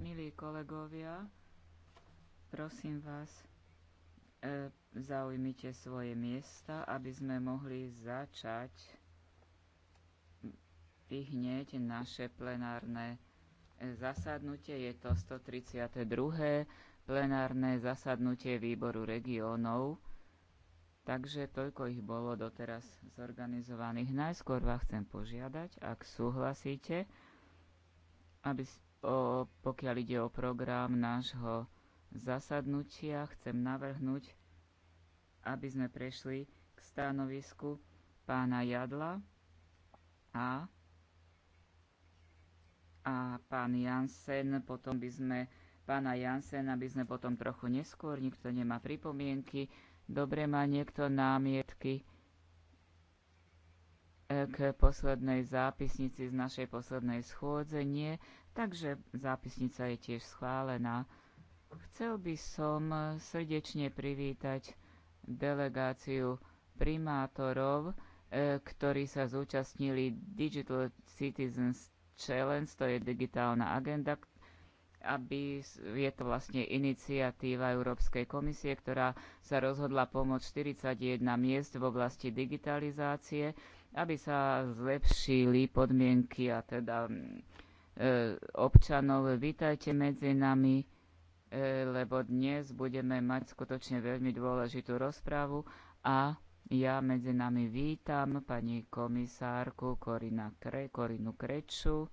Milí kolegovia, prosím vás, e, zaujmite svoje miesta, aby sme mohli začať hneď naše plenárne e, zasadnutie. Je to 132. plenárne zasadnutie výboru regiónov. Takže toľko ich bolo doteraz zorganizovaných. Najskôr vás chcem požiadať, ak súhlasíte, aby, o, pokiaľ ide o program nášho zasadnutia, chcem navrhnúť, aby sme prešli k stanovisku pána Jadla a, a pán Jansen, potom by sme pána Jansena by sme potom trochu neskôr, nikto nemá pripomienky, dobre má niekto námietky k poslednej zápisnici z našej poslednej schôdze nie, takže zápisnica je tiež schválená. Chcel by som srdečne privítať delegáciu primátorov, e, ktorí sa zúčastnili Digital Citizens Challenge, to je digitálna agenda, aby je to vlastne iniciatíva Európskej komisie, ktorá sa rozhodla pomôcť 41 miest v oblasti digitalizácie aby sa zlepšili podmienky a teda mm, e, občanov. Vítajte medzi nami, e, lebo dnes budeme mať skutočne veľmi dôležitú rozprávu a ja medzi nami vítam pani komisárku Korina Kre, Korinu Kreču.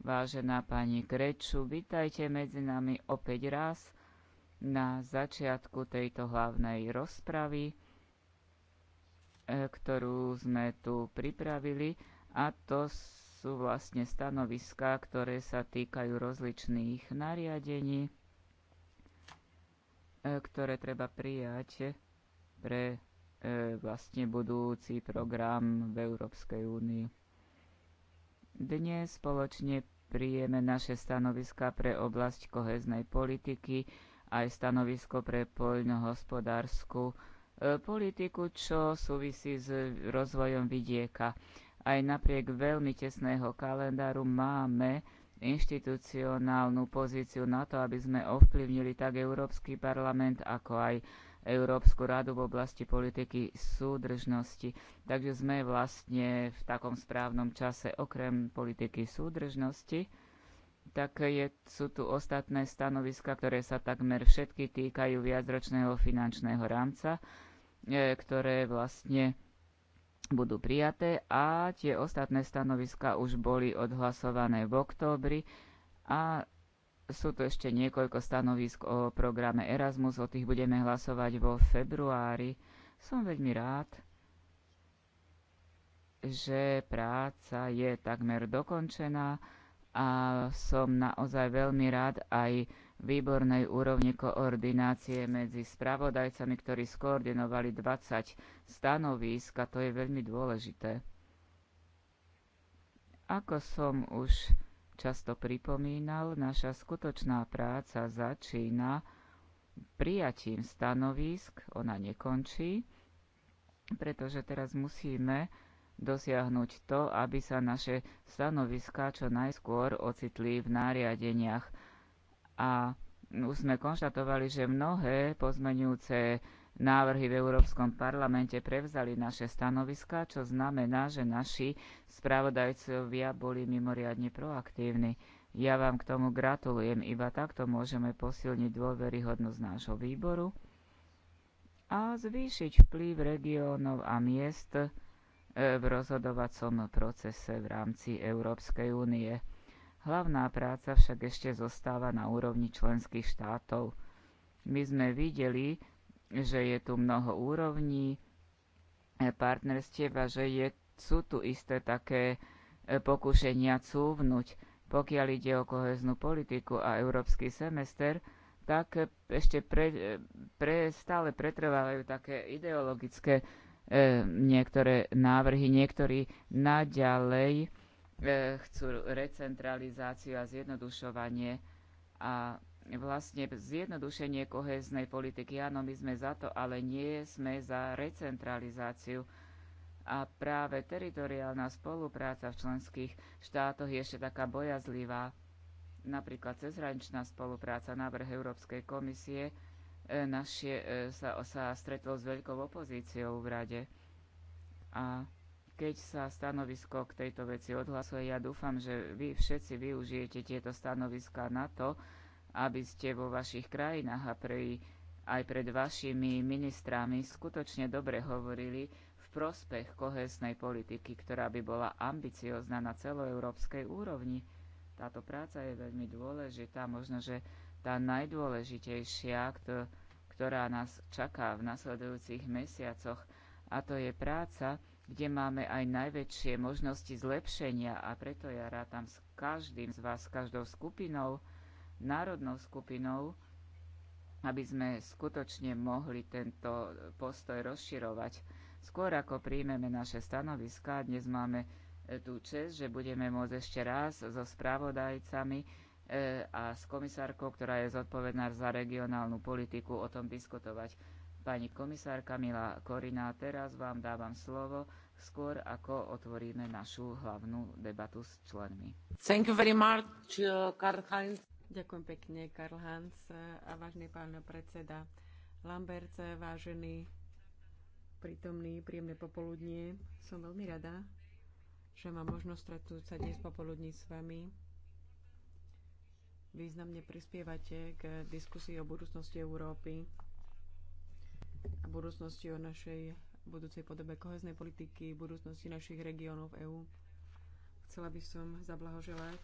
Vážená pani Kreču, vítajte medzi nami opäť raz na začiatku tejto hlavnej rozpravy E, ktorú sme tu pripravili a to sú vlastne stanoviská, ktoré sa týkajú rozličných nariadení, e, ktoré treba prijať pre e, vlastne budúci program v Európskej únii. Dnes spoločne prijeme naše stanoviska pre oblasť koheznej politiky aj stanovisko pre poľnohospodárskú E, politiku, čo súvisí s rozvojom vidieka. Aj napriek veľmi tesného kalendáru máme inštitucionálnu pozíciu na to, aby sme ovplyvnili tak Európsky parlament, ako aj Európsku radu v oblasti politiky súdržnosti. Takže sme vlastne v takom správnom čase okrem politiky súdržnosti tak je, sú tu ostatné stanoviska, ktoré sa takmer všetky týkajú viacročného finančného rámca E, ktoré vlastne budú prijaté a tie ostatné stanoviska už boli odhlasované v októbri a sú tu ešte niekoľko stanovisk o programe Erasmus, o tých budeme hlasovať vo februári. Som veľmi rád, že práca je takmer dokončená a som naozaj veľmi rád aj výbornej úrovni koordinácie medzi spravodajcami, ktorí skoordinovali 20 stanovísk a to je veľmi dôležité. Ako som už často pripomínal, naša skutočná práca začína prijatím stanovísk, ona nekončí, pretože teraz musíme dosiahnuť to, aby sa naše stanoviská čo najskôr ocitli v nariadeniach a už sme konštatovali, že mnohé pozmenujúce návrhy v Európskom parlamente prevzali naše stanoviska, čo znamená, že naši spravodajcovia boli mimoriadne proaktívni. Ja vám k tomu gratulujem, iba takto môžeme posilniť dôveryhodnosť nášho výboru a zvýšiť vplyv regiónov a miest eh, v rozhodovacom procese v rámci Európskej únie. Hlavná práca však ešte zostáva na úrovni členských štátov. My sme videli, že je tu mnoho úrovní e, partnerstiev a že je, sú tu isté také e, pokušenia cúvnuť. Pokiaľ ide o koheznú politiku a európsky semester, tak ešte pre, e, pre, stále pretrvávajú také ideologické e, niektoré návrhy. Niektorí naďalej E, chcú recentralizáciu a zjednodušovanie a vlastne zjednodušenie kohéznej politiky. Áno, my sme za to, ale nie sme za recentralizáciu. A práve teritoriálna spolupráca v členských štátoch je ešte taká bojazlivá. Napríklad cezhraničná spolupráca návrh Európskej komisie e, našie, e, sa, sa stretol s veľkou opozíciou v rade. A keď sa stanovisko k tejto veci odhlasuje. Ja dúfam, že vy všetci využijete tieto stanoviska na to, aby ste vo vašich krajinách a pre, aj pred vašimi ministrami skutočne dobre hovorili v prospech kohesnej politiky, ktorá by bola ambiciozna na celoeurópskej úrovni. Táto práca je veľmi dôležitá, možno, že tá najdôležitejšia, ktorá nás čaká v nasledujúcich mesiacoch, a to je práca, kde máme aj najväčšie možnosti zlepšenia a preto ja rátam s každým z vás, s každou skupinou, národnou skupinou, aby sme skutočne mohli tento postoj rozširovať. Skôr ako príjmeme naše stanoviská, dnes máme e, tú čest, že budeme môcť ešte raz so správodajcami e, a s komisárkou, ktorá je zodpovedná za regionálnu politiku, o tom diskutovať. Pani komisárka, milá Korina, teraz vám dávam slovo, skôr ako otvoríme našu hlavnú debatu s členmi. Thank you very much, Karl Heinz. Ďakujem pekne, Karl Hans a vážny pán predseda Lambert, vážený prítomný, príjemné popoludnie. Som veľmi rada, že mám možnosť stretnúť sa dnes popoludní s vami. Významne prispievate k diskusii o budúcnosti Európy a budúcnosti o našej budúcej podobe koheznej politiky, budúcnosti našich regiónov EÚ. Chcela by som zablahoželať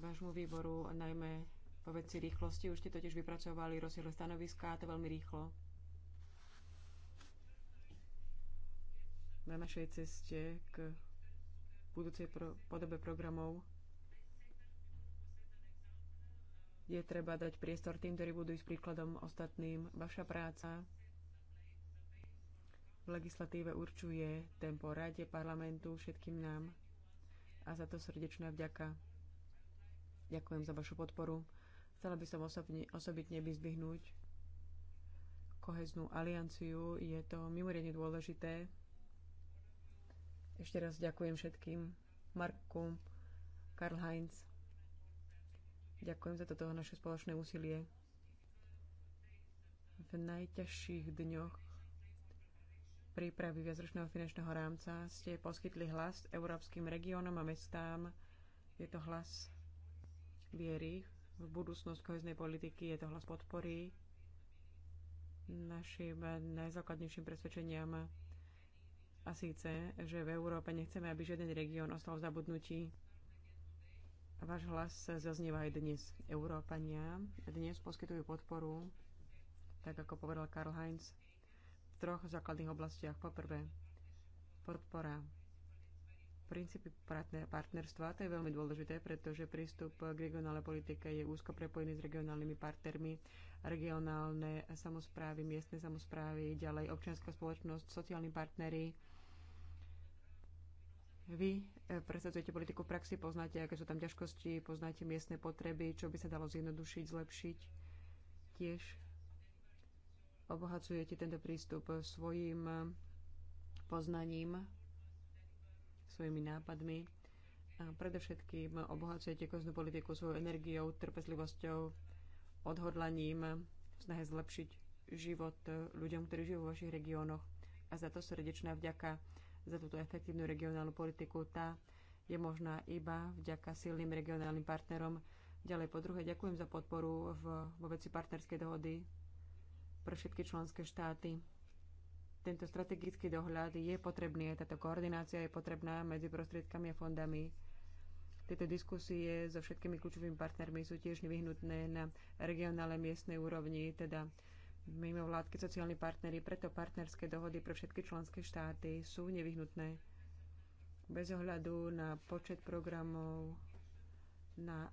vášmu výboru, najmä po veci rýchlosti. Už ste totiž vypracovali rozsiahle stanoviská, to veľmi rýchlo. Na našej ceste k budúcej pro- podobe programov je treba dať priestor tým, ktorí budú ísť príkladom ostatným. Vaša práca v legislatíve určuje tempo rade, parlamentu, všetkým nám. A za to srdečná vďaka. Ďakujem za vašu podporu. Chcela by som osobne, osobitne vyzbihnúť koheznú alianciu. Je to mimoriadne dôležité. Ešte raz ďakujem všetkým. Marku, Karl Heinz, Ďakujem za toto naše spoločné úsilie. V najťažších dňoch prípravy viacročného finančného rámca ste poskytli hlas európskym regiónom a mestám. Je to hlas viery v budúcnosť koheznej politiky, je to hlas podpory našim najzákladnejším presvedčeniam a síce, že v Európe nechceme, aby žiaden región ostal v zabudnutí Váš hlas zaznieva aj dnes. Európania dnes poskytujú podporu, tak ako povedal Karl Heinz, v troch základných oblastiach. Poprvé, podpora princípy partnerstva, to je veľmi dôležité, pretože prístup k regionálnej politike je úzko prepojený s regionálnymi partnermi, regionálne samozprávy, miestne samozprávy, ďalej občianská spoločnosť, sociálni partnery, vy e, presadzujete politiku v praxi, poznáte, aké sú tam ťažkosti, poznáte miestne potreby, čo by sa dalo zjednodušiť, zlepšiť. Tiež obohacujete tento prístup svojim poznaním, svojimi nápadmi. A predovšetkým obohacujete koznú politiku svojou energiou, trpezlivosťou, odhodlaním v snahe zlepšiť život ľuďom, ktorí žijú vo vašich regiónoch. A za to srdečná vďaka za túto efektívnu regionálnu politiku. Tá je možná iba vďaka silným regionálnym partnerom. Ďalej po druhé, ďakujem za podporu v, vo veci partnerskej dohody pre všetky členské štáty. Tento strategický dohľad je potrebný, táto koordinácia je potrebná medzi prostriedkami a fondami. Tieto diskusie so všetkými kľúčovými partnermi sú tiež nevyhnutné na regionálnej miestnej úrovni, teda vládky sociálni partnery, preto partnerské dohody pre všetky členské štáty sú nevyhnutné. Bez ohľadu na počet programov, na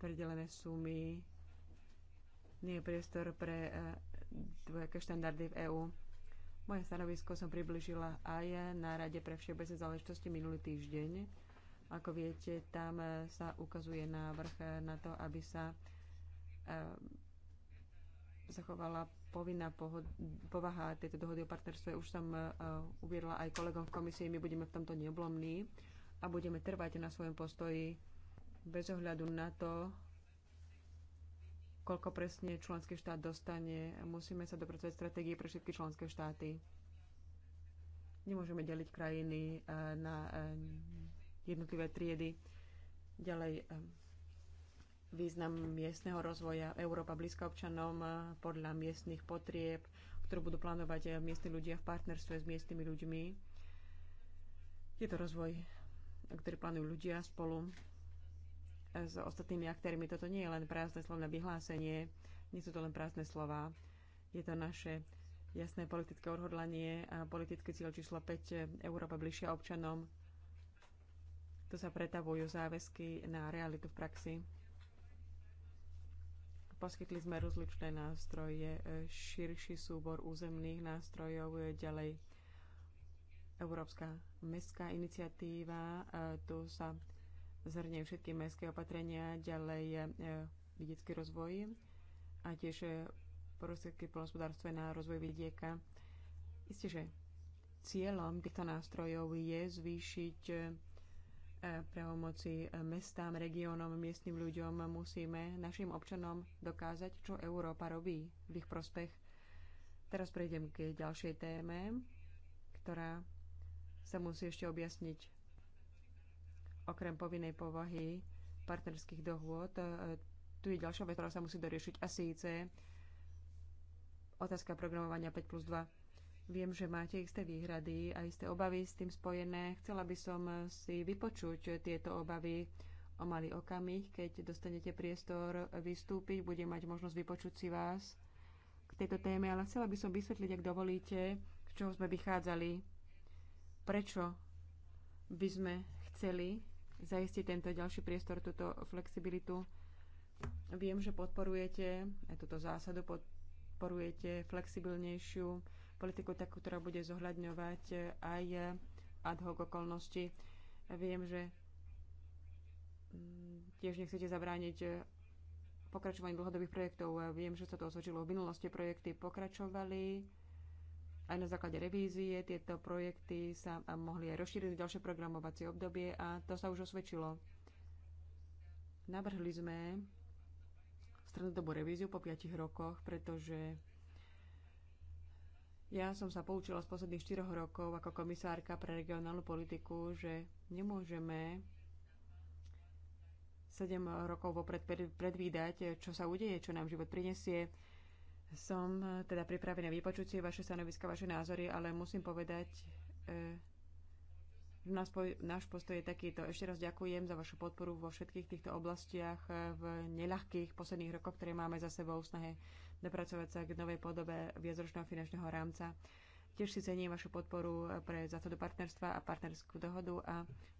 predelené sumy, nie je priestor pre dvojaké štandardy v EÚ. Moje stanovisko som približila aj na Rade pre všeobecné záležitosti minulý týždeň. Ako viete, tam e, sa ukazuje návrh e, na to, aby sa e, zachovala povinná povaha tejto dohody o partnerstve. Už som uh, e, uviedla aj kolegom v komisii, my budeme v tomto neoblomní a budeme trvať na svojom postoji bez ohľadu na to, koľko presne členský štát dostane. Musíme sa dopracovať stratégie pre všetky členské štáty. Nemôžeme deliť krajiny e, na e, jednotlivé triedy. Ďalej, význam miestneho rozvoja. Európa blízka občanom eh, podľa miestnych potrieb, ktorú budú plánovať eh, miestni ľudia v partnerstve s miestnymi ľuďmi. Je to rozvoj, ktorý plánujú ľudia spolu eh, s ostatnými aktérmi. Toto nie je len prázdne slovné vyhlásenie, nie sú to len prázdne slova. Je to naše jasné politické odhodlanie a politický cieľ číslo 5 Európa bližšia občanom. To sa pretavujú záväzky na realitu v praxi. Poskytli sme rozličné nástroje, e, širší súbor územných nástrojov, e, ďalej Európska mestská iniciatíva, e, tu sa zhrnie všetky mestské opatrenia, ďalej vidiecký rozvoj a tiež prostriedky poľnospodárstve na rozvoj vidieka. Isté, že cieľom týchto nástrojov je zvýšiť právomoci mestám, regiónom, miestnym ľuďom. Musíme našim občanom dokázať, čo Európa robí v ich prospech. Teraz prejdem k ďalšej téme, ktorá sa musí ešte objasniť. Okrem povinnej povahy partnerských dohôd, e, tu je ďalšia vec, ktorá sa musí doriešiť a síce otázka programovania 5 plus 2 Viem, že máte isté výhrady a isté obavy s tým spojené. Chcela by som si vypočuť tieto obavy o malý okamih. Keď dostanete priestor vystúpiť, budem mať možnosť vypočuť si vás k tejto téme, ale chcela by som vysvetliť, ak dovolíte, z čoho sme vychádzali, prečo by sme chceli zaistiť tento ďalší priestor, túto flexibilitu. Viem, že podporujete aj túto zásadu, podporujete flexibilnejšiu politiku takú, ktorá bude zohľadňovať aj ad hoc okolnosti. Viem, že mm, tiež nechcete zabrániť eh, pokračovaní dlhodobých projektov. Viem, že sa to osvedčilo v minulosti. Projekty pokračovali aj na základe revízie. Tieto projekty sa mohli aj rozšíriť v ďalšie programovacie obdobie a to sa už osvedčilo. Navrhli sme strednodobú revíziu po 5 rokoch, pretože ja som sa poučila z posledných 4 rokov ako komisárka pre regionálnu politiku, že nemôžeme 7 rokov vopred predvídať, čo sa udeje, čo nám život prinesie. Som teda pripravená vypočuť si vaše stanoviska, vaše názory, ale musím povedať, e, že náš postoj je takýto. Ešte raz ďakujem za vašu podporu vo všetkých týchto oblastiach e, v neľahkých posledných rokoch, ktoré máme za sebou v snahe dopracovať sa k novej podobe viacročného finančného rámca. Tiež si cením vašu podporu pre zásadu partnerstva a partnerskú dohodu a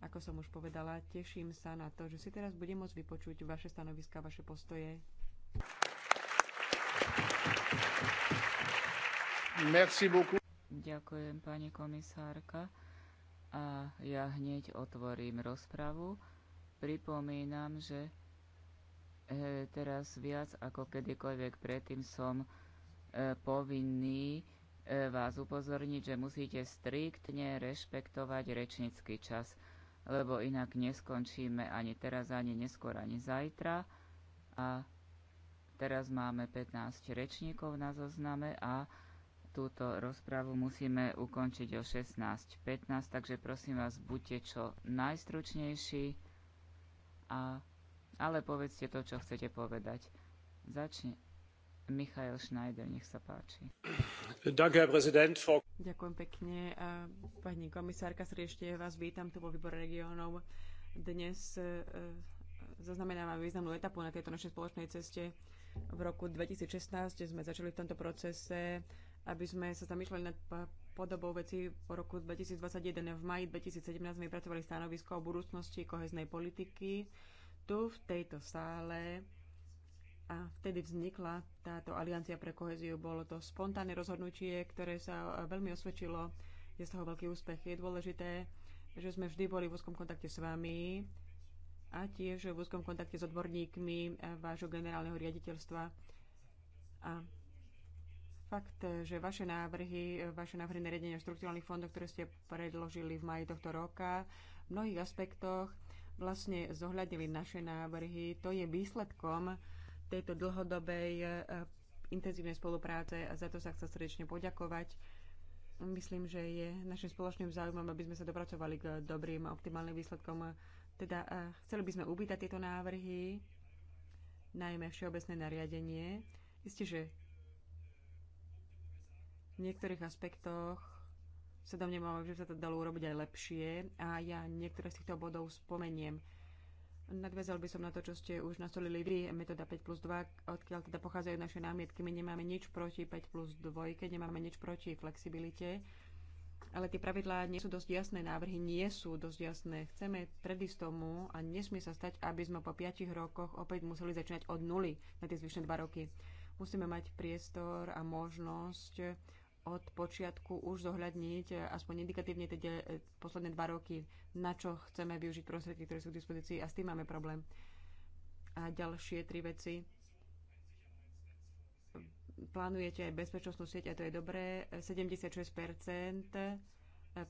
ako som už povedala, teším sa na to, že si teraz budem môcť vypočuť vaše stanoviska, vaše postoje. Merci beaucoup. Ďakujem, pani komisárka. A ja hneď otvorím rozpravu. Pripomínam, že E, teraz viac ako kedykoľvek predtým som e, povinný e, vás upozorniť, že musíte striktne rešpektovať rečnícky čas, lebo inak neskončíme ani teraz, ani neskôr, ani zajtra. A teraz máme 15 rečníkov na zozname a túto rozprávu musíme ukončiť o 16.15, takže prosím vás, buďte čo najstručnejší a ale povedzte to, čo chcete povedať. Začne. Michael Schneider, nech sa páči. Ďakujem pekne. Pani komisárka, srdečne vás vítam tu vo výbore regiónov. Dnes e, e, zaznamenávame významnú etapu na tejto našej spoločnej ceste. V roku 2016 sme začali v tomto procese, aby sme sa zamýšľali nad podobou veci po roku 2021. V maji 2017 sme pracovali stanovisko o budúcnosti koheznej politiky tu v tejto sále a vtedy vznikla táto aliancia pre koheziu. Bolo to spontánne rozhodnutie, ktoré sa veľmi osvedčilo. Je z toho veľký úspech. Je dôležité, že sme vždy boli v úzkom kontakte s vami a tiež v úzkom kontakte s odborníkmi vášho generálneho riaditeľstva. A fakt, že vaše návrhy, vaše návrhy nariadenia štruktúrnych fondov, ktoré ste predložili v maji tohto roka, v mnohých aspektoch vlastne zohľadnili naše návrhy. To je výsledkom tejto dlhodobej e, intenzívnej spolupráce a za to sa chcem srdečne poďakovať. Myslím, že je našim spoločným záujmom, aby sme sa dopracovali k dobrým, optimálnym výsledkom. Teda e, chceli by sme uvítať tieto návrhy, najmä všeobecné nariadenie. Isté, že v niektorých aspektoch sa domnievam, že sa to dalo urobiť aj lepšie a ja niektoré z týchto bodov spomeniem. Nadviazal by som na to, čo ste už nastolili vy, metóda 5 plus 2, odkiaľ teda pochádzajú naše námietky. My nemáme nič proti 5 plus 2, nemáme nič proti flexibilite, ale tie pravidlá nie sú dosť jasné, návrhy nie sú dosť jasné. Chceme predísť tomu a nesmie sa stať, aby sme po 5 rokoch opäť museli začínať od nuly na tie zvyšné 2 roky. Musíme mať priestor a možnosť od počiatku už zohľadniť eh, aspoň indikatívne tie eh, posledné dva roky, na čo chceme využiť prostriedky, ktoré sú k dispozícii a s tým máme problém. A ďalšie tri veci. Plánujete aj bezpečnostnú sieť a to je dobré. 76% eh,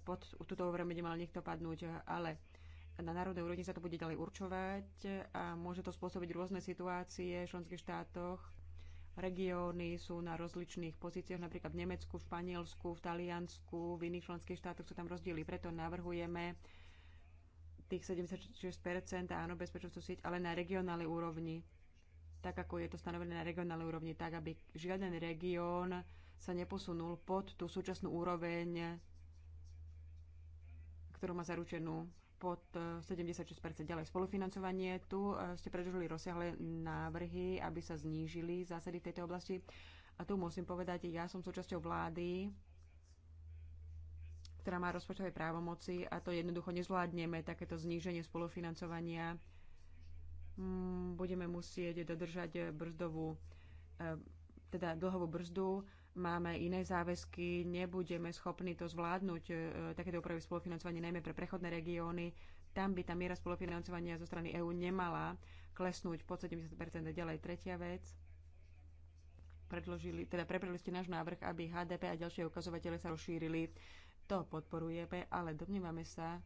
pod túto úroveň bude mal niekto padnúť, ale na národnej úrovni sa to bude ďalej určovať a môže to spôsobiť rôzne situácie v členských štátoch regióny sú na rozličných pozíciách, napríklad v Nemecku, v Španielsku, v Taliansku, v iných členských štátoch sú tam rozdiely. Preto navrhujeme tých 76% a áno, bezpečnostnú sieť, ale na regionálnej úrovni, tak ako je to stanovené na regionálnej úrovni, tak aby žiaden región sa neposunul pod tú súčasnú úroveň, ktorú má zaručenú pod 76 e, ďalej spolufinancovanie. Tu e, ste predložili rozsiahle návrhy, aby sa znížili zásady v tejto oblasti. A tu musím povedať, ja som súčasťou vlády, ktorá má rozpočtové právomoci a to jednoducho nezvládneme, takéto zníženie spolufinancovania. Mm, budeme musieť dodržať brzdovú, e, teda dlhovú brzdu máme iné záväzky, nebudeme schopní to zvládnuť, e, takéto úpravy spolufinancovanie najmä pre prechodné regióny, tam by tá miera spolufinancovania zo strany EÚ nemala klesnúť pod 70 ďalej. Tretia vec, predložili, teda prepravili ste náš návrh, aby HDP a ďalšie ukazovatele sa rozšírili. To podporujeme, ale domnievame sa,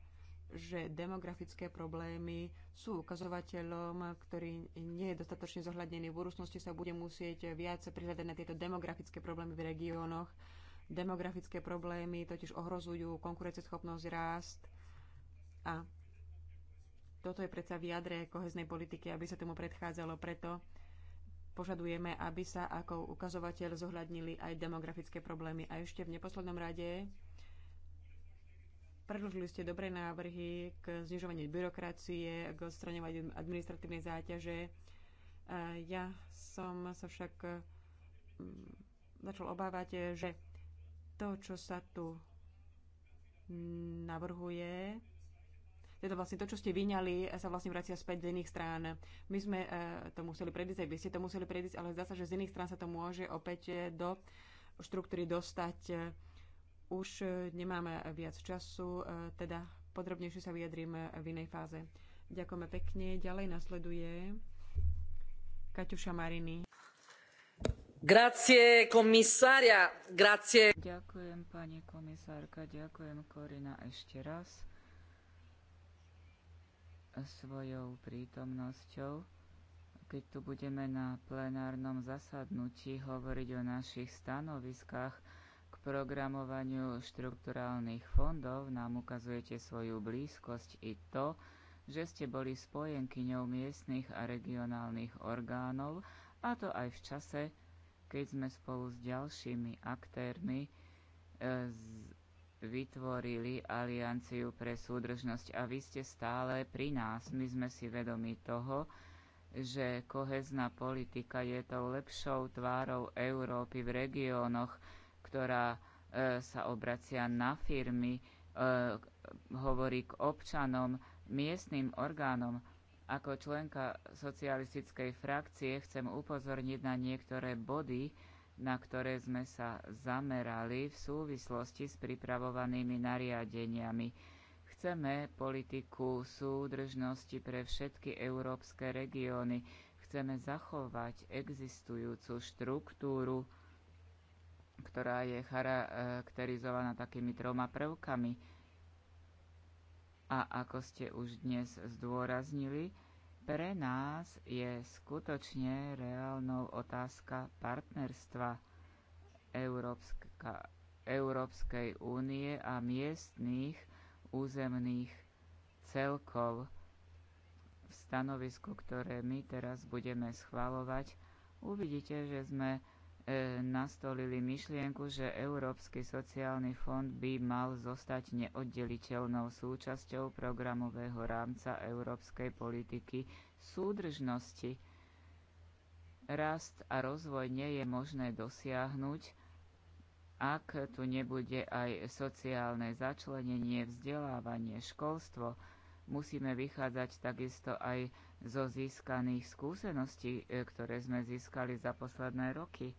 že demografické problémy sú ukazovateľom, ktorý nie je dostatočne zohľadnený. V budúcnosti sa bude musieť viac prihľadať na tieto demografické problémy v regiónoch. Demografické problémy totiž ohrozujú konkurenceschopnosť, rást a toto je predsa v jadre koheznej politiky, aby sa tomu predchádzalo. Preto požadujeme, aby sa ako ukazovateľ zohľadnili aj demografické problémy. A ešte v neposlednom rade Predložili ste dobré návrhy k znižovaniu byrokracie, k odstraňovaniu administratívnej záťaže. E, ja som sa však mm, začal obávať, že to, čo sa tu navrhuje, teda vlastne to, čo ste vyňali, e, sa vlastne vracia späť z iných strán. My sme e, to museli predísť, aj vy ste to museli predísť, ale zdá sa, že z iných strán sa to môže opäť do štruktúry dostať už e, nemáme viac času, e, teda podrobnejšie sa vyjadrím e, v inej fáze. Ďakujeme pekne. Ďalej nasleduje Kaťuša Mariny. Grazie, komisária, grazie. Ďakujem, pani komisárka, ďakujem, Korina, ešte raz svojou prítomnosťou, keď tu budeme na plenárnom zasadnutí hovoriť o našich stanoviskách programovaniu štrukturálnych fondov nám ukazujete svoju blízkosť i to, že ste boli spojenkyňou miestnych a regionálnych orgánov, a to aj v čase, keď sme spolu s ďalšími aktérmi e, z, vytvorili Alianciu pre súdržnosť a vy ste stále pri nás. My sme si vedomi toho, že kohezná politika je tou lepšou tvárou Európy v regiónoch, ktorá e, sa obracia na firmy, e, hovorí k občanom, miestnym orgánom. Ako členka socialistickej frakcie chcem upozorniť na niektoré body, na ktoré sme sa zamerali v súvislosti s pripravovanými nariadeniami. Chceme politiku súdržnosti pre všetky európske regióny. Chceme zachovať existujúcu štruktúru ktorá je e, charakterizovaná takými troma prvkami. A ako ste už dnes zdôraznili, pre nás je skutočne reálnou otázka partnerstva Európska, Európskej únie a miestných územných celkov. V stanovisku, ktoré my teraz budeme schvalovať, uvidíte, že sme E, nastolili myšlienku, že Európsky sociálny fond by mal zostať neoddeliteľnou súčasťou programového rámca európskej politiky súdržnosti. Rast a rozvoj nie je možné dosiahnuť, ak tu nebude aj sociálne začlenenie, vzdelávanie, školstvo. Musíme vychádzať takisto aj zo získaných skúseností, e, ktoré sme získali za posledné roky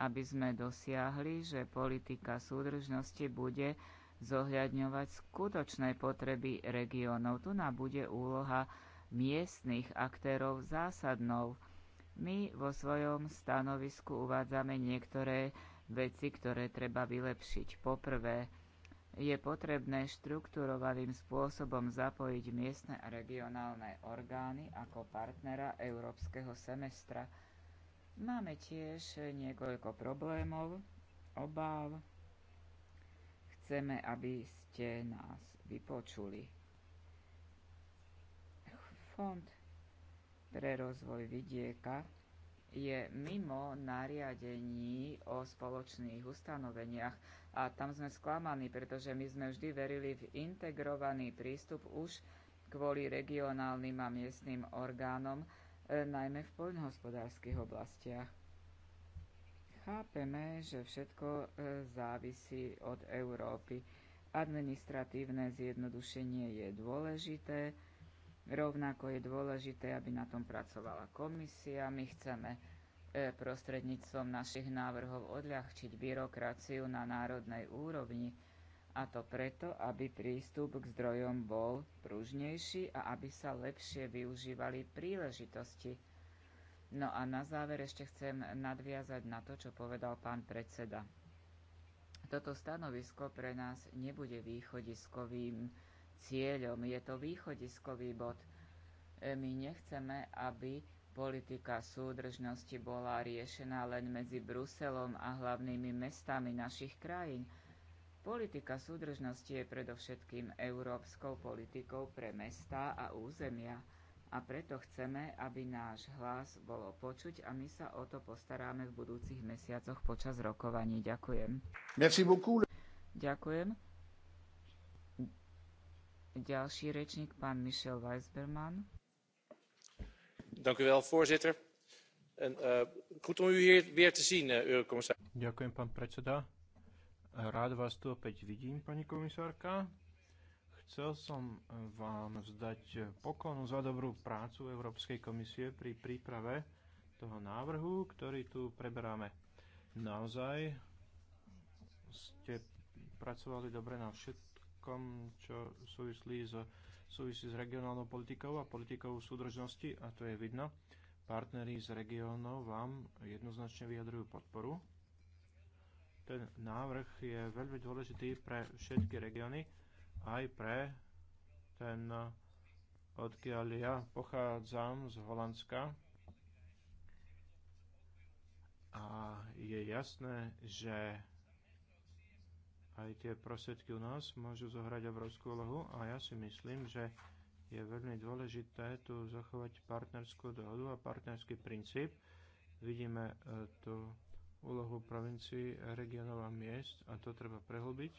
aby sme dosiahli, že politika súdržnosti bude zohľadňovať skutočné potreby regiónov. Tu nám bude úloha miestnych aktérov zásadnou. My vo svojom stanovisku uvádzame niektoré veci, ktoré treba vylepšiť. Poprvé, je potrebné štruktúrovaným spôsobom zapojiť miestne a regionálne orgány ako partnera európskeho semestra – Máme tiež niekoľko problémov, obáv. Chceme, aby ste nás vypočuli. Fond pre rozvoj vidieka je mimo nariadení o spoločných ustanoveniach a tam sme sklamaní, pretože my sme vždy verili v integrovaný prístup už kvôli regionálnym a miestnym orgánom, E, najmä v poľnohospodárskych oblastiach. Chápeme, že všetko e, závisí od Európy. Administratívne zjednodušenie je dôležité, rovnako je dôležité, aby na tom pracovala komisia. My chceme e, prostredníctvom našich návrhov odľahčiť byrokraciu na národnej úrovni – a to preto, aby prístup k zdrojom bol pružnejší a aby sa lepšie využívali príležitosti. No a na záver ešte chcem nadviazať na to, čo povedal pán predseda. Toto stanovisko pre nás nebude východiskovým cieľom, je to východiskový bod. E, my nechceme, aby politika súdržnosti bola riešená len medzi Bruselom a hlavnými mestami našich krajín – Politika súdržnosti je predovšetkým európskou politikou pre mestá a územia a preto chceme, aby náš hlas bolo počuť a my sa o to postaráme v budúcich mesiacoch počas rokovaní. Ďakujem. Merci beaucoup. Ďakujem. Ďalší rečník, pán Michel Weisberman. voorzitter. En, uh, goed om u hier weer te zien, uh, Ďakujem, pán predseda. Rád vás tu opäť vidím, pani komisárka. Chcel som vám vzdať poklonu za dobrú prácu Európskej komisie pri príprave toho návrhu, ktorý tu preberáme. Naozaj ste pracovali dobre na všetkom, čo súvislí s, súvisí s regionálnou politikou a politikou súdržnosti a to je vidno. Partnery z regiónov vám jednoznačne vyjadrujú podporu ten návrh je veľmi dôležitý pre všetky regióny, aj pre ten, odkiaľ ja pochádzam z Holandska. A je jasné, že aj tie prostriedky u nás môžu zohrať obrovskú úlohu a ja si myslím, že je veľmi dôležité tu zachovať partnerskú dohodu a partnerský princíp. Vidíme e, tu úlohu provincií, regionov a miest a to treba prehlbiť.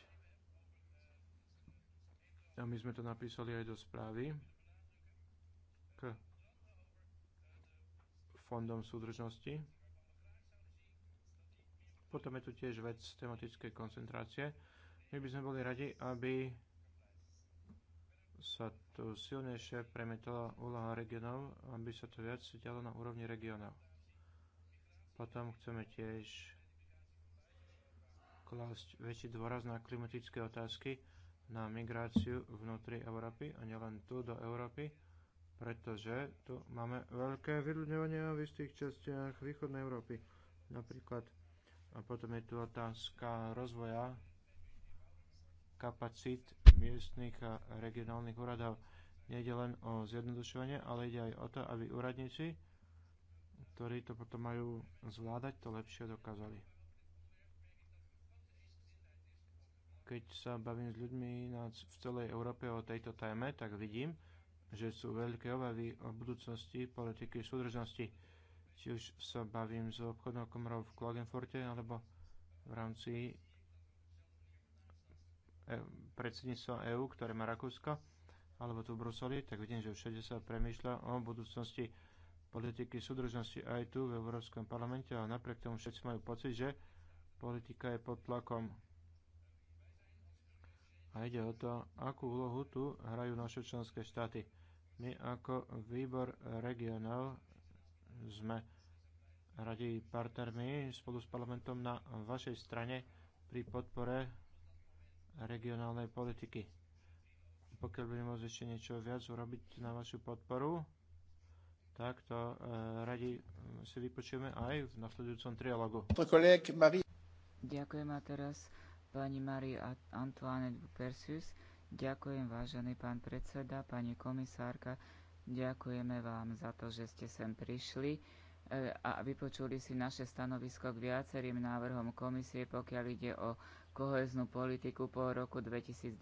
A my sme to napísali aj do správy k fondom súdržnosti. Potom je tu tiež vec tematickej koncentrácie. My by sme boli radi, aby sa tu silnejšie premietala úloha regionov, aby sa to viac ťalo na úrovni regionov. Potom chceme tiež klásť väčší dôraz na klimatické otázky, na migráciu vnútri Európy a nielen tu do Európy, pretože tu máme veľké vyľudňovania v istých častiach východnej Európy napríklad. A potom je tu otázka rozvoja kapacít miestnych a regionálnych úradov. Nejde len o zjednodušovanie, ale ide aj o to, aby úradníci ktorí to potom majú zvládať, to lepšie dokázali. Keď sa bavím s ľuďmi v celej Európe o tejto téme, tak vidím, že sú veľké obavy o budúcnosti politiky súdržnosti. Či už sa bavím s obchodnou komorou v Klagenforte alebo v rámci e, predsedníctva EÚ, ktoré má Rakúsko, alebo tu v Bruseli, tak vidím, že všade sa premýšľa o budúcnosti politiky súdržnosti aj tu v Európskom parlamente, ale napriek tomu všetci majú pocit, že politika je pod tlakom. A ide o to, akú úlohu tu hrajú naše členské štáty. My ako výbor regionov sme radi partnermi spolu s parlamentom na vašej strane pri podpore regionálnej politiky. Pokiaľ budeme môcť ešte niečo viac urobiť na vašu podporu, tak to e, radi mm, si vypočujeme aj v nasledujúcom trialogu. Ďakujem a teraz pani Marie Antoine Persius. Ďakujem, vážený pán predseda, pani komisárka. Ďakujeme vám za to, že ste sem prišli e, a vypočuli si naše stanovisko k viacerým návrhom komisie, pokiaľ ide o koheznú politiku po roku 2020.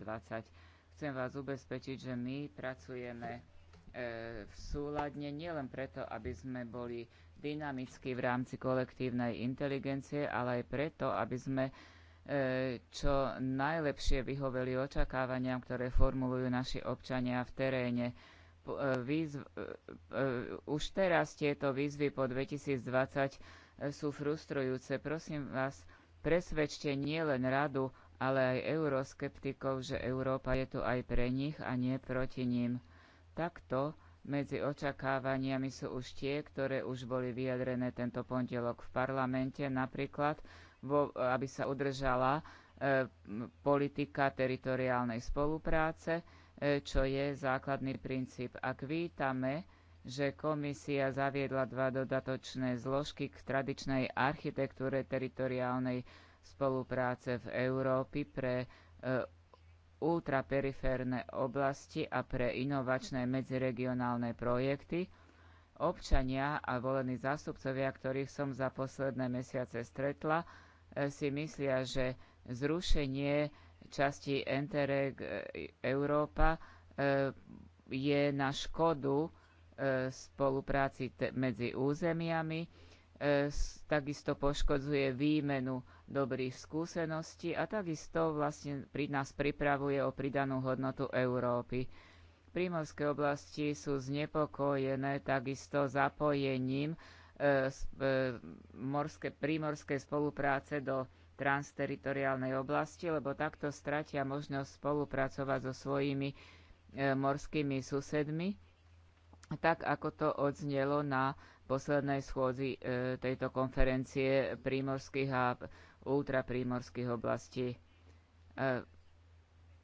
Chcem vás ubezpečiť, že my pracujeme E, v súladne nielen preto, aby sme boli dynamicky v rámci kolektívnej inteligencie, ale aj preto, aby sme e, čo najlepšie vyhoveli očakávaniam, ktoré formulujú naši občania v teréne. E, výzv, už teraz tieto výzvy po 2020 sú frustrujúce. Prosím vás, presvedčte nielen radu, ale aj euroskeptikov, že Európa je tu aj pre nich a nie proti ním. Takto medzi očakávaniami sú už tie, ktoré už boli vyjadrené tento pondelok v parlamente, napríklad, vo, aby sa udržala e, politika teritoriálnej spolupráce, e, čo je základný princíp. Ak vítame, že komisia zaviedla dva dodatočné zložky k tradičnej architektúre teritoriálnej spolupráce v Európy pre e, ultraperiférne oblasti a pre inovačné medziregionálne projekty, občania a volení zástupcovia, ktorých som za posledné mesiace stretla, e, si myslia, že zrušenie časti Entereg e, Európa e, je na škodu spolupráci medzi územiami, E, takisto poškodzuje výmenu dobrých skúseností a takisto vlastne pri nás pripravuje o pridanú hodnotu Európy. Prímorské oblasti sú znepokojené takisto zapojením e, e, morské, prímorskej spolupráce do transteritoriálnej oblasti, lebo takto stratia možnosť spolupracovať so svojimi e, morskými susedmi, tak ako to odznelo na poslednej schôdzi e, tejto konferencie prímorských a ultraprímorských oblastí. E,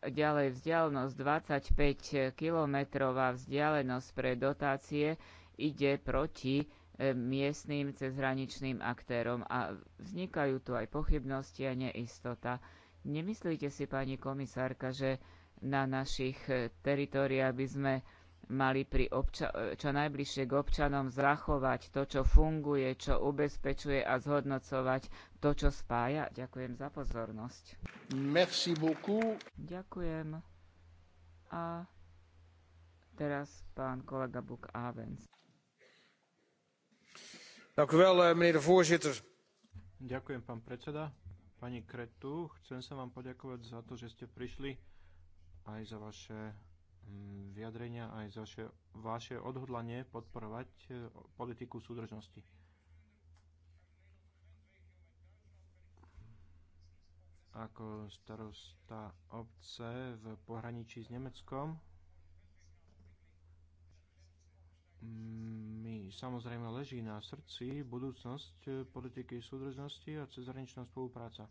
ďalej vzdialenosť 25 a vzdialenosť pre dotácie ide proti e, miestným cezhraničným aktérom a vznikajú tu aj pochybnosti a neistota. Nemyslíte si, pani komisárka, že na našich teritoriách by sme mali pri obča- e, čo najbližšie k občanom zrachovať to, čo funguje, čo ubezpečuje a zhodnocovať to, čo spája. Ďakujem za pozornosť. Merci beaucoup. Ďakujem. A teraz pán kolega Buk Avens. Eh, Ďakujem, pán predseda. Pani Kretu, chcem sa vám poďakovať za to, že ste prišli aj za vaše Mm, vyjadrenia aj vaše, vaše odhodlanie podporovať e, politiku súdržnosti. Ako starosta obce v pohraničí s Nemeckom, mm, mi samozrejme leží na srdci budúcnosť e, politiky súdržnosti a cezhraničná spolupráca.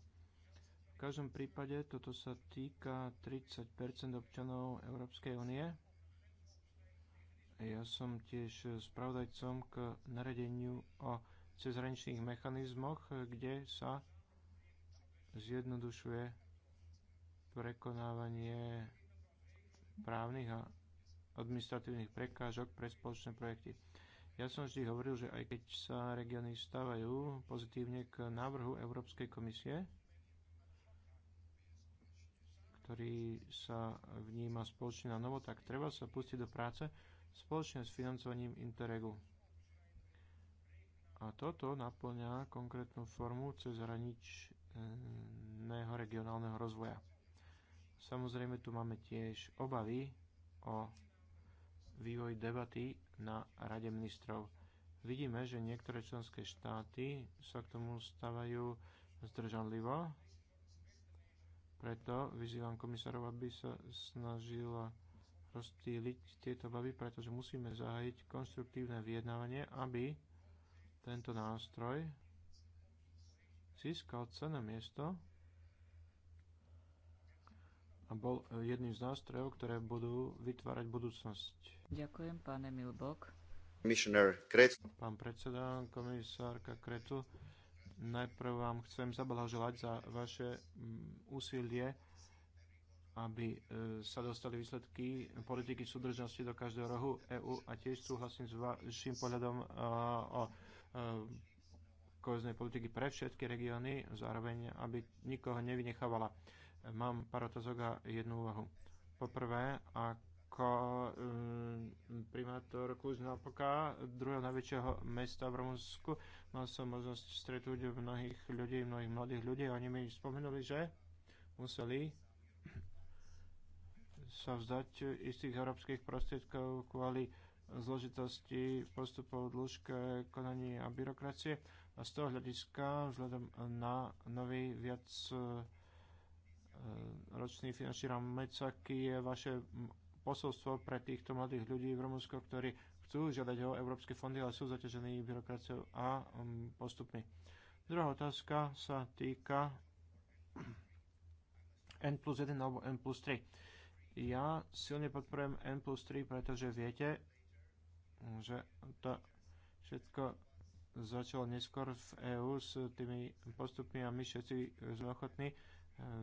V každom prípade toto sa týka 30 občanov Európskej únie. Ja som tiež spravodajcom k naredeniu o cezhraničných mechanizmoch, kde sa zjednodušuje prekonávanie právnych a administratívnych prekážok pre spoločné projekty. Ja som vždy hovoril, že aj keď sa regióny stávajú pozitívne k návrhu Európskej komisie, ktorý sa vníma spoločne na novo, tak treba sa pustiť do práce spoločne s financovaním Interregu. A toto naplňa konkrétnu formu cez hraničného regionálneho rozvoja. Samozrejme tu máme tiež obavy o vývoj debaty na Rade ministrov. Vidíme, že niektoré členské štáty sa k tomu stavajú zdržanlivo, preto vyzývam komisárov, aby sa snažila rozptýliť tieto bavy, pretože musíme zahájiť konštruktívne vyjednávanie, aby tento nástroj získal cenné miesto a bol jedným z nástrojov, ktoré budú vytvárať budúcnosť. Ďakujem, pán Emil Bok. Pán predseda, komisárka Kretu, Najprv vám chcem zablahoželať za vaše mm, úsilie, aby e, sa dostali výsledky politiky súdržnosti do každého rohu EÚ a tiež súhlasím s vašim pohľadom e, o e, koheznej politiky pre všetky regióny, zároveň aby nikoho nevynechávala. Mám pár otázok a jednu úvahu. Poprvé, ak ako um, primátor Kuznapoka, druhého najväčšieho mesta v Rumunsku. Mal som možnosť stretnúť mnohých ľudí, mnohých mladých ľudí a oni mi spomenuli, že museli sa vzdať istých európskych prostriedkov kvôli zložitosti postupov dĺžke konaní a byrokracie. A z toho hľadiska, vzhľadom na nový viac e, ročný finančný rámec, aký je vaše posolstvo pre týchto mladých ľudí v Rumunsku, ktorí chcú žiadať o európske fondy, ale sú zaťažení byrokraciou a um, postupmi. Druhá otázka sa týka N plus 1 alebo N plus 3. Ja silne podporujem N plus 3, pretože viete, že to všetko začalo neskôr v EÚ s tými postupmi a my všetci sme ochotní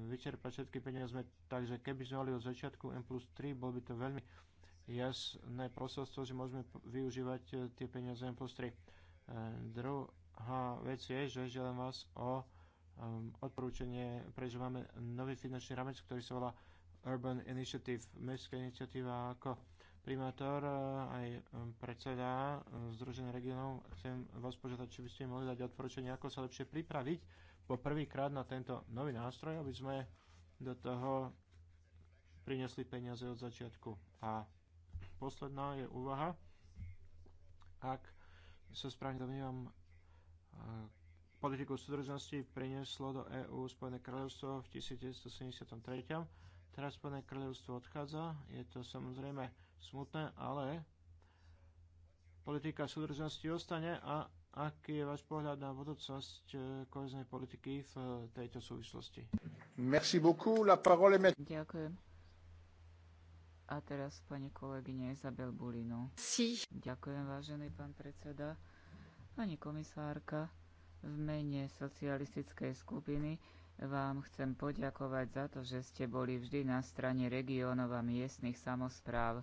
vyčerpať všetky peniaze. Takže keby sme mali od začiatku M plus 3, bol by to veľmi jasné prosolstvo, že môžeme využívať e, tie peniaze M plus 3. E, druhá vec je, že želám vás o um, odporúčanie, prečo máme nový finančný ramec, ktorý sa volá Urban Initiative, mestská iniciatíva ako primátor, e, aj um, predseda Združenia regionov. Chcem vás požiadať, či by ste mohli dať odporúčanie, ako sa lepšie pripraviť poprvýkrát na tento nový nástroj, aby sme do toho priniesli peniaze od začiatku. A posledná je úvaha, ak sa správne domnívam, politiku súdržnosti prinieslo do EÚ Spojené kráľovstvo v 1973. Teraz Spojené kráľovstvo odchádza, je to samozrejme smutné, ale politika súdržnosti ostane a Aký je váš pohľad na budúcnosť eh, koheznej politiky v eh, tejto súvislosti? Merci beaucoup. La parole est... Ďakujem. A teraz pani kolegyne Izabel Bulino. Si. Ďakujem, vážený pán predseda. Pani komisárka, v mene socialistickej skupiny vám chcem poďakovať za to, že ste boli vždy na strane regiónov a miestnych samozpráv.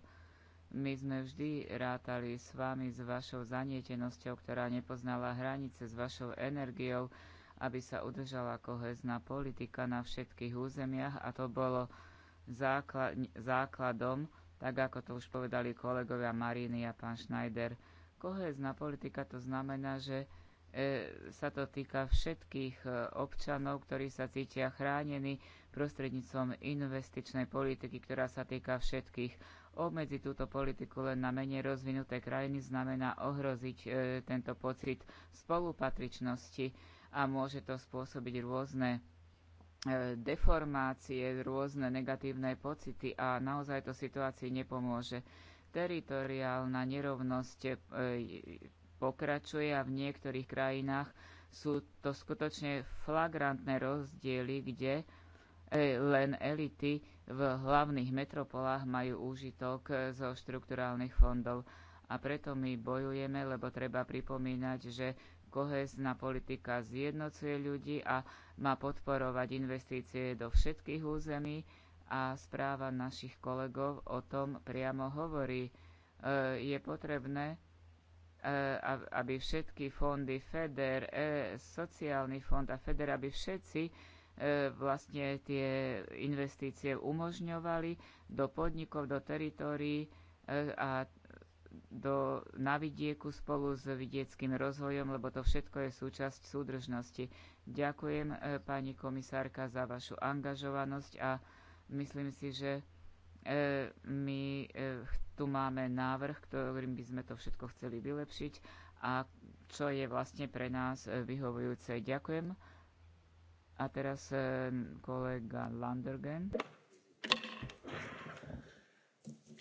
My sme vždy rátali s vami, s vašou zanietenosťou, ktorá nepoznala hranice, s vašou energiou, aby sa udržala kohezná politika na všetkých územiach a to bolo základ, základom, tak ako to už povedali kolegovia Maríny a pán Schneider. Kohezná politika to znamená, že e, sa to týka všetkých e, občanov, ktorí sa cítia chránení prostredníctvom investičnej politiky, ktorá sa týka všetkých Obmedziť túto politiku len na menej rozvinuté krajiny znamená ohroziť e, tento pocit spolupatričnosti a môže to spôsobiť rôzne e, deformácie, rôzne negatívne pocity a naozaj to situácii nepomôže. Teritoriálna nerovnosť e, pokračuje a v niektorých krajinách sú to skutočne flagrantné rozdiely, kde E, len elity v hlavných metropolách majú úžitok e, zo štrukturálnych fondov. A preto my bojujeme, lebo treba pripomínať, že kohezná politika zjednocuje ľudí a má podporovať investície do všetkých území a správa našich kolegov o tom priamo hovorí. E, je potrebné, aby všetky fondy FEDER, sociálny fond a FEDER, aby všetci E, vlastne tie investície umožňovali do podnikov, do teritórií e, a do, na vidieku spolu s vidieckým rozvojom, lebo to všetko je súčasť súdržnosti. Ďakujem, e, pani komisárka, za vašu angažovanosť a myslím si, že my tu máme návrh, ktorým by sme to všetko chceli vylepšiť a čo je vlastne pre nás vyhovujúce. Ďakujem. A teraz eh, kolega Landergen.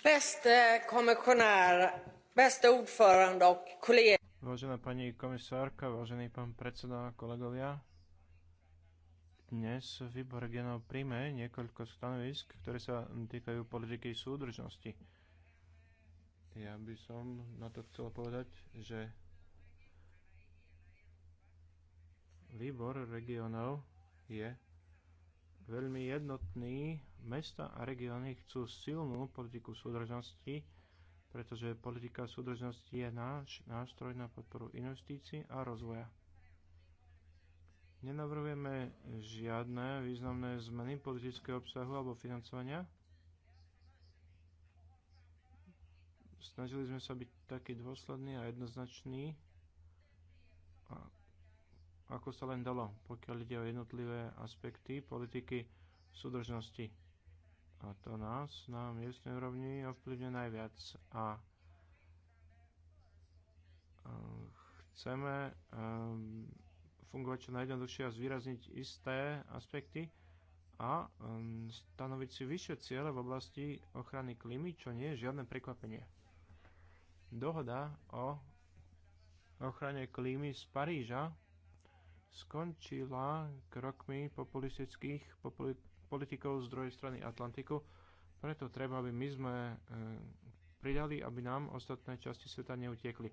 Beste komisár, beste ordförande och kolleger. Vážená pani komisárka, vážený pán predseda, kolegovia, dnes výbor regionov príjme niekoľko stanovisk, ktoré sa týkajú politiky súdržnosti. Ja by som na to chcel povedať, že výbor regionov je veľmi jednotný. Mesta a regióny chcú silnú politiku súdržnosti, pretože politika súdržnosti je náš nástroj na podporu investícií a rozvoja. Nenavrhujeme žiadne významné zmeny politického obsahu alebo financovania. Snažili sme sa byť taký dôsledný a jednoznačný. a ako sa len dalo, pokiaľ ide o jednotlivé aspekty politiky súdržnosti. A to nás na miestnej úrovni ovplyvňuje najviac. A chceme ehm, fungovať čo najjednoduchšie a zvýrazniť isté aspekty a ehm, stanoviť si vyššie ciele v oblasti ochrany klímy, čo nie je žiadne prekvapenie. Dohoda o ochrane klímy z Paríža skončila krokmi populistických politikov z druhej strany Atlantiku. Preto treba, aby my sme e, pridali, aby nám ostatné časti sveta neutiekli.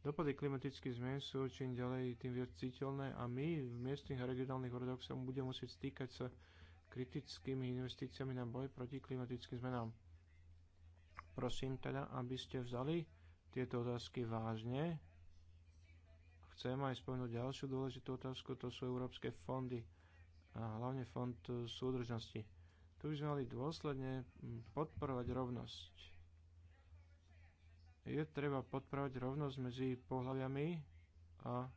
Dopady klimatických zmien sú čím ďalej tým viac citeľné a my v miestnych a regionálnych úradoch sa budeme musieť stýkať sa kritickými investíciami na boj proti klimatickým zmenám. Prosím teda, aby ste vzali tieto otázky vážne Chcem aj spomenúť ďalšiu dôležitú otázku, to sú európske fondy a hlavne fond e, súdržnosti. Tu by sme mali dôsledne podporovať rovnosť. Je treba podporovať rovnosť medzi pohľaviami a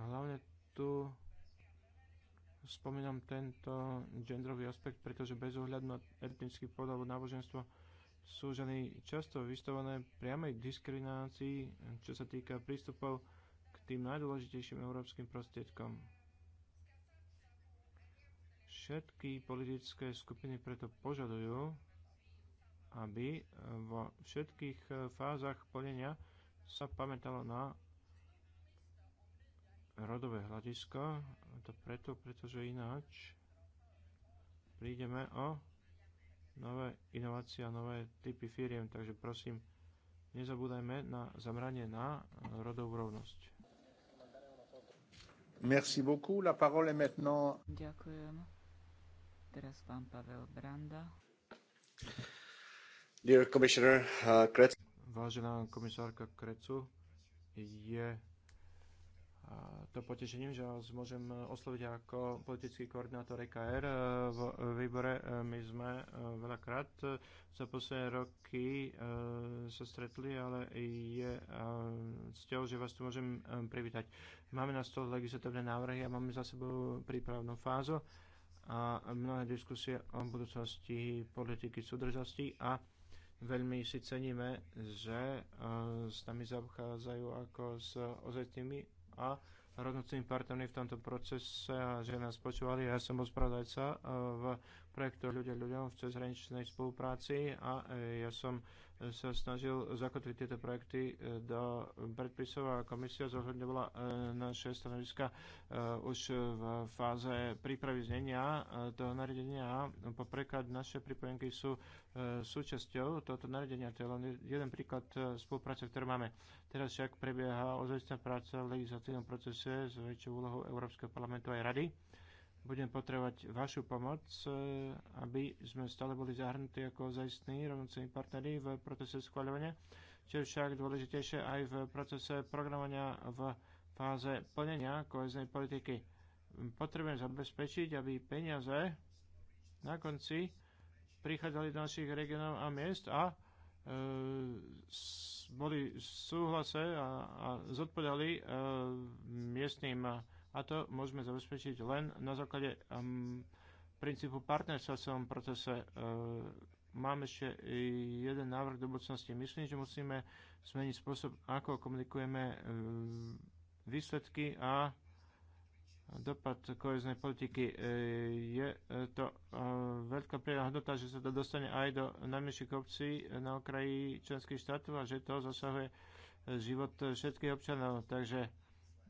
hlavne tu spomínam tento genderový aspekt, pretože bez ohľadu na etnický pod alebo náboženstvo sú ženy často vystavené priamej diskriminácii, čo sa týka prístupov tým najdôležitejším európskym prostriedkom. Všetky politické skupiny preto požadujú, aby vo všetkých e, fázach plnenia sa pamätalo na rodové hľadisko. A to preto, pretože ináč prídeme o nové inovácie a nové typy firiem. Takže prosím, nezabúdajme na zamranie na rodovú rovnosť. Merci beaucoup. La parole est maintenant... Ďakujem. Teraz pán Pavel Branda. Dear Commissioner uh, Kretz. Vážená komisárka Krecu, je to potešením, že vás môžem osloviť ako politický koordinátor EKR e, v výbore. E, my sme e, veľakrát za posledné roky sa stretli, ale je cťou, že vás tu môžem privítať. Máme na stole legislatívne návrhy a máme za sebou prípravnú fázu a mnohé diskusie o budúcnosti politiky súdržnosti a veľmi si ceníme, že s nami zaobchádzajú ako s ozajstnými a rovnocnými partnermi v tomto procese a že nás počúvali. Ja som bol spravodajca eh, v projektu Ľudia ľuďom v cezhraničnej spolupráci a eh, ja som sa snažil zakotviť tieto projekty e, do predpisov a komisia zohľadňovala e, naše stanoviska e, už v fáze prípravy znenia toho nariadenia. Popreklad naše pripojenky sú súčasťou tohoto nariadenia. To je len jeden príklad spolupráce, ktorú máme. Teraz však prebieha ozajstná práca v legislatívnom procese s väčšou úlohou Európskeho parlamentu aj rady budem potrebovať vašu pomoc, e, aby sme stále boli zahrnutí ako zaistní rovnocení partnery v procese schváľovania, čo je však dôležitejšie aj v procese programovania v fáze plnenia koheznej politiky. Potrebujem zabezpečiť, aby peniaze na konci prichádzali do našich regionov a miest a e, s, boli v súhlase a, a zodpovedali e, miestným a to môžeme zabezpečiť len na základe um, princípu partnerstva v celom procese. Uh, mám ešte jeden návrh do budúcnosti. Myslím, že musíme zmeniť spôsob, ako komunikujeme uh, výsledky a dopad koheznej politiky. E, je to veľká pridaná hodnota, že sa to dostane aj do najmenších obcí na okraji členských štátov a že to zasahuje život všetkých občanov. Takže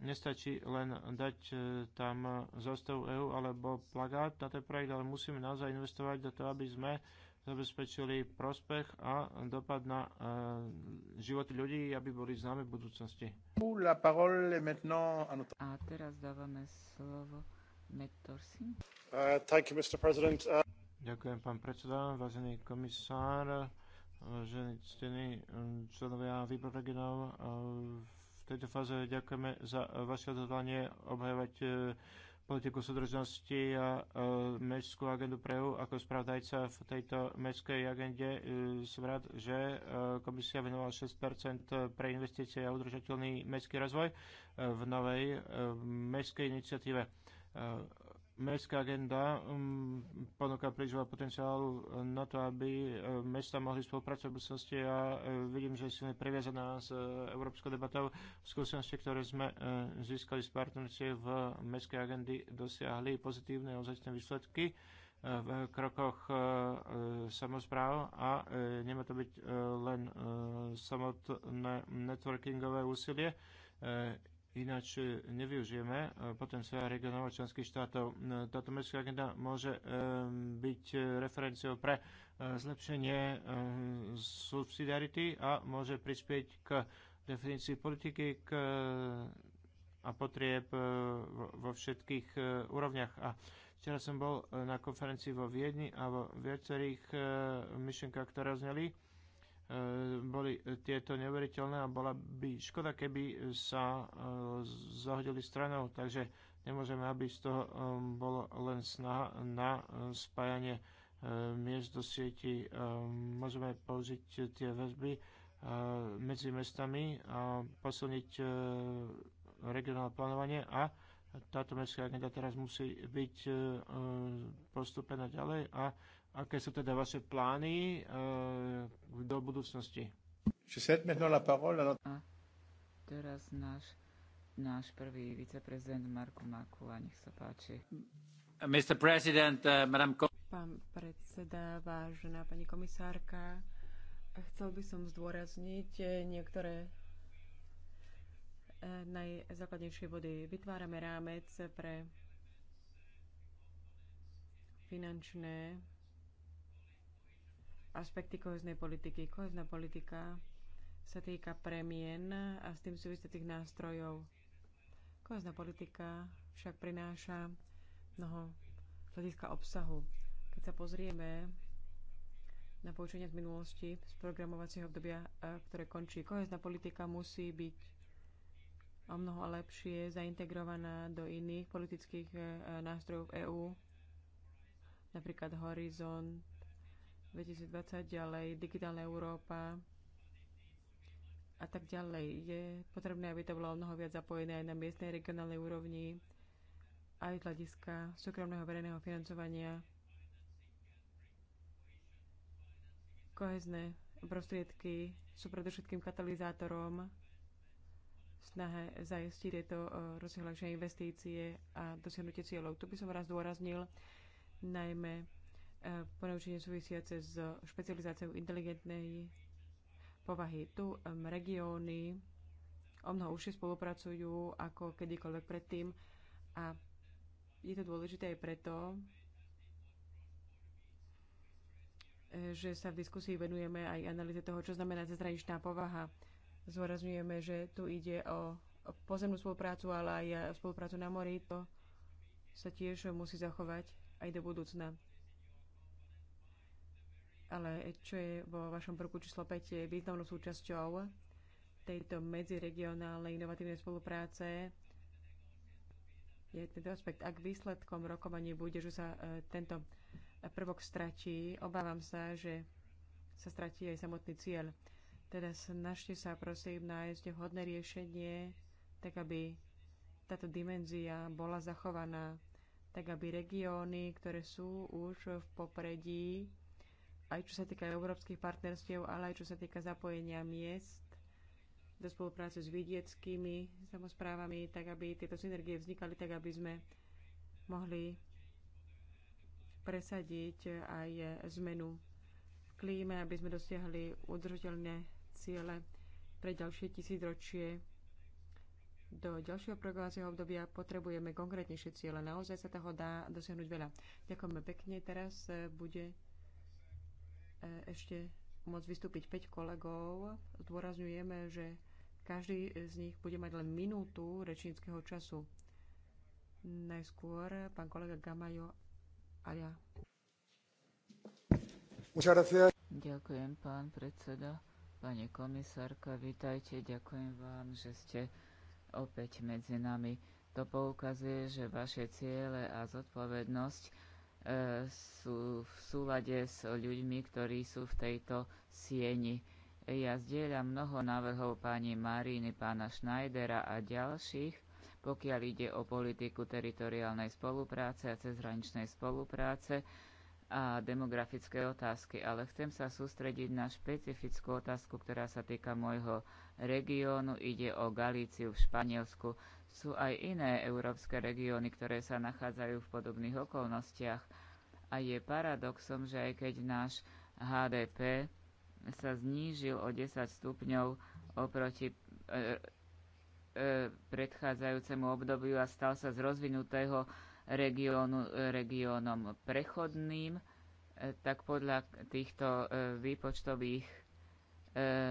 Nestačí len dať e, tam zostavu e EU alebo plagát na ten projekt, ale musíme naozaj investovať do toho, aby sme zabezpečili prospech a dopad na e, životy ľudí, aby boli známe v budúcnosti. A teraz dávame slovo Metorsi. Uh, thank you, Mr. President. Uh... Ďakujem, pán predseda, vážený komisár, vážení ctení mm, členovia výboru regionov. V uh, v tejto fáze ďakujeme za vaše odhodlanie obhajovať e, politiku súdržnosti a e, mestskú agendu pre EU. Ako spravdajca v tejto mestskej agende e, som rád, že komisia venovala 6 pre investície a udržateľný mestský rozvoj v novej mestskej iniciatíve. Mestská agenda um, ponúka príliš veľa potenciálu na to, aby um, mesta mohli spolupracovať v budúcnosti Ja uh, vidím, že sme previazaná s uh, európskou debatou. Skúsenosti, ktoré sme uh, získali z partnerstiev v Mestskej agendy, dosiahli pozitívne ozajstné výsledky v krokoch samozpráv a nemá to byť len samotné networkingové úsilie ináč e, nevyužijeme e, potenciál regionov a členských štátov. E, táto mestská agenda môže byť referenciou pre zlepšenie subsidiarity a môže prispieť k definícii politiky k a potrieb vo všetkých úrovniach. A včera som bol na konferencii vo Viedni a vo viacerých myšlenkách, ktoré zneli E, boli tieto neuveriteľné a bola by škoda, keby sa e, zahodili stranou. Takže nemôžeme, aby z toho e, bolo len snaha na spájanie miest do sieti. Môžeme použiť tie väzby medzi mestami a posilniť regionálne plánovanie a táto mestská agenda teraz musí byť postupená ďalej a Aké sú teda vaše plány eh, do budúcnosti? A teraz náš, náš prvý viceprezident Marko Makula, nech sa páči. Mr. President, uh, eh, Madam Pán predseda, vážená pani komisárka, chcel by som zdôrazniť eh, niektoré najzákladnejšie body. Vytvárame rámec pre finančné aspekty koheznej politiky. Kohezná politika sa týka premien a s tým tých nástrojov. Kohezná politika však prináša mnoho hľadiska obsahu. Keď sa pozrieme na poučenia z minulosti z programovacieho obdobia, e, ktoré končí, kohezná politika musí byť o mnoho lepšie zaintegrovaná do iných politických e, e, nástrojov EÚ, napríklad Horizont 2020, ďalej digitálna Európa a tak ďalej. Je potrebné, aby to bolo mnoho viac zapojené aj na miestnej regionálnej úrovni, aj z hľadiska súkromného verejného financovania. Kohezné prostriedky sú predovšetkým katalizátorom snahe zajistiť tieto e, rozsiahlejšie investície a dosiahnutie cieľov. Tu by som raz dôraznil najmä ponaučenie súvisiace s špecializáciou inteligentnej povahy. Tu regióny o mnoho užšie spolupracujú ako kedykoľvek predtým a je to dôležité aj preto, e, že sa v diskusii venujeme aj analýze toho, čo znamená cezhraničná povaha. Zvorazňujeme, že tu ide o pozemnú spoluprácu, ale aj spoluprácu na mori. To sa tiež musí zachovať aj do budúcna ale čo je vo vašom prvku číslo 5 významnou súčasťou tejto medziregionálnej inovatívnej spolupráce, je tento aspekt. Ak výsledkom rokovania bude, že sa e, tento prvok stratí, obávam sa, že sa stratí aj samotný cieľ. Teda snažte sa prosím nájsť vhodné riešenie, tak aby táto dimenzia bola zachovaná, tak aby regióny, ktoré sú už v popredí aj čo sa týka európskych partnerstiev, ale aj čo sa týka zapojenia miest do spolupráce s vidieckými samozprávami, tak aby tieto synergie vznikali, tak aby sme mohli presadiť aj zmenu v klíme, aby sme dosiahli udržateľné ciele pre ďalšie tisícročie. Do ďalšieho programovacieho obdobia potrebujeme konkrétnejšie ciele. Naozaj sa toho dá dosiahnuť veľa. Ďakujeme pekne. Teraz eh, bude E, ešte môcť vystúpiť 5 kolegov. Zdôrazňujeme, že každý z nich bude mať len minútu rečníckého času. Najskôr pán kolega Gamajo a ja. Ďakujem, pán predseda. Pani komisárka, vitajte. Ďakujem vám, že ste opäť medzi nami. To poukazuje, že vaše ciele a zodpovednosť sú v súlade s ľuďmi, ktorí sú v tejto sieni. Ja zdieľam mnoho návrhov pani Maríny, pána Schneidera a ďalších, pokiaľ ide o politiku teritoriálnej spolupráce a cezhraničnej spolupráce a demografické otázky, ale chcem sa sústrediť na špecifickú otázku, ktorá sa týka môjho regiónu. Ide o Galíciu v Španielsku. Sú aj iné európske regióny, ktoré sa nachádzajú v podobných okolnostiach. A je paradoxom, že aj keď náš HDP sa znížil o 10 stupňov oproti e, e, predchádzajúcemu obdobiu a stal sa z rozvinutého regiónu e, regiónom prechodným, e, tak podľa týchto e, výpočtových e,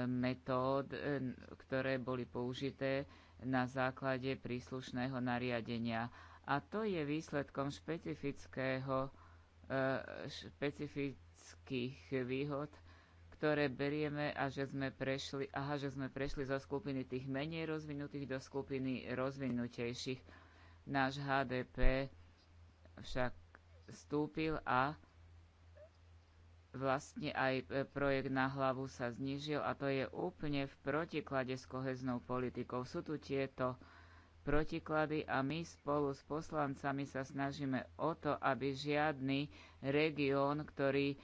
metód, ktoré boli použité, na základe príslušného nariadenia. A to je výsledkom špecifického, e, špecifických výhod, ktoré berieme a že sme prešli, aha, že sme prešli zo skupiny tých menej rozvinutých do skupiny rozvinutejších. Náš HDP však stúpil a vlastne aj e, projekt na hlavu sa znížil a to je úplne v protiklade s koheznou politikou. Sú tu tieto protiklady a my spolu s poslancami sa snažíme o to, aby žiadny región, ktorý e,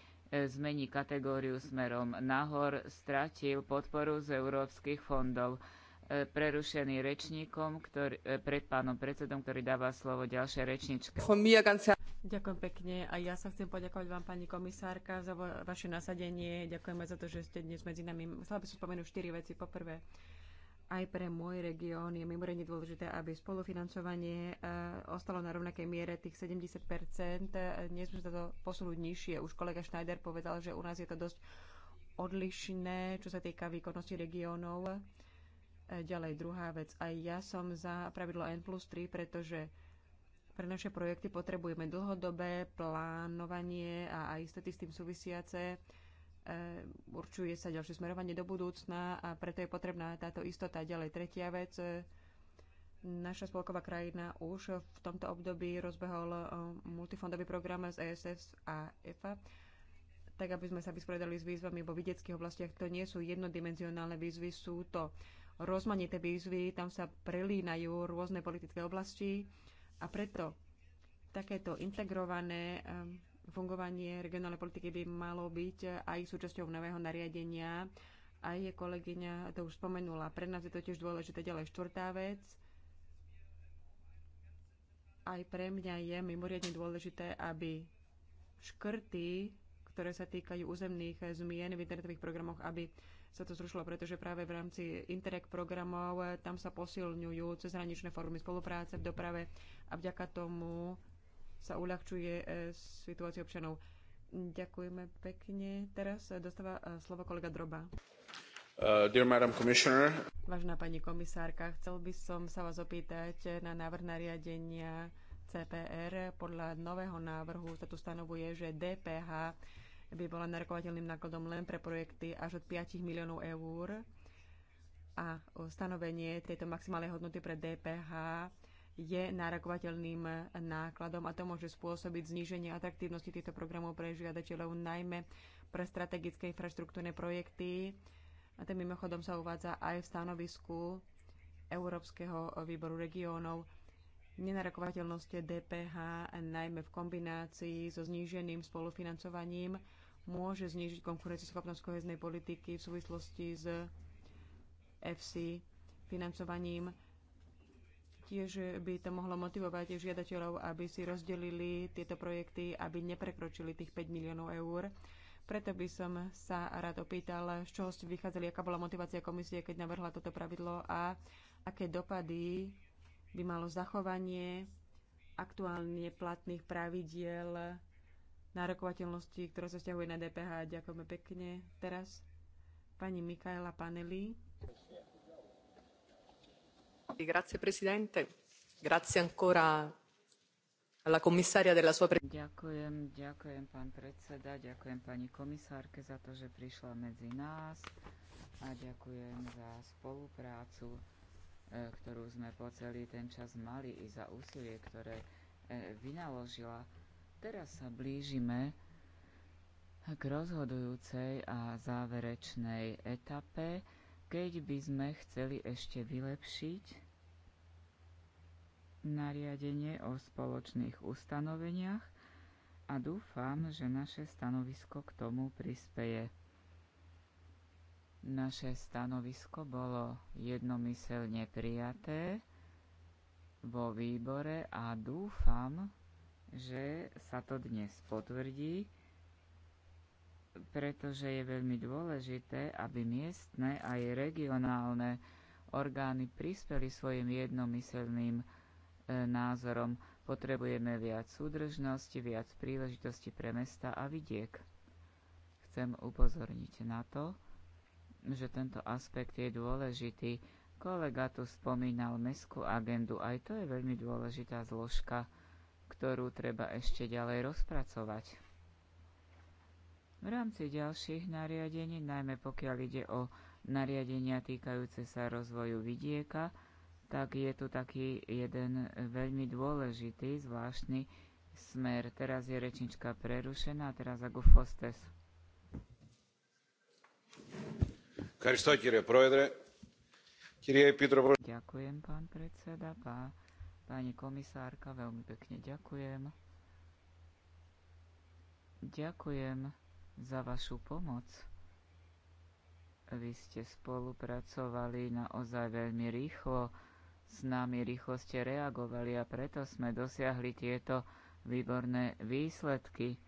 zmení kategóriu smerom nahor, stratil podporu z európskych fondov. E, prerušený rečníkom, ktorý, pred pánom predsedom, ktorý dáva slovo ďalšej rečničke. Ďakujem pekne a ja sa chcem poďakovať vám, pani komisárka, za vaše nasadenie. Ďakujeme za to, že ste dnes medzi nami. Chcela by som spomenúť štyri veci. Poprvé, aj pre môj región je mimoriadne dôležité, aby spolufinancovanie eh, ostalo na rovnakej miere tých 70 Dnes sme sa to posunúť nižšie. Už kolega Schneider povedal, že u nás je to dosť odlišné, čo sa týka výkonnosti regiónov. Eh, ďalej druhá vec. Aj ja som za pravidlo N plus 3, pretože pre naše projekty potrebujeme dlhodobé plánovanie a aj istoty s tým súvisiace. E, určuje sa ďalšie smerovanie do budúcna a preto je potrebná táto istota. Ďalej tretia vec, e, naša spolková krajina už v tomto období rozbehol e, multifondový program z ESS a EFA, tak aby sme sa vysporiadali s výzvami vo vidieckých oblastiach. To nie sú jednodimenzionálne výzvy, sú to rozmanité výzvy, tam sa prelínajú rôzne politické oblasti a preto takéto integrované eh, fungovanie regionálnej politiky by malo byť eh, aj súčasťou nového nariadenia. Aj je kolegyňa to už spomenula. Pre nás je to tiež dôležité ďalej štvrtá vec. Aj pre mňa je mimoriadne dôležité, aby škrty, ktoré sa týkajú územných eh, zmien v internetových programoch, aby sa to zrušilo, pretože práve v rámci Interreg programov tam sa posilňujú cezhraničné formy spolupráce v doprave, a vďaka tomu sa uľahčuje e, situácia občanov. Ďakujeme pekne. Teraz e, dostáva e, slovo kolega Droba. Uh, dear Madam Commissioner. Vážená pani komisárka, chcel by som sa vás opýtať na návrh nariadenia CPR. Podľa nového návrhu sa tu stanovuje, že DPH by bola narokovateľným nákladom len pre projekty až od 5 miliónov eur a stanovenie tejto maximálnej hodnoty pre DPH je nárokovateľným nákladom a to môže spôsobiť zníženie atraktívnosti týchto programov pre žiadateľov, najmä pre strategické infraštruktúrne projekty. A ten mimochodom sa uvádza aj v stanovisku Európskeho výboru regiónov. Nenarokovateľnosť DPH, najmä v kombinácii so zníženým spolufinancovaním, môže znížiť konkurencieschopnosť koheznej politiky v súvislosti s FC financovaním Tiež by to mohlo motivovať žiadateľov, aby si rozdelili tieto projekty, aby neprekročili tých 5 miliónov eur. Preto by som sa rád opýtal, z čoho ste vychádzali, aká bola motivácia komisie, keď navrhla toto pravidlo a aké dopady by malo zachovanie aktuálne platných pravidiel nárokovateľnosti, ktoré sa vzťahuje na DPH. Ďakujeme pekne. Teraz pani Mikaela Paneli presidente. Ďakujem, ďakujem pán predseda, ďakujem pani komisárke za to, že prišla medzi nás a ďakujem za spoluprácu, e, ktorú sme po celý ten čas mali i za úsilie, ktoré e, vynaložila. Teraz sa blížime k rozhodujúcej a záverečnej etape, keď by sme chceli ešte vylepšiť nariadenie o spoločných ustanoveniach a dúfam, že naše stanovisko k tomu prispeje. Naše stanovisko bolo jednomyselne prijaté vo výbore a dúfam, že sa to dnes potvrdí, pretože je veľmi dôležité, aby miestne aj regionálne orgány prispeli svojim jednomyselným názorom. Potrebujeme viac súdržnosti, viac príležitosti pre mesta a vidiek. Chcem upozorniť na to, že tento aspekt je dôležitý. Kolega tu spomínal mestskú agendu, aj to je veľmi dôležitá zložka, ktorú treba ešte ďalej rozpracovať. V rámci ďalších nariadení, najmä pokiaľ ide o nariadenia týkajúce sa rozvoju vidieka, tak je tu taký jeden veľmi dôležitý, zvláštny smer. Teraz je rečnička prerušená, teraz ako Fostes. Ďakujem, pán predseda, pá, pani komisárka, veľmi pekne ďakujem. Ďakujem za vašu pomoc. Vy ste spolupracovali naozaj veľmi rýchlo s nami rýchlo ste reagovali a preto sme dosiahli tieto výborné výsledky.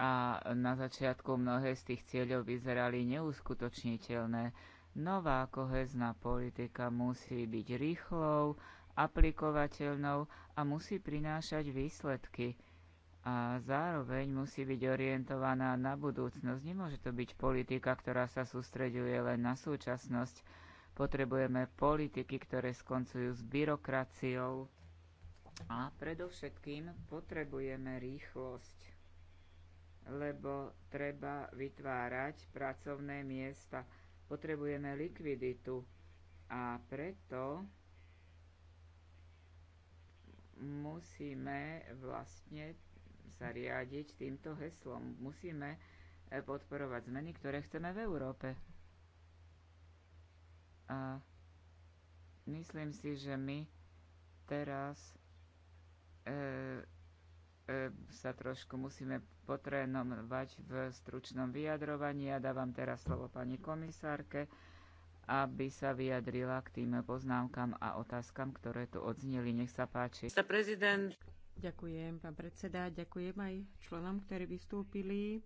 A na začiatku mnohé z tých cieľov vyzerali neuskutočniteľné. Nová kohezná politika musí byť rýchlou, aplikovateľnou a musí prinášať výsledky. A zároveň musí byť orientovaná na budúcnosť. Nemôže to byť politika, ktorá sa sústreďuje len na súčasnosť Potrebujeme politiky, ktoré skoncujú s byrokraciou a predovšetkým potrebujeme rýchlosť, lebo treba vytvárať pracovné miesta. Potrebujeme likviditu a preto musíme vlastne sa riadiť týmto heslom. Musíme eh, podporovať zmeny, ktoré chceme v Európe. A myslím si, že my teraz e, e, sa trošku musíme potrénovať v stručnom vyjadrovaní. Ja dávam teraz slovo pani komisárke, aby sa vyjadrila k tým poznámkam a otázkam, ktoré tu odzneli. Nech sa páči. Ďakujem, pán predseda. Ďakujem aj členom, ktorí vystúpili.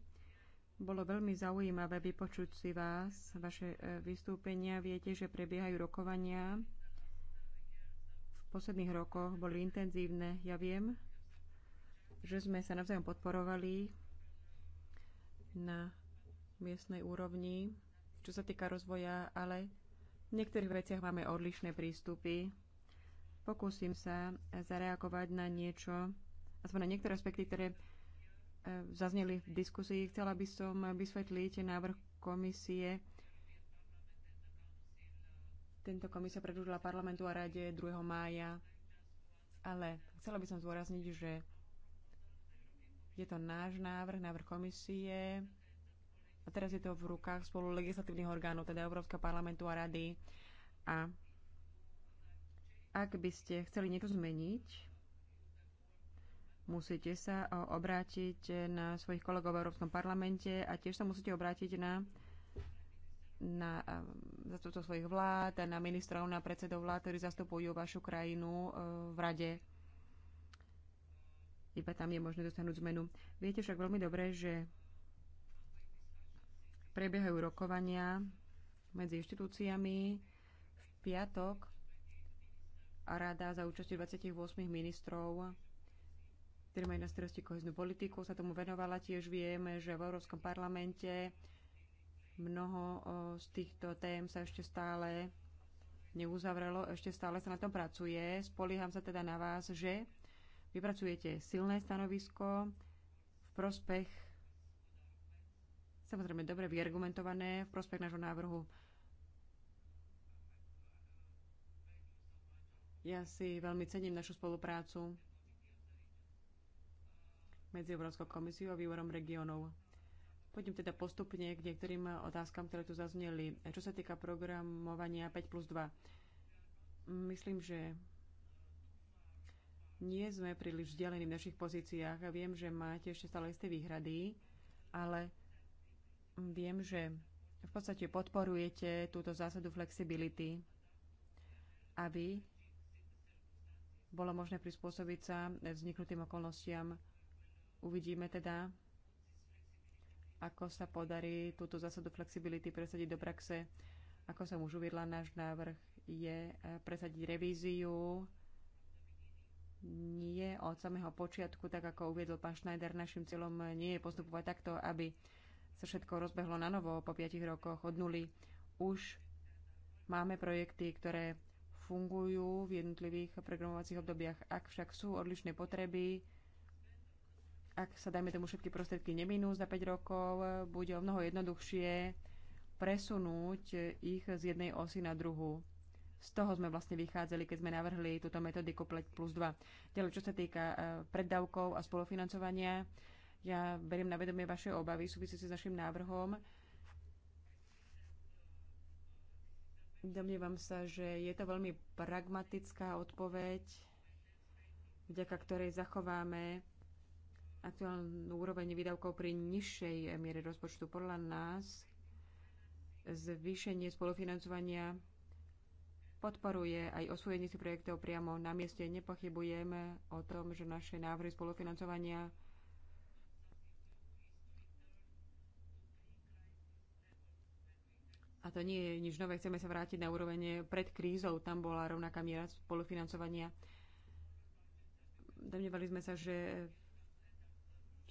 Bolo veľmi zaujímavé vypočuť si vás, vaše e, vystúpenia. Viete, že prebiehajú rokovania. V posledných rokoch boli intenzívne. Ja viem, že sme sa navzájom podporovali na miestnej úrovni, čo sa týka rozvoja, ale v niektorých veciach máme odlišné prístupy. Pokúsim sa zareagovať na niečo, aspoň na niektoré aspekty, ktoré zazneli v diskusii. Chcela by som vysvetliť návrh komisie. Tento komisia predúžila parlamentu a rade 2. mája, ale chcela by som zdôrazniť, že je to náš návrh, návrh komisie a teraz je to v rukách spolu legislatívnych orgánov, teda Európskeho parlamentu a rady. A ak by ste chceli niečo zmeniť, musíte sa obrátiť na svojich kolegov v Európskom parlamente a tiež sa musíte obrátiť na, na zastupcov svojich vlád, na ministrov, na predsedov vlád, ktorí zastupujú vašu krajinu v rade. Iba tam je možné dostanúť zmenu. Viete však veľmi dobre, že prebiehajú rokovania medzi inštitúciami v piatok a rada za účasti 28 ministrov ktorý majú na starosti koheznú politiku, sa tomu venovala. Tiež vieme, že v Európskom parlamente mnoho z týchto tém sa ešte stále neuzavrelo, ešte stále sa na tom pracuje. Spolieham sa teda na vás, že vypracujete silné stanovisko v prospech, samozrejme dobre vyargumentované, v prospech nášho návrhu. Ja si veľmi cením našu spoluprácu medzi Európskou komisiou a výborom regiónov. Poďme teda postupne k niektorým otázkam, ktoré tu zazneli. Čo sa týka programovania 5 plus 2, myslím, že nie sme príliš vzdialení v našich pozíciách. Viem, že máte ešte stále isté výhrady, ale viem, že v podstate podporujete túto zásadu flexibility, aby bolo možné prispôsobiť sa vzniknutým okolnostiam Uvidíme teda, ako sa podarí túto zásadu flexibility presadiť do praxe. Ako som už uviedla, náš návrh je eh, presadiť revíziu nie od samého počiatku, tak ako uviedol pán Schneider, našim cieľom nie je postupovať takto, aby sa všetko rozbehlo na novo po 5 rokoch od nuly. Už máme projekty, ktoré fungujú v jednotlivých programovacích obdobiach. Ak však sú odlišné potreby, ak sa, dajme tomu, všetky prostriedky neminú za 5 rokov, bude o mnoho jednoduchšie presunúť ich z jednej osy na druhú. Z toho sme vlastne vychádzali, keď sme navrhli túto metodiku Pleť e plus 2. Ďalej, čo sa týka e, preddavkov a spolufinancovania, ja beriem na vedomie vaše obavy si s našim návrhom. Domnievam sa, že je to veľmi pragmatická odpoveď, vďaka ktorej zachováme aktuálnu úroveň výdavkov pri nižšej miere rozpočtu. Podľa nás zvýšenie spolufinancovania podporuje aj osvojenie si projektov priamo na mieste. Nepochybujeme o tom, že naše návrhy spolufinancovania A to nie je nič nové, chceme sa vrátiť na úroveň pred krízou, tam bola rovnaká miera spolufinancovania. Domnievali sme sa, že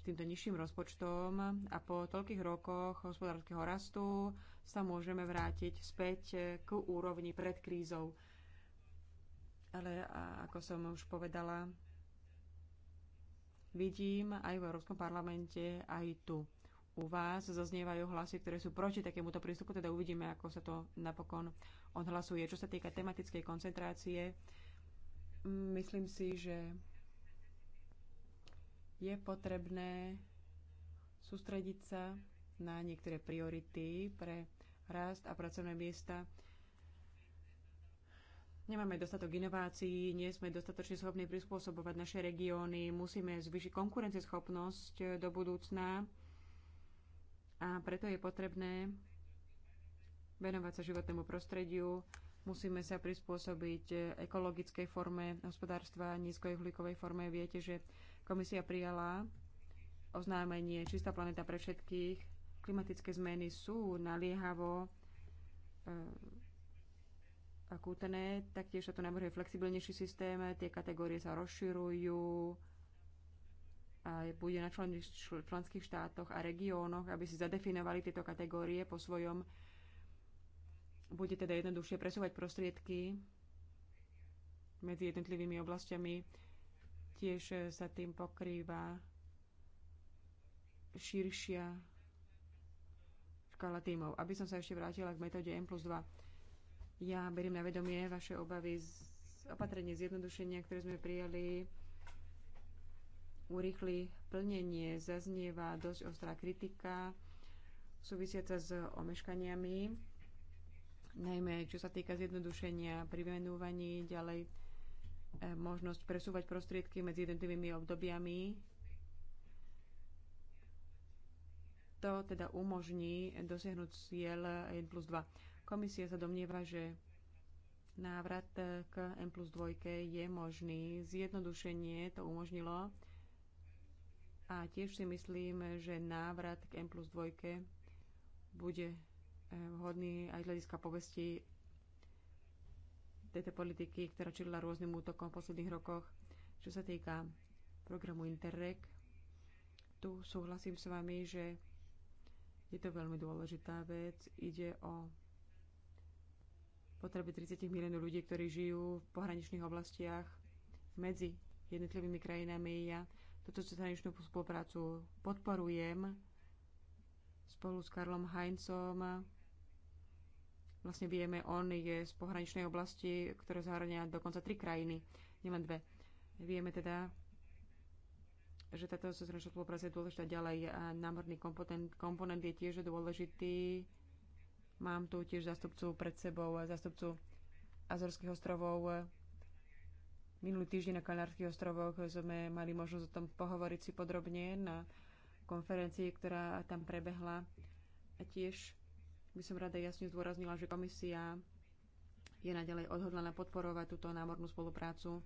týmto nižším rozpočtom a po toľkých rokoch hospodárskeho rastu sa môžeme vrátiť späť k úrovni pred krízou. Ale ako som už povedala, vidím aj v Európskom parlamente, aj tu u vás zaznievajú hlasy, ktoré sú proti takémuto prístupu, teda uvidíme, ako sa to napokon odhlasuje. Čo sa týka tematickej koncentrácie, myslím si, že je potrebné sústrediť sa na niektoré priority pre rast a pracovné miesta. Nemáme dostatok inovácií, nie sme dostatočne schopní prispôsobovať naše regióny, musíme zvýšiť konkurencieschopnosť eh, do budúcna a preto je potrebné venovať sa životnému prostrediu, musíme sa prispôsobiť eh, ekologickej forme hospodárstva, nízkouhlíkovej forme. Viete, že Komisia prijala oznámenie Čistá planeta pre všetkých. Klimatické zmeny sú naliehavo eh, akútené, taktiež sa tu navrhuje flexibilnejší systém, tie kategórie sa rozširujú a bude na člen, členských štátoch a regiónoch, aby si zadefinovali tieto kategórie po svojom. Bude teda jednoduchšie presúvať prostriedky medzi jednotlivými oblastiami Taktiež sa tým pokrýva širšia škála tímov. Aby som sa ešte vrátila k metóde M plus 2. Ja beriem na vedomie vaše obavy z opatrenie zjednodušenia, ktoré sme prijali, urýchli plnenie, zaznieva dosť ostrá kritika súvisiaca s omeškaniami, najmä čo sa týka zjednodušenia pri venúvaní ďalej E, možnosť presúvať prostriedky medzi jednotlivými obdobiami. To teda umožní dosiahnuť cieľ N plus 2. Komisia sa domnieva, že návrat k N plus 2 je možný. Zjednodušenie to umožnilo. A tiež si myslím, že návrat k N plus 2 bude e, vhodný aj z hľadiska povesti tejto politiky, ktorá čelila rôznym útokom v posledných rokoch. Čo sa týka programu Interreg, tu súhlasím s vami, že je to veľmi dôležitá vec. Ide o potreby 30 miliónov ľudí, ktorí žijú v pohraničných oblastiach medzi jednotlivými krajinami. Ja toto cezhraničnú spoluprácu podporujem spolu s Karlom Heinzom vlastne vieme, on je z pohraničnej oblasti, ktorá zahrania dokonca tri krajiny, nielen dve. Vieme teda, že táto cezhraničná spolupráca je dôležitá ďalej. A námorný komponent, komponent je tiež dôležitý. Mám tu tiež zástupcu pred sebou, zástupcu Azorských ostrovov. Minulý týždeň na Kanárských ostrovoch sme mali možnosť o tom pohovoriť si podrobne na konferencii, ktorá tam prebehla. A tiež by som rada jasne zdôraznila, že komisia je naďalej odhodlaná podporovať túto námornú spoluprácu.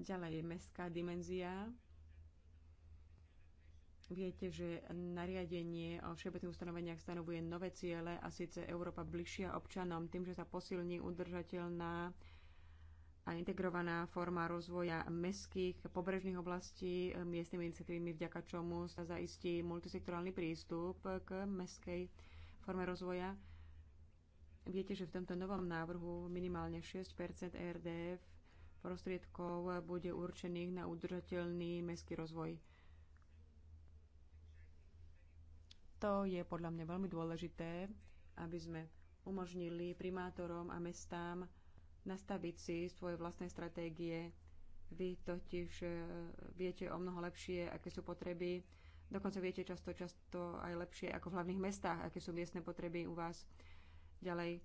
Ďalej je mestská dimenzia. Viete, že nariadenie o všeobecných ustanoveniach stanovuje nové ciele a síce Európa bližšia občanom tým, že sa posilní udržateľná a integrovaná forma rozvoja mestských pobrežných oblastí miestnymi iniciatívami, vďaka čomu sa zaistí multisektorálny prístup k mestskej forme rozvoja. Viete, že v tomto novom návrhu minimálne 6 RDF prostriedkov bude určených na udržateľný mestský rozvoj. To je podľa mňa veľmi dôležité, aby sme umožnili primátorom a mestám nastaviť si svoje vlastné stratégie. Vy totiž e, viete o mnoho lepšie, aké sú potreby. Dokonca viete často, často aj lepšie ako v hlavných mestách, aké sú miestne potreby u vás. Ďalej e,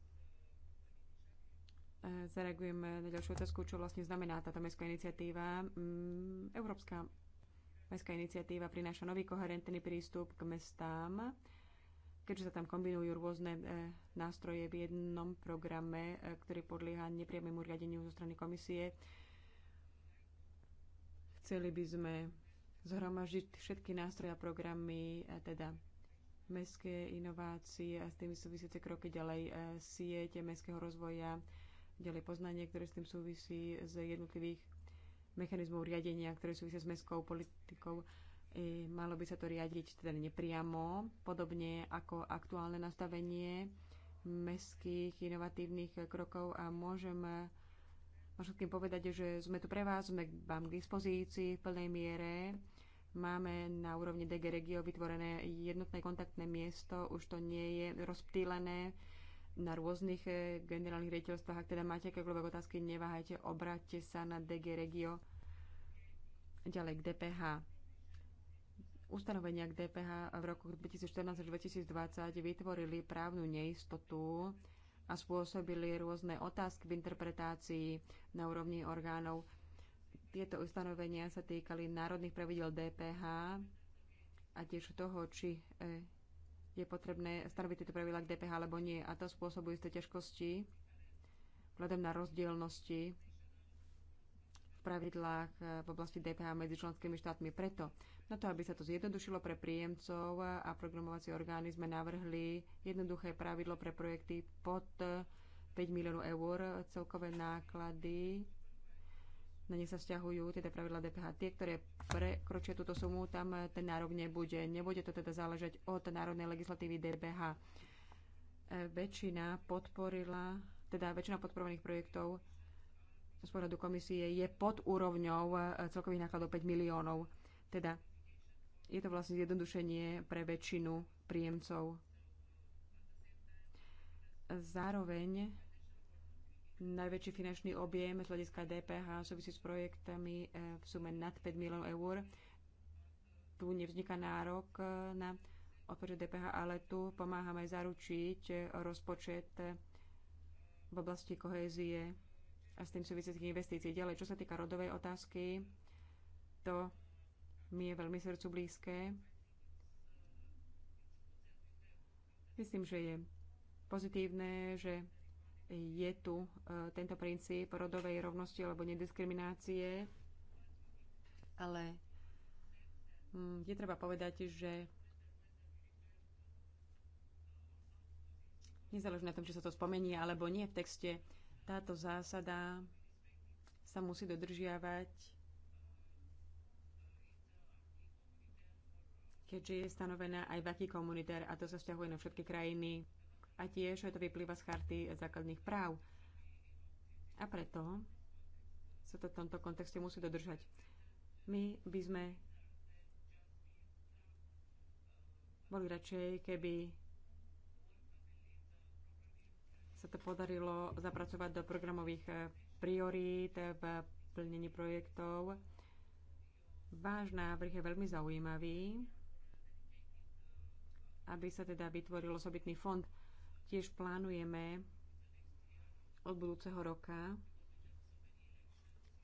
zareagujem na ďalšiu otázku, čo vlastne znamená táto mestská iniciatíva. Mm, Európska mestská iniciatíva prináša nový koherentný prístup k mestám keďže sa tam kombinujú rôzne e, nástroje v jednom programe, e, ktorý podlieha nepriamému riadeniu zo strany komisie. Chceli by sme zhromažiť všetky nástroje a programy, e, teda mestské inovácie a s tými súvisiace kroky ďalej siete mestského rozvoja, ďalej poznanie, ktoré s tým súvisí z jednotlivých mechanizmov riadenia, ktoré súvisia s mestskou politikou E, malo by sa to riadiť teda nepriamo, podobne ako aktuálne nastavenie mestských inovatívnych krokov a môžem všetkým povedať, že sme tu pre vás, sme vám k dispozícii v plnej miere. Máme na úrovni DG Regio vytvorené jednotné kontaktné miesto, už to nie je rozptýlené na rôznych e, generálnych riaditeľstvách. Ak teda máte akékoľvek otázky, neváhajte, obráťte sa na DG Regio ďalej k DPH Ustanovenia k DPH v roku 2014 až 2020 vytvorili právnu neistotu a spôsobili rôzne otázky v interpretácii na úrovni orgánov. Tieto ustanovenia sa týkali národných pravidel DPH a tiež toho, či e, je potrebné stanoviť tieto pravidla k DPH alebo nie. A to spôsobuje isté ťažkosti vzhľadom na rozdielnosti pravidlách eh, v oblasti DPH medzi členskými štátmi. Preto, na to, aby sa to zjednodušilo pre príjemcov a programovacie orgány, sme navrhli jednoduché pravidlo pre projekty pod 5 eh, miliónov eur. Celkové náklady na ne sa vzťahujú teda pravidla DPH. Tie, ktoré prekročia túto sumu, tam eh, ten nárok nebude. Nebude to teda záležať od národnej legislatívy DPH. Väčšina podporila, teda väčšina podporovaných projektov z pohľadu komisie je pod úrovňou e, celkových nákladov 5 miliónov. Teda je to vlastne zjednodušenie pre väčšinu príjemcov. Zároveň najväčší finančný objem z hľadiska DPH súvisí s projektami e, v sume nad 5 miliónov eur. Tu nevzniká nárok e, na odpočet DPH, ale tu pomáhame zaručiť rozpočet v oblasti kohézie a s tým súvisiacich investícií. Ďalej, čo sa týka rodovej otázky, to mi je veľmi srdcu blízke. Myslím, že je pozitívne, že je tu e, tento princíp rodovej rovnosti alebo nediskriminácie, ale mm, je treba povedať, že nezáleží na tom, či sa to spomenie alebo nie v texte, táto zásada sa musí dodržiavať, keďže je stanovená aj v aký komunitár a to sa vzťahuje na všetky krajiny a tiež to vyplýva z charty základných práv. A preto sa to v tomto kontexte musí dodržať. My by sme boli radšej, keby sa to podarilo zapracovať do programových eh, priorít v plnení projektov. Váš návrh je veľmi zaujímavý, aby sa teda vytvoril osobitný fond. Tiež plánujeme od budúceho roka,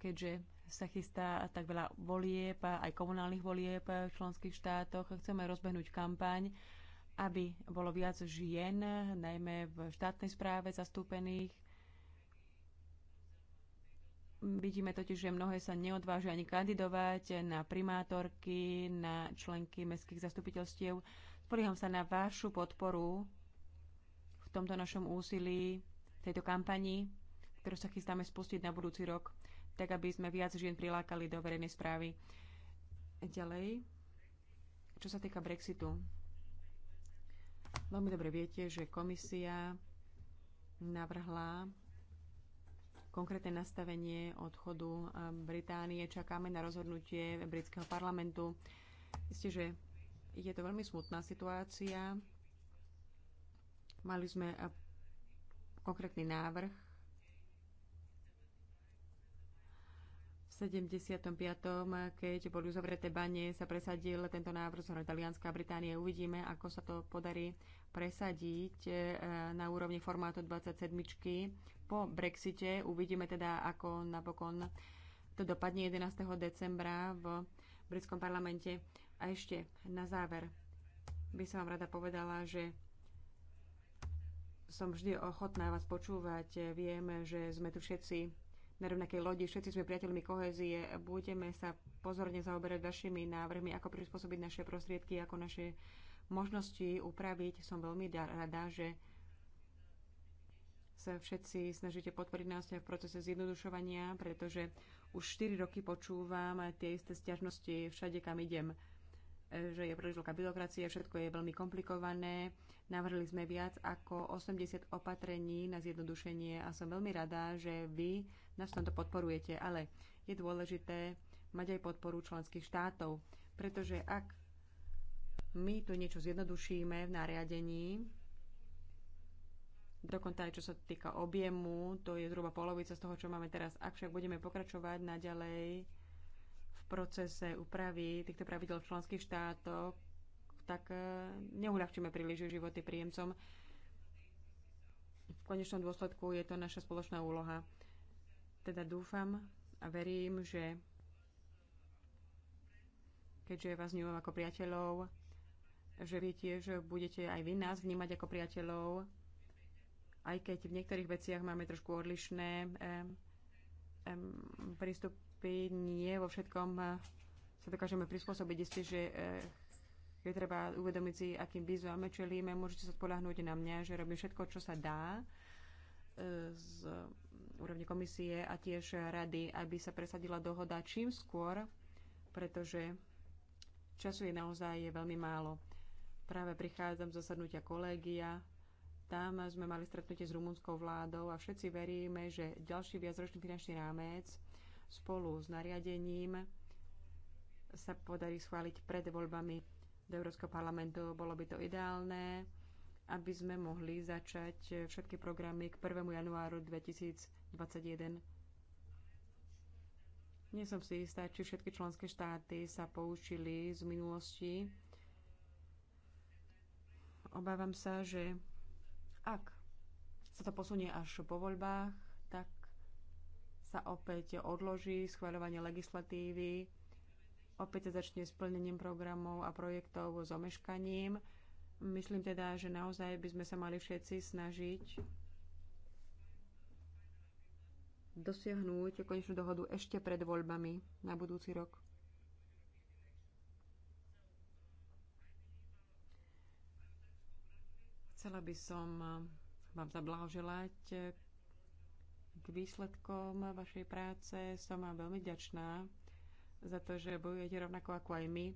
keďže sa chystá tak veľa volieb, aj komunálnych volieb v členských štátoch. Chceme rozbehnúť kampaň, aby bolo viac žien, najmä v štátnej správe zastúpených. Vidíme totiž, že mnohé sa neodvážia ani kandidovať na primátorky, na členky mestských zastupiteľstiev. Spolíham sa na vašu podporu v tomto našom úsilí, v tejto kampani, ktorú sa chystáme spustiť na budúci rok, tak aby sme viac žien prilákali do verejnej správy. Ďalej, čo sa týka Brexitu. Veľmi dobre viete, že komisia navrhla konkrétne nastavenie odchodu eh, Británie. Čakáme na rozhodnutie britského parlamentu. Isté, že je to veľmi smutná situácia. Mali sme eh, konkrétny návrh 75., keď boli uzavreté bane, sa presadil tento návrh zo Talianska a Británie. Uvidíme, ako sa to podarí presadiť e, na úrovni formátu 27. Po Brexite uvidíme teda, ako napokon to dopadne 11. decembra v britskom parlamente. A ešte na záver by som vám rada povedala, že som vždy ochotná vás počúvať. Viem, že sme tu všetci na rovnakej lodi, všetci sme priateľmi kohézie, budeme sa pozorne zaoberať vašimi návrhmi, ako prispôsobiť naše prostriedky, ako naše možnosti upraviť. Som veľmi rada, že sa všetci snažíte podporiť nás v procese zjednodušovania, pretože už 4 roky počúvam tie isté stiažnosti všade, kam idem že je príliš veľká byrokracia, všetko je veľmi komplikované. Navrhli sme viac ako 80 opatrení na zjednodušenie a som veľmi rada, že vy nás v tomto podporujete, ale je dôležité mať aj podporu členských štátov, pretože ak my tu niečo zjednodušíme v nariadení, dokonca aj čo sa týka objemu, to je zhruba polovica z toho, čo máme teraz. Ak však budeme pokračovať naďalej, procese úpravy týchto pravidel v členských štátoch, tak e, neuľahčíme príliš životy príjemcom. V konečnom dôsledku je to naša spoločná úloha. Teda dúfam a verím, že keďže vás vnímam ako priateľov, že vy tiež budete aj vy nás vnímať ako priateľov, aj keď v niektorých veciach máme trošku odlišné um, um, prístupy Európy nie vo všetkom eh, sa dokážeme prispôsobiť. Isté, že eh, je treba uvedomiť si, akým výzvam čelíme. Môžete sa spolahnúť na mňa, že robím všetko, čo sa dá eh, z úrovne komisie a tiež rady, aby sa presadila dohoda čím skôr, pretože času je naozaj je veľmi málo. Práve prichádzam z zasadnutia kolégia, tam sme mali stretnutie s rumunskou vládou a všetci veríme, že ďalší viacročný finančný rámec spolu s nariadením sa podarí schváliť pred voľbami do Európskeho parlamentu. Bolo by to ideálne, aby sme mohli začať všetky programy k 1. januáru 2021. Nie som si istá, či všetky členské štáty sa poučili z minulosti. Obávam sa, že ak sa to posunie až po voľbách, sa opäť odloží schváľovanie legislatívy, opäť sa začne s plnením programov a projektov s omeškaním. Myslím teda, že naozaj by sme sa mali všetci snažiť dosiahnuť konečnú dohodu ešte pred voľbami na budúci rok. Chcela by som vám zablahoželať k výsledkom vašej práce. Som vám veľmi ďačná za to, že bojujete rovnako ako aj my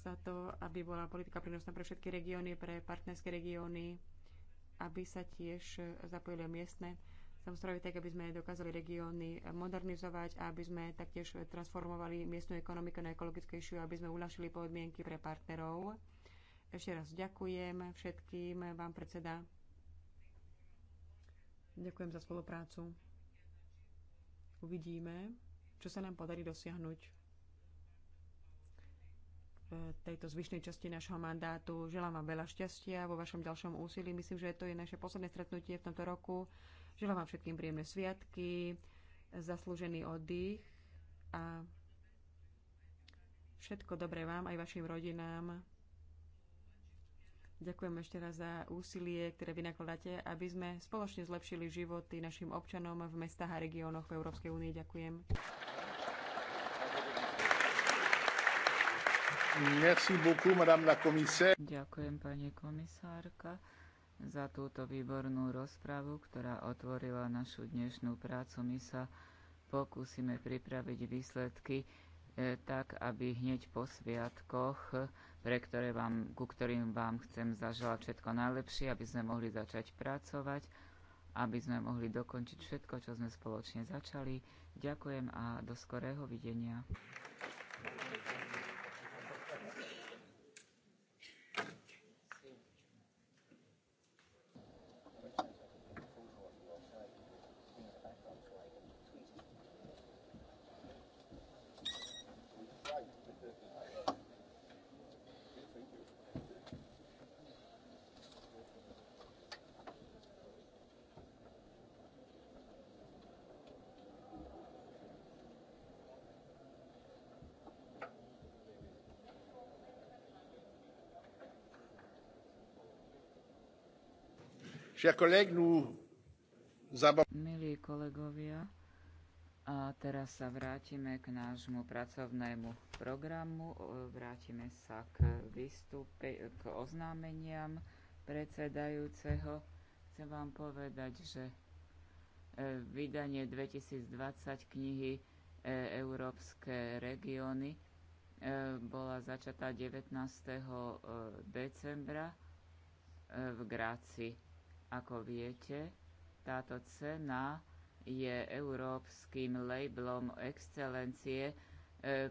za to, aby bola politika prínosná pre všetky regióny, pre partnerské regióny, aby sa tiež zapojili miestne samozprávy tak, aby sme dokázali regióny modernizovať a aby sme taktiež transformovali miestnu ekonomiku na ekologickejšiu, aby sme uľahčili podmienky pre partnerov. Ešte raz ďakujem všetkým, vám predseda Ďakujem za spoluprácu. Uvidíme, čo sa nám podarí dosiahnuť v tejto zvyšnej časti našho mandátu. Želám vám veľa šťastia vo vašom ďalšom úsilí. Myslím, že to je naše posledné stretnutie v tomto roku. Želám vám všetkým príjemné sviatky, zaslúžený oddych a všetko dobré vám aj vašim rodinám. Ďakujem ešte raz za úsilie, ktoré vynakladáte, aby sme spoločne zlepšili životy našim občanom v mestách a regiónoch v Európskej únie. Ďakujem. Merci beaucoup, madame la commissaire. Ďakujem, pani komisárka, za túto výbornú rozpravu, ktorá otvorila našu dnešnú prácu. My sa pokúsime pripraviť výsledky e, tak, aby hneď po sviatkoch pre ktoré vám, ku ktorým vám chcem zaželať všetko najlepšie, aby sme mohli začať pracovať, aby sme mohli dokončiť všetko, čo sme spoločne začali. Ďakujem a do skorého videnia. Milí kolegovia, a teraz sa vrátime k nášmu pracovnému programu. Vrátime sa k, výstupe, k oznámeniam predsedajúceho. Chcem vám povedať, že e, vydanie 2020 knihy e, Európske regióny e, bola začatá 19. decembra v Gráci ako viete, táto cena je európskym labelom excelencie e,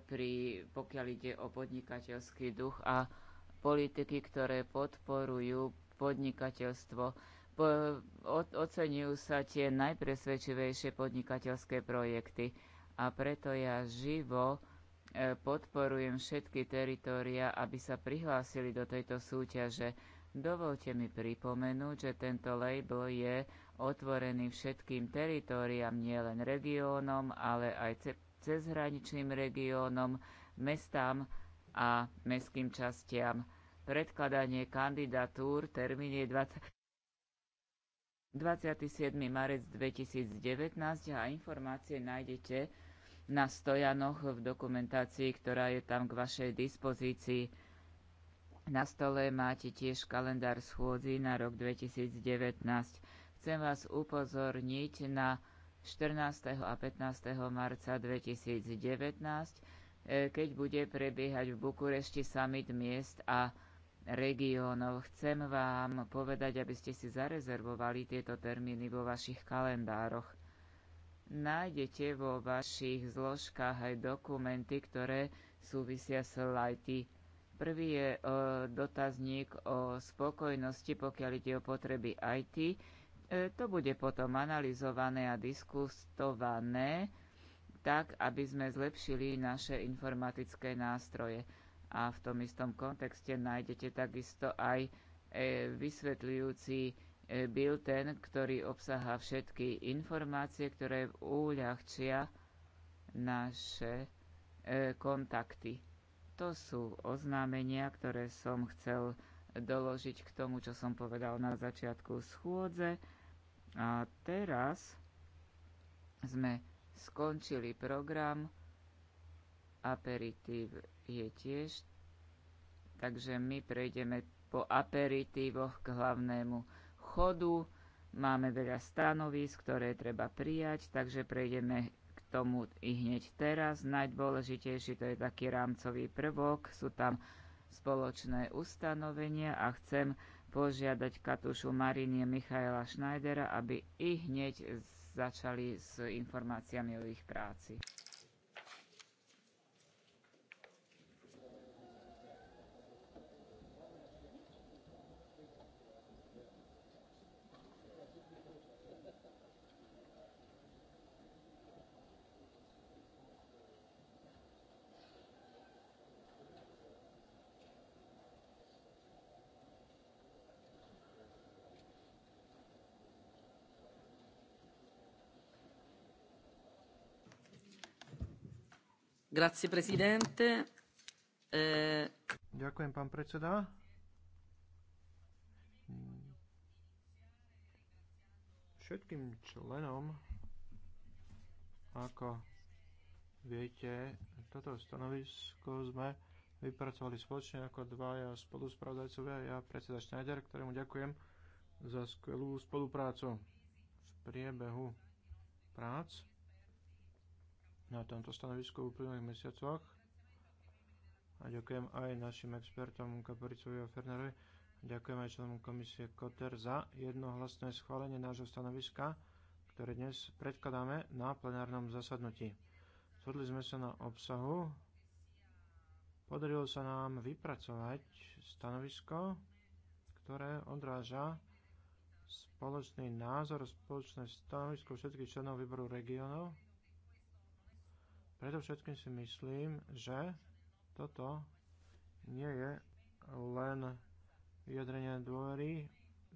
pri, pokiaľ ide o podnikateľský duch a politiky, ktoré podporujú podnikateľstvo. Po, oceňujú sa tie najpresvedčivejšie podnikateľské projekty a preto ja živo e, podporujem všetky teritória, aby sa prihlásili do tejto súťaže. Dovolte mi pripomenúť, že tento label je otvorený všetkým teritóriám, nielen regiónom, ale aj ce cezhraničným regiónom, mestám a mestským častiam. Predkladanie kandidatúr termín je 20... 27. marec 2019 a informácie nájdete na stojanoch v dokumentácii, ktorá je tam k vašej dispozícii. Na stole máte tiež kalendár schôdzi na rok 2019. Chcem vás upozorniť na 14. a 15. marca 2019, e, keď bude prebiehať v Bukurešti summit miest a regiónov. Chcem vám povedať, aby ste si zarezervovali tieto termíny vo vašich kalendároch. Nájdete vo vašich zložkách aj dokumenty, ktoré súvisia s Lighty Prvý je e, dotazník o spokojnosti, pokiaľ ide o potreby IT. E, to bude potom analyzované a diskutované tak, aby sme zlepšili naše informatické nástroje. A v tom istom kontexte nájdete takisto aj e, vysvetľujúci byl ten, ktorý obsahá všetky informácie, ktoré uľahčia naše kontakty. To sú oznámenia, ktoré som chcel doložiť k tomu, čo som povedal na začiatku schôdze. A teraz sme skončili program. Aperitív je tiež. Takže my prejdeme po aperitívoch k hlavnému chodu. Máme veľa stanovisk, ktoré treba prijať, takže prejdeme tomu i hneď teraz. Najdôležitejší to je taký rámcový prvok, sú tam spoločné ustanovenia a chcem požiadať Katušu Marinie Michaela Schneidera, aby i hneď začali s informáciami o ich práci. Eh, ďakujem, pán predseda. Všetkým členom, ako viete, toto stanovisko sme vypracovali spoločne ako dvaja spoluspravodajcovia, ja predseda Schneider, ktorému ďakujem za skvelú spoluprácu v priebehu prác na tomto stanovisku v uplynulých mesiacoch. A ďakujem aj našim expertom Kaporicovi a Fernerovi. Ďakujem aj členom komisie Koter za jednohlasné schválenie nášho stanoviska, ktoré dnes predkladáme na plenárnom zasadnutí. Zhodli sme sa na obsahu. Podarilo sa nám vypracovať stanovisko, ktoré odráža spoločný názor, spoločné stanovisko všetkých členov výboru regionov Predovšetkým si myslím, že toto nie je len vyjadrenie dôvery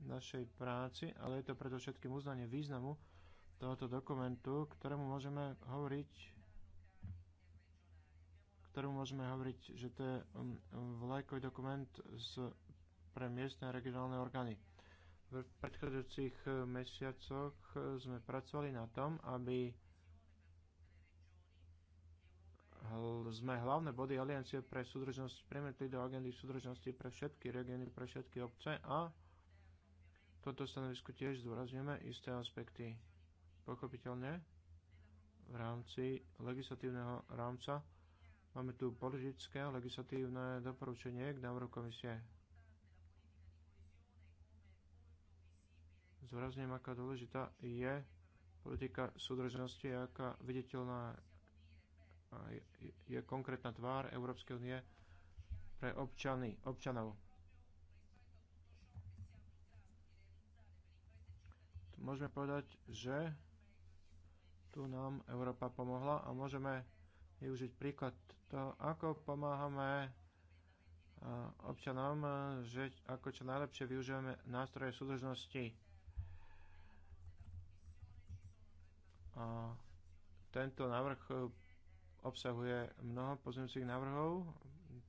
našej práci, ale je to predovšetkým uznanie významu tohoto dokumentu, ktorému môžeme hovoriť ktorému môžeme hovoriť, že to je um, vlajkový dokument z, pre miestne a regionálne orgány. V predchádzajúcich eh, mesiacoch eh, sme pracovali na tom, aby sme hlavné body Aliancie pre súdržnosť premietli do agendy súdržnosti pre všetky regióny, pre všetky obce a toto stanovisku tiež zdôrazňujeme isté aspekty. Pochopiteľne v rámci legislatívneho rámca máme tu politické a legislatívne doporučenie k návrhu komisie. Zdôrazňujem, aká dôležitá je politika súdržnosti, aká viditeľná je konkrétna tvár Európskej únie pre občany, občanov. Môžeme povedať, že tu nám Európa pomohla a môžeme využiť príklad to, ako pomáhame občanom, že ako čo najlepšie využijeme nástroje súdržnosti. A tento návrh obsahuje mnoho pozemcích návrhov,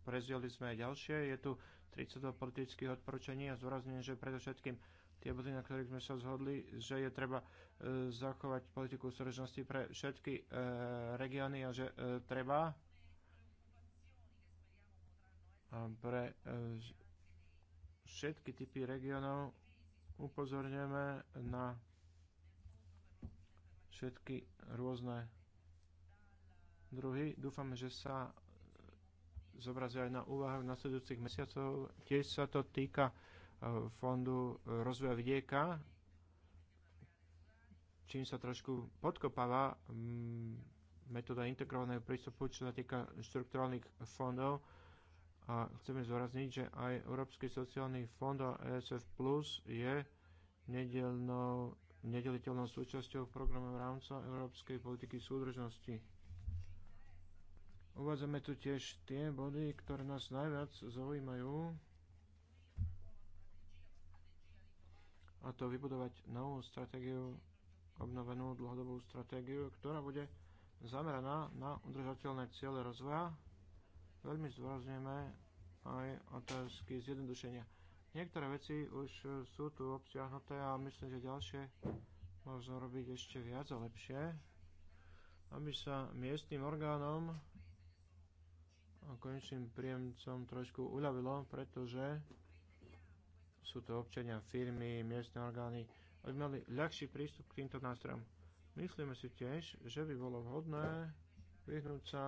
prezdielili sme aj ďalšie, je tu 32 politických odporúčaní a zdôrazňujem, že predovšetkým tie body, na ktorých sme sa zhodli, že je treba e, zachovať politiku súdržnosti pre všetky e, regióny a že e, treba a pre e, všetky typy regiónov upozorňujeme na všetky rôzne Druhý, dúfam, že sa e, zobrazia aj na úvahách nasledujúcich mesiacov. Tiež sa to týka e, Fondu rozvoja vidieka, čím sa trošku podkopáva metóda integrovaného prístupu, čo sa týka štrukturálnych fondov. A chceme zdôrazniť, že aj Európsky sociálny fond a ESF Plus je nedelnou, nedeliteľnou súčasťou programu rámca Európskej politiky súdržnosti. Uvádzame tu tiež tie body, ktoré nás najviac zaujímajú. A to vybudovať novú stratégiu, obnovenú dlhodobú stratégiu, ktorá bude zameraná na udržateľné ciele rozvoja. Veľmi zdôrazňujeme aj otázky zjednodušenia. Niektoré veci už sú tu obsiahnuté a myslím, že ďalšie možno robiť ešte viac a lepšie, aby sa miestnym orgánom konečným príjemcom trošku uľavilo, pretože sú to občania, firmy, miestne orgány, aby mali ľahší prístup k týmto nástrojom. Myslíme si tiež, že by bolo vhodné vyhnúť sa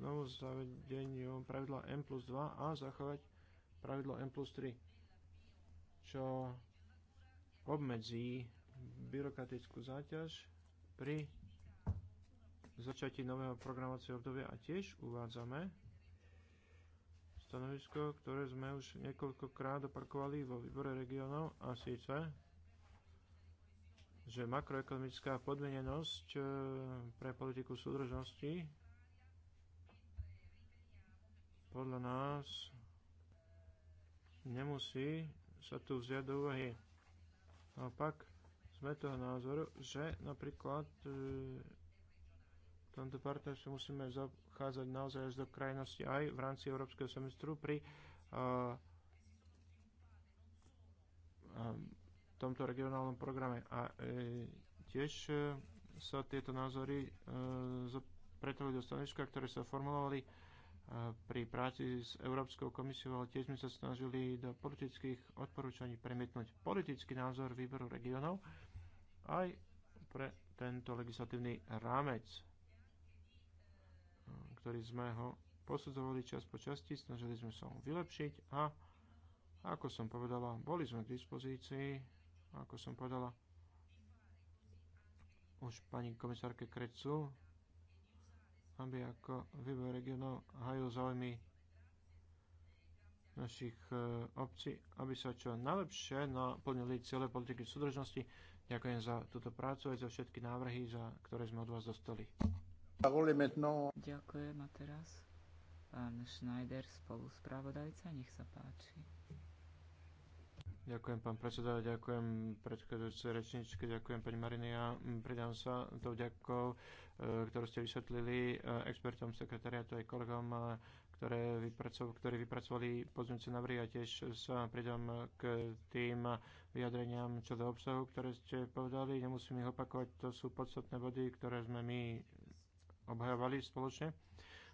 znovu zavedeniu pravidla M plus 2 a zachovať pravidlo M plus 3, čo obmedzí byrokratickú záťaž pri Začiatí nového programovacieho obdobia a tiež uvádzame stanovisko, ktoré sme už niekoľkokrát opakovali vo výbore regionov a síce, že makroekonomická podmienenosť e, pre politiku súdržnosti podľa nás nemusí sa tu vziať do úvahy. Naopak sme toho názoru, že napríklad e, v tomto partnerstve musíme zachádzať naozaj až do krajnosti aj v rámci Európskeho semestru pri uh, tomto regionálnom programe. A uh, tiež uh, sa tieto názory uh, do stanoviska, ktoré sa formulovali pri práci s Európskou komisiou, ale tiež sme sa snažili do politických odporúčaní premietnúť politický názor výboru regionov aj pre tento legislatívny rámec ktorý sme ho posudzovali čas po časti, snažili sme sa ho vylepšiť a ako som povedala, boli sme k dispozícii, ako som povedala, už pani komisárke Krecu, aby ako výbor regionov hajil záujmy našich e, obcí, aby sa čo najlepšie naplnili celé politiky súdržnosti. Ďakujem za túto prácu aj za všetky návrhy, za ktoré sme od vás dostali. Ďakujem a teraz pán Schneider, spoluspravodajca, nech sa páči. Ďakujem, pán predseda, ďakujem predchádzajúcej rečničke, ďakujem pani Marinia. Pridám sa tou ďakou, e, ktorú ste vysvetlili e, expertom sekretariatu aj kolegom, e, ktoré ktorí vypracovali pozmeňujúce návrhy a tiež sa pridám k tým vyjadreniam čo do obsahu, ktoré ste povedali. Nemusím ich opakovať, to sú podstatné body, ktoré sme my obhajovali spoločne.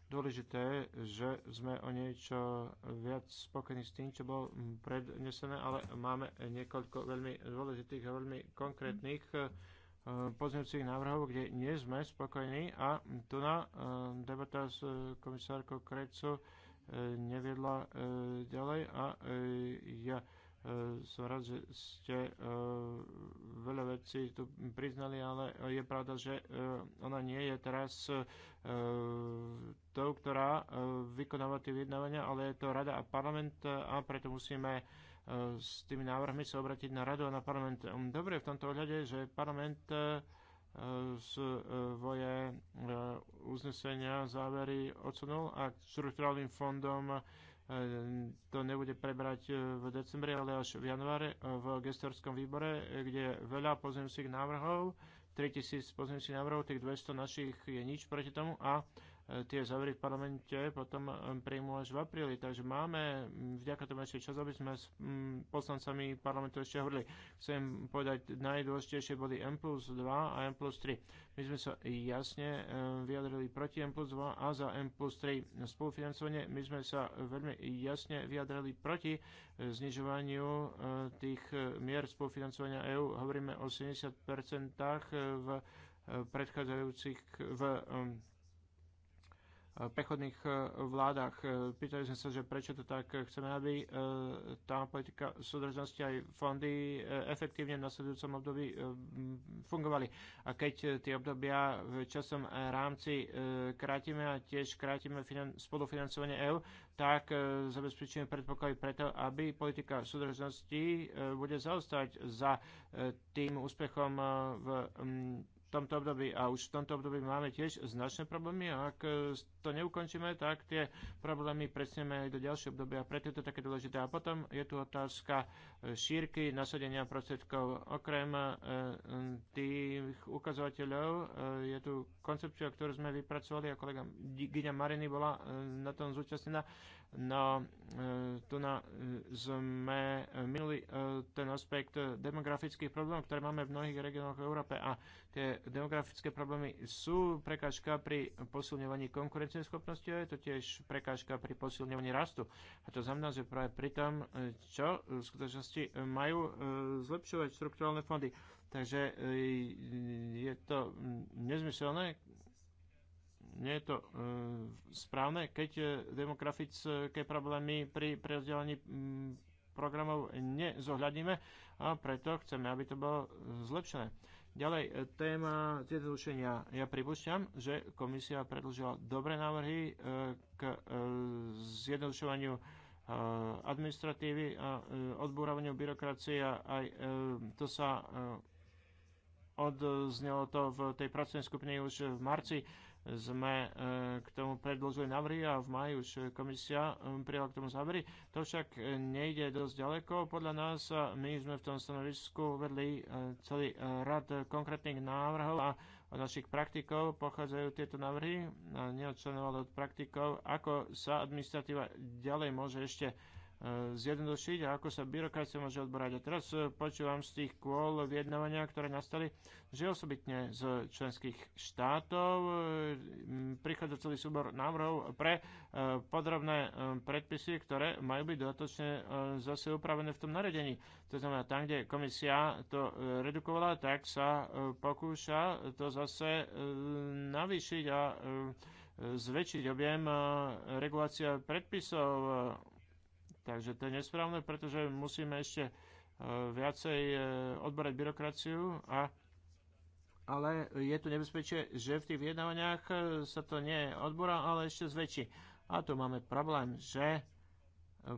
Dôležité je, že sme o niečo viac spokojní s tým, čo bolo prednesené, ale máme niekoľko veľmi dôležitých a veľmi konkrétnych e, pozmeňujúcich návrhov, kde nie sme spokojní a tu na e, debata s e, komisárkou Krecu neviedla ďalej a ja Eh, som rád, že ste eh, veľa vecí tu priznali, ale je pravda, že eh, ona nie je teraz tou, ktorá vykonáva tie vyjednávania, ale je to rada a parlament a preto musíme s tými návrhmi sa obratiť na radu a na parlament. Hm, dobre v tomto ohľade, že parlament svoje uznesenia, závery odsunul a štruktúralným fondom E, to nebude prebrať e, v decembri, ale až v januári e, v gestorskom výbore, kde je veľa pozemských návrhov, 3000 pozemských návrhov, tých 200 našich je nič proti tomu a E, tie zavrieť v parlamente potom e, príjmu až v apríli. Takže máme vďaka tomu ešte čas, aby sme s poslancami parlamentu ešte hovorili. Chcem povedať najdôležitejšie boli M plus 2 a M plus 3. My sme sa jasne e, vyjadrili proti M plus 2 a za M plus 3 spolufinancovanie. My sme sa veľmi jasne vyjadrili proti znižovaniu tých mier spolufinancovania EÚ. Hovoríme o 70% v predchádzajúcich v prechodných e, vládach. E, pýtali sme sa, že prečo to tak chceme, aby e, tá politika súdržnosti aj fondy efektívne v nasledujúcom období fungovali. A keď tie obdobia v časom rámci krátime a tiež krátime spolufinancovanie EU, tak zabezpečíme predpoklady preto, aby politika súdržnosti bude zaostať za tým úspechom v v tomto období a už v tomto období máme tiež značné problémy a ak e, to neukončíme, tak tie problémy presneme aj do ďalšieho obdobia a preto je to také dôležité. A potom je tu otázka e, šírky nasadenia prostriedkov. Okrem e, tých ukazovateľov je tu koncepcia, ktorú sme vypracovali a kolega Gyňa Mariny bola na tom zúčastnená No, e, tu na, e, sme minuli e, ten aspekt demografických problémov, ktoré máme v mnohých regiónoch v Európe a tie demografické problémy sú prekážka pri posilňovaní konkurencieschopnosti schopnosti, je to tiež prekážka pri posilňovaní rastu. A to znamená, že práve pri tom, čo v skutočnosti majú zlepšovať štruktúrálne fondy. Takže je to nezmyselné, nie je to e, správne, keď e, demografické problémy pri prerozdelení programov nezohľadíme, a preto chceme, aby to bolo zlepšené. Ďalej, e, téma zjednodušenia. Ja pripúšťam, že komisia predložila dobré návrhy k zjednodušovaniu administratívy a odbúravaniu byrokracie a aj to sa odznelo to v tej pracovnej skupine už v marci sme e, k tomu predložili navrhy a v maji už komisia e, prijala k tomu závery. To však nejde dosť ďaleko. Podľa nás my sme v tom stanovisku uvedli e, celý rad konkrétnych návrhov a od našich praktikov pochádzajú tieto návrhy, neodčlenovali od praktikov, ako sa administratíva ďalej môže ešte E, zjednodušiť a ako sa byrokracia môže odborať. A teraz e, počúvam z tých kôl vyjednávania, ktoré nastali, že osobitne z členských štátov e, prichádza celý súbor návrhov pre podrobné predpisy, ktoré majú byť dodatočne zase upravené v tom naredení. To znamená, tam, kde komisia to redukovala, tak sa pokúša to zase navýšiť a zväčšiť objem regulácia predpisov Takže to je nesprávne, pretože musíme ešte e, viacej e, odberať byrokraciu a ale je tu nebezpečie, že v tých vyjednávaniach e, sa to nie odbúra, ale ešte zväčší. A tu máme problém, že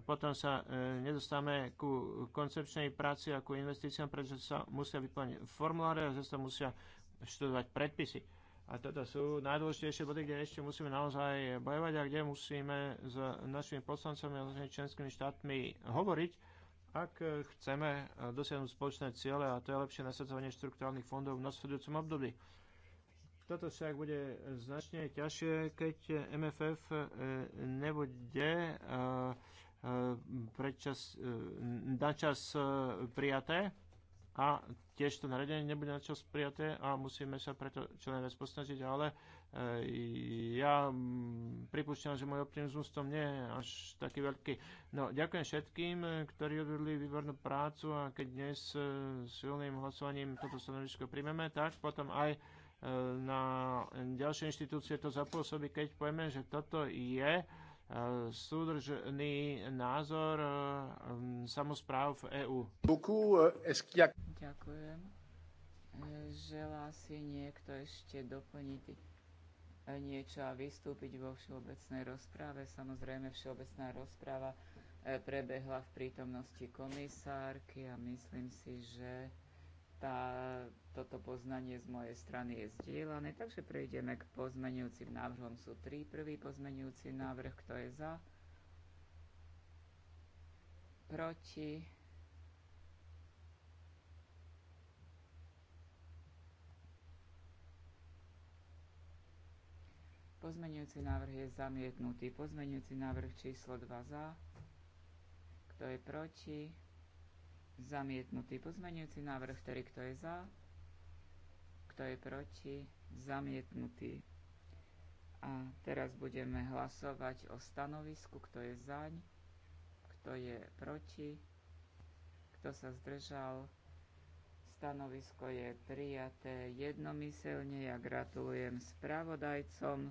potom sa nedostáme ku koncepčnej práci a ku investíciám, pretože sa musia vyplniť formuláre a že sa musia študovať predpisy. A teda sú najdôležitejšie body, kde ešte musíme naozaj bojovať a kde musíme s našimi poslancami a našimi členskými štátmi hovoriť, ak chceme dosiahnuť spoločné ciele a to je lepšie nasadzovanie štruktúrnych fondov v nasledujúcom období. Toto však bude značne ťažšie, keď MFF e, nebude e, e, predčas, načas prijaté a tiež to naredenie nebude na čo prijaté a musíme sa preto čo najviac posnažiť, ale e, ja mm, pripúšťam, že môj optimizmus tom nie je až taký veľký. No, ďakujem všetkým, e, ktorí odvedli výbornú prácu a keď dnes e, silným hlasovaním toto stanovisko príjmeme, tak potom aj na ďalšie inštitúcie to zapôsobí, keď povieme, že toto je súdržný názor e, samozpráv v EÚ. E, Ďakujem. Želá si niekto ešte doplniť e, niečo a vystúpiť vo všeobecnej rozprave. Samozrejme, všeobecná rozprava prebehla v prítomnosti komisárky a myslím si, že tá toto poznanie z mojej strany je zdieľané, takže prejdeme k pozmenujúcim návrhom. Sú tri. Prvý pozmenujúci návrh, kto je za? Proti? Pozmenujúci návrh je zamietnutý. Pozmenujúci návrh číslo 2 za. Kto je proti? Zamietnutý. Pozmenujúci návrh ktorý Kto je za? kto je proti, zamietnutý. A teraz budeme hlasovať o stanovisku, kto je zaň, kto je proti, kto sa zdržal. Stanovisko je prijaté jednomyselne. Ja gratulujem spravodajcom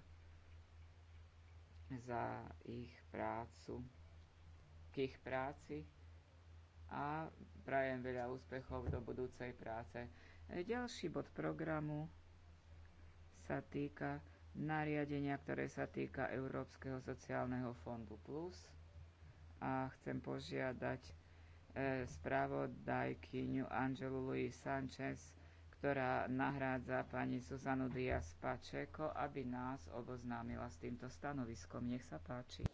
za ich prácu, k ich práci a prajem veľa úspechov do budúcej práce. Ďalší bod programu sa týka nariadenia, ktoré sa týka Európskeho sociálneho fondu Plus. A chcem požiadať e, spravodajkyňu Angelu Luis Sanchez, ktorá nahrádza pani Susanu Diaz Pačeko, aby nás oboznámila s týmto stanoviskom. Nech sa páči.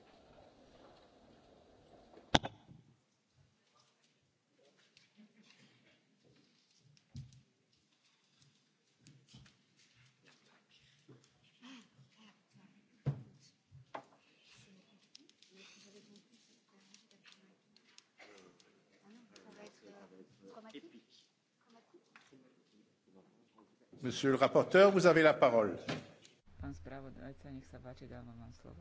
Monsieur le rapporteur, vous avez la parole. Pán nech sa vám slovo.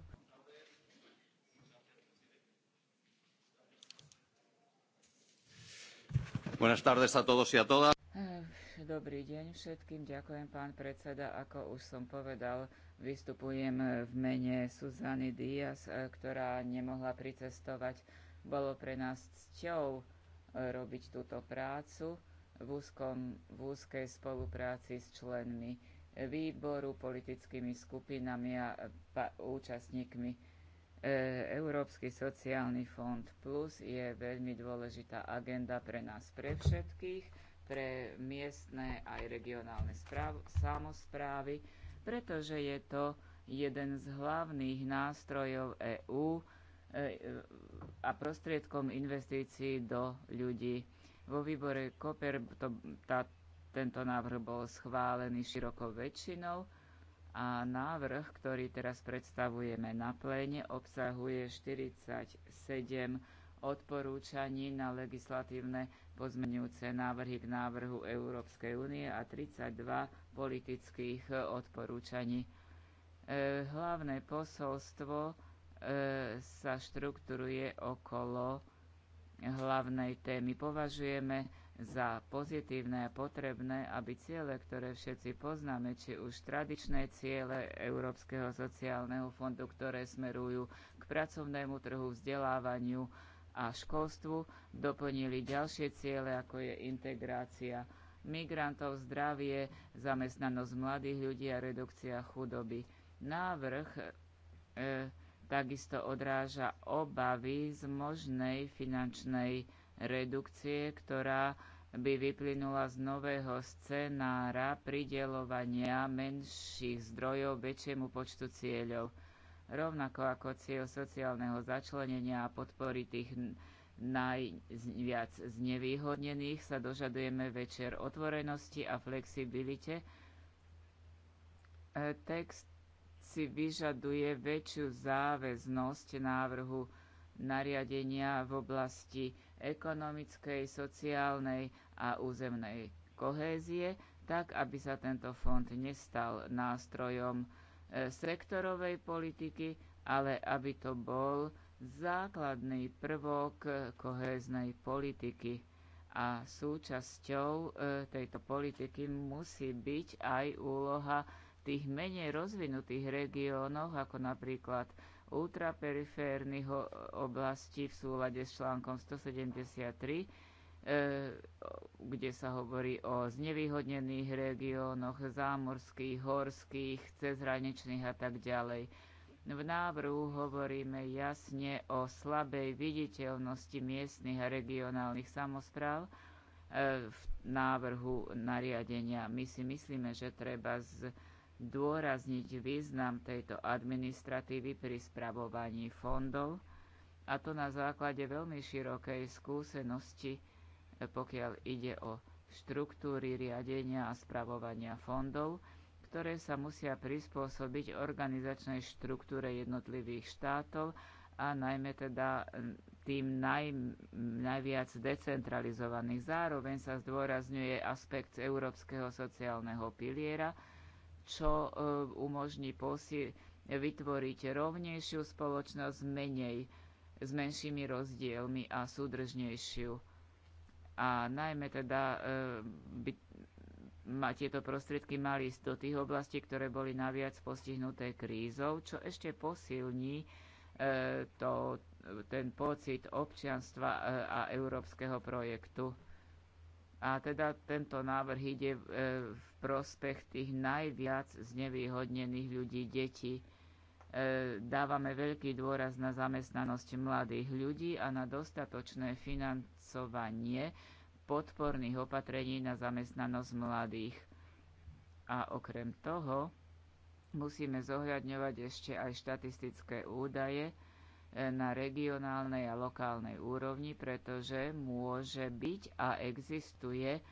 Buenas tardes a todos y a todas. Eh, dobrý deň všetkým, ďakujem pán predseda. Ako už som povedal, vystupujem v mene Suzany Díaz, eh, ktorá nemohla pricestovať. Bolo pre nás cťou eh, robiť túto prácu v, úzkom, v úzkej spolupráci s členmi výboru, politickými skupinami a pa, účastníkmi. E, Európsky sociálny fond plus je veľmi dôležitá agenda pre nás, pre všetkých, pre miestne aj regionálne správ, samozprávy, pretože je to jeden z hlavných nástrojov EÚ e, a prostriedkom investícií do ľudí. Vo výbore Koper to, tá, tento návrh bol schválený širokou väčšinou a návrh, ktorý teraz predstavujeme na pléne, obsahuje 47 odporúčaní na legislatívne pozmenujúce návrhy k návrhu Európskej únie a 32 politických odporúčaní. E, hlavné posolstvo e, sa štruktúruje okolo hlavnej témy. Považujeme za pozitívne a potrebné, aby ciele, ktoré všetci poznáme, či už tradičné ciele Európskeho sociálneho fondu, ktoré smerujú k pracovnému trhu, vzdelávaniu a školstvu, doplnili ďalšie ciele, ako je integrácia migrantov, zdravie, zamestnanosť mladých ľudí a redukcia chudoby. Návrh e, takisto odráža obavy z možnej finančnej redukcie, ktorá by vyplynula z nového scenára prideľovania menších zdrojov väčšiemu počtu cieľov. Rovnako ako cieľ sociálneho začlenenia a podpory tých najviac znevýhodnených sa dožadujeme večer otvorenosti a flexibilite. E, text si vyžaduje väčšiu záväznosť návrhu nariadenia v oblasti ekonomickej, sociálnej a územnej kohézie, tak aby sa tento fond nestal nástrojom e, sektorovej politiky, ale aby to bol základný prvok kohéznej politiky. A súčasťou e, tejto politiky musí byť aj úloha tých menej rozvinutých regiónoch, ako napríklad ultraperiférnych oblastí v súlade s článkom 173, e, kde sa hovorí o znevýhodnených regiónoch, zámorských, horských, cezhraničných a tak ďalej. V návrhu hovoríme jasne o slabej viditeľnosti miestnych a regionálnych samozpráv e, v návrhu nariadenia. My si myslíme, že treba z zdôrazniť význam tejto administratívy pri spravovaní fondov, a to na základe veľmi širokej skúsenosti, pokiaľ ide o štruktúry riadenia a spravovania fondov, ktoré sa musia prispôsobiť organizačnej štruktúre jednotlivých štátov a najmä teda tým naj, najviac decentralizovaných. Zároveň sa zdôrazňuje aspekt európskeho sociálneho piliera – čo e, umožní posil- vytvoriť rovnejšiu spoločnosť menej, s menšími rozdielmi a súdržnejšiu. A najmä teda e, by ma tieto prostriedky mali ísť do tých oblastí, ktoré boli naviac postihnuté krízou, čo ešte posilní e, to, ten pocit občianstva a európskeho projektu. A teda tento návrh ide e, v prospech tých najviac znevýhodnených ľudí, detí. E, dávame veľký dôraz na zamestnanosť mladých ľudí a na dostatočné financovanie podporných opatrení na zamestnanosť mladých. A okrem toho musíme zohľadňovať ešte aj štatistické údaje, na regionálnej a lokálnej úrovni, pretože môže byť a existuje e,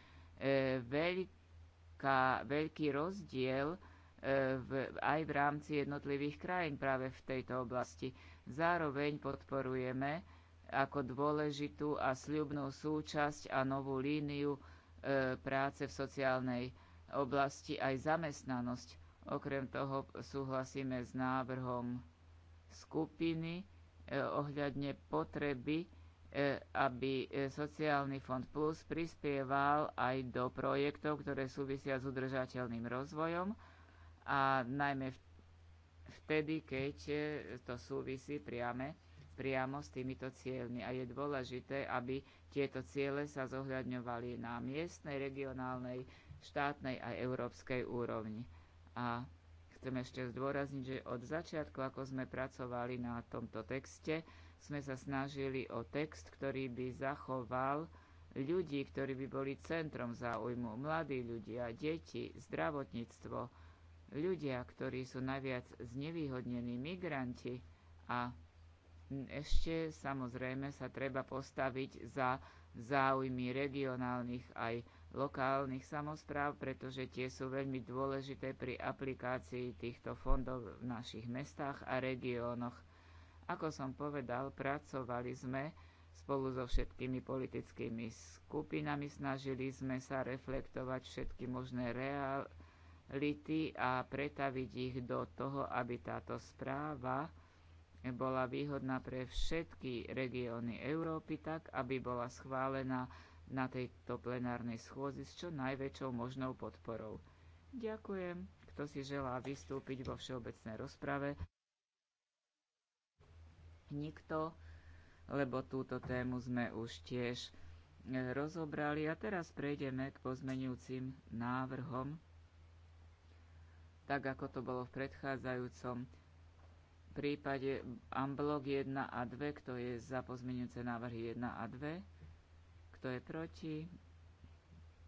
veľká, veľký rozdiel e, v, aj v rámci jednotlivých krajín práve v tejto oblasti. Zároveň podporujeme ako dôležitú a sľubnú súčasť a novú líniu e, práce v sociálnej oblasti aj zamestnanosť. Okrem toho súhlasíme s návrhom skupiny, E, ohľadne potreby, e, aby e, sociálny fond plus prispieval aj do projektov, ktoré súvisia s udržateľným rozvojom a najmä vtedy, keď to súvisí priame, priamo s týmito cieľmi. A je dôležité, aby tieto ciele sa zohľadňovali na miestnej, regionálnej, štátnej a európskej úrovni. A chcem ešte zdôrazniť, že od začiatku, ako sme pracovali na tomto texte, sme sa snažili o text, ktorý by zachoval ľudí, ktorí by boli centrom záujmu, mladí ľudia, deti, zdravotníctvo, ľudia, ktorí sú najviac znevýhodnení, migranti a ešte samozrejme sa treba postaviť za záujmy regionálnych aj lokálnych samozpráv, pretože tie sú veľmi dôležité pri aplikácii týchto fondov v našich mestách a regiónoch. Ako som povedal, pracovali sme spolu so všetkými politickými skupinami, snažili sme sa reflektovať všetky možné reality a pretaviť ich do toho, aby táto správa bola výhodná pre všetky regióny Európy tak, aby bola schválená na tejto plenárnej schôzi s čo najväčšou možnou podporou. Ďakujem, kto si želá vystúpiť vo všeobecnej rozprave. Nikto, lebo túto tému sme už tiež e, rozobrali a teraz prejdeme k pozmenujúcim návrhom, tak ako to bolo v predchádzajúcom prípade Amblok 1 a 2, kto je za pozmenujúce návrhy 1 a 2, kto je proti?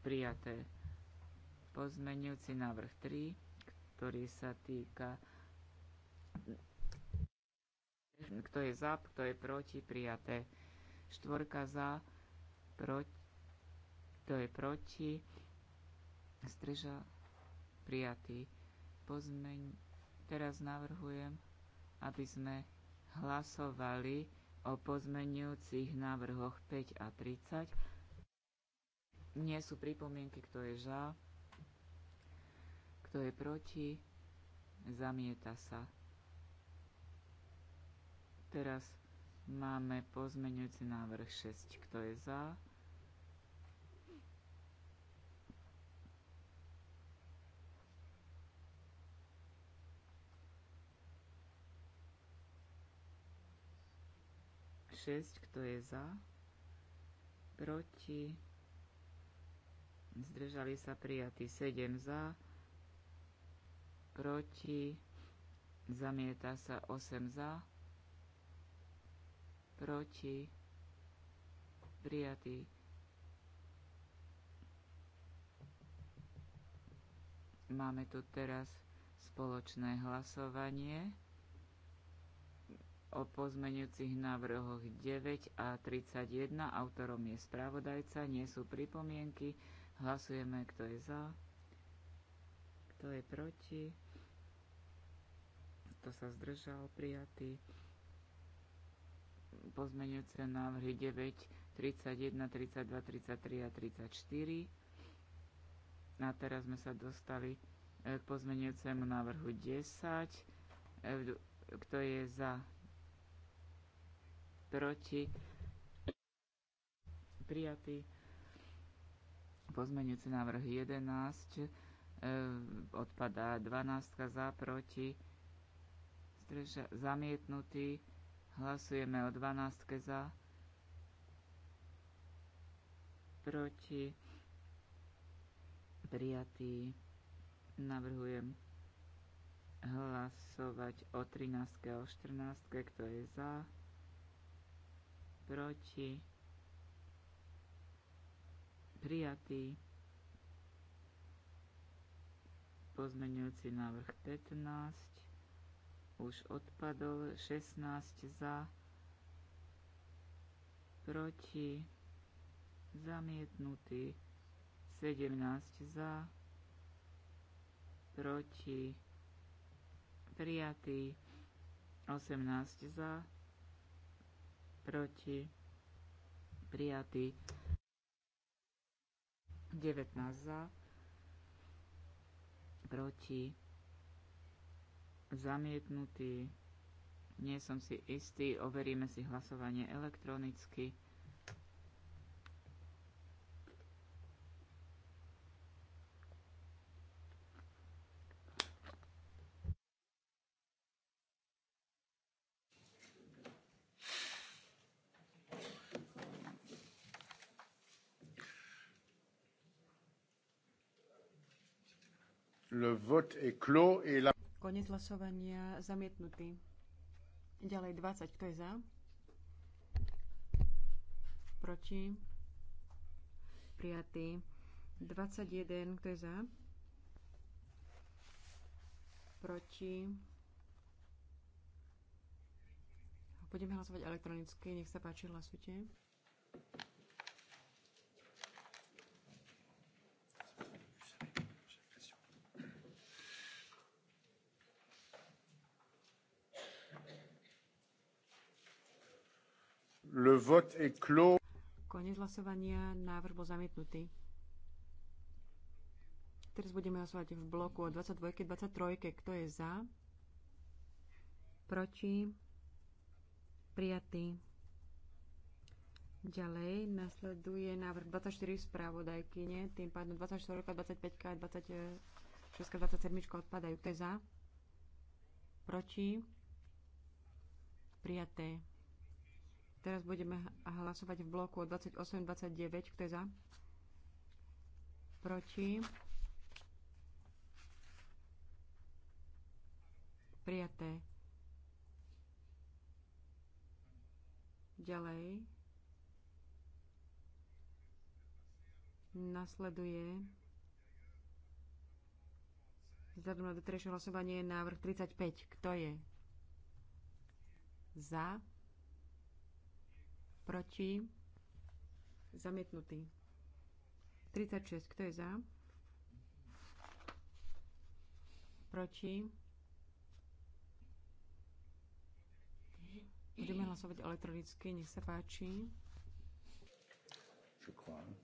Prijaté. Pozmenujúci návrh 3, ktorý sa týka kto je za, kto je proti, prijaté. Štvorka za, proti, kto je proti, zdržal, prijatý. Pozmeň, teraz navrhujem, aby sme hlasovali o pozmenujúcich návrhoch 5 a 30. Nie sú pripomienky, kto je za, kto je proti, zamieta sa. Teraz máme pozmenujúci návrh 6, kto je za, 6, kto je za, proti, zdržali sa prijatí 7 za, proti, zamieta sa 8 za, proti, prijatý. Máme tu teraz spoločné hlasovanie o pozmeňujúcich návrhoch 9 a 31. Autorom je správodajca, nie sú pripomienky. Hlasujeme, kto je za, kto je proti, kto sa zdržal, prijatý. Pozmeňujúce návrhy 9, 31, 32, 33 a 34. A teraz sme sa dostali eh, k pozmeňujúcemu návrhu 10. Eh, kto je za proti, prijatý. Pozmeňujúci návrh 11, e, odpadá 12 za, proti, streša, zamietnutý, hlasujeme o 12 za, proti, prijatý, navrhujem hlasovať o 13 a o 14, kto je za, proti, prijatý, pozmeňujúci návrh 15, už odpadol, 16 za, proti, zamietnutý, 17 za, proti, prijatý, 18 za, proti, prijatý. 19 za, proti, zamietnutý. Nie som si istý, overíme si hlasovanie elektronicky. Konec hlasovania zamietnutý. Ďalej 20. Kto je za? Proti? Prijatý. 21. Kto je za? Proti? Budeme hlasovať elektronicky. Nech sa páči, hlasujte. Le vote est clos. Konec hlasovania. Návrh bol zamietnutý. Teraz budeme hlasovať v bloku o 22, 23. Kto je za? Proti? Prijatý. Ďalej nasleduje návrh 24 správodajkyne, tým pádom 24, 25 a 26, 27 odpadajú. Kto je za? Proti? Prijaté. Teraz budeme hlasovať v bloku 28-29. Kto je za? Proti? Prijaté. Ďalej. Nasleduje vzhľadom na doterajšie hlasovanie návrh 35. Kto je? Za? proti, zamietnutý. 36, kto je za? Proti. Budeme hlasovať elektronicky, nech sa páči. Čokoláda.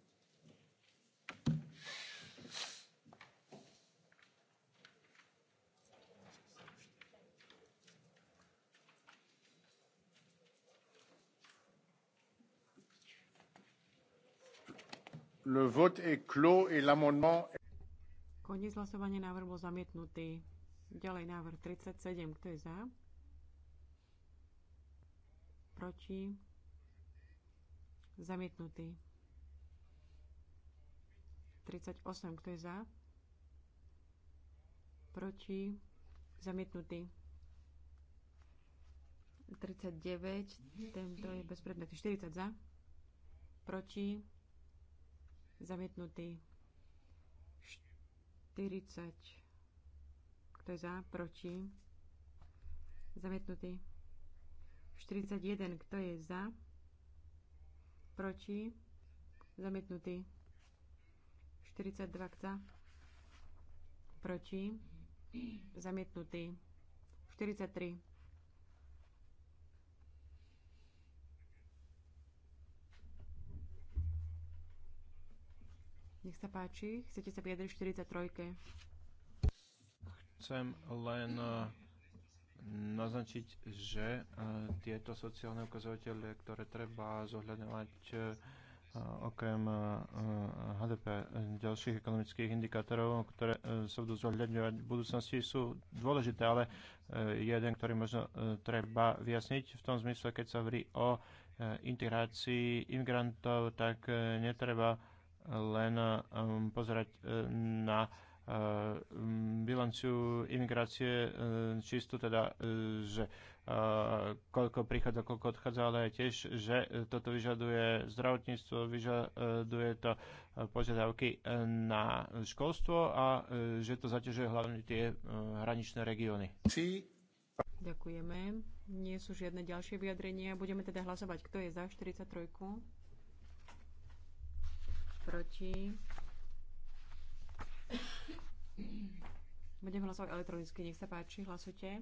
Le vote est clos et l'amendement... Koniec hlasovania návrh bol zamietnutý. Ďalej návrh 37. Kto je za? Proti? Zamietnutý. 38. Kto je za? Proti? Zamietnutý. 39. Tento je bezpredmetný. 40 za? Proti? Zamietnutý 40. Kto je za? Proti? Zamietnutý 41. Kto je za? Proti? Zamietnutý 42. Kto? Proti? Zamietnutý 43 Nech sa páči, chcete sa vyjadriť 43. Chcem len e, naznačiť, že e, tieto sociálne ukazovatele, ktoré treba zohľadňovať e, okrem HDP ďalších ekonomických indikátorov, ktoré sa budú zohľadňovať v budúcnosti, sú dôležité, ale jeden, ktorý možno treba vyjasniť v tom zmysle, keď sa hovorí o integrácii imigrantov, tak netreba len eh, um, pozerať eh, na eh, um, bilanciu imigrácie čisto teda, že koľko prichádza, koľko odchádza, ale tiež, že toto vyžaduje zdravotníctvo, vyžaduje to požiadavky na školstvo a že to zaťažuje hlavne tie hraničné regióny. Ďakujeme. Nie sú žiadne ďalšie vyjadrenia. Budeme teda hlasovať, kto je za 43. Proti? Budem hlasovať elektronicky, nech sa páči, hlasujte.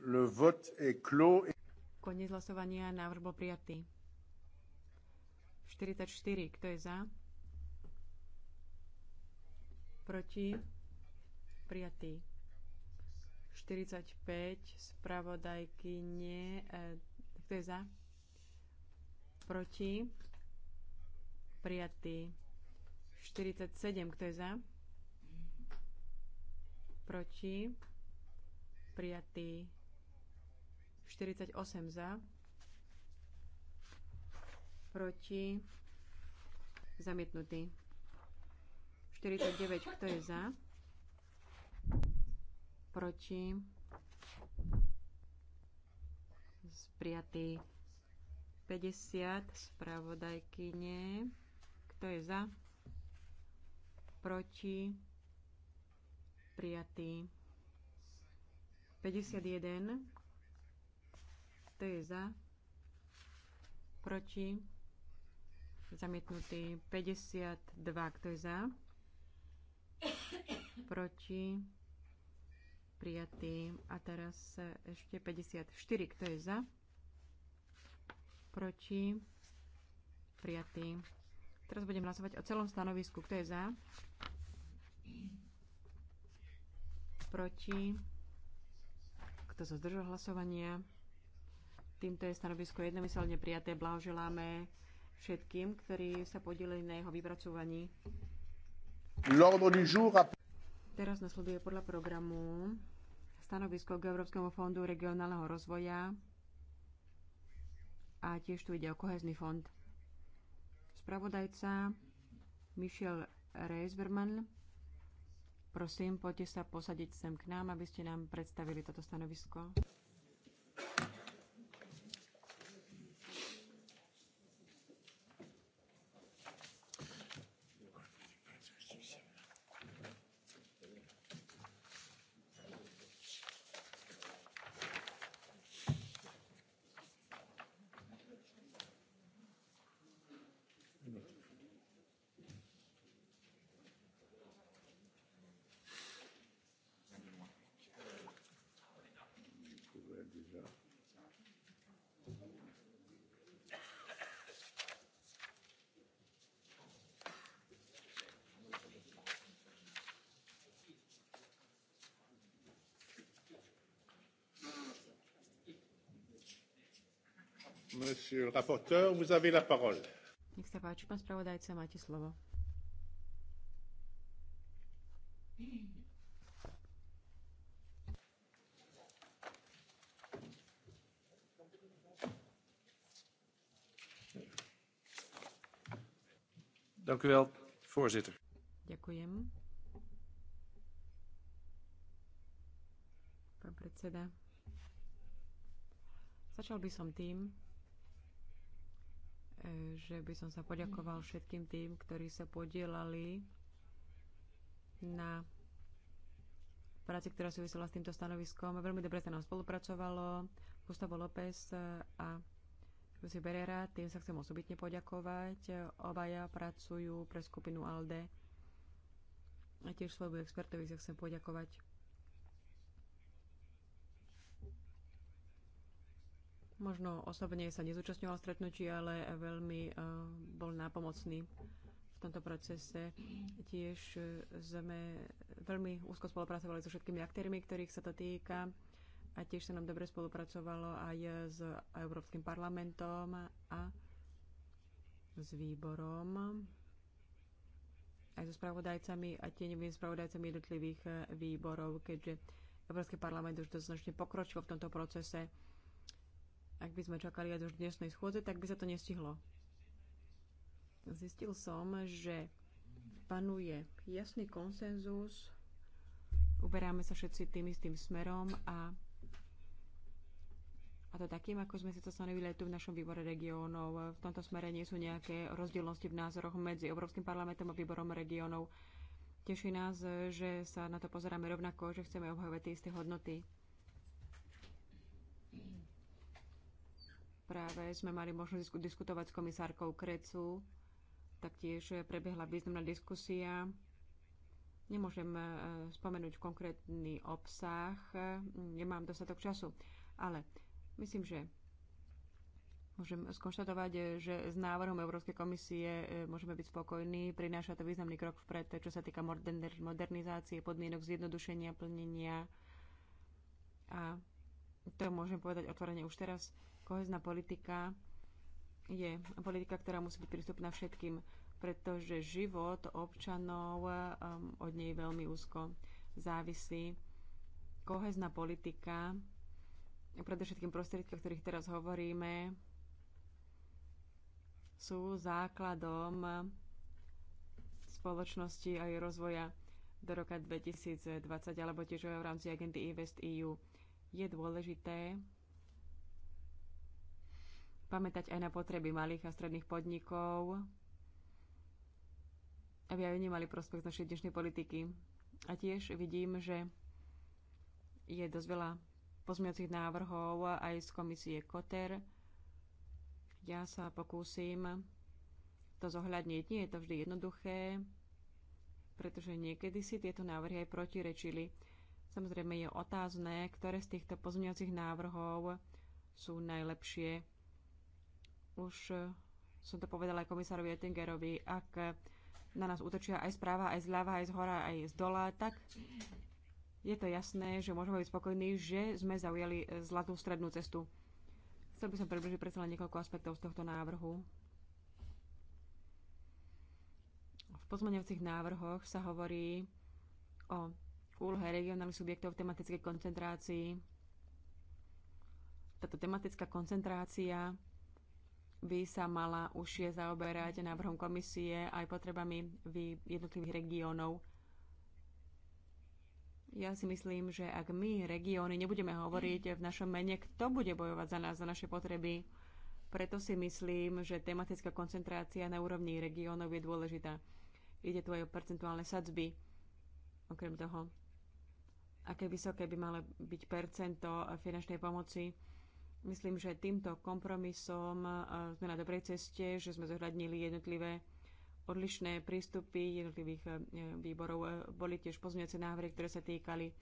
Le vote est clos. Koniec hlasovania, návrh bol prijatý. 44, kto je za? proti, prijatý. 45, spravodajky spravodajkyne, e, kto je za? Proti, prijatý. 47, kto je za? Proti, prijatý. 48 za, proti, zamietnutý. 49, kto je za? Proti? Prijatý 50, nie. Kto je za? Proti? Prijatý 51. Kto je za? Proti? Zamietnutý 52. Kto je za? proti, prijatý. A teraz ešte 54, kto je za, proti, prijatý. Teraz budem hlasovať o celom stanovisku, kto je za, proti, kto sa zdržal hlasovania. Týmto je stanovisko jednomyselne prijaté. Blahoželáme všetkým, ktorí sa podielili na jeho vypracovaní. Teraz nasleduje podľa programu stanovisko k Európskemu fondu regionálneho rozvoja a tiež tu ide o kohezný fond. Spravodajca Michel Reisberman. Prosím, poďte sa posadiť sem k nám, aby ste nám predstavili toto stanovisko. Monsieur le rapporteur, vous avez la parole. Nech sa páči, pán spravodajca, máte slovo. Dank u wel, voorzitter. Ďakujem. Pán predseda. Začal by som tým, že by som sa poďakoval všetkým tým, ktorí sa podielali na práci, ktorá súvisela s týmto stanoviskom. Veľmi dobre sa nám spolupracovalo. Gustavo López a Lucy Berera, tým sa chcem osobitne poďakovať. Obaja pracujú pre skupinu ALDE a tiež svojmu expertovi sa chcem poďakovať. Možno osobne sa nezúčastňoval stretnutí, ale veľmi eh, bol nápomocný v tomto procese. Tiež eh, sme veľmi úzko spolupracovali so všetkými aktérmi, ktorých sa to týka a tiež sa nám dobre spolupracovalo aj s Európskym parlamentom a s výborom aj so spravodajcami a tieňovými spravodajcami jednotlivých eh, výborov, keďže Európsky parlament už doznačne pokročil v tomto procese ak by sme čakali až do dnešnej schôdze, tak by sa to nestihlo. Zistil som, že panuje jasný konsenzus, uberáme sa všetci tým istým smerom a, a to takým, ako sme si to stanovili aj tu v našom výbore regiónov. V tomto smere nie sú nejaké rozdielnosti v názoroch medzi Európskym parlamentom a výborom regiónov. Teší nás, že sa na to pozeráme rovnako, že chceme obhajovať tie isté hodnoty. práve sme mali možnosť diskutovať s komisárkou Krecu. Taktiež prebiehla významná diskusia. Nemôžem e, spomenúť konkrétny obsah, e, nemám dostatok času, ale myslím, že môžem skonštatovať, e, že s návrhom Európskej komisie môžeme byť spokojní. Prináša to významný krok vpred, čo sa týka modernizácie, podmienok zjednodušenia, plnenia. A to môžem povedať otvorene už teraz kohezná politika je politika, ktorá musí byť prístupná všetkým, pretože život občanov um, od nej veľmi úzko závisí. Kohezná politika, predovšetkým prostriedky, o ktorých teraz hovoríme, sú základom spoločnosti aj rozvoja do roka 2020 alebo tiež v rámci agendy Invest EU. Je dôležité, pamätať aj na potreby malých a stredných podnikov, aby aj oni mali prospekt našej dnešnej politiky. A tiež vidím, že je dosť veľa pozmiacich návrhov aj z komisie Koter. Ja sa pokúsim to zohľadniť. Nie je to vždy jednoduché, pretože niekedy si tieto návrhy aj protirečili. Samozrejme je otázne, ktoré z týchto pozmeňovacích návrhov sú najlepšie už eh, som to povedala aj komisárovi Ettingerovi, ak eh, na nás útočia aj správa, aj zľava, aj z hora, aj z dola, tak je to jasné, že môžeme byť spokojní, že sme zaujali eh, zlatú strednú cestu. Chcel by som približiť predsa len niekoľko aspektov z tohto návrhu. V pozmeňovacích návrhoch sa hovorí o úlohe regionálnych subjektov v tematickej koncentrácii. Táto tematická koncentrácia by sa mala už je zaoberať návrhom komisie aj potrebami jednotlivých regiónov. Ja si myslím, že ak my, regióny, nebudeme hovoriť v našom mene, kto bude bojovať za nás, za naše potreby, preto si myslím, že tematická koncentrácia na úrovni regiónov je dôležitá. Ide tu aj o percentuálne sadzby, okrem toho. Aké vysoké by malo byť percento finančnej pomoci, Myslím, že týmto kompromisom e, sme na dobrej ceste, že sme zohľadnili jednotlivé odlišné prístupy jednotlivých e, výborov. E, boli tiež pozmeňujúce návrhy, ktoré sa týkali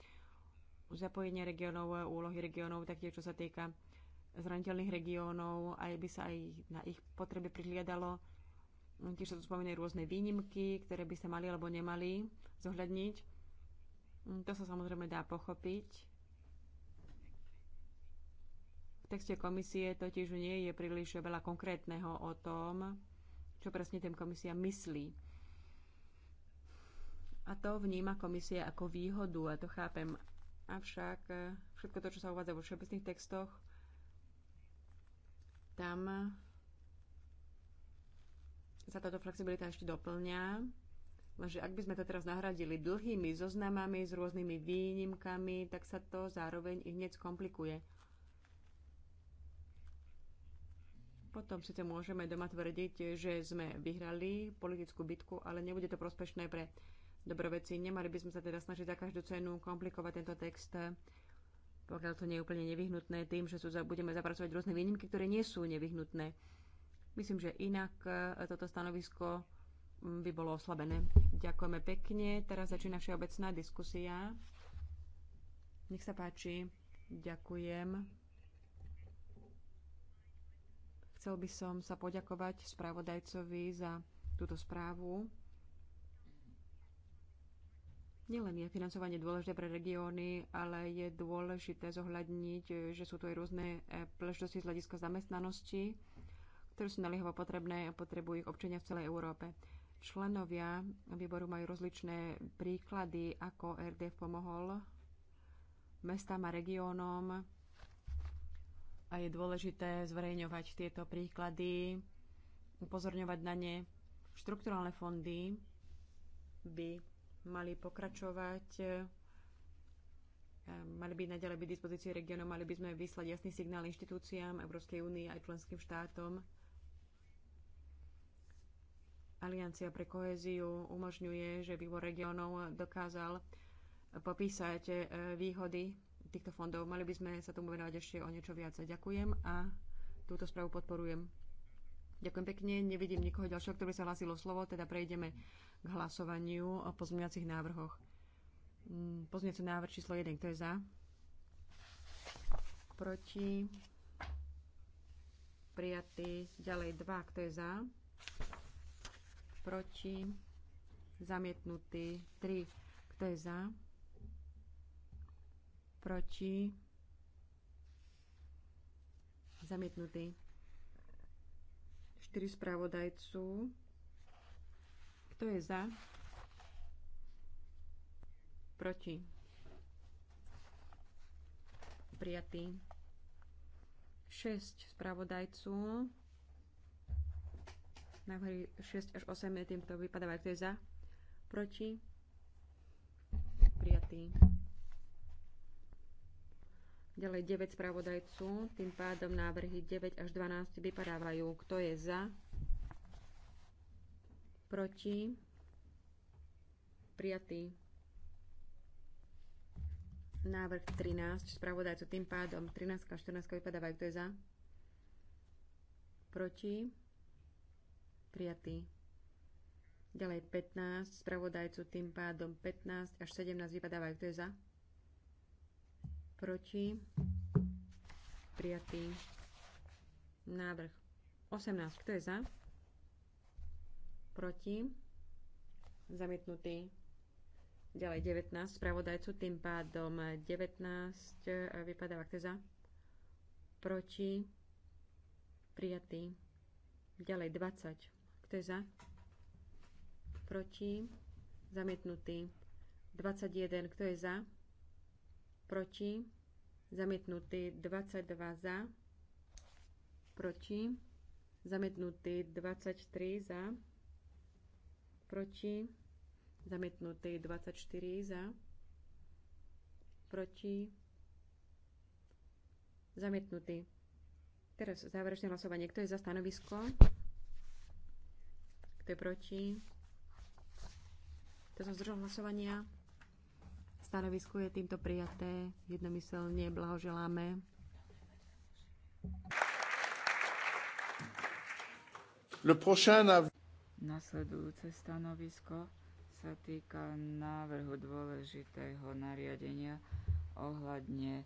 zapojenia regiónov, úlohy regiónov, taktiež čo sa týka zraniteľných regiónov, aj by sa aj na ich potreby prihliadalo. Tiež sa tu spomínajú rôzne výnimky, ktoré by sa mali alebo nemali zohľadniť. To sa samozrejme dá pochopiť texte komisie totiž nie je príliš veľa konkrétneho o tom, čo presne tým komisia myslí. A to vníma komisia ako výhodu, a to chápem. Avšak eh, všetko to, čo sa uvádza vo všeobecných textoch, tam eh, sa táto flexibilita ešte doplňa. Lenže ak by sme to teraz nahradili dlhými zoznamami s rôznymi výnimkami, tak sa to zároveň i hneď skomplikuje. Potom síce môžeme doma tvrdiť, že sme vyhrali politickú bitku, ale nebude to prospešné pre dobroveci. Nemali by sme sa teda snažiť za každú cenu komplikovať tento text, pokiaľ to nie je úplne nevyhnutné, tým, že sú za, budeme zapracovať rôzne výnimky, ktoré nie sú nevyhnutné. Myslím, že inak e, toto stanovisko by bolo oslabené. Ďakujeme pekne. Teraz začína všeobecná diskusia. Nech sa páči. Ďakujem. Chcel by som sa poďakovať spravodajcovi za túto správu. Nielen je financovanie dôležité pre regióny, ale je dôležité zohľadniť, že sú tu aj rôzne e, príležitosti z hľadiska zamestnanosti, ktoré sú naliehavo potrebné a potrebujú ich občania v celej Európe. Členovia výboru majú rozličné príklady, ako RDF pomohol mestám a regiónom a je dôležité zverejňovať tieto príklady, upozorňovať na ne. Štrukturálne fondy by mali pokračovať, eh, mali by naďalej byť dispozícii regionu, mali by sme vyslať jasný signál inštitúciám Európskej únie aj členským štátom. Aliancia pre kohéziu umožňuje, že výbor regionov dokázal popísať eh, výhody týchto fondov. Mali by sme sa tomu venovať ešte o niečo viac. Ďakujem a túto správu podporujem. Ďakujem pekne. Nevidím nikoho ďalšieho, ktorý sa hlasilo slovo, teda prejdeme k hlasovaniu o pozmeňacích návrhoch. Mm, Pozmeňací návrh číslo 1, kto je za? Proti? Prijatý. Ďalej 2, kto je za? Proti? Zamietnutý. 3, kto je za? proti, zamietnutý. 4 spravodajcu. Kto je za? Proti. Prijatý. 6 spravodajcu. Návrhy 6 až 8 je týmto vypadávajú. Kto je za? Proti. Prijatý. Ďalej 9 spravodajcu, tým pádom návrhy 9 až 12 vypadávajú. Kto je za? Proti? Prijatý. Návrh 13 spravodajcu, tým pádom 13 a 14 vypadávajú. Kto je za? Proti? Prijatý. Ďalej 15 spravodajcu, tým pádom 15 až 17 vypadávajú. Kto je za? proti, prijatý návrh 18. Kto je za? Proti, zamietnutý ďalej 19 spravodajcu, tým pádom 19 vypadáva kto je za? Proti, prijatý ďalej 20. Kto je za? Proti, zamietnutý 21. Kto je za? proti, zamietnutý 22 za, proti, zamietnutý 23 za, proti, zamietnutý 24 za, proti, zamietnutý. Teraz záverečné hlasovanie. Kto je za stanovisko? Kto je proti? Kto sa zdržal hlasovania? Stanovisko je týmto prijaté. Jednomyselne blahoželáme. Le prochain Nasledujúce stanovisko sa týka návrhu dôležitého nariadenia ohľadne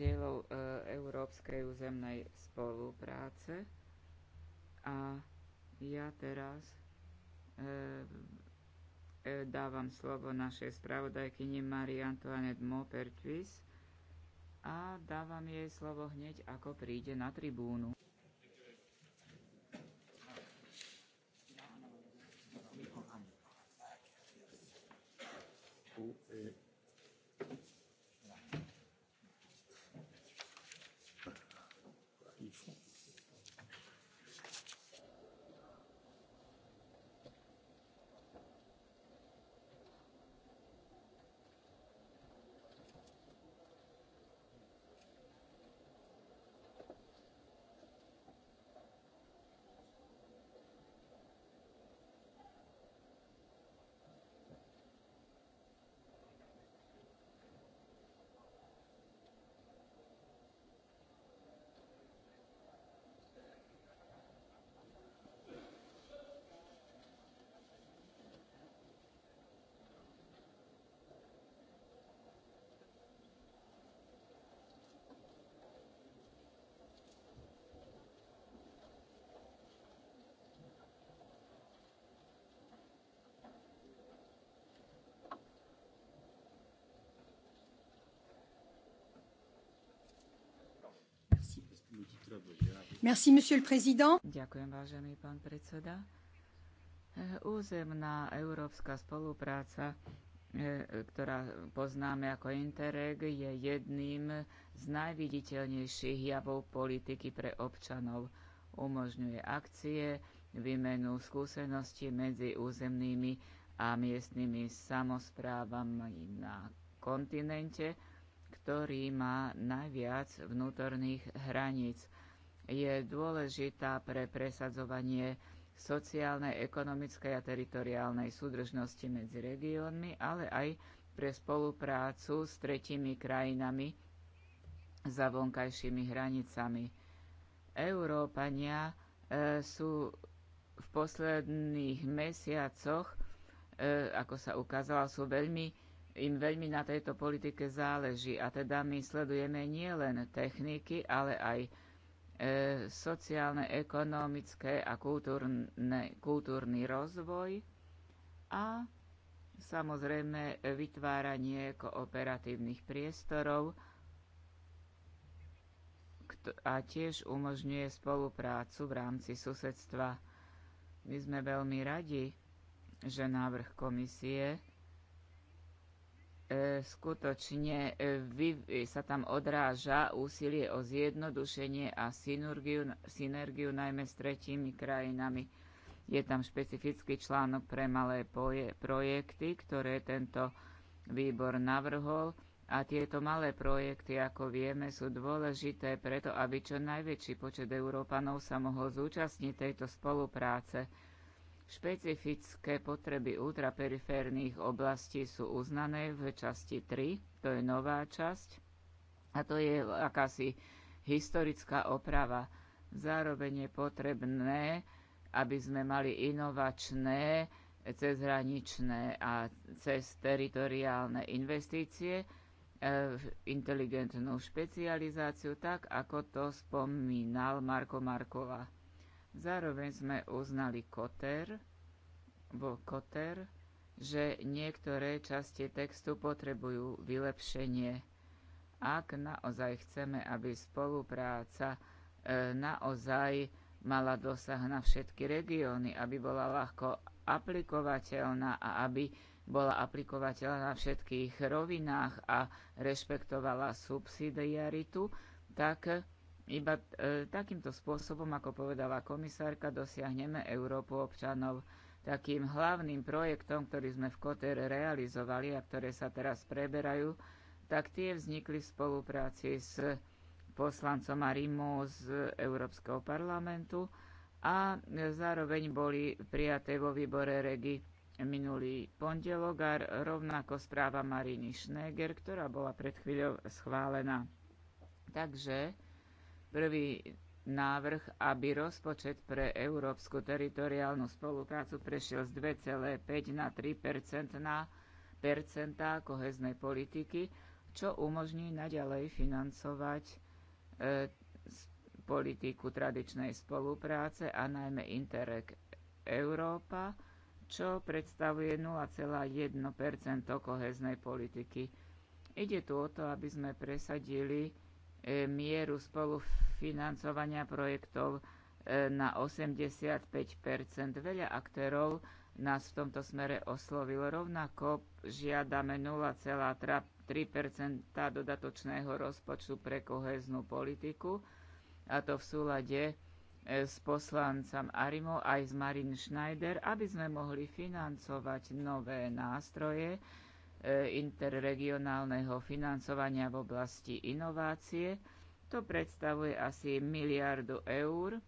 cieľov e, Európskej územnej spolupráce. A ja teraz e, E, dávam slovo našej spravodajkyni Marie Antoinette Maupertuis a dávam jej slovo hneď, ako príde na tribúnu. Thank you. E, Merci, monsieur le président. Ďakujem, vážený pán predseda. Eh, územná európska spolupráca, eh, ktorá poznáme ako Interreg, je jedným z najviditeľnejších javov politiky pre občanov. Umožňuje akcie, výmenu skúseností medzi územnými a miestnymi samozprávami na kontinente, ktorý má najviac vnútorných hraníc – je dôležitá pre presadzovanie sociálnej, ekonomickej a teritoriálnej súdržnosti medzi regiónmi, ale aj pre spoluprácu s tretími krajinami za vonkajšími hranicami. Európania e, sú v posledných mesiacoch, e, ako sa ukázalo, sú veľmi im veľmi na tejto politike záleží a teda my sledujeme nielen techniky, ale aj E, sociálne, ekonomické a kultúrne, kultúrny rozvoj a samozrejme vytváranie kooperatívnych priestorov a tiež umožňuje spoluprácu v rámci susedstva. My sme veľmi radi, že návrh komisie E, skutočne e, vy, e, sa tam odráža úsilie o zjednodušenie a synergiu, synergiu najmä s tretími krajinami. Je tam špecifický článok pre malé poje, projekty, ktoré tento výbor navrhol a tieto malé projekty, ako vieme, sú dôležité preto, aby čo najväčší počet Európanov sa mohol zúčastniť tejto spolupráce. Špecifické potreby ultraperiférnych oblastí sú uznané v časti 3, to je nová časť, a to je akási historická oprava. Zároveň je potrebné, aby sme mali inovačné, cezhraničné a cez teritoriálne investície, v e, inteligentnú špecializáciu, tak ako to spomínal Marko Markova. Zároveň sme uznali Koter, bol Koter, že niektoré časti textu potrebujú vylepšenie. Ak naozaj chceme, aby spolupráca e, naozaj mala dosah na všetky regióny, aby bola ľahko aplikovateľná a aby bola aplikovateľná na všetkých rovinách a rešpektovala subsidiaritu, tak iba e, takýmto spôsobom, ako povedala komisárka, dosiahneme Európu občanov. Takým hlavným projektom, ktorý sme v Kotere realizovali a ktoré sa teraz preberajú, tak tie vznikli v spolupráci s poslancom Arimo z Európskeho parlamentu a zároveň boli prijaté vo výbore Regi minulý pondelok a rovnako správa Mariny Schneger, ktorá bola pred chvíľou schválená. Takže prvý návrh, aby rozpočet pre európsku teritoriálnu spoluprácu prešiel z 2,5 na 3 percentná percentá koheznej politiky, čo umožní naďalej financovať e, politiku tradičnej spolupráce a najmä Interreg Európa, čo predstavuje 0,1 koheznej politiky. Ide tu o to, aby sme presadili E, mieru spolufinancovania projektov e, na 85 Veľa aktérov nás v tomto smere oslovilo. Rovnako žiadame 0,3 dodatočného rozpočtu pre koheznú politiku, a to v súlade e, s poslancom Arimo aj s Marin Schneider, aby sme mohli financovať nové nástroje, E, interregionálneho financovania v oblasti inovácie. To predstavuje asi miliardu eur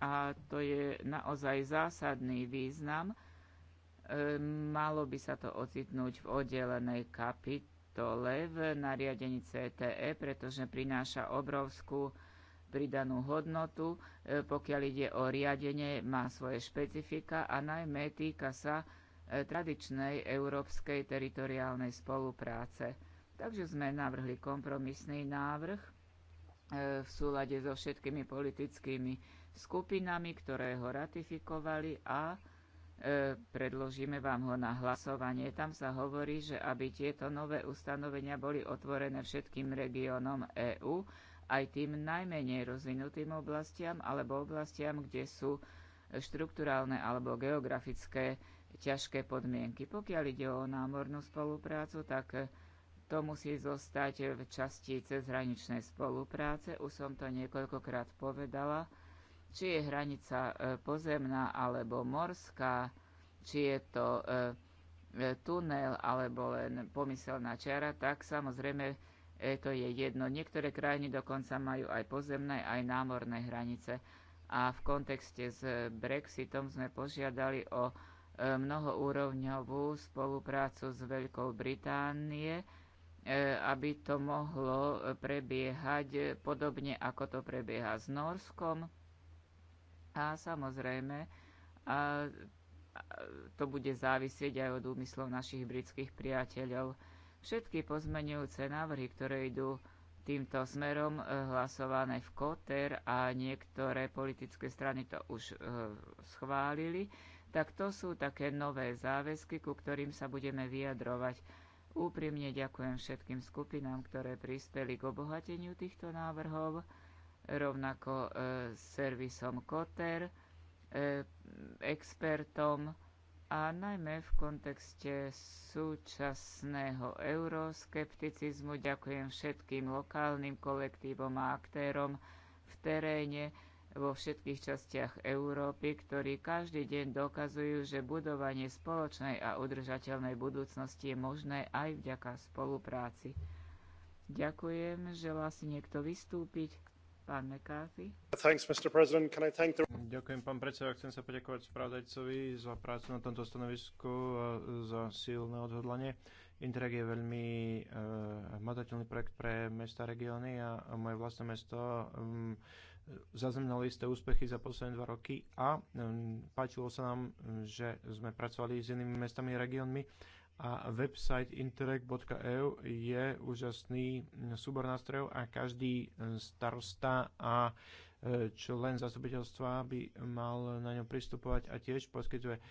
a to je naozaj zásadný význam. E, malo by sa to ocitnúť v oddelenej kapitole v nariadení CTE, pretože prináša obrovskú pridanú hodnotu, e, pokiaľ ide o riadenie, má svoje špecifika a najmä týka sa tradičnej európskej teritoriálnej spolupráce. Takže sme navrhli kompromisný návrh e, v súlade so všetkými politickými skupinami, ktoré ho ratifikovali a e, predložíme vám ho na hlasovanie. Tam sa hovorí, že aby tieto nové ustanovenia boli otvorené všetkým regiónom EÚ, aj tým najmenej rozvinutým oblastiam alebo oblastiam, kde sú štruktúrálne alebo geografické ťažké podmienky. Pokiaľ ide o námornú spoluprácu, tak eh, to musí zostať v časti cezhraničnej spolupráce. Už som to niekoľkokrát povedala. Či je hranica eh, pozemná alebo morská, či je to eh, tunel alebo len pomyselná čiara, tak samozrejme to je jedno. Niektoré krajiny dokonca majú aj pozemné, aj námorné hranice. A v kontexte s Brexitom sme požiadali o E, mnohoúrovňovú spoluprácu s Veľkou Británie, e, aby to mohlo prebiehať podobne, ako to prebieha s Norskom. A samozrejme, a to bude závisieť aj od úmyslov našich britských priateľov. Všetky pozmenujúce návrhy, ktoré idú týmto smerom, e, hlasované v Koter a niektoré politické strany to už schválili, tak to sú také nové záväzky, ku ktorým sa budeme vyjadrovať. Úprimne ďakujem všetkým skupinám, ktoré prispeli k obohateniu týchto návrhov, rovnako e, servisom Koter, e, expertom a najmä v kontexte súčasného euroskepticizmu ďakujem všetkým lokálnym kolektívom a aktérom v teréne, vo všetkých častiach Európy, ktorí každý deň dokazujú, že budovanie spoločnej a udržateľnej budúcnosti je možné aj vďaka spolupráci. Ďakujem. Želá si niekto vystúpiť? Pán McCarthy. Thanks, Mr. President. Can I thank the... Ďakujem, pán predseda. Chcem sa poďakovať spravodajcovi za prácu na tomto stanovisku a za silné odhodlanie. Interreg je veľmi uh, hmatateľný projekt pre mesta, regióny a moje vlastné mesto um, zaznamenali isté úspechy za posledné dva roky a páčilo sa nám, že sme pracovali s inými mestami a regiónmi a website interreg.eu je úžasný súbor nástrojov a každý starosta a e, člen zastupiteľstva by mal na ňom pristupovať a tiež poskytuje e,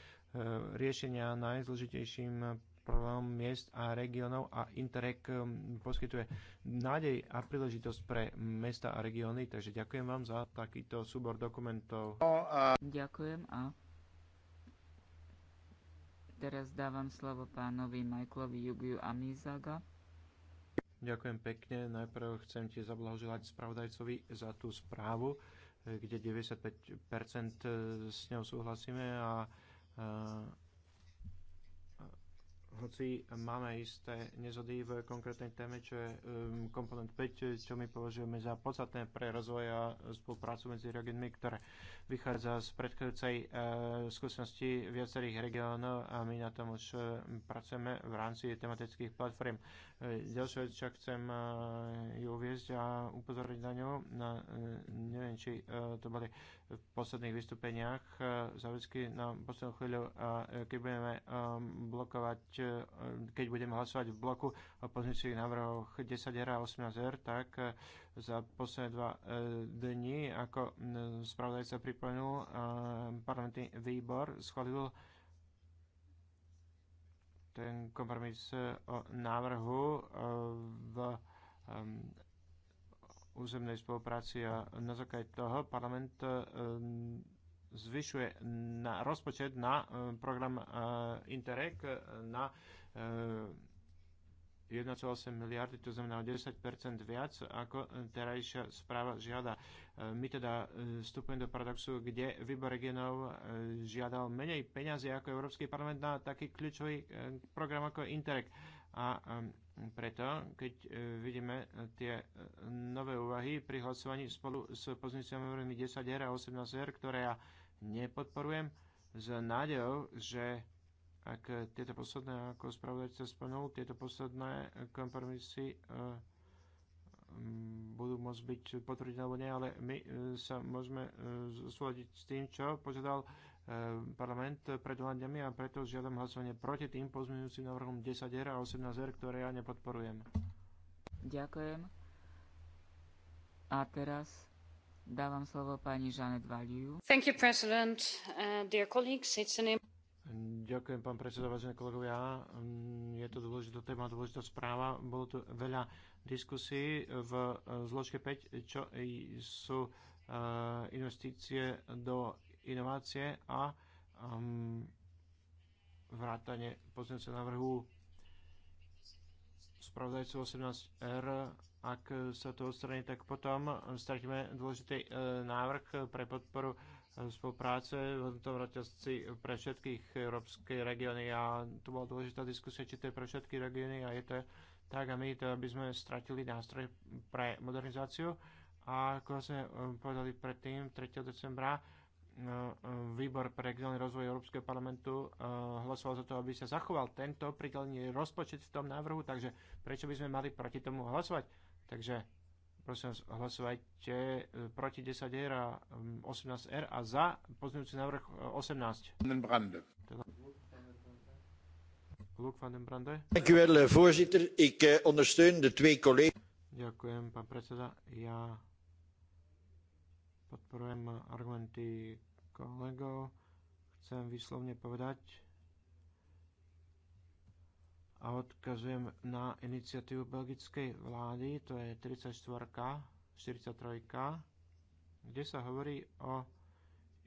riešenia najzložitejším problémom miest a regiónov a Interreg um, poskytuje nádej a príležitosť pre mesta a regióny, takže ďakujem vám za takýto súbor dokumentov. No ďakujem a teraz dávam slovo pánovi Michaelovi Jugiu Amizaga. Ďakujem pekne. Najprv chcem ti zablahoželať spravodajcovi za tú správu, eh, kde 95% eh, s ňou súhlasíme a, a eh, hoci máme isté nezhody v konkrétnej téme, čo je um, komponent 5, čo my považujeme za podstatné pre rozvoj a spoluprácu medzi regiónmi, ktoré vychádza z predchádzajúcej uh, skúsenosti viacerých regiónov a my na tom už uh, pracujeme v rámci tematických platform. Ďalšia vec, čo chcem eh, ju uviezť a upozoriť na ňu, na, eh, neviem, či eh, to boli v posledných vystúpeniach závisky na poslednú chvíľu, keď budeme blokovať, keď budeme hlasovať v bloku o pozícii návrhoch 10 R a 18 R, tak za posledné dva dni, ako spravodajca pripomenul, parlamentný výbor schválil ten kompromis eh, o návrhu eh, v územnej spolupráci a na základe toho parlament eh, zvyšuje na rozpočet na program Interreg na 1,8 miliardy, to znamená 10 viac, ako terajšia správa žiada. E, my teda e, vstupujeme do paradoxu, kde výbor regionov e, žiadal menej peňazí ako Európsky parlament na taký kľúčový program ako Interreg. A preto, keď vidíme tie nové úvahy pri hlasovaní spolu s pozíciami 10R er a 18R, er, ktoré ja nepodporujem, s nádejou, že ak eh, tieto posledné, ako spravodajca spomenul, tieto posledné eh, kompromisy eh, mm, budú môcť byť potvrdené alebo nie, ale my sa môžeme zosúľadiť s tým, čo požiadal parlament pred hľadami a preto žiadam hlasovanie proti tým pozmeňujúcim návrhom 10R a 18R, ktoré ja nepodporujem. Ďakujem. A teraz dávam slovo pani Žanet Valiu. Thank you, President. Uh, dear colleagues, it's an... Ďakujem, pán predseda, vážené kolegovia. Mm, je to dôležitá téma, dôležitá správa. Bolo tu veľa diskusí v eh, zložke 5, čo sú eh, investície do inovácie a mm, vrátanie pozornice návrhu spravodajcu 18R. Ak sa to odstraní, tak potom stratíme dôležitý eh, návrh pre podporu spolupráce v tom reťazci pre všetkých európskej regióny a tu bola dôležitá diskusia, či to je pre všetky regióny a je to tak a my to by sme stratili nástroj pre modernizáciu a ako sme um, povedali predtým 3. decembra um, výbor pre regionálny rozvoj Európskeho parlamentu uh, hlasoval za to, aby sa zachoval tento pridelený rozpočet v tom návrhu, takže prečo by sme mali proti tomu hlasovať? Takže Prosím vás, hlasovajte e, proti 10 R a 18 mm, R a za pozmeňujúci návrh 18. Brande. van Brande. Ďakujem, pán predseda. Ja podporujem argumenty kolegov. Chcem výslovne povedať, a odkazujem na iniciatívu belgickej vlády, to je 34, 43, kde sa hovorí o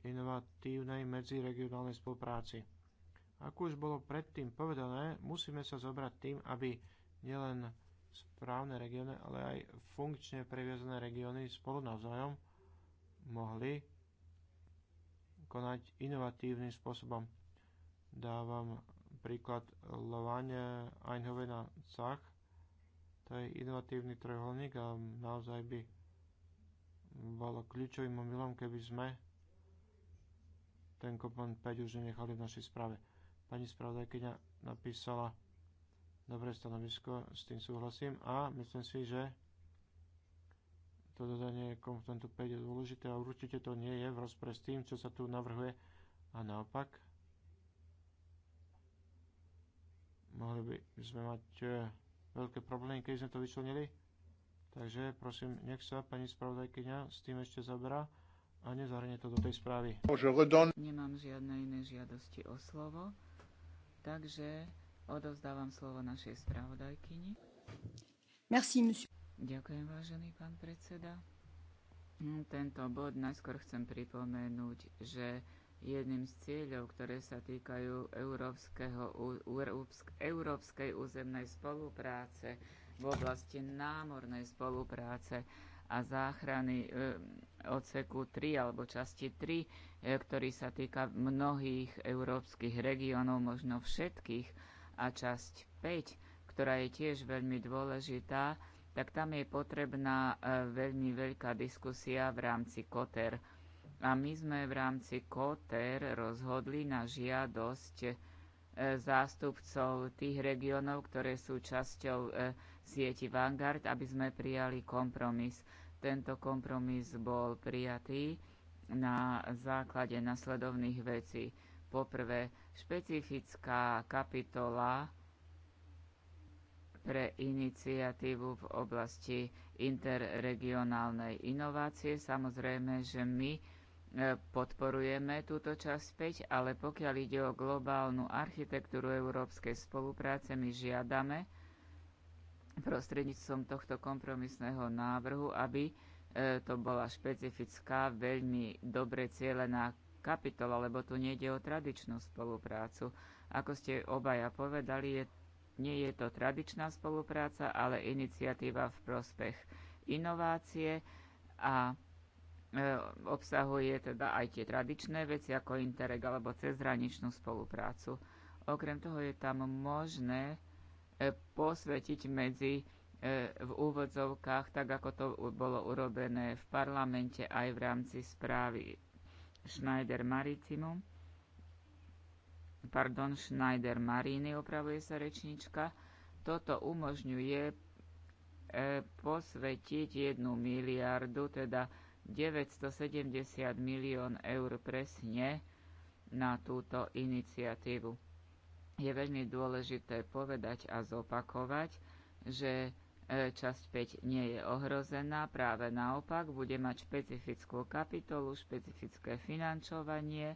inovatívnej medziregionálnej spolupráci. Ako už bolo predtým povedané, musíme sa zobrať tým, aby nielen správne regióny, ale aj funkčne previazané regióny spolu navzájom mohli konať inovatívnym spôsobom. Dávam príklad Lovane Einhovena Sach. To je inovatívny trojuholník a naozaj by bolo kľúčovým omylom, keby sme ten kopon 5 už nenechali v našej správe. Pani spravodajkyňa napísala dobré stanovisko, s tým súhlasím a myslím si, že to dodanie komponentu 5 je dôležité a určite to nie je v rozpre s tým, čo sa tu navrhuje a naopak mohli by sme mať e, veľké problémy, keď sme to vyčlenili. Takže prosím, nech sa pani spravodajkyňa s tým ešte zaberá a nezahrnie to do tej správy. Nemám žiadne iné žiadosti o slovo, takže odovzdávam slovo našej spravodajkyni. Merci, monsieur. Ďakujem, vážený pán predseda. Tento bod najskôr chcem pripomenúť, že Jedným z cieľov, ktoré sa týkajú európskeho, európskej územnej spolupráce v oblasti námornej spolupráce a záchrany e, odseku 3 alebo časti 3, e, ktorý sa týka mnohých európskych regiónov, možno všetkých, a časť 5, ktorá je tiež veľmi dôležitá, tak tam je potrebná e, veľmi veľká diskusia v rámci KOTER a my sme v rámci KOTER rozhodli na žiadosť e, zástupcov tých regiónov, ktoré sú časťou e, sieti Vanguard, aby sme prijali kompromis. Tento kompromis bol prijatý na základe nasledovných vecí. Poprvé, špecifická kapitola pre iniciatívu v oblasti interregionálnej inovácie. Samozrejme, že my E, podporujeme túto časť späť, ale pokiaľ ide o globálnu architektúru európskej spolupráce, my žiadame prostredníctvom tohto kompromisného návrhu, aby e, to bola špecifická, veľmi dobre cieľená kapitola, lebo tu nejde o tradičnú spoluprácu. Ako ste obaja povedali, je, nie je to tradičná spolupráca, ale iniciatíva v prospech inovácie a E, obsahuje teda aj tie tradičné veci ako Interreg alebo cezhraničnú spoluprácu. Okrem toho je tam možné e, posvetiť medzi e, v úvodzovkách, tak ako to bolo urobené v parlamente aj v rámci správy Schneider Maritimum. Pardon, Schneider Mariny opravuje sa rečnička. Toto umožňuje posvetiť jednu miliardu, teda 970 milión eur presne na túto iniciatívu. Je veľmi dôležité povedať a zopakovať, že e, časť 5 nie je ohrozená, práve naopak bude mať špecifickú kapitolu, špecifické financovanie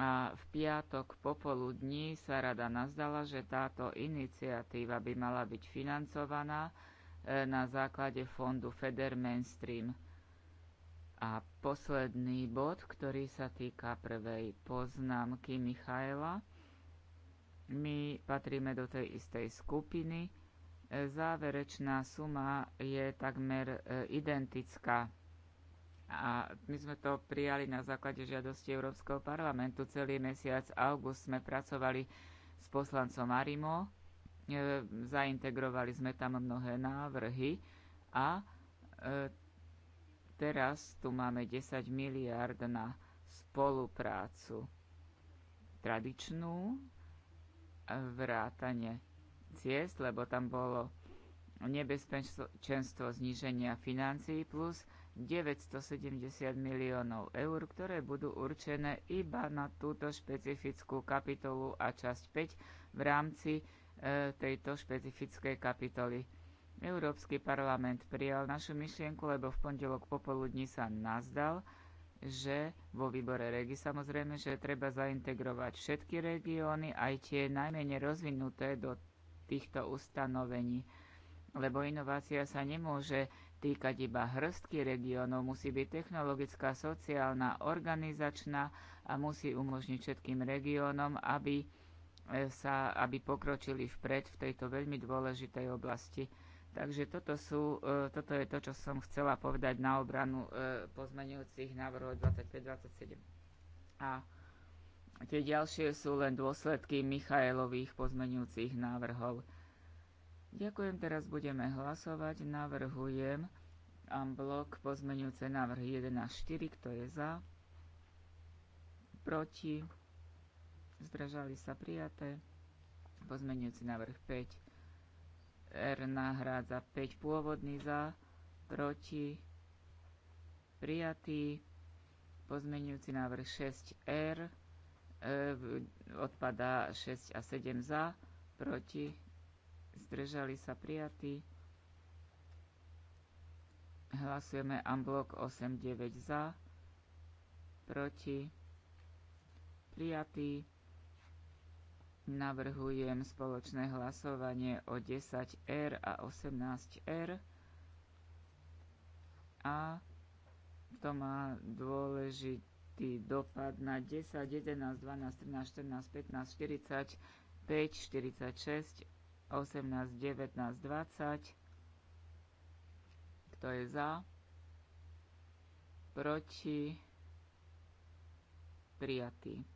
a v piatok popoludní sa rada nazdala, že táto iniciatíva by mala byť financovaná e, na základe fondu Feder Mainstream. A posledný bod, ktorý sa týka prvej poznámky Michaela. My patríme do tej istej skupiny. Záverečná suma je takmer e, identická. A my sme to prijali na základe žiadosti Európskeho parlamentu. Celý mesiac august sme pracovali s poslancom Arimo. E, zaintegrovali sme tam mnohé návrhy a e, Teraz tu máme 10 miliard na spoluprácu tradičnú, vrátane ciest, lebo tam bolo nebezpečenstvo zníženia financií plus 970 miliónov eur, ktoré budú určené iba na túto špecifickú kapitolu a časť 5 v rámci e, tejto špecifickej kapitoly. Európsky parlament prijal našu myšlienku, lebo v pondelok popoludní sa nazdal, že vo výbore regi samozrejme, že treba zaintegrovať všetky regióny, aj tie najmenej rozvinuté do týchto ustanovení. Lebo inovácia sa nemôže týkať iba hrstky regiónov, musí byť technologická, sociálna, organizačná a musí umožniť všetkým regiónom, aby, e, sa, aby pokročili vpred v tejto veľmi dôležitej oblasti. Takže toto, sú, e, toto je to, čo som chcela povedať na obranu e, pozmenujúcich návrhov 25-27. A tie ďalšie sú len dôsledky Michaelových pozmenujúcich návrhov. Ďakujem, teraz budeme hlasovať. Navrhujem blok pozmenujúce návrhy 1 až 4, kto je za, proti, zdržali sa prijaté, pozmenujúci návrh 5 R nahrádza 5 pôvodný za, proti, prijatý, pozmenujúci návrh 6R, e, odpadá 6 a 7 za, proti, zdržali sa prijatí. Hlasujeme unblock 8, 9 za, proti, prijatý. Navrhujem spoločné hlasovanie o 10R a 18R a to má dôležitý dopad na 10, 11, 12, 13, 14, 15, 40, 5, 46, 18, 19, 20. Kto je za? Proti? Prijatý.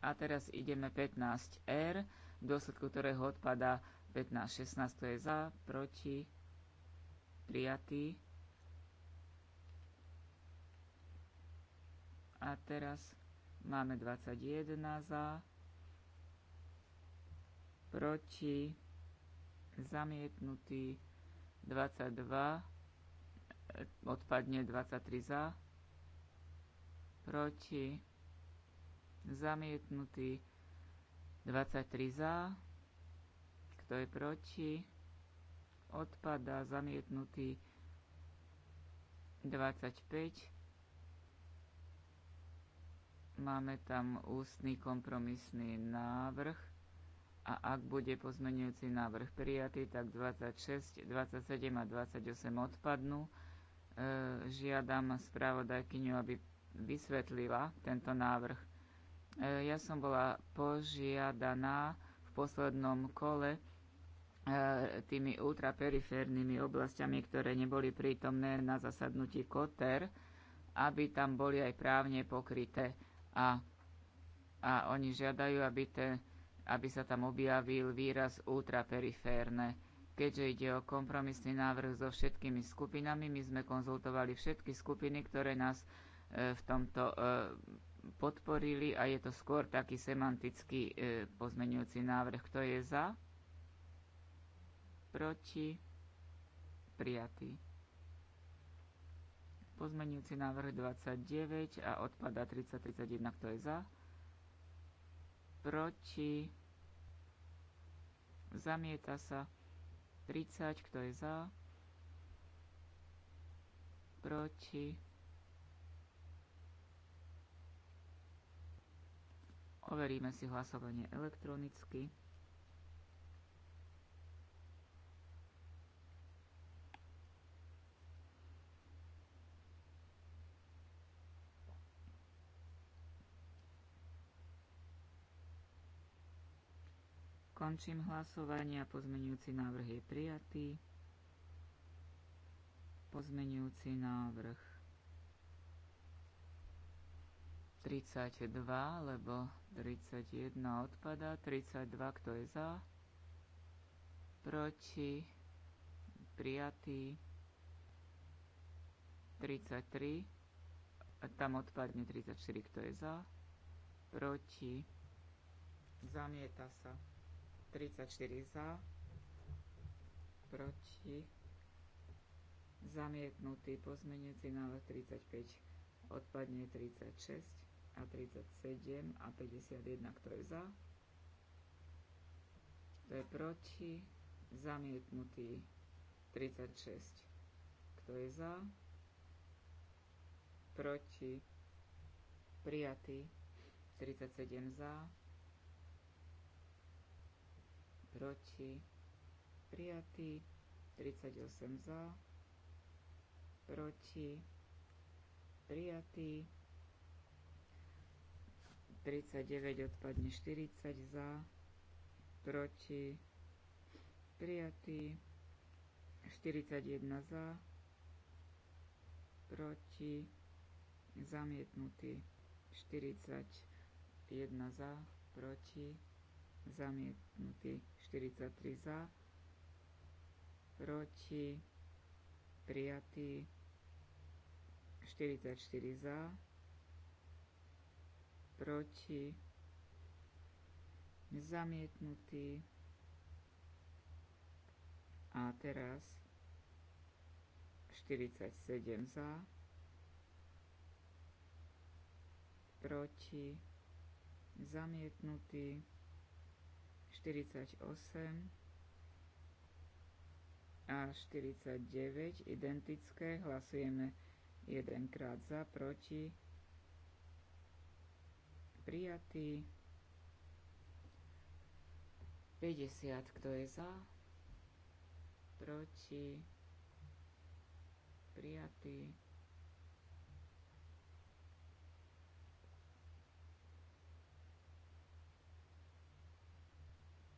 A teraz ideme 15R, v dôsledku ktorého odpada 15, 16, to je za, proti, prijatý. A teraz máme 21 za, proti, zamietnutý, 22, odpadne 23 za, proti, zamietnutý 23 za, kto je proti, odpada zamietnutý 25. Máme tam ústny kompromisný návrh a ak bude pozmenujúci návrh prijatý, tak 26, 27 a 28 odpadnú. E, žiadam spravodajkyňu, aby vysvetlila tento návrh. E, ja som bola požiadaná v poslednom kole e, tými ultraperiférnymi oblastiami, ktoré neboli prítomné na zasadnutí Koter, aby tam boli aj právne pokryté. A, a oni žiadajú, aby, te, aby sa tam objavil výraz ultraperiférne. Keďže ide o kompromisný návrh so všetkými skupinami, my sme konzultovali všetky skupiny, ktoré nás e, v tomto podporili a je to skôr taký semantický e, pozmenujúci návrh. Kto je za? Proti? Prijatý. Pozmenujúci návrh 29 a odpada 3031. Kto je za? Proti? Zamieta sa. 30. Kto je za? Proti? Overíme si hlasovanie elektronicky. Končím hlasovanie a pozmenujúci návrh je prijatý. Pozmenujúci návrh 32, lebo 31 odpada. 32, kto je za? Proti? Prijatý? 33. Tam odpadne 34, kto je za? Proti? Zamieta sa. 34 za. Proti? Zamietnutý pozmenujúci návrh 35 odpadne 36 a 37 a 51, kto je za, kto je proti, zamietnutý 36, kto je za, proti, prijatý 37 za, proti, prijatý 38 za, proti, prijatý 39 odpadne 40 za, proti, prijatý, 41 za, proti, zamietnutý, 41 za, proti, zamietnutý, 43 za, proti, prijatý, 44 za, proti, zamietnutý. A teraz 47 za, proti, zamietnutý, 48 a 49 identické, hlasujeme jedenkrát za, proti, prijatý. 50, kto je za, proti, prijatý.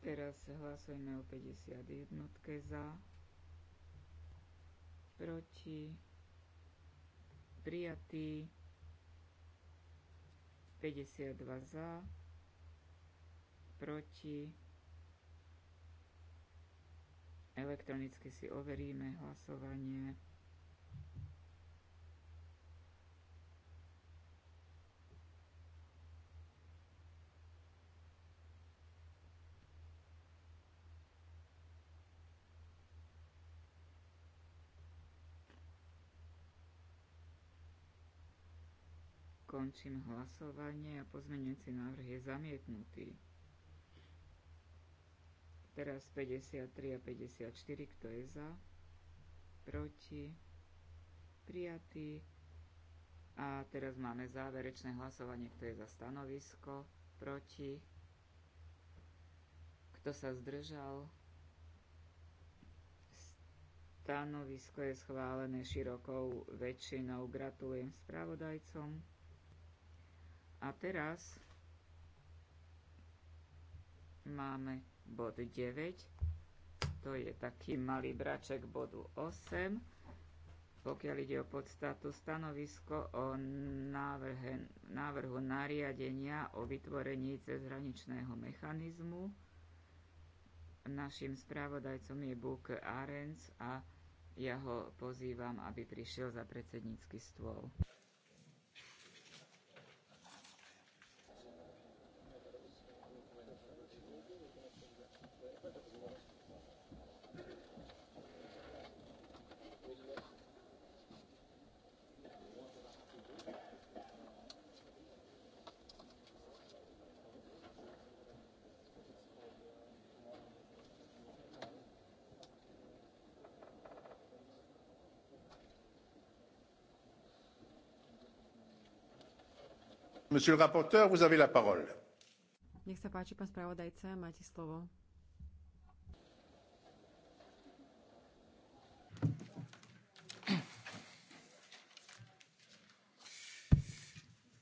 Teraz hlasujeme o 51 za, proti, prijatý. 52 za, proti. Elektronicky si overíme hlasovanie. Končím hlasovanie a pozmeňujúci návrh je zamietnutý. Teraz 53 a 54, kto je za? Proti? Prijatý? A teraz máme záverečné hlasovanie, kto je za stanovisko? Proti? Kto sa zdržal? Stanovisko je schválené širokou väčšinou. Gratulujem spravodajcom. A teraz máme bod 9, to je taký malý braček bodu 8, pokiaľ ide o podstatu stanovisko o návrhe, návrhu nariadenia o vytvorení cezhraničného mechanizmu. Našim správodajcom je Buk Arens a ja ho pozývam, aby prišiel za predsednícky stôl. Monsieur le rapporteur, vous avez la parole. Nech sa páči, pán spravodajca, máte slovo.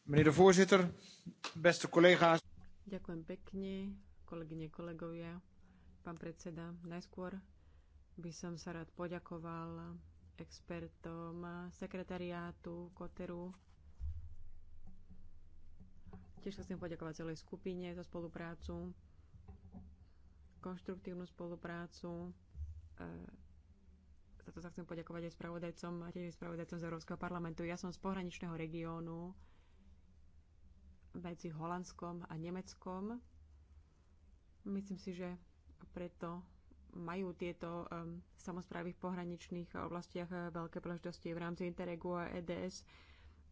Meneer de voorzitter, beste collega's. Ďakujem pekne, kolegyne, kolegovia, pán predseda. Najskôr by som sa rád poďakoval expertom sekretariátu Koteru, Tiež sa chcem poďakovať celej skupine za spoluprácu, konštruktívnu spoluprácu. E, za to sa chcem poďakovať aj spravodajcom a tiež spravodajcom z Európskeho parlamentu. Ja som z pohraničného regiónu medzi Holandskom a Nemeckom. Myslím si, že preto majú tieto um, samozprávy v pohraničných oblastiach e, veľké príležitosti v rámci Interregu a EDS.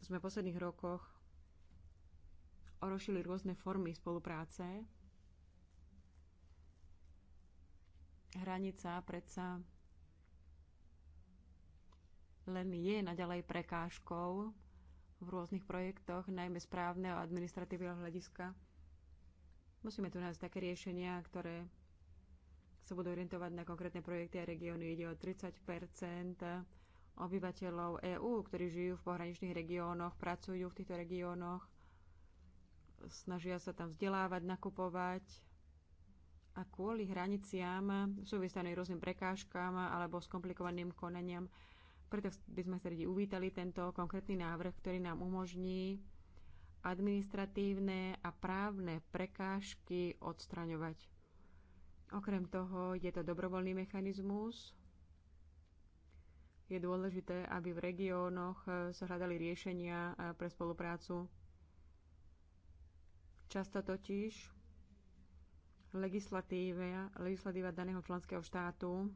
Sme v posledných rokoch orošili rôzne formy spolupráce. Hranica predsa len je naďalej prekážkou v rôznych projektoch, najmä správneho a administratívneho hľadiska. Musíme tu nájsť také riešenia, ktoré sa budú orientovať na konkrétne projekty a regióny. Ide o 30 obyvateľov EÚ, ktorí žijú v pohraničných regiónoch, pracujú v týchto regiónoch snažia sa tam vzdelávať, nakupovať a kvôli hraniciám sú rôznym prekážkam alebo skomplikovaným konaniam. Preto by sme sa radi uvítali tento konkrétny návrh, ktorý nám umožní administratívne a právne prekážky odstraňovať. Okrem toho je to dobrovoľný mechanizmus. Je dôležité, aby v regiónoch sa hľadali riešenia eh, pre spoluprácu Často totiž legislatíva, legislatíva daného členského štátu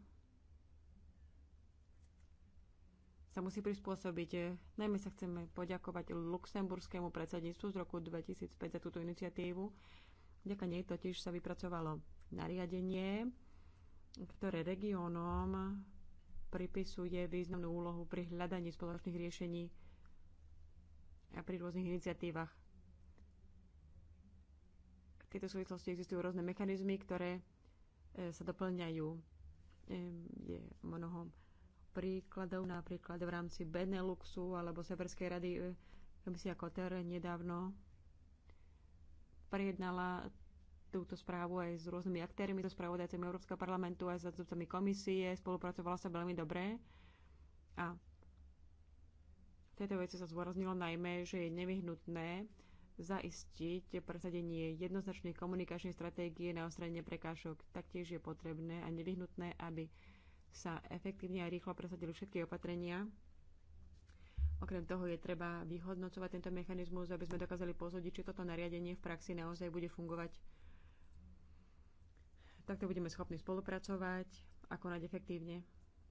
sa musí prispôsobiť. Najmä sa chceme poďakovať luxemburskému predsedníctvu z roku 2005 za túto iniciatívu. Vďaka nej totiž sa vypracovalo nariadenie, ktoré regiónom pripisuje významnú úlohu pri hľadaní spoločných riešení a pri rôznych iniciatívach v tejto súvislosti existujú rôzne mechanizmy, ktoré e, sa doplňajú. E, je mnoho príkladov, napríklad v rámci Beneluxu alebo Severskej rady e, komisia Koter nedávno prejednala túto správu aj s rôznymi aktérmi, so spravodajcami Európskeho parlamentu, aj s zástupcami komisie, spolupracovala sa veľmi dobre. A v tejto veci sa zdôraznilo najmä, že je nevyhnutné zaistiť presadenie jednoznačnej komunikačnej stratégie na ostranie prekážok. Taktiež je potrebné a nevyhnutné, aby sa efektívne a rýchlo presadili všetky opatrenia. Okrem toho je treba vyhodnocovať tento mechanizmus, aby sme dokázali posúdiť, či toto nariadenie v praxi naozaj bude fungovať. Takto budeme schopní spolupracovať a konať efektívne.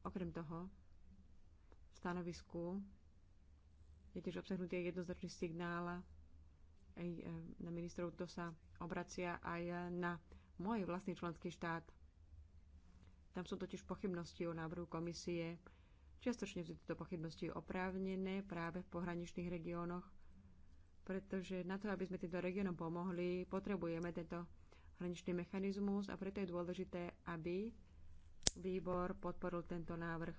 Okrem toho, v stanovisku je tiež obsahnutý jednoznačný signál aj eh, na ministrov, to sa obracia aj eh, na môj vlastný členský štát. Tam sú totiž pochybnosti o návrhu komisie. Čiastočne sú tieto pochybnosti oprávnené práve v pohraničných regiónoch, pretože na to, aby sme týmto regiónom pomohli, potrebujeme tento hraničný mechanizmus a preto je dôležité, aby výbor podporil tento návrh.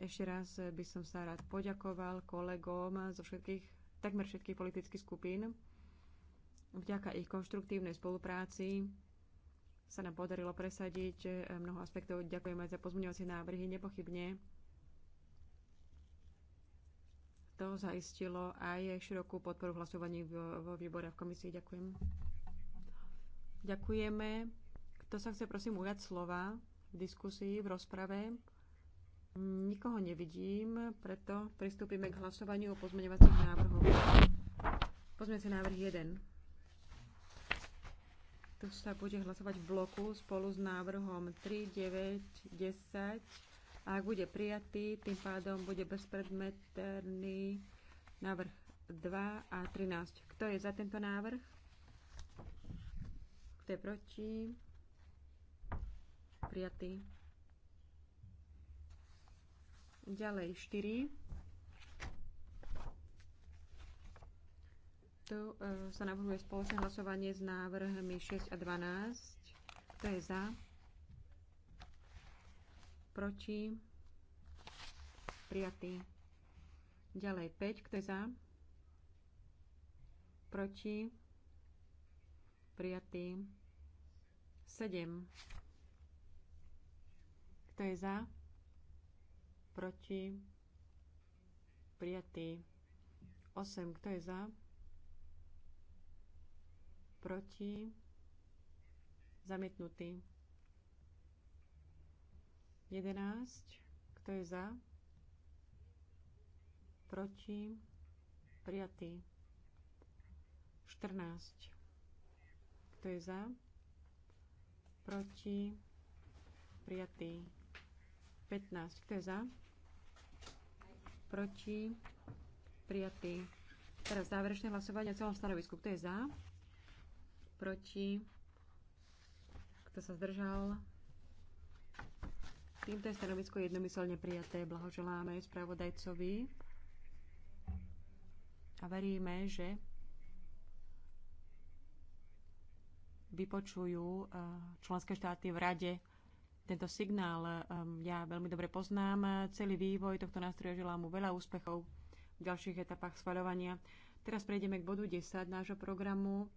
Ešte raz by som sa rád poďakoval kolegom zo všetkých takmer všetkých politických skupín. Vďaka ich konštruktívnej spolupráci sa nám podarilo presadiť eh, mnoho aspektov. Ďakujem aj za pozmeňovacie návrhy. Nepochybne to zaistilo aj širokú podporu v hlasovaní vo výbore a v komisii. Ďakujem. Ďakujeme. Kto sa chce, prosím, ujať slova v diskusii, v rozprave? Nikoho nevidím, preto pristúpime k hlasovaniu o pozmeňovacích návrhoch. Pozmeňovací návrh 1. Tu sa bude hlasovať v bloku spolu s návrhom 3, 9, 10. A ak bude prijatý, tým pádom bude bezpredmetný návrh 2 a 13. Kto je za tento návrh? Kto je proti? Prijatý. Ďalej 4. Tu e, sa navrhuje spoločné hlasovanie s návrhmi 6 a 12. Kto je za? Proti? Prijatý. Ďalej 5. Kto je za? Proti? Prijatý. 7. Kto je za? proti, prijatý. 8, kto je za, proti, zamietnutý. 11, kto je za, proti, prijatý. 14, kto je za, proti, prijatý. 15. Kto je za? proti, prijatý. Teraz záverečné hlasovanie o celom stanovisku. Kto je za? Proti? Kto sa zdržal? Týmto je stanovisko jednomyselne prijaté. Blahoželáme spravodajcovi a veríme, že vypočujú eh, členské štáty v rade tento signál. Ehm, ja veľmi dobre poznám eh, celý vývoj tohto nástroja, želám mu veľa úspechov v ďalších etapách schvaľovania. Teraz prejdeme k bodu 10 nášho programu.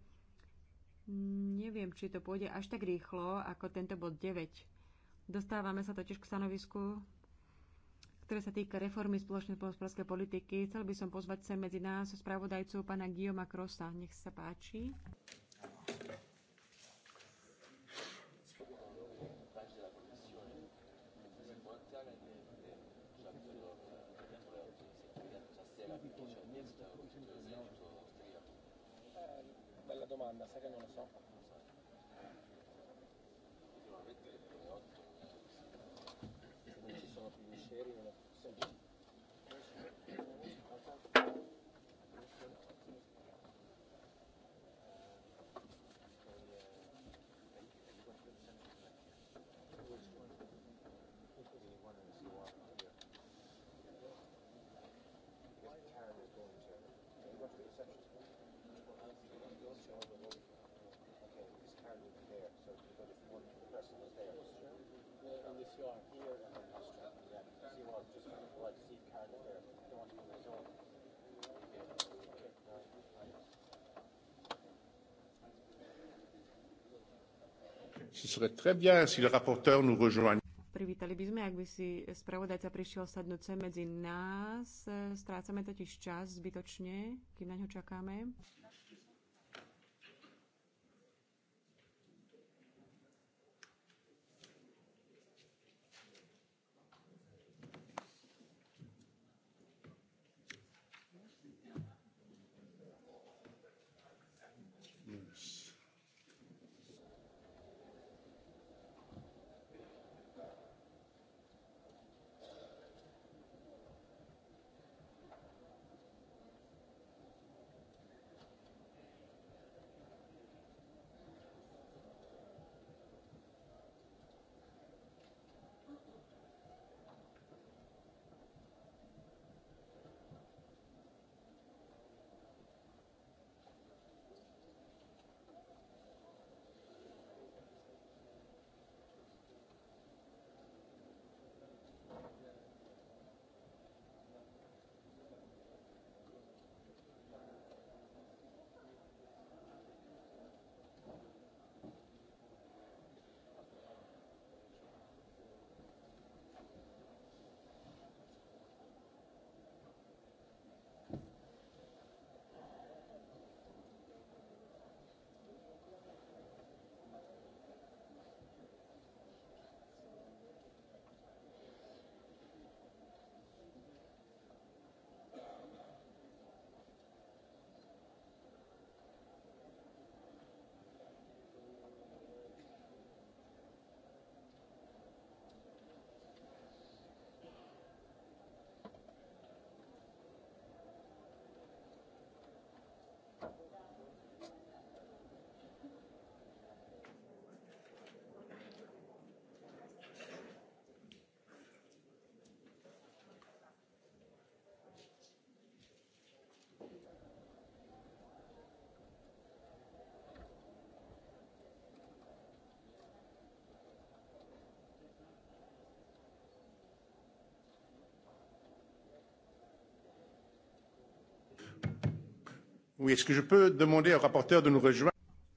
Neviem, či to pôjde až tak rýchlo ako tento bod 9. Dostávame sa totiž k stanovisku, ktoré sa týka reformy spoločnej poľnohospodárskej politiky. Chcel by som pozvať sa medzi nás spravodajcu pána Guillaume Krosa. Nech sa páči. alla saga non lo so Privítali by sme, ak by si spravodajca prišiel sadnúť sem medzi nás. Strácame totiž čas zbytočne, kým na ňo čakáme.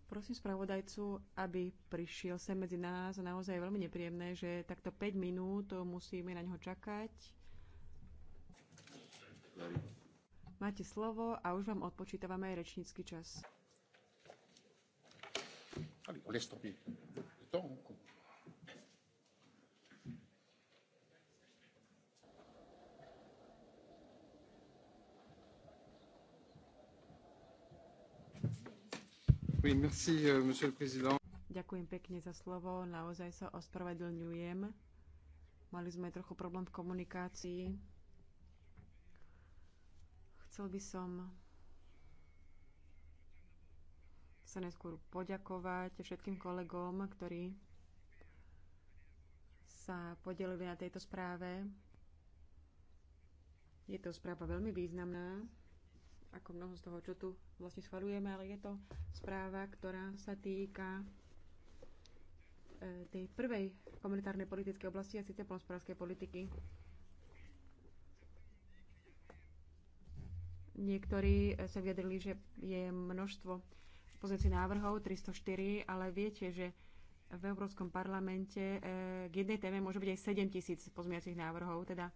Prosím spravodajcu, aby prišiel sem medzi nás. Naozaj je veľmi nepríjemné, že takto 5 minút musíme na neho čakať. Máte slovo a už vám odpočítavame aj rečnícky čas. Allez, on laisse tomber. Euh, Ďakujem pekne za slovo. Naozaj sa ospravedlňujem. Mali sme trochu problém v komunikácii. Chcel by som sa neskôr poďakovať všetkým kolegom, ktorí sa podelili na tejto správe. Je to správa veľmi významná ako mnoho z toho, čo tu vlastne schvalujeme, ale je to správa, ktorá sa týka e, tej prvej komunitárnej politickej oblasti a síce polnospodárskej politiky. Niektorí e, sa vyjadrili, že je množstvo pozícií návrhov, 304, ale viete, že v Európskom parlamente e, k jednej téme môže byť aj 7 tisíc pozmiacich návrhov, teda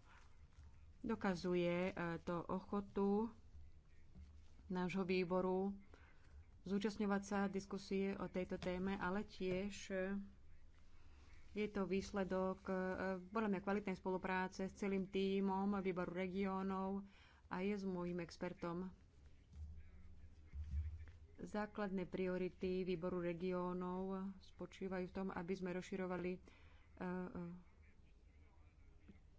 dokazuje to ochotu nášho výboru zúčastňovať sa diskusie o tejto téme, ale tiež e, je to výsledok e, podľa mňa kvalitnej spolupráce s celým tímom výboru regiónov a je s môjim expertom. Základné priority výboru regiónov spočívajú v tom, aby sme rozširovali e,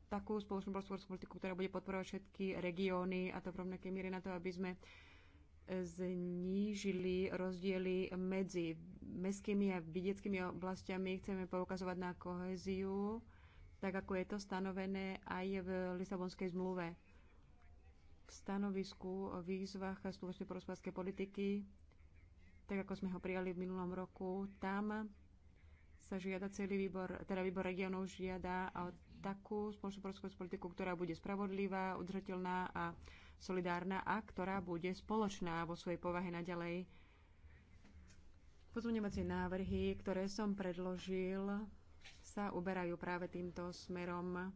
takú spoločnú polskú politiku, ktorá bude podporovať všetky regióny a to v rovnakej miere na to, aby sme znížili rozdiely medzi mestskými a vidieckými oblastiami. Chceme poukazovať na koheziu, tak ako je to stanovené aj v Lisabonskej zmluve. V stanovisku o výzvach spoločnej prospodárskej politiky, tak ako sme ho prijali v minulom roku, tam sa žiada celý výbor, teda výbor regionov žiada o takú spoločnú politiku, ktorá bude spravodlivá, udržateľná a solidárna a ktorá bude spoločná vo svojej povahe naďalej. Pozvňovacie návrhy, ktoré som predložil, sa uberajú práve týmto smerom,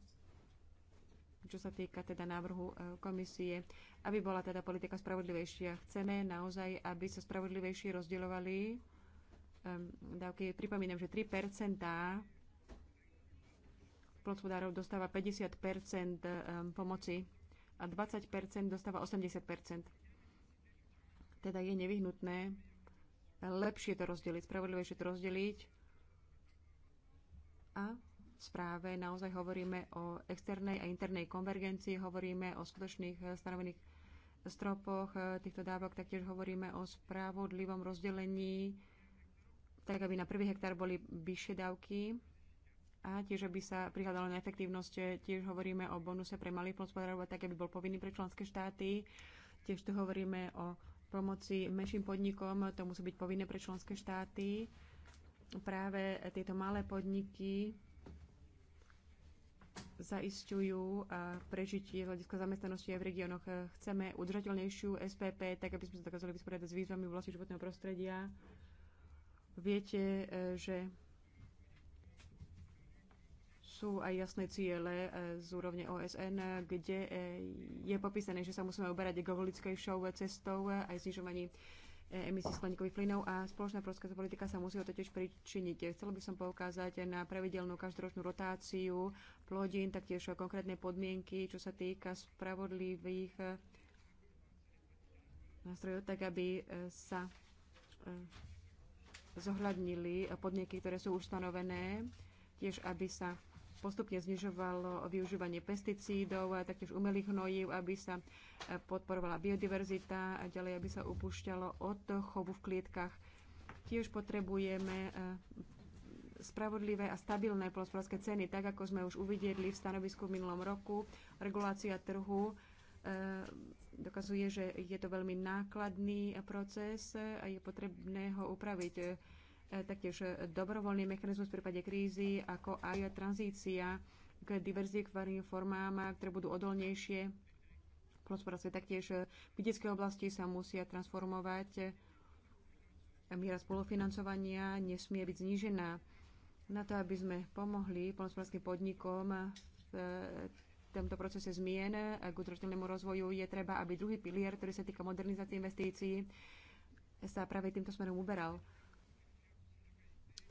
čo sa týka teda návrhu e, komisie, aby bola teda politika spravodlivejšia. Chceme naozaj, aby sa spravodlivejšie rozdielovali ehm, dávky. Pripomínam, že 3 plnospodárov dostáva 50 ehm, pomoci a 20 dostáva 80 Teda je nevyhnutné lepšie to rozdeliť, spravodlivejšie to rozdeliť a v správe naozaj hovoríme o externej a internej konvergencii, hovoríme o skutočných eh, stanovených stropoch eh, týchto dávok, taktiež hovoríme o spravodlivom rozdelení, tak aby na prvý hektár boli vyššie dávky a tiež, aby sa prihľadalo na efektívnosť. Eh, tiež hovoríme o bonuse pre malých plnospodárov, tak aby bol povinný pre členské štáty. Tiež tu hovoríme o pomoci menším podnikom, to musí byť povinné pre členské štáty. Práve tieto malé podniky zaisťujú eh, prežitie z hľadiska zamestnanosti aj v regiónoch. Chceme udržateľnejšiu SPP, tak aby sme sa dokázali vysporiadať s výzvami v vlastne životného prostredia. Viete, eh, že sú aj jasné ciele e, z úrovne OSN, kde e, je popísané, že sa musíme uberať show cestou e, aj znižovaní emisí skleníkových plynov a spoločná prostská politika sa musí o to tiež pričiniť. Chcela by som poukázať na pravidelnú každoročnú rotáciu plodín, taktiež konkrétne podmienky, čo sa týka spravodlivých nástrojov, tak aby sa zohľadnili podmienky, ktoré sú ustanovené, tiež aby sa postupne znižovalo využívanie pesticídov a taktiež umelých hnojív, aby sa e, podporovala biodiverzita a ďalej, aby sa upúšťalo od chovu v klietkach. Tiež potrebujeme e, spravodlivé a stabilné polospodárske ceny, tak ako sme už uvideli v stanovisku v minulom roku. Regulácia trhu e, dokazuje, že je to veľmi nákladný proces a je potrebné ho upraviť. E, taktiež e, dobrovoľný mechanizmus v prípade krízy, ako aj tranzícia k diverzifikovaným formám, ktoré budú odolnejšie. Hospodárstve taktiež e, v vidiecké oblasti sa musia transformovať. Miera spolufinancovania nesmie byť znížená na to, aby sme pomohli polnospodárským podnikom v tomto procese zmien k udržateľnému rozvoju, je treba, aby druhý pilier, ktorý sa týka modernizácie investícií, sa práve týmto smerom uberal.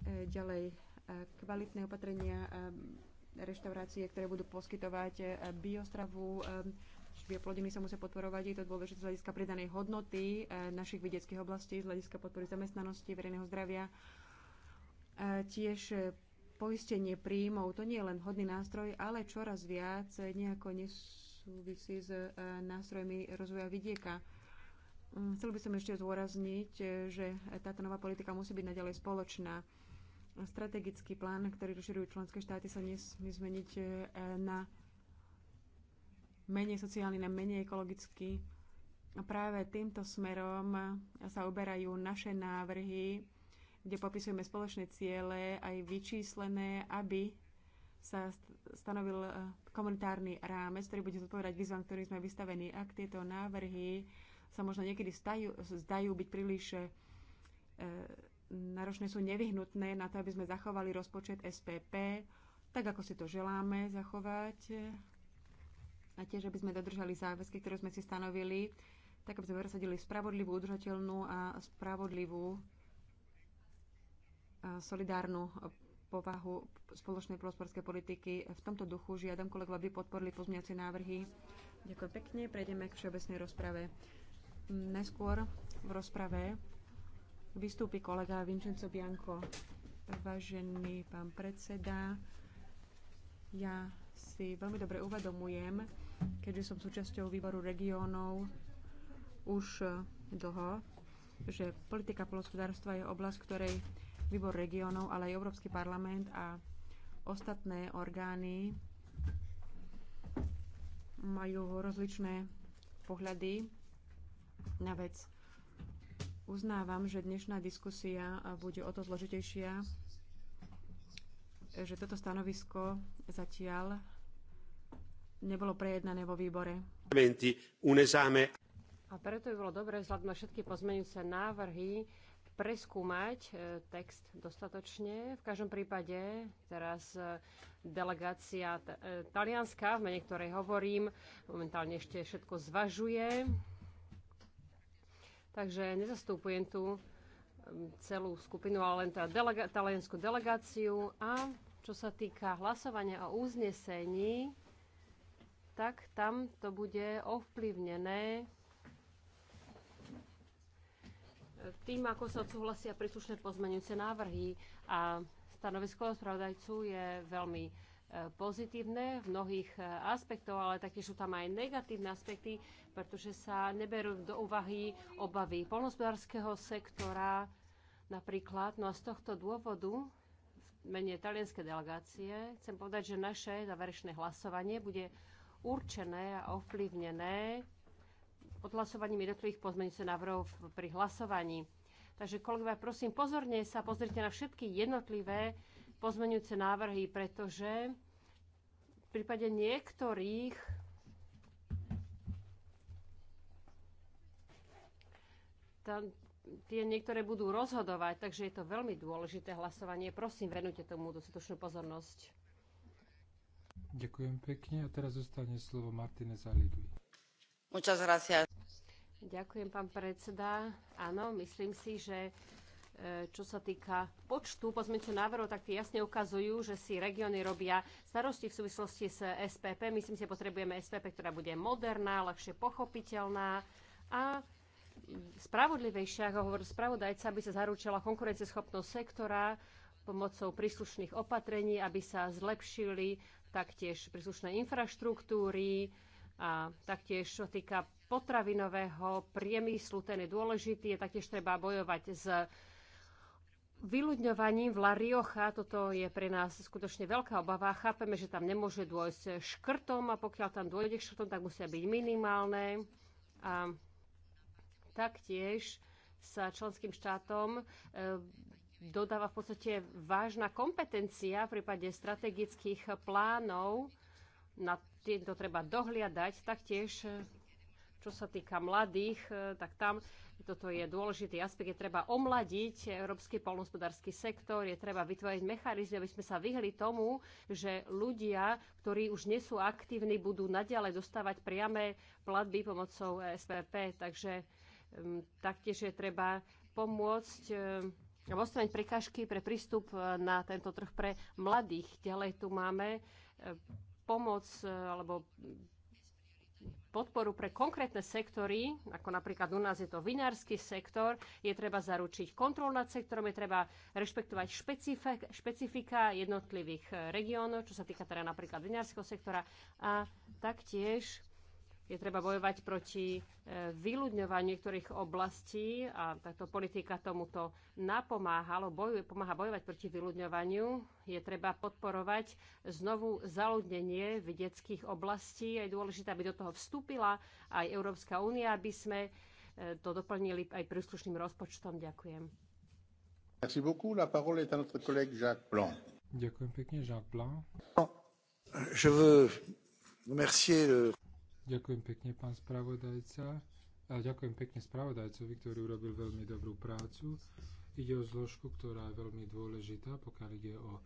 E, ďalej, e, kvalitné opatrenia e, reštaurácie, ktoré budú poskytovať biostravu, čiže plodiny sa musia podporovať. Je to dôležité z hľadiska pridanej hodnoty našich vidieckých oblastí, z hľadiska podpory zamestnanosti, verejného zdravia. Tiež poistenie príjmov, to nie je len hodný nástroj, ale čoraz viac nejako nesúvisí s nástrojmi rozvoja vidieka. Mm, chcel by som ešte zdôrazniť, že táto nová politika musí byť naďalej spoločná strategický plán, ktorý rozširujú členské štáty, sa nesmie zmeniť e, na menej sociálny, na menej ekologický. A práve týmto smerom sa uberajú naše návrhy, kde popisujeme spoločné ciele, aj vyčíslené, aby sa stanovil e, komunitárny rámec, ktorý bude zodpovedať výzvam, ktorým sme vystavení. Ak tieto návrhy sa možno niekedy stajú, zdajú byť príliš e, náročné sú nevyhnutné na to, aby sme zachovali rozpočet SPP, tak ako si to želáme zachovať a tiež, aby sme dodržali záväzky, ktoré sme si stanovili, tak aby sme presadili spravodlivú, udržateľnú a spravodlivú a e, solidárnu povahu spoločnej prosporskej politiky. V tomto duchu žiadam kolegov, aby podporili pozmiacie návrhy. Ďakujem pekne. Prejdeme k všeobecnej rozprave. Neskôr v rozprave Vystúpi kolega Vincenzo Bianco. Vážený pán predseda, ja si veľmi dobre uvedomujem, keďže som súčasťou výboru regiónov už eh, dlho, že politika polospodárstva je oblasť, v ktorej výbor regiónov, ale aj Európsky parlament a ostatné orgány majú rozličné pohľady na vec Uznávam, že dnešná diskusia bude o to zložitejšia, že toto stanovisko zatiaľ nebolo prejednané vo výbore. A preto by bolo dobré vzhľadom na všetky pozmeňujúce návrhy preskúmať e, text dostatočne. V každom prípade teraz e, delegácia e, talianská, v mene ktorej hovorím, momentálne ešte všetko zvažuje Takže nezastupujem tu um, celú skupinu, ale len tá delega- talianskú delegáciu. A čo sa týka hlasovania o uznesení, tak tam to bude ovplyvnené tým, ako sa odsúhlasia príslušné pozmeňujúce návrhy. A stanovisko spravodajcu je veľmi pozitívne v mnohých e, aspektov, ale taktiež sú tam aj negatívne aspekty, pretože sa neberú do úvahy obavy polnospodárskeho sektora napríklad. No a z tohto dôvodu v mene talianskej delegácie chcem povedať, že naše záverečné hlasovanie bude určené a ovplyvnené odhlasovaním jednotlivých pozmeňujúcich návrhov pri hlasovaní. Takže kolegovia, prosím, pozorne sa pozrite na všetky jednotlivé pozmeňujúce návrhy, pretože v prípade niektorých tam, tie niektoré budú rozhodovať, takže je to veľmi dôležité hlasovanie. Prosím, venujte tomu dostatočnú pozornosť. Ďakujem pekne a teraz zostane slovo Martine Zaligui. Muchas gracias. Ďakujem, pán predseda. Áno, myslím si, že E, čo sa týka počtu pozmeňujúcich návrhov, tak tie jasne ukazujú, že si regióny robia starosti v súvislosti s SPP. Myslím si, že potrebujeme SPP, ktorá bude moderná, ľahšie pochopiteľná a spravodlivejšia, ako hovorí spravodajca, aby sa zaručila konkurencieschopnosť sektora pomocou príslušných opatrení, aby sa zlepšili taktiež príslušné infraštruktúry a taktiež čo týka potravinového priemyslu, ten je dôležitý, je taktiež treba bojovať s vyľudňovaním v La Rioja, toto je pre nás skutočne veľká obava. Chápeme, že tam nemôže dôjsť škrtom a pokiaľ tam dôjde k škrtom, tak musia byť minimálne. A taktiež sa členským štátom e, dodáva v podstate vážna kompetencia v prípade strategických plánov. Na tieto treba dohliadať. Taktiež e, čo sa týka mladých, e, tak tam toto je dôležitý aspekt, je treba omladiť európsky polnospodársky sektor, je treba vytvoriť mechanizmy, aby sme sa vyhli tomu, že ľudia, ktorí už nie sú aktívni, budú naďalej dostávať priame platby pomocou SPP. Takže um, taktiež je treba pomôcť um, odstrániť prekážky pre prístup e, na tento trh pre mladých. Ďalej tu máme pomoc alebo podporu pre konkrétne sektory, ako napríklad u nás je to vinársky sektor, je treba zaručiť kontrol nad sektorom, je treba rešpektovať špecifika, špecifika jednotlivých regiónov, čo sa týka teda napríklad vinárskeho sektora a taktiež je treba bojovať proti e, vyľudňovaniu niektorých oblastí a táto politika tomuto napomáha, alebo bojuje, pomáha bojovať proti vyľudňovaniu. Je treba podporovať znovu zaludnenie vidieckých oblastí. Je dôležité, aby do toho vstúpila aj Európska únia, aby sme e, to doplnili aj príslušným rozpočtom. Ďakujem. Merci beaucoup. La parole est à notre collègue Jacques Blanc. Ďakujem pekne, Jacques Blanc. Je veux remercier le... Ďakujem pekne, pán spravodajca. A ďakujem pekne spravodajcovi, ktorý urobil veľmi dobrú prácu. Ide o zložku, ktorá je veľmi dôležitá, pokiaľ ide o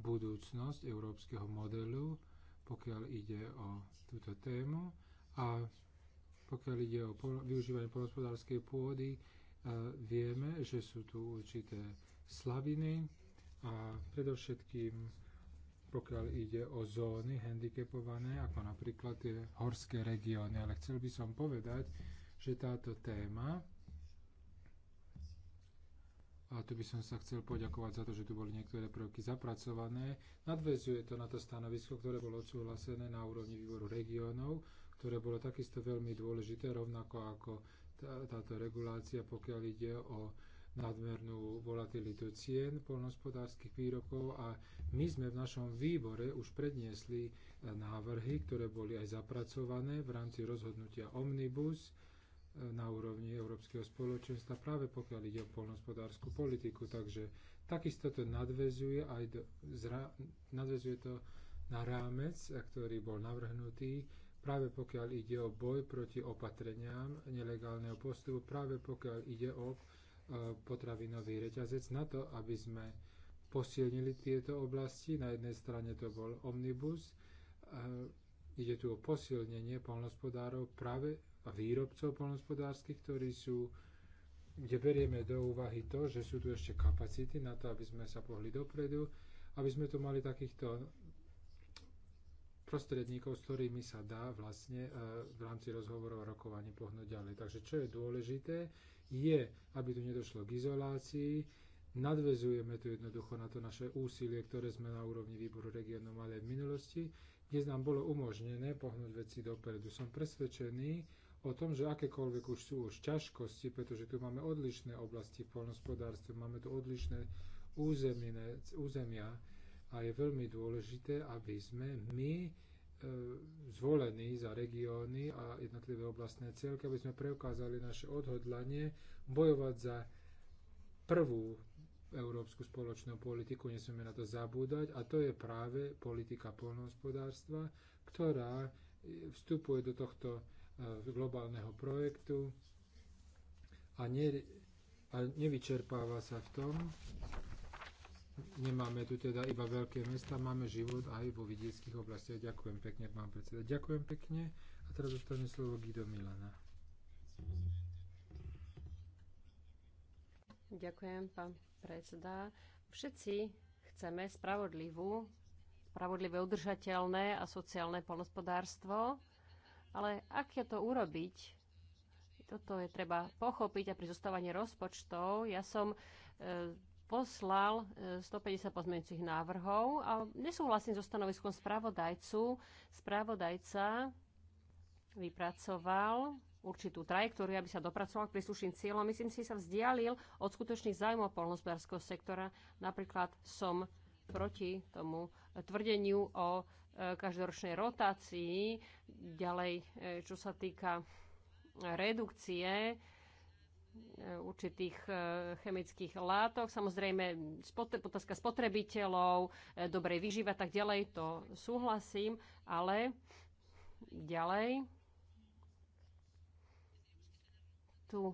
budúcnosť európskeho modelu, pokiaľ ide o túto tému a pokiaľ ide o pol- využívanie polnospodárskej pôdy, e, vieme, že sú tu určité slabiny a predovšetkým pokiaľ ide o zóny handicapované, ako napríklad tie horské regióny. Ale chcel by som povedať, že táto téma, a tu by som sa chcel poďakovať za to, že tu boli niektoré prvky zapracované, nadvezuje to na to stanovisko, ktoré bolo odsúhlasené na úrovni výboru regiónov, ktoré bolo takisto veľmi dôležité, rovnako ako tá, táto regulácia, pokiaľ ide o nadmernú volatilitu cien poľnohospodárskych výrokov a my sme v našom výbore už predniesli e, návrhy, ktoré boli aj zapracované v rámci rozhodnutia Omnibus e, na úrovni Európskeho spoločenstva práve pokiaľ ide o poľnohospodárskú politiku. Takže takisto to nadvezuje, aj do, zra, nadvezuje to na rámec, e, ktorý bol navrhnutý práve pokiaľ ide o boj proti opatreniam nelegálneho postupu, práve pokiaľ ide o potravinový reťazec na to, aby sme posilnili tieto oblasti. Na jednej strane to bol omnibus, ide tu o posilnenie polnospodárov práve a výrobcov polnospodárskych, ktorí sú, kde berieme do úvahy to, že sú tu ešte kapacity na to, aby sme sa pohli dopredu, aby sme tu mali takýchto prostredníkov, s ktorými sa dá vlastne eh, v rámci rozhovorov a rokovaní pohnúť ďalej. Takže čo je dôležité, je, aby tu nedošlo k izolácii. Nadvezujeme tu jednoducho na to naše úsilie, ktoré sme na úrovni výboru regionu mali v minulosti, kde nám bolo umožnené pohnúť veci dopredu. Som presvedčený o tom, že akékoľvek už sú už ťažkosti, pretože tu máme odlišné oblasti v poľnohospodárstve, máme tu odlišné územie, územia a je veľmi dôležité, aby sme my E, zvolení za regióny a jednotlivé oblastné cieľky, aby sme preukázali naše odhodlanie bojovať za prvú európsku spoločnú politiku, nesmieme na to zabúdať, a to je práve politika poľnohospodárstva, ktorá vstupuje do tohto e, globálneho projektu a, ne, a nevyčerpáva sa v tom, nemáme tu teda iba veľké mesta, máme život aj vo vidieckých oblastiach. Ďakujem pekne, pán predseda. Ďakujem pekne. A teraz zostane slovo Guido Milana. Ďakujem, pán predseda. Všetci chceme spravodlivú, spravodlivé, udržateľné a sociálne polospodárstvo, ale ak je to urobiť, toto je treba pochopiť a pri zostávaní rozpočtov. Ja som e, poslal 150 e, pozmeňujúcich návrhov a nesúhlasím so stanoviskom spravodajcu. Spravodajca vypracoval určitú trajektóriu, aby sa dopracoval k príslušným cieľom. Myslím si, sa vzdialil od skutočných zájmov polnospodárskeho sektora. Napríklad som proti tomu tvrdeniu o e, každoročnej rotácii. Ďalej, e, čo sa týka redukcie určitých e, chemických látok. Samozrejme, spotre, otázka spotrebiteľov, e, dobrej vyživa tak ďalej, to súhlasím, ale ďalej tu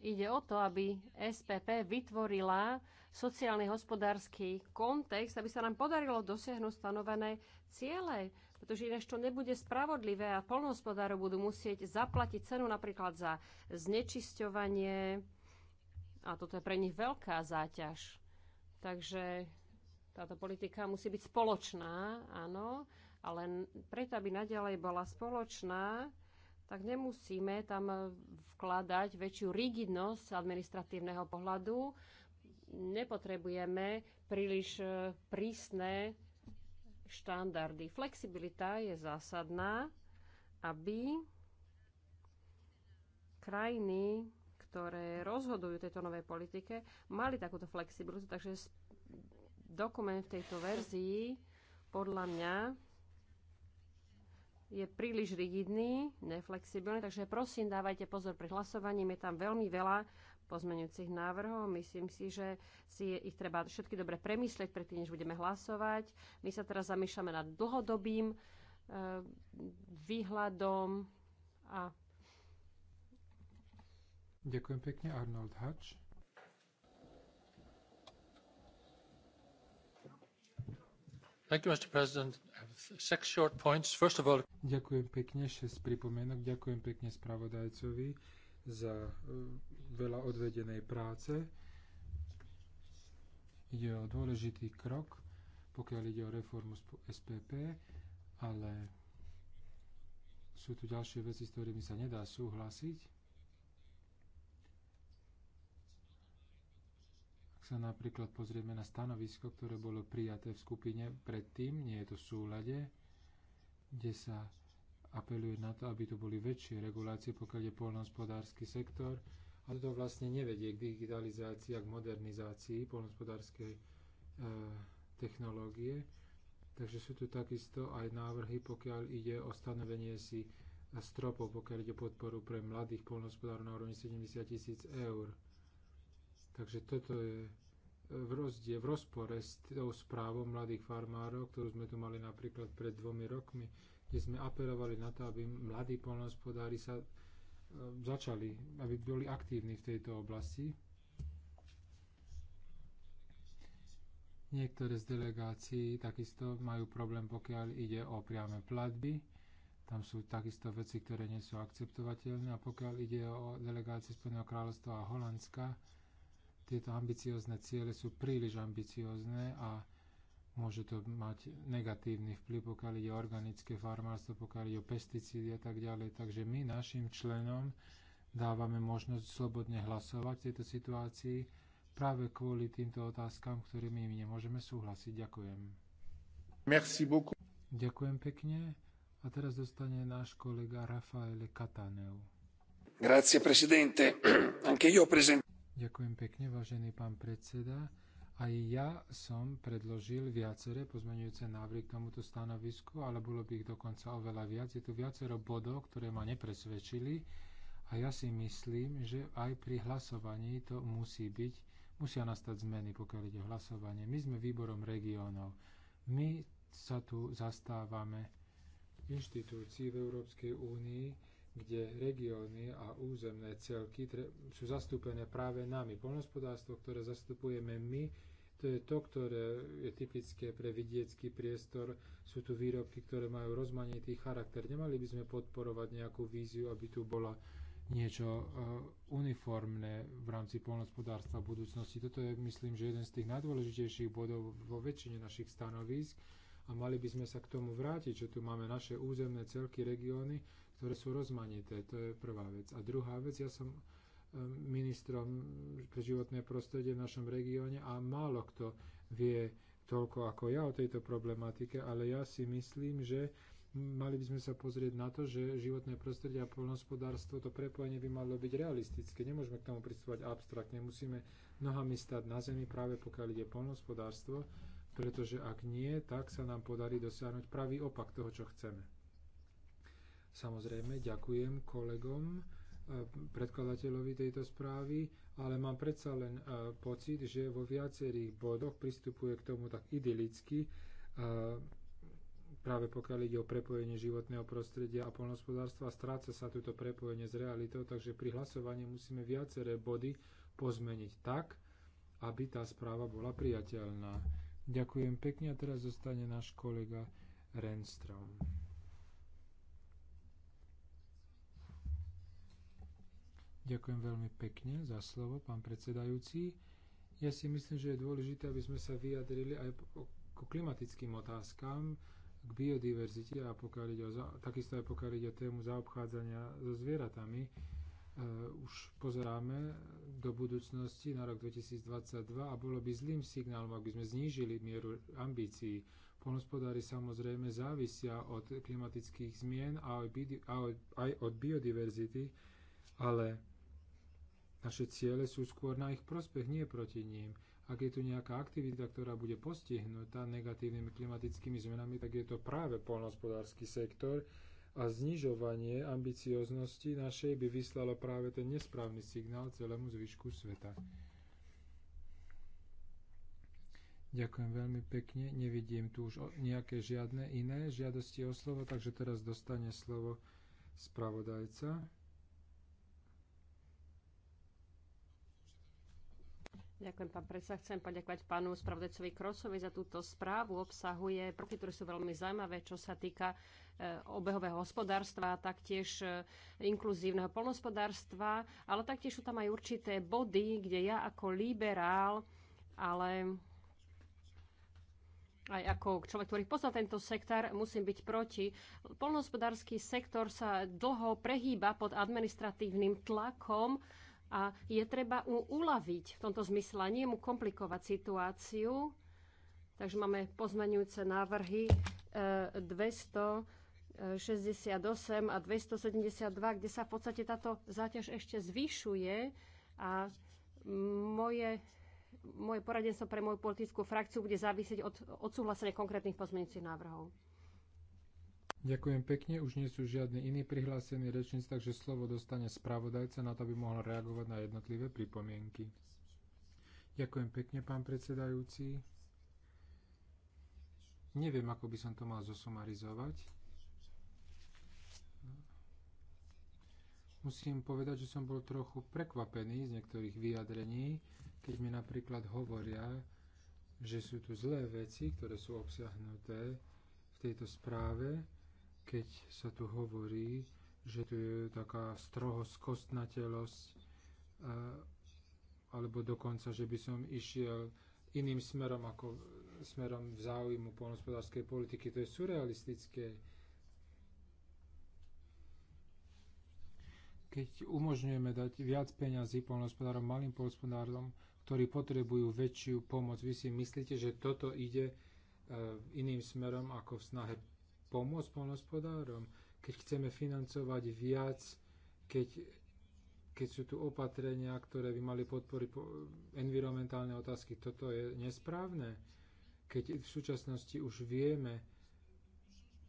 ide o to, aby SPP vytvorila sociálny hospodársky kontext, aby sa nám podarilo dosiahnuť stanovené ciele pretože ináč to nebude spravodlivé a polnohospodárov budú musieť zaplatiť cenu napríklad za znečisťovanie a toto je pre nich veľká záťaž. Takže táto politika musí byť spoločná, áno, ale preto, aby naďalej bola spoločná, tak nemusíme tam vkladať väčšiu rigidnosť administratívneho pohľadu. Nepotrebujeme príliš e, prísne štandardy. Flexibilita je zásadná, aby krajiny, ktoré rozhodujú tejto novej politike, mali takúto flexibilitu. Takže dokument v tejto verzii podľa mňa je príliš rigidný, neflexibilný, takže prosím, dávajte pozor pri hlasovaní. Je tam veľmi veľa pozmeňujúcich návrhov. Myslím si, že si ich treba všetky dobre premyslieť predtým, než budeme hlasovať. My sa teraz zamýšľame nad dlhodobým uh, výhľadom a Ďakujem pekne, Arnold Hač. You, all... Ďakujem pekne, šesť pripomienok. Ďakujem pekne spravodajcovi za e, veľa odvedenej práce. Ide o dôležitý krok, pokiaľ ide o reformu SPP, ale sú tu ďalšie veci, s ktorými sa nedá súhlasiť. Ak sa napríklad pozrieme na stanovisko, ktoré bolo prijaté v skupine predtým, nie je to v súlade, kde sa apeluje na to, aby tu boli väčšie regulácie, pokiaľ je poľnohospodársky sektor, a to vlastne nevedie k digitalizácii a k modernizácii polnospodárskej e, technológie. Takže sú tu takisto aj návrhy, pokiaľ ide o stanovenie si stropov, pokiaľ ide podporu pre mladých polnospodárov na úrovni 70 tisíc eur. Takže toto je v, rozdie, v rozpore s tou správou mladých farmárov, ktorú sme tu mali napríklad pred dvomi rokmi, kde sme apelovali na to, aby mladí polnospodári sa začali, aby boli aktívni v tejto oblasti. Niektoré z delegácií takisto majú problém, pokiaľ ide o priame platby. Tam sú takisto veci, ktoré nie sú akceptovateľné. A pokiaľ ide o delegácie Spojeného kráľovstva a Holandska, tieto ambiciozne ciele sú príliš ambiciozne a Môže to mať negatívny vplyv, pokiaľ ide o organické farmárstvo, pokiaľ ide o pesticídy a tak ďalej. Takže my našim členom dávame možnosť slobodne hlasovať v tejto situácii práve kvôli týmto otázkam, ktorými my nemôžeme súhlasiť. Ďakujem. Merci beaucoup. Ďakujem pekne. A teraz dostane náš kolega Rafaele Cataneu. Grazie, presidente. Anche io present... Ďakujem pekne, vážený pán predseda. Aj ja som predložil viaceré pozmeňujúce návrhy k tomuto stanovisku, ale bolo by ich dokonca oveľa viac. Je tu viacero bodov, ktoré ma nepresvedčili a ja si myslím, že aj pri hlasovaní to musí byť, musia nastať zmeny, pokiaľ ide o hlasovanie. My sme výborom regiónov. My sa tu zastávame inštitúcií v Európskej únii, kde regióny a územné celky sú zastúpené práve nami. Polnospodárstvo, ktoré zastupujeme my, to je to, ktoré je typické pre vidiecký priestor. Sú tu výrobky, ktoré majú rozmanitý charakter. Nemali by sme podporovať nejakú víziu, aby tu bola niečo e, uniformné v rámci poľnohospodárstva v budúcnosti. Toto je, myslím, že jeden z tých najdôležitejších bodov vo väčšine našich stanovísk a mali by sme sa k tomu vrátiť, že tu máme naše územné celky, regióny, ktoré sú rozmanité. To je prvá vec. A druhá vec, ja som ministrom pre životné prostredie v našom regióne a málo kto vie toľko ako ja o tejto problematike, ale ja si myslím, že mali by sme sa pozrieť na to, že životné prostredie a poľnohospodárstvo, to prepojenie by malo byť realistické. Nemôžeme k tomu pristúpať abstraktne, musíme nohami stať na zemi práve pokiaľ ide poľnohospodárstvo, pretože ak nie, tak sa nám podarí dosiahnuť pravý opak toho, čo chceme. Samozrejme, ďakujem kolegom predkladateľovi tejto správy, ale mám predsa len e, pocit, že vo viacerých bodoch pristupuje k tomu tak idylicky, e, práve pokiaľ ide o prepojenie životného prostredia a poľnohospodárstva, stráca sa toto prepojenie s realitou, takže pri hlasovaní musíme viaceré body pozmeniť tak, aby tá správa bola priateľná. Ďakujem pekne a teraz zostane náš kolega Renstrom. Ďakujem veľmi pekne za slovo, pán predsedajúci. Ja si myslím, že je dôležité, aby sme sa vyjadrili aj k klimatickým otázkam, k biodiverzite a ide o, takisto aj pokiaľ ide o tému zaobchádzania so zvieratami. Uh, už pozeráme do budúcnosti na rok 2022 a bolo by zlým signálom, ak by sme znížili mieru ambícií. Polnospodári samozrejme závisia od klimatických zmien a aj, aj od biodiverzity, ale naše ciele sú skôr na ich prospech, nie proti ním. Ak je tu nejaká aktivita, ktorá bude postihnutá negatívnymi klimatickými zmenami, tak je to práve polnospodársky sektor a znižovanie ambicioznosti našej by vyslalo práve ten nesprávny signál celému zvyšku sveta. Ďakujem veľmi pekne. Nevidím tu už nejaké žiadne iné žiadosti o slovo, takže teraz dostane slovo spravodajca. Ďakujem, pán predseda. Chcem poďakovať pánu spravodajcovi Krosovi za túto správu. Obsahuje prvky, ktoré sú veľmi zaujímavé, čo sa týka e, obehového hospodárstva, taktiež e, inkluzívneho polnospodárstva, ale taktiež sú tam aj určité body, kde ja ako liberál, ale aj ako človek, ktorý pozná tento sektor, musím byť proti. Polnospodársky sektor sa dlho prehýba pod administratívnym tlakom, a je treba mu uľaviť v tomto zmysle, nie mu komplikovať situáciu. Takže máme pozmeňujúce návrhy 268 e, e, a 272, kde sa v podstate táto záťaž ešte zvyšuje a moje, moje poradenstvo pre moju politickú frakciu bude závisieť od odsúhlasenia konkrétnych pozmeňujúcich návrhov. Ďakujem pekne, už nie sú žiadni iní prihlásení rečníci, takže slovo dostane spravodajca na to, aby mohol reagovať na jednotlivé pripomienky. Ďakujem pekne, pán predsedajúci. Neviem, ako by som to mal zosumarizovať. Musím povedať, že som bol trochu prekvapený z niektorých vyjadrení, keď mi napríklad hovoria, že sú tu zlé veci, ktoré sú obsiahnuté v tejto správe, keď sa tu hovorí, že tu je taká kostnatelosť, e, alebo dokonca, že by som išiel iným smerom ako smerom v záujmu poľnospodárskej politiky. To je surrealistické. Keď umožňujeme dať viac peňazí poľnospodárom malým poľnohospodárom, ktorí potrebujú väčšiu pomoc, vy si myslíte, že toto ide e, iným smerom ako v snahe pomôcť poľnohospodárom, keď chceme financovať viac, keď, keď sú tu opatrenia, ktoré by mali podporiť environmentálne otázky. Toto je nesprávne, keď v súčasnosti už vieme,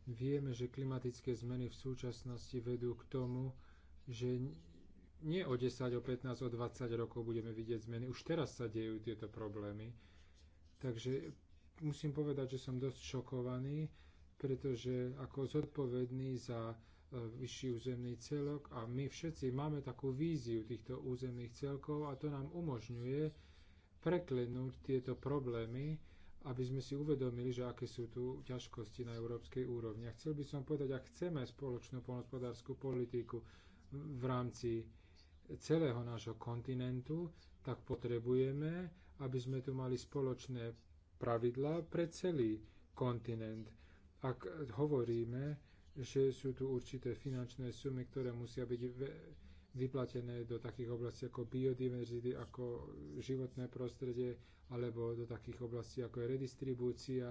vieme, že klimatické zmeny v súčasnosti vedú k tomu, že nie o 10, o 15, o 20 rokov budeme vidieť zmeny. Už teraz sa dejú tieto problémy. Takže musím povedať, že som dosť šokovaný pretože ako zodpovedný za e, vyšší územný celok a my všetci máme takú víziu týchto územných celkov a to nám umožňuje preklenúť tieto problémy, aby sme si uvedomili, že aké sú tu ťažkosti na európskej úrovni. A chcel by som povedať, ak chceme spoločnú polnospodárskú politiku v rámci celého nášho kontinentu, tak potrebujeme, aby sme tu mali spoločné pravidlá pre celý kontinent. Ak hovoríme, že sú tu určité finančné sumy, ktoré musia byť vyplatené do takých oblastí ako biodiverzity, ako životné prostredie, alebo do takých oblastí ako je redistribúcia,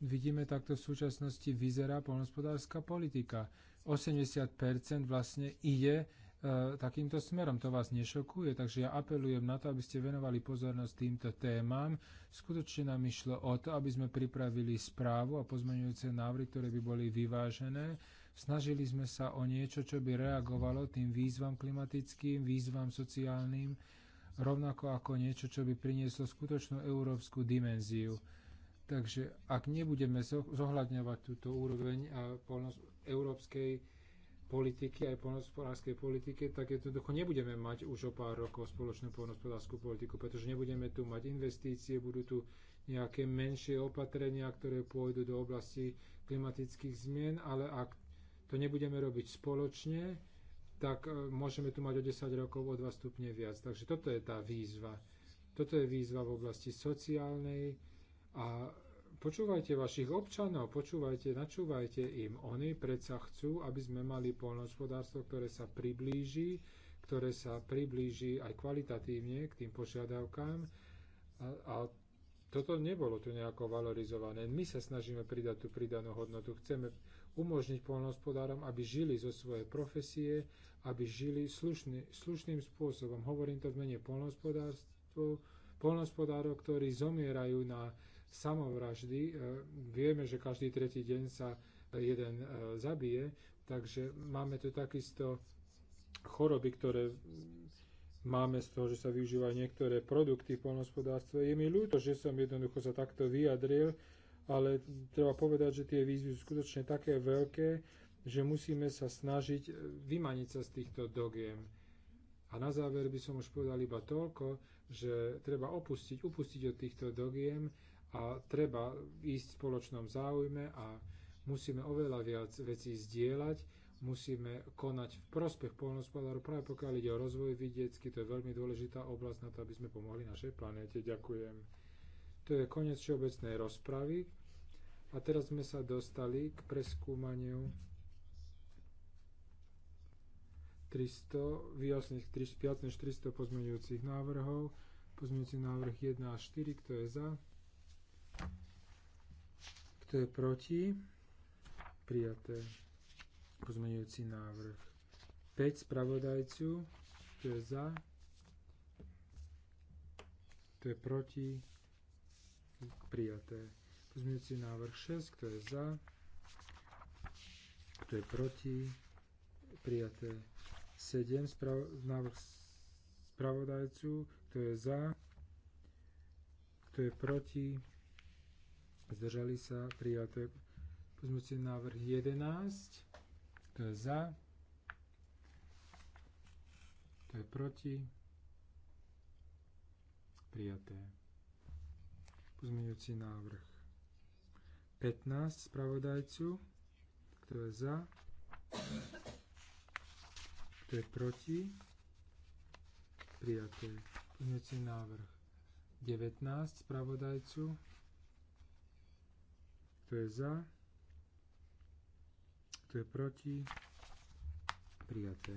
vidíme takto v súčasnosti vyzerá poľnohospodárska politika. 80% vlastne ide E, takýmto smerom. To vás nešokuje, takže ja apelujem na to, aby ste venovali pozornosť týmto témam. Skutočne nám išlo o to, aby sme pripravili správu a pozmeňujúce návrhy, ktoré by boli vyvážené. Snažili sme sa o niečo, čo by reagovalo tým výzvam klimatickým, výzvam sociálnym, rovnako ako niečo, čo by prinieslo skutočnú európsku dimenziu. Takže ak nebudeme zohľadňovať túto úroveň a európskej politiky, aj poľnohospodárskej politike, tak jednoducho nebudeme mať už o pár rokov spoločnú poľnohospodárskú politiku, pretože nebudeme tu mať investície, budú tu nejaké menšie opatrenia, ktoré pôjdu do oblasti klimatických zmien, ale ak to nebudeme robiť spoločne, tak e, môžeme tu mať o 10 rokov o 2 stupne viac. Takže toto je tá výzva. Toto je výzva v oblasti sociálnej a Počúvajte vašich občanov, počúvajte, načúvajte im. Oni predsa chcú, aby sme mali poľnohospodárstvo, ktoré sa priblíži, ktoré sa priblíži aj kvalitatívne k tým požiadavkám. A, a toto nebolo tu nejako valorizované. My sa snažíme pridať tú pridanú hodnotu. Chceme umožniť poľnohospodárom, aby žili zo svojej profesie, aby žili slušný, slušným spôsobom. Hovorím to v mene poľnohospodárov, ktorí zomierajú na samovraždy. E, vieme, že každý tretí deň sa e, jeden e, zabije, takže máme tu takisto choroby, ktoré máme z toho, že sa využívajú niektoré produkty v poľnohospodárstve. Je mi ľúto, že som jednoducho sa takto vyjadril, ale treba povedať, že tie výzvy sú skutočne také veľké, že musíme sa snažiť vymaniť sa z týchto dogiem. A na záver by som už povedal iba toľko, že treba opustiť, upustiť od týchto dogiem a treba ísť v spoločnom záujme a musíme oveľa viac vecí zdieľať, musíme konať v prospech polnospodárov, práve pokiaľ ide o rozvoj vidiecky, to je veľmi dôležitá oblasť na to, aby sme pomohli našej planéte. Ďakujem. To je koniec všeobecnej rozpravy a teraz sme sa dostali k preskúmaniu 300, vyjasniť 5 než 300 pozmeňujúcich návrhov. Pozmeňujúci návrh 1 až 4, kto je za? Kto je proti? Prijaté. Pozmeňujúci návrh. 5 spravodajcu. Kto je za? Kto je proti? Prijaté. Pozmeňujúci návrh 6. Kto je za? Kto je proti? Prijaté. 7. Spravo- návrh spravodajcu. Kto je za? Kto je proti? zdržali sa, prijaté. Pozmúci návrh 11, to je za, to je proti, prijaté. Pozmeňujúci návrh 15 spravodajcu, kto je za, kto je proti, prijaté. Pozmeňujúci návrh 19 spravodajcu, kto je za? Kto je proti? Prijaté.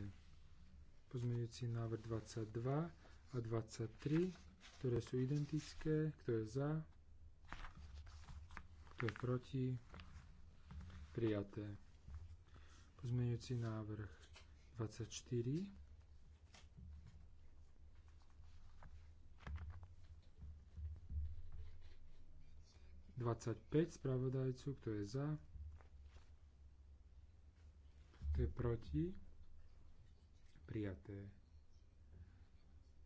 Pozmeňujúci návrh 22 a 23, ktoré sú identické. Kto je za? Kto je proti? Prijaté. Pozmeňujúci návrh 24 25 spravodajcu, kto je za, kto je proti, prijaté.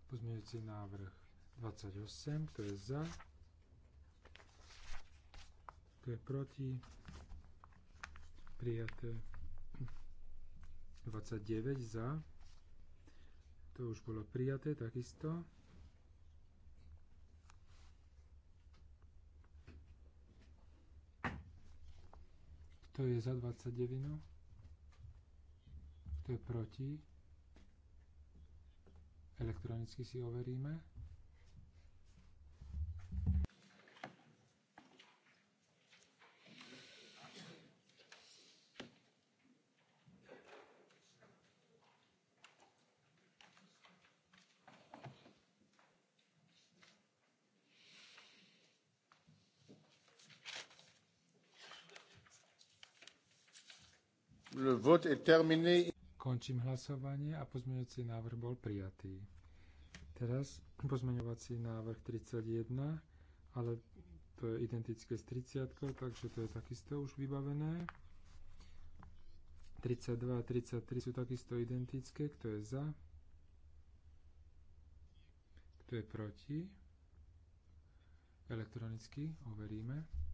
Pozmeňujúci návrh 28, kto je za, kto je proti, prijaté. 29 za, to už bolo prijaté takisto. Kto je za 29? Kto je proti? Elektronicky si overíme. Končím hlasovanie a pozmeňovací návrh bol prijatý. Teraz pozmeňovací návrh 31, ale to je identické s 30, takže to je takisto už vybavené. 32 a 33 sú takisto identické. Kto je za? Kto je proti? Elektronicky overíme.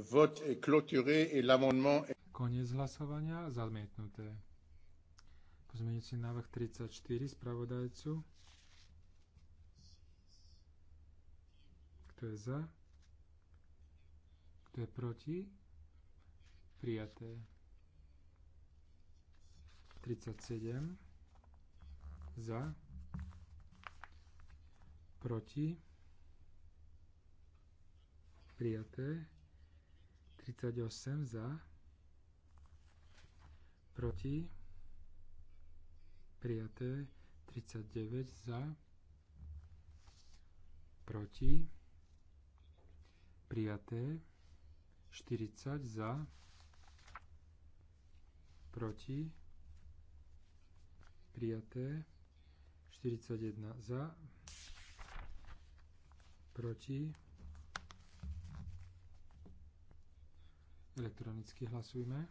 vote est clôturé et l'amendement est... Koniec hlasovania zamietnuté. Pozmeňujúci návrh 34 spravodajcu. Kto je za? Kto je proti? Prijaté. 37 za proti prijaté 38 za, proti, prijaté, 39 za, proti, prijaté, 40 za, proti, prijaté, 41 za, proti, Elektronicky hlasujme.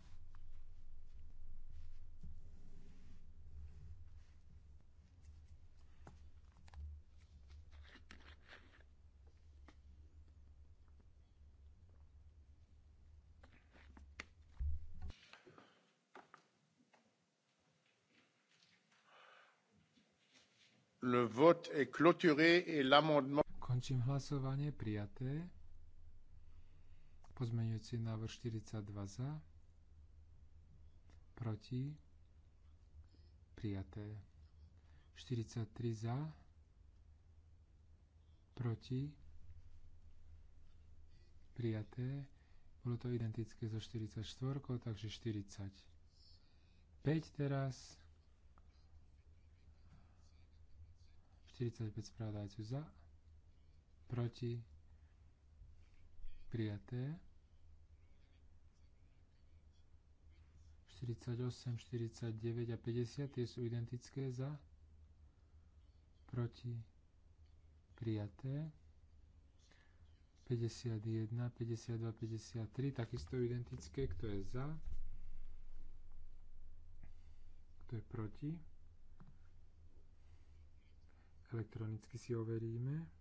Le vote est clôturé et l'amendement. Končím hlasovanie prijaté. Pozmeňujúci návrh 42 za. Proti. Prijaté. 43 za. Proti. Prijaté. Bolo to identické so 44, takže 40. 5 teraz. 45 správdajcu za. Proti. Prijaté. 48, 49 a 50, tie sú identické za, proti, prijaté. 51, 52, 53, takisto identické, kto je za, kto je proti. Elektronicky si overíme.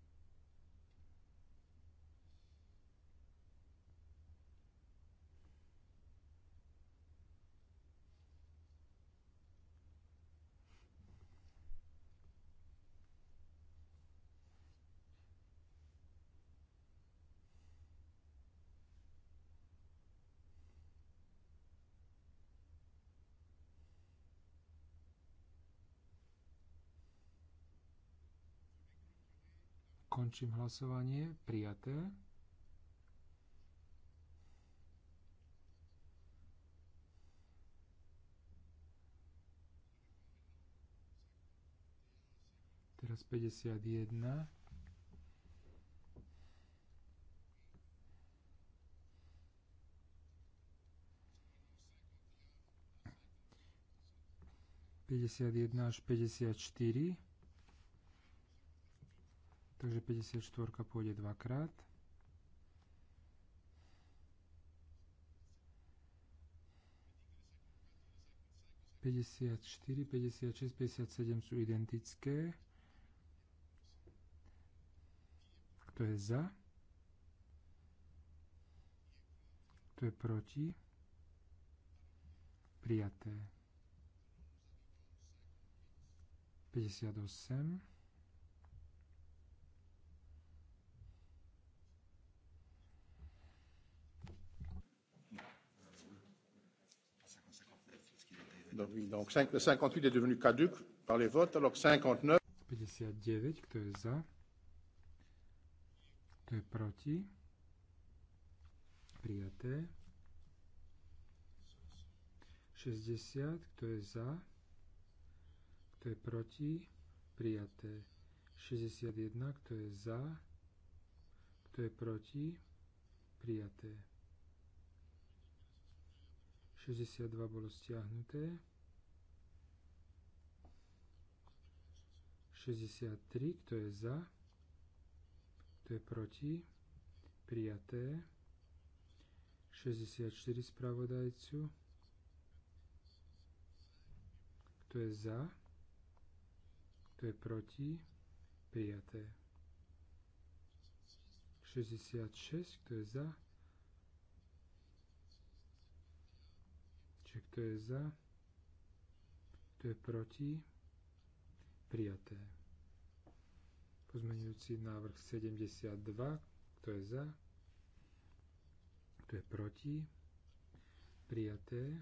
Končím hlasovanie. Prijaté. Teraz 51. Pedesiat jedna až pedesiat Takže 54 pôjde dvakrát. Päťdesiatštyri, päťdesiatšesť, päťdesiatsedem sú identické. Kto je za? Kto je proti? Prijaté. 58. Donc, oui, donc 5, le 58 est devenu caduc par les votes, alors 59. 59, kto je za? Kto je proti? Prijaté. 60, kto je za? Kto je proti? Prijaté. 61, kto je za? Kto je proti? Prijaté. 62 bolo stiahnuté. 63, kto je za, kto je proti, prijaté. 64 spravodajcu, kto je za, kto je proti, prijaté. 66, kto je za, čiže kto je za, kto je proti, prijaté. Pozmeňujúci návrh 72. Kto je za? Kto je proti? Prijaté.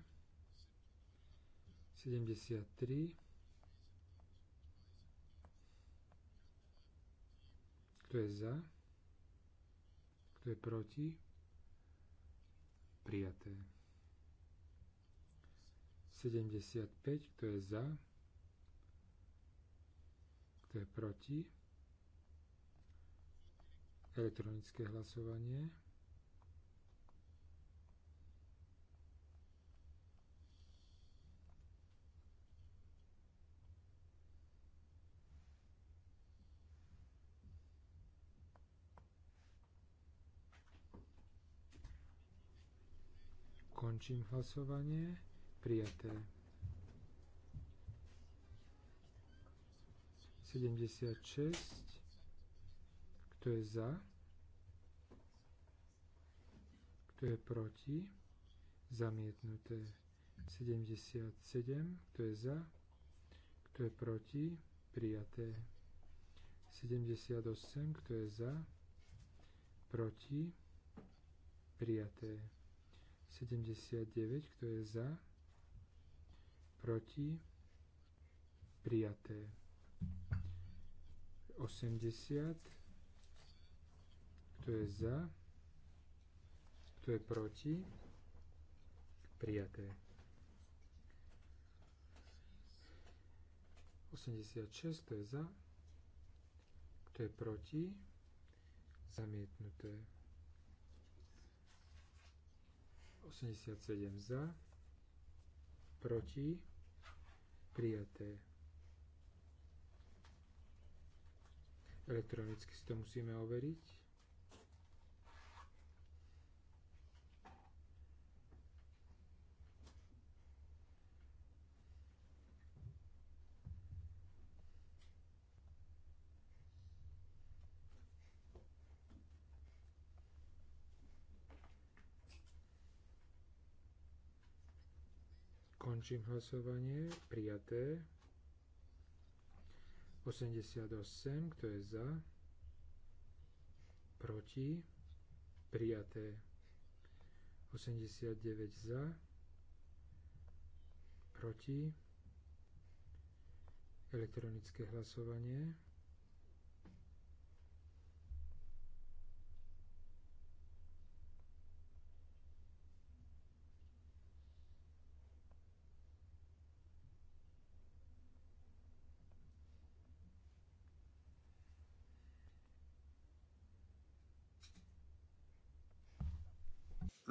73. Kto je za? Kto je proti? Prijaté. 75. Kto je za? Kto je proti? elektronické hlasovanie. Končím hlasovanie. Prijaté. 76 kto je za? Kto je proti? Zamietnuté. 77. Kto je za? Kto je proti? Prijaté. 78. Kto je za? Proti? Prijaté. 79. Kto je za? Proti? Prijaté. 80 kto je za? Kto je proti? Prijaté. 86, to je za. Kto je proti? Zamietnuté. 87 za. Proti? Prijaté. Elektronicky si to musíme overiť. Končím hlasovanie. Prijaté. 88. Kto je za? Proti. Prijaté. 89 za. Proti. Elektronické hlasovanie.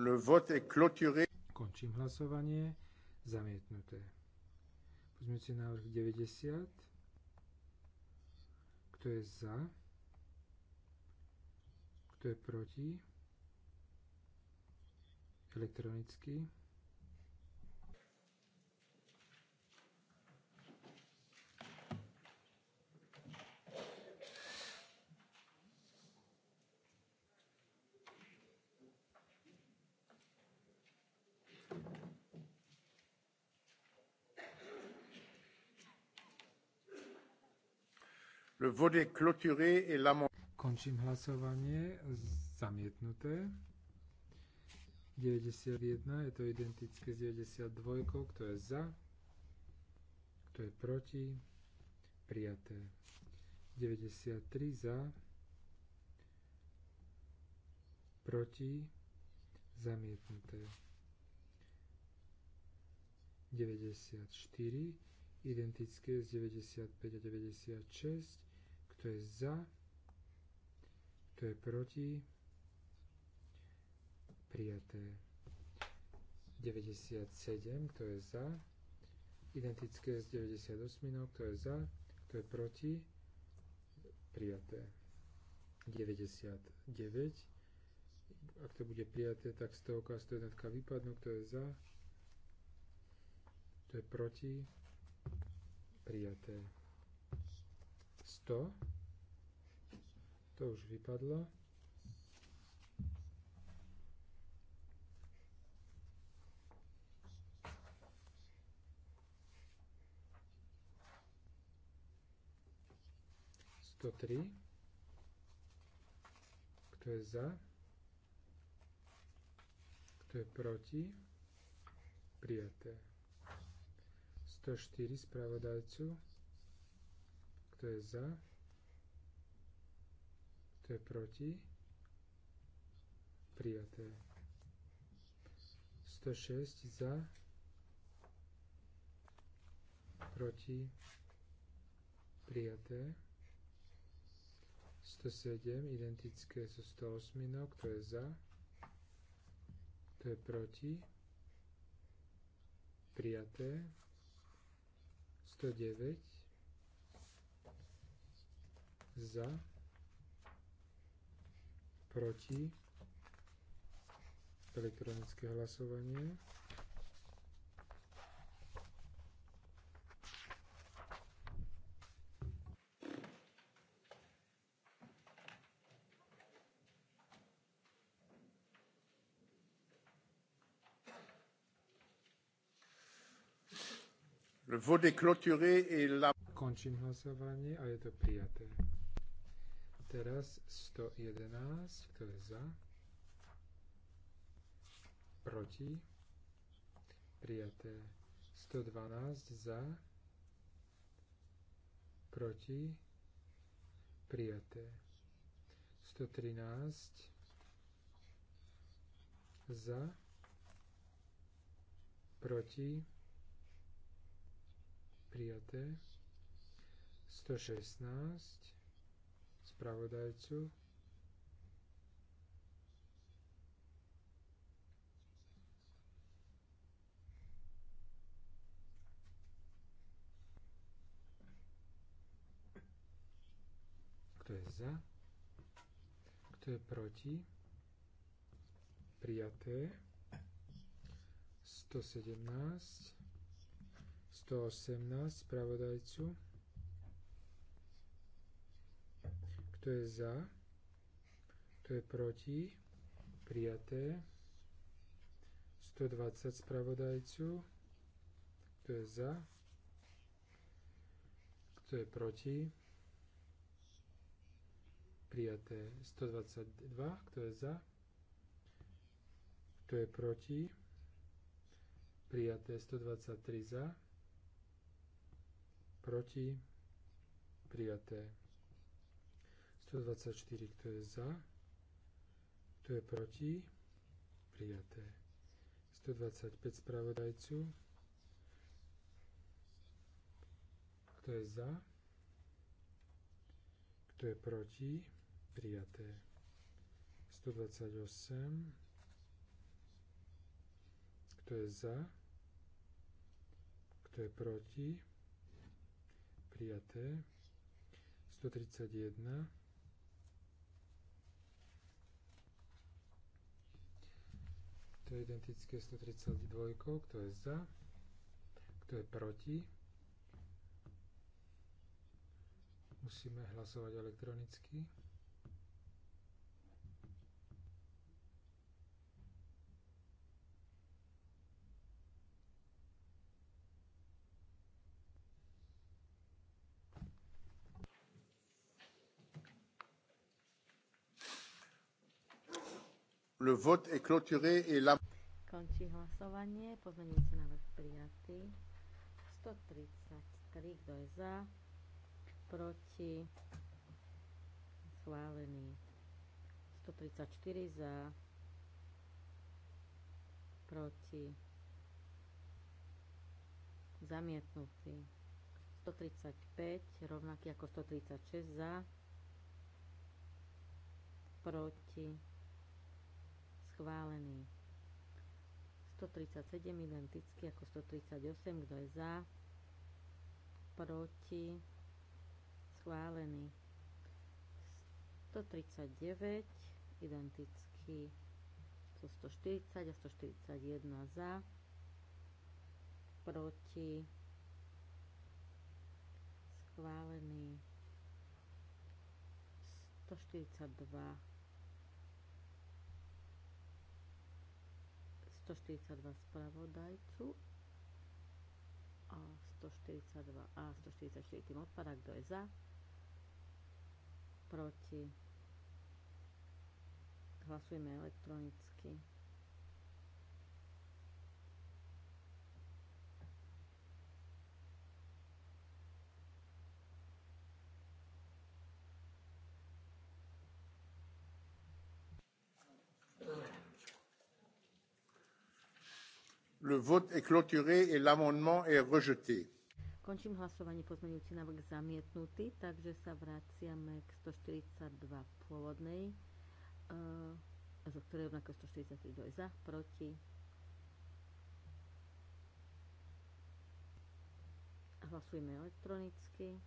Le vote est clôturé. Končím hlasovanie. Zamietnuté. Pozmeňujúci návrh 90. Kto je za? Kto je proti? Elektronicky. Le vote est clôturé et l'amendement... Končím hlasovanie. Zamietnuté. 91 je to identické s 92. Kto je za? Kto je proti? Prijaté. 93 za. Proti. Zamietnuté. 94 identické s 95 a 96 kto je za? Kto je proti? Prijaté. 97. Kto je za? Identické s 98. Kto je za? Kto je proti? Prijaté. 99. Ak to bude prijaté, tak 100 a 101 vypadnú. Kto je za? Kto je proti? Prijaté. 100. To už vypadlo. Sto Kto je za? Kto je proti? Prijaté. 104 spravodajcu. Kto je za? Kto je proti? Prijaté. 106 za. Proti. Prijaté. 107 identické so 108. Kto je za? Kto je proti? Prijaté. 109 za, proti, elektronické hlasovanie. Končím hlasovanie a je to prijaté. Teraz 111, kto je za? Proti? Prijaté. 112 za? Proti? Prijaté. 113 za? Proti? Prijaté. 116 spravodajcu. Kto je za? Kto je proti? Prijaté. 117. 118 spravodajcu. Kto je za? Kto je proti? Prijaté. 120 spravodajcu. Kto je za? Kto je proti? Prijaté. 122. Kto je za? Kto je proti? Prijaté. 123 za. Proti? Prijaté. 124, kto je za, kto je proti, prijaté. 125 spravodajcu, kto je za, kto je proti, prijaté. 128, kto je za, kto je proti, prijaté. 131, To je identické 132. Kto je za? Kto je proti? Musíme hlasovať elektronicky. Le vote est clôturé et la... Končí hlasovanie. Pozmeňujúci návrh prijatý. 133. Kto je za? Proti? Schválený. 134 za. Proti? Zamietnutý. 135, rovnaký ako 136 za. Proti? Schválený. 137 identicky ako 138, kto je za, proti, schválený. 139 identicky, so 140 a 141 za, proti, schválený. 142 142 spravodajcu a 142 a 144 tým odpada. Kto je za? Proti. Hlasujeme elektronicky. Le vote est clôturé et l'amendement est rejeté. Končím hlasovanie, pozmeňujúci návrh zamietnutý, takže sa vraciame k 142 pôvodnej, e, zo ktorej rovnako 143 za, proti. Hlasujeme elektronicky.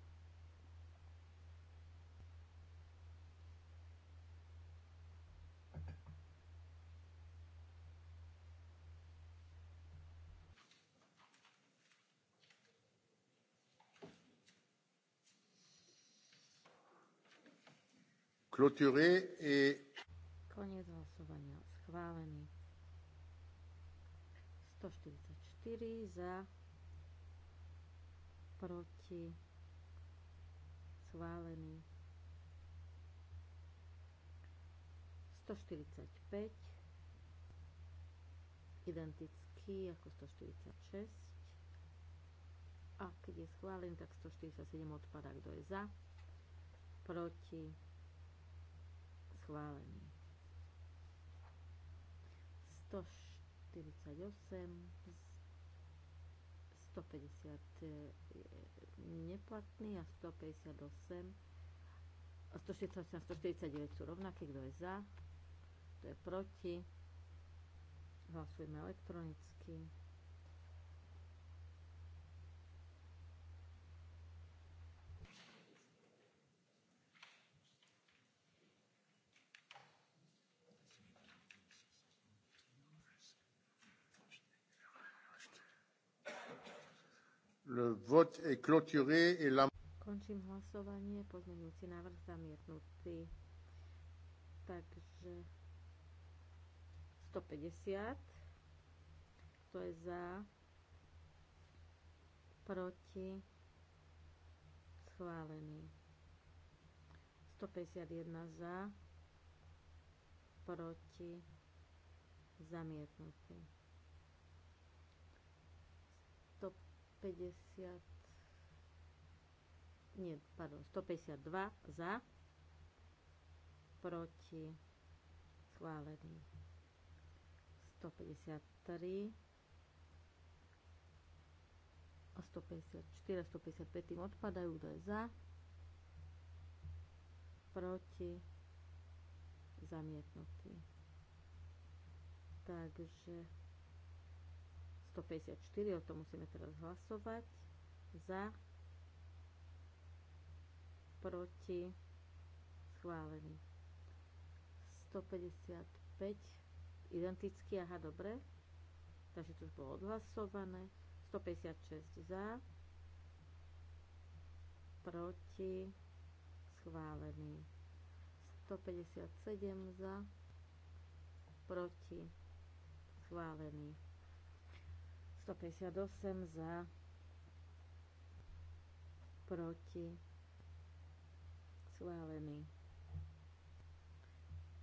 Koniec hlasovania. Schválený. 144 za, proti, schválený. 145 identický ako 146 a keď je schválený, tak 147 odpadá, kto je za, proti, schválený. 148 150 neplatný a 158 a 148 a 149 sú rovnaké, kto je za, kto je proti. Hlasujeme elektronicky. Vote est clôturé et la... Končím hlasovanie, pozmeňujúci návrh zamietnutý. Takže 150. Kto je za? Proti? Schválený. 151 za, proti, zamietnutý. 50 nie, pardon, 152 za proti schválený 153 a 154 a 155 tým odpadajú, kto je za proti zamietnutý takže 154, o tom musíme teraz hlasovať. Za, proti, schválený. 155, identický, aha, dobre. Takže to už bolo odhlasované. 156 za, proti, schválený. 157 za, proti, schválený. 158 za, proti, schválený.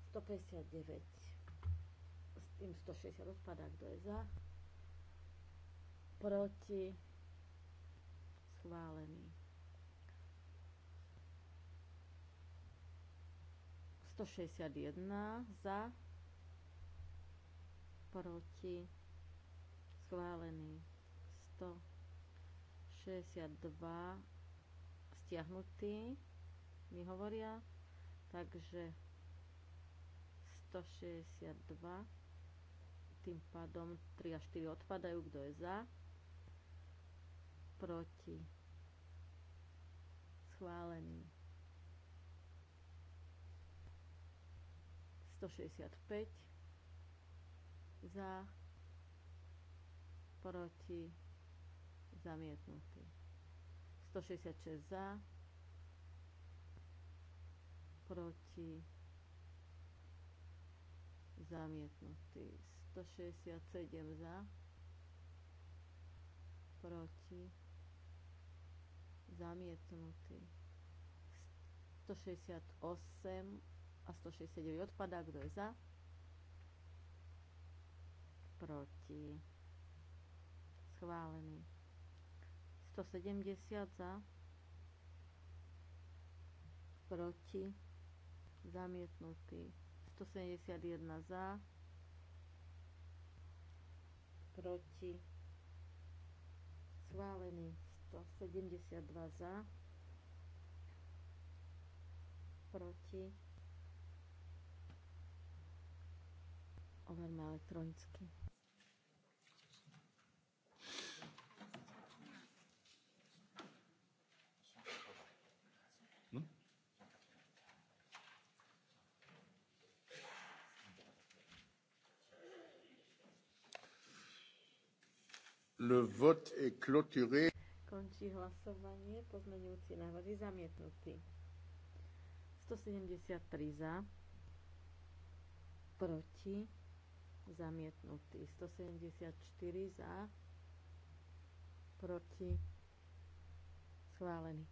159 s tým 160 odpadá, kto je za, proti, schválený. 161 za, proti, schválený schválený 162 stiahnutý mi hovoria takže 162 tým pádom 3 a 4 odpadajú kto je za proti schválený 165 za proti, zamietnutý. 166 za, proti, zamietnutý. 167 za, proti, zamietnutý. 168 a 169 odpadá, kto je za? Proti Chválený. 170 za, proti, zamietnutý. 171 za, proti, schválený. 172 za, proti, overme elektronicky. Le vote est clôturé. Končí hlasovanie. Pozmeňujúci návrh je zamietnutý. 173 za. Proti. Zamietnutý. 174 za. Proti. Schválený.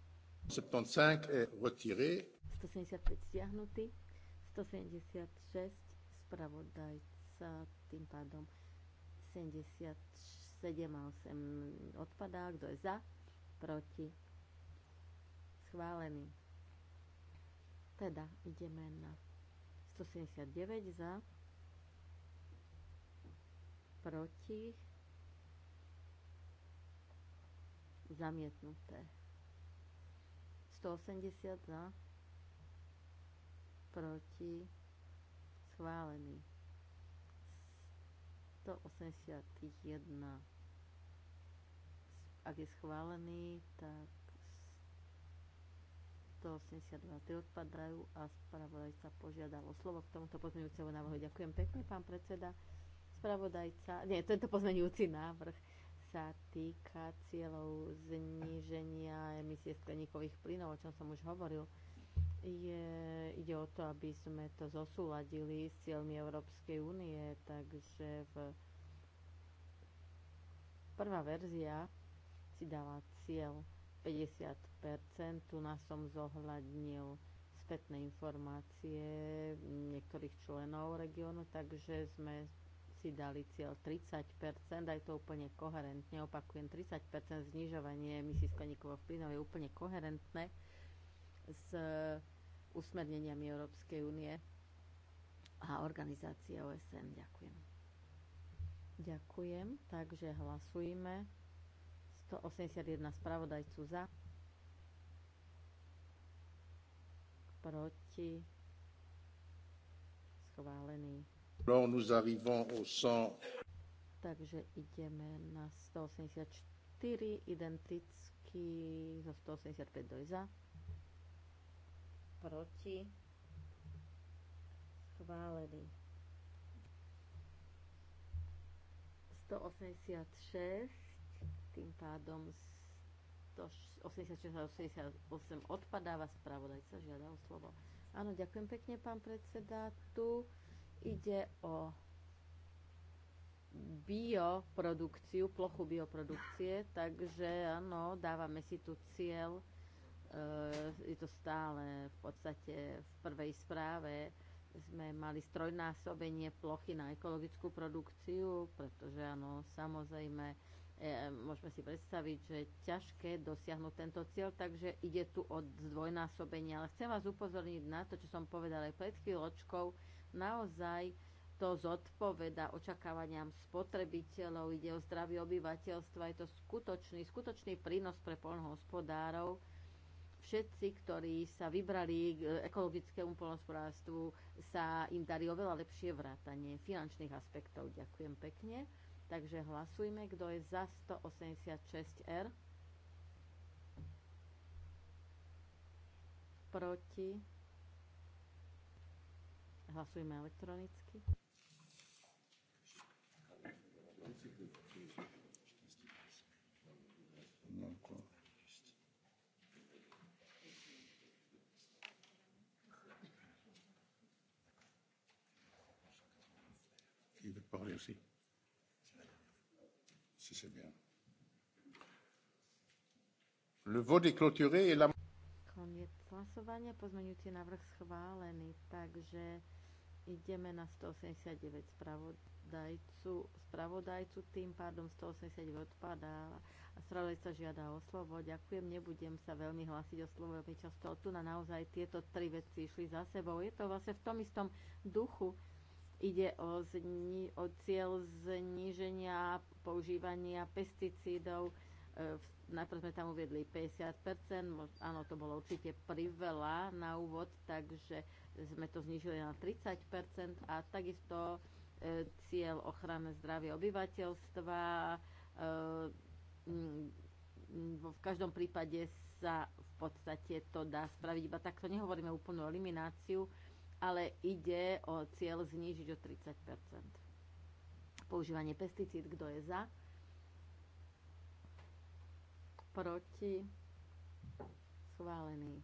75 est retiré. 175 stiahnutý. 176 spravodajca tým pádom 76 7 a 8 odpadá. Kto je za? Proti? Schválený. Teda ideme na 179 za, proti, zamietnuté. 180 za, proti, schválený. 181 ak je schválený, tak 182 odpadajú a spravodajca o slovo k tomuto pozmeňujúcemu návrhu. Ďakujem pekne, pán predseda. Spravodajca, nie, tento pozmeňujúci návrh sa týka cieľov zníženia emisie skleníkových plynov, o čom som už hovoril. Je, ide o to, aby sme to zosúladili s cieľmi Európskej únie, takže v prvá verzia si dala cieľ 50%, tu nás som zohľadnil spätné informácie niektorých členov regiónu, takže sme si dali cieľ 30%, aj to úplne koherentne, opakujem, 30% znižovanie emisí skleníkových plynov je úplne koherentné s usmerneniami Európskej únie a organizácie OSN. Ďakujem. Ďakujem, takže hlasujme. 181 spravodajcu za, proti, schválený. No, nous arrivons au 100. Takže ideme na 184, identický zo 185 do za, proti, schválený. 186 tým pádom 86-88 odpadáva spravodajca, žiada o slovo. Áno, ďakujem pekne, pán predseda. Tu ide o bioprodukciu, plochu bioprodukcie, takže áno, dávame si tu cieľ, e, je to stále v podstate v prvej správe, sme mali strojnásobenie plochy na ekologickú produkciu, pretože áno, samozrejme E, môžeme si predstaviť, že je ťažké dosiahnuť tento cieľ, takže ide tu o zdvojnásobenie. Ale chcem vás upozorniť na to, čo som povedala aj pred chvíľočkou. Naozaj to zodpoveda očakávaniam spotrebiteľov, ide o zdravie obyvateľstva, je to skutočný, skutočný prínos pre polnohospodárov. Všetci, ktorí sa vybrali k ekologickému polnohospodárstvu, sa im darí oveľa lepšie vrátanie finančných aspektov. Ďakujem pekne. Takže hlasujme, kto je za 186R. Proti. Hlasujme elektronicky. parler aussi si c'est bien. Le vote est clôturé et la... Koniec hlasovania, pozmeňujúci návrh schválený, takže ideme na 189 spravodajcu, spravodajcu tým pádom 189 odpadá a spravodajca žiada o slovo. Ďakujem, nebudem sa veľmi hlásiť o slovo veľmi často. Tu na naozaj tieto tri veci išli za sebou. Je to vlastne v tom istom duchu, Ide o, zni- o cieľ zníženia používania pesticídov. E, najprv sme tam uviedli 50%, áno, to bolo určite priveľa na úvod, takže sme to znížili na 30% a takisto e, cieľ ochrany zdravia obyvateľstva. E, v každom prípade sa v podstate to dá spraviť, iba takto nehovoríme úplnú elimináciu, ale ide o cieľ znížiť o 30 Používanie pesticíd, kto je za? Proti? Schválený.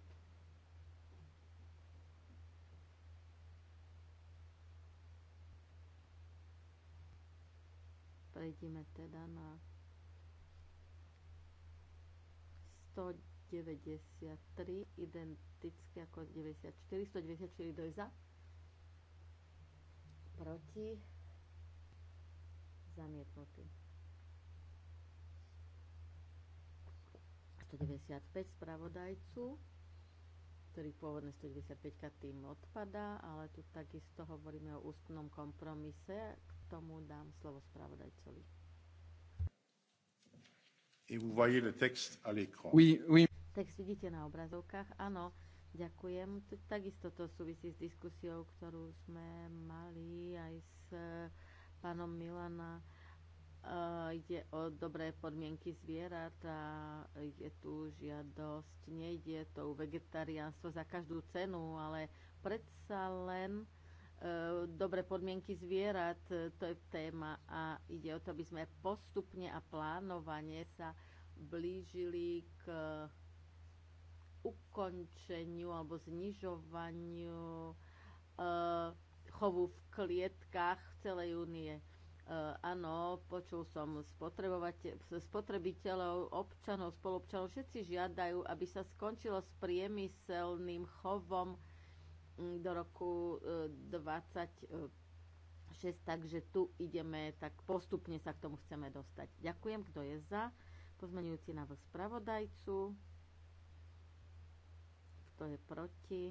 Prejdime teda na 100 93 identické ako 94 194 kto je za proti zamietnutý 195 spravodajcu ktorý pôvodne 195 tým odpadá, ale tu takisto hovoríme o ústnom kompromise. K tomu dám slovo spravodajcovi. Et vous voyez le texte à l'écran. Oui, oui text vidíte na obrazovkách. Áno, ďakujem. Takisto to súvisí s diskusiou, ktorú sme mali aj s e, pánom Milana. E, ide o dobré podmienky zvierat a je tu žiadosť, nejde to vegetariánstvo za každú cenu, ale predsa len e, dobré podmienky zvierat, to je téma a ide o to, aby sme postupne a plánovane sa blížili k ukončeniu alebo znižovaniu e, chovu v klietkách celej únie. E, áno, počul som spotrebiteľov, občanov, spolupčanov, všetci žiadajú, aby sa skončilo s priemyselným chovom mm, do roku 20 eh, takže tu ideme, tak postupne sa k tomu chceme dostať. Ďakujem, kto je za. Pozmenujúci návrh spravodajcu. Kto je proti?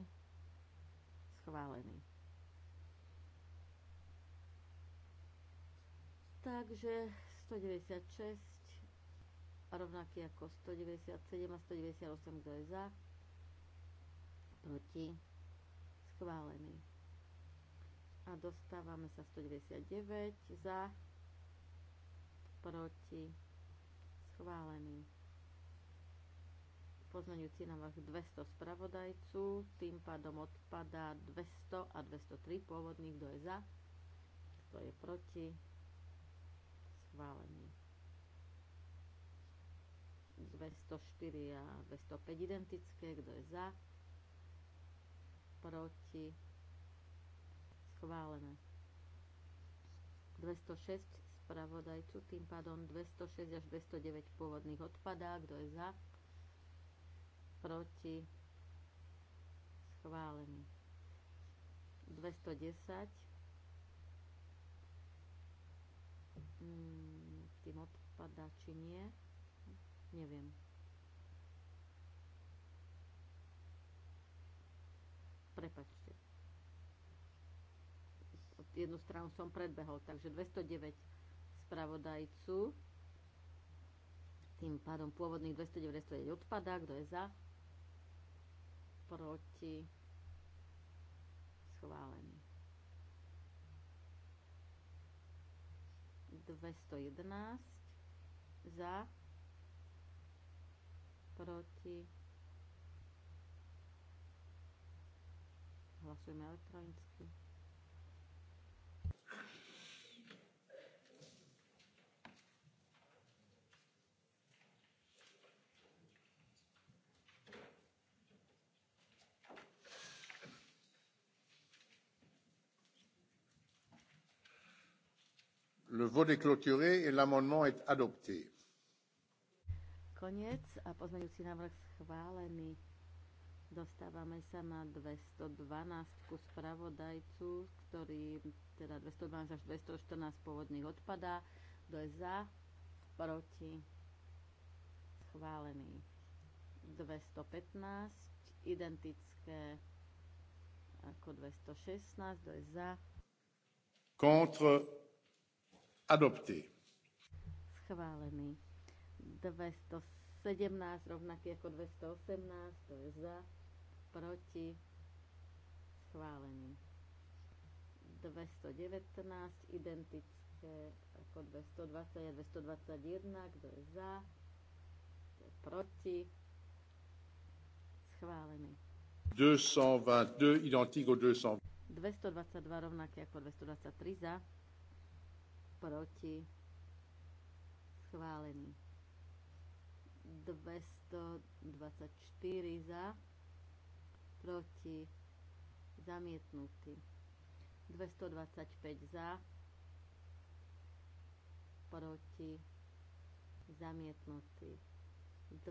Schválený. Takže 196 rovnaký ako 197 a 198, kto je za, proti, schválený. A dostávame sa 199 za, proti, schválený pozmeňujúci návrh 200 spravodajcu, tým pádom odpadá 200 a 203 pôvodných, kto je za, kto je proti, schválený. 204 a 205 identické, kto je za, proti, schválené. 206 spravodajcu, tým pádom 206 až 209 pôvodných odpadá, kto je za, proti, schválený. 210, mm, tým odpadá či nie, neviem. Prepačte. Jednu stranu som predbehol, takže 209 spravodajcu. Tým pádom pôvodných 299 odpadá. Kto je za? proti, schválení. 211 za, proti, hlasujeme elektronicky. Le vote est clôturé et l'amendement est adopté. Koniec a pozmeňujúci návrh schválený. Dostávame sa na 212 spravodajcu, ktorý teda 212 až 214 pôvodných odpadá. Kto je za? Proti? Schválený. 215, identické ako 216, kto je za? Contre Adopty. Schválený. 217, rovnaký ako 218, to je za, proti, schválený. 219, identické ako 220 a 221, kto je za, kto je proti, schválený. 222, identique au 200. 222, rovnaké ako 223 za, proti, schválený. 224 za, proti, zamietnutý. 225 za, proti, zamietnutý.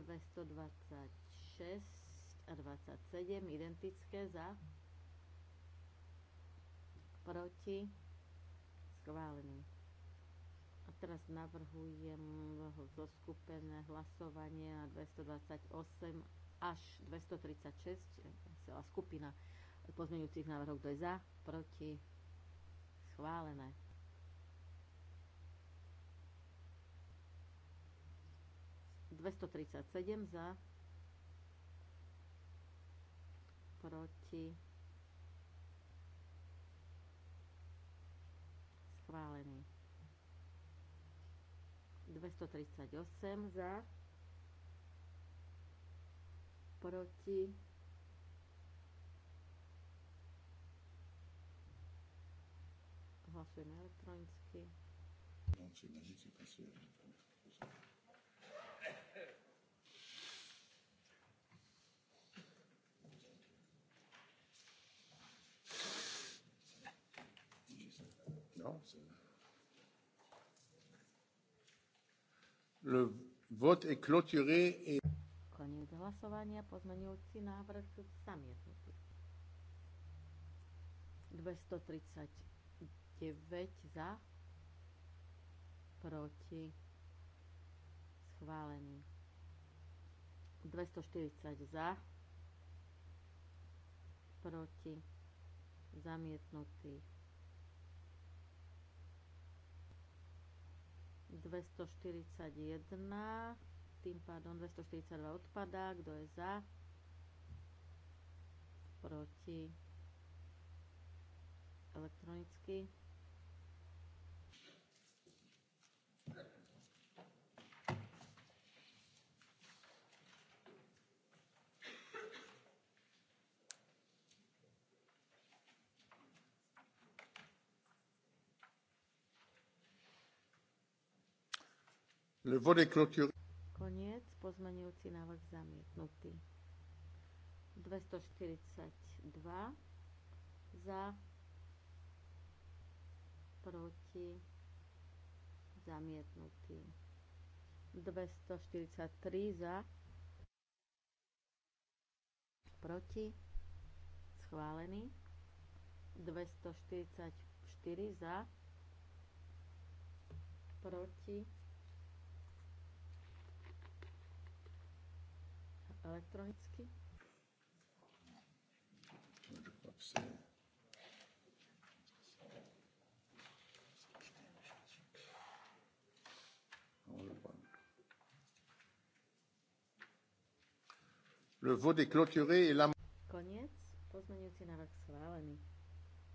226 a 27 identické za, proti, schválený teraz navrhujem zo skupené hlasovanie na 228 až 236, celá skupina pozmeňujúcich návrhov, kto je za, proti, schválené. ...237 za, proti, schválený. 238 za, proti, hlasujeme elektronicky. Mám si na pasuje. Le vote est clôturé et... Koniec hlasovania, pozmenujúci návrh zamietnutý. 239 za, proti, schválený. 240 za, proti, zamietnutý. 241, tým pádom 242 odpadá, kto je za, proti, elektronicky. Le volet clôturé. Koniec, pozmenujúci návrh zamietnutý. 242 za, proti, zamietnutý. 243 za, proti, schválený. 244 za, proti, elektronicky. Le vote est clôturé et la... Koniec. Pozmeňujúci návrh schválený.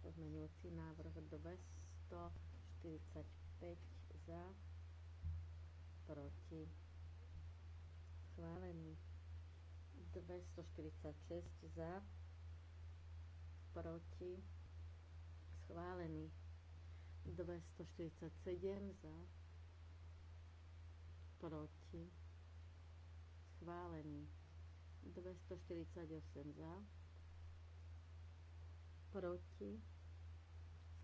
Pozmeňujúci návrh do 145 za, proti, schválený. 246 za, proti, schválený. 247 za, proti, schválený. 248 za, proti,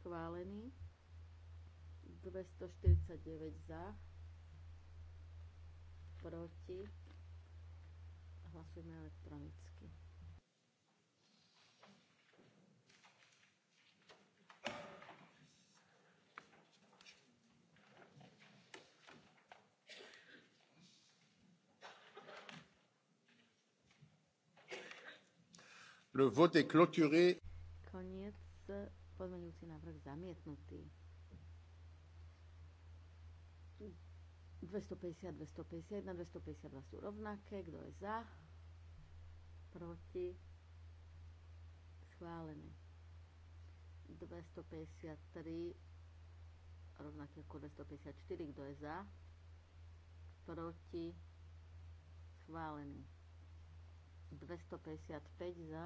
schválený. 249 za, proti, Hlasujeme elektronicky. Le vote est clôturé. Koniec pozmeňujúci návrh zamietnutý. 250, 251, 252 sú rovnaké. Kto je za? proti, schválený. 253, rovnaké ako 254, kto je za, proti, schválený. 255 za,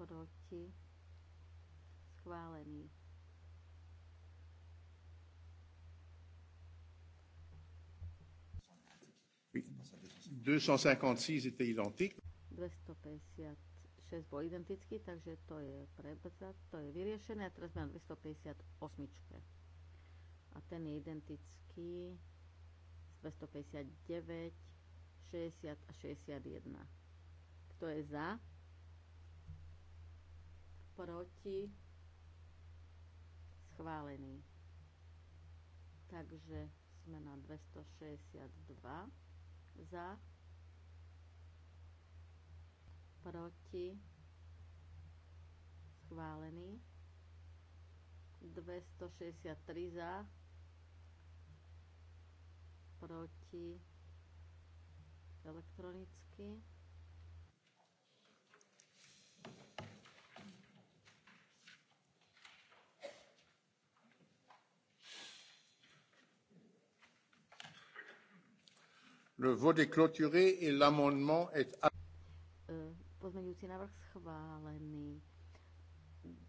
proti, schválený. Oui. No, 256 étaient identiques. 256 bol identický, takže to je prebrzat, to je vyriešené a teraz máme 258. A ten je identický 259, 60 a 61. Kto je za? Proti? Schválený. Takže sme na 262 za, proti, schválený. 263 za, proti, elektronicky. Le vote est clôturé et l'amendement est... E, pozmeňujúci návrh schválený.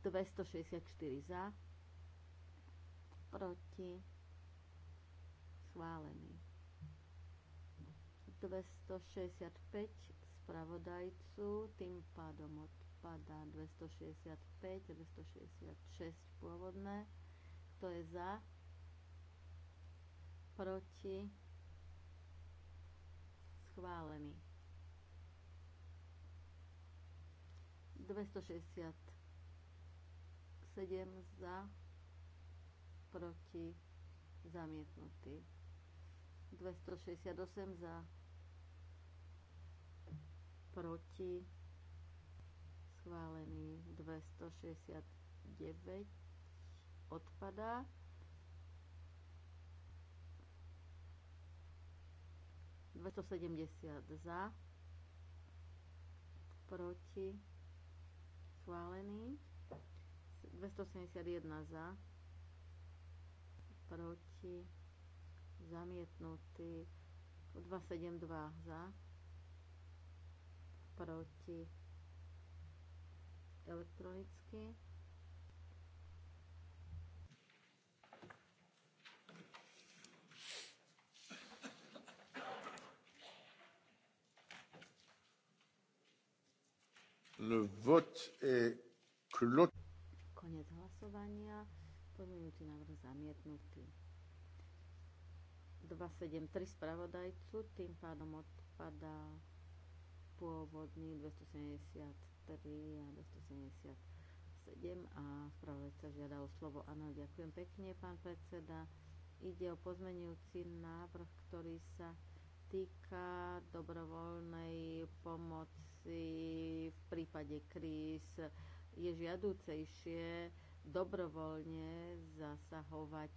264 za. Proti. Schválený. 265 spravodajcu, tým pádom odpadá 265, 266 pôvodné. Kto je za? Proti schválený. 267 za, proti, zamietnutý. 268 za, proti, schválený. 269 odpadá. 270 za, proti, schválený. 271 za, proti, zamietnutý. 272 za, proti, elektronicky. Koniec hlasovania. Pozmeňujúci návrh zamietnutý. 273 spravodajcu, tým pádom odpadá pôvodný 273 a 277 a spravodajca žiada o slovo. Áno, ďakujem pekne, pán predseda. Ide o pozmenujúci návrh, ktorý sa týka dobrovoľnej pomoci dispozícii v prípade kríz, je žiaducejšie dobrovoľne zasahovať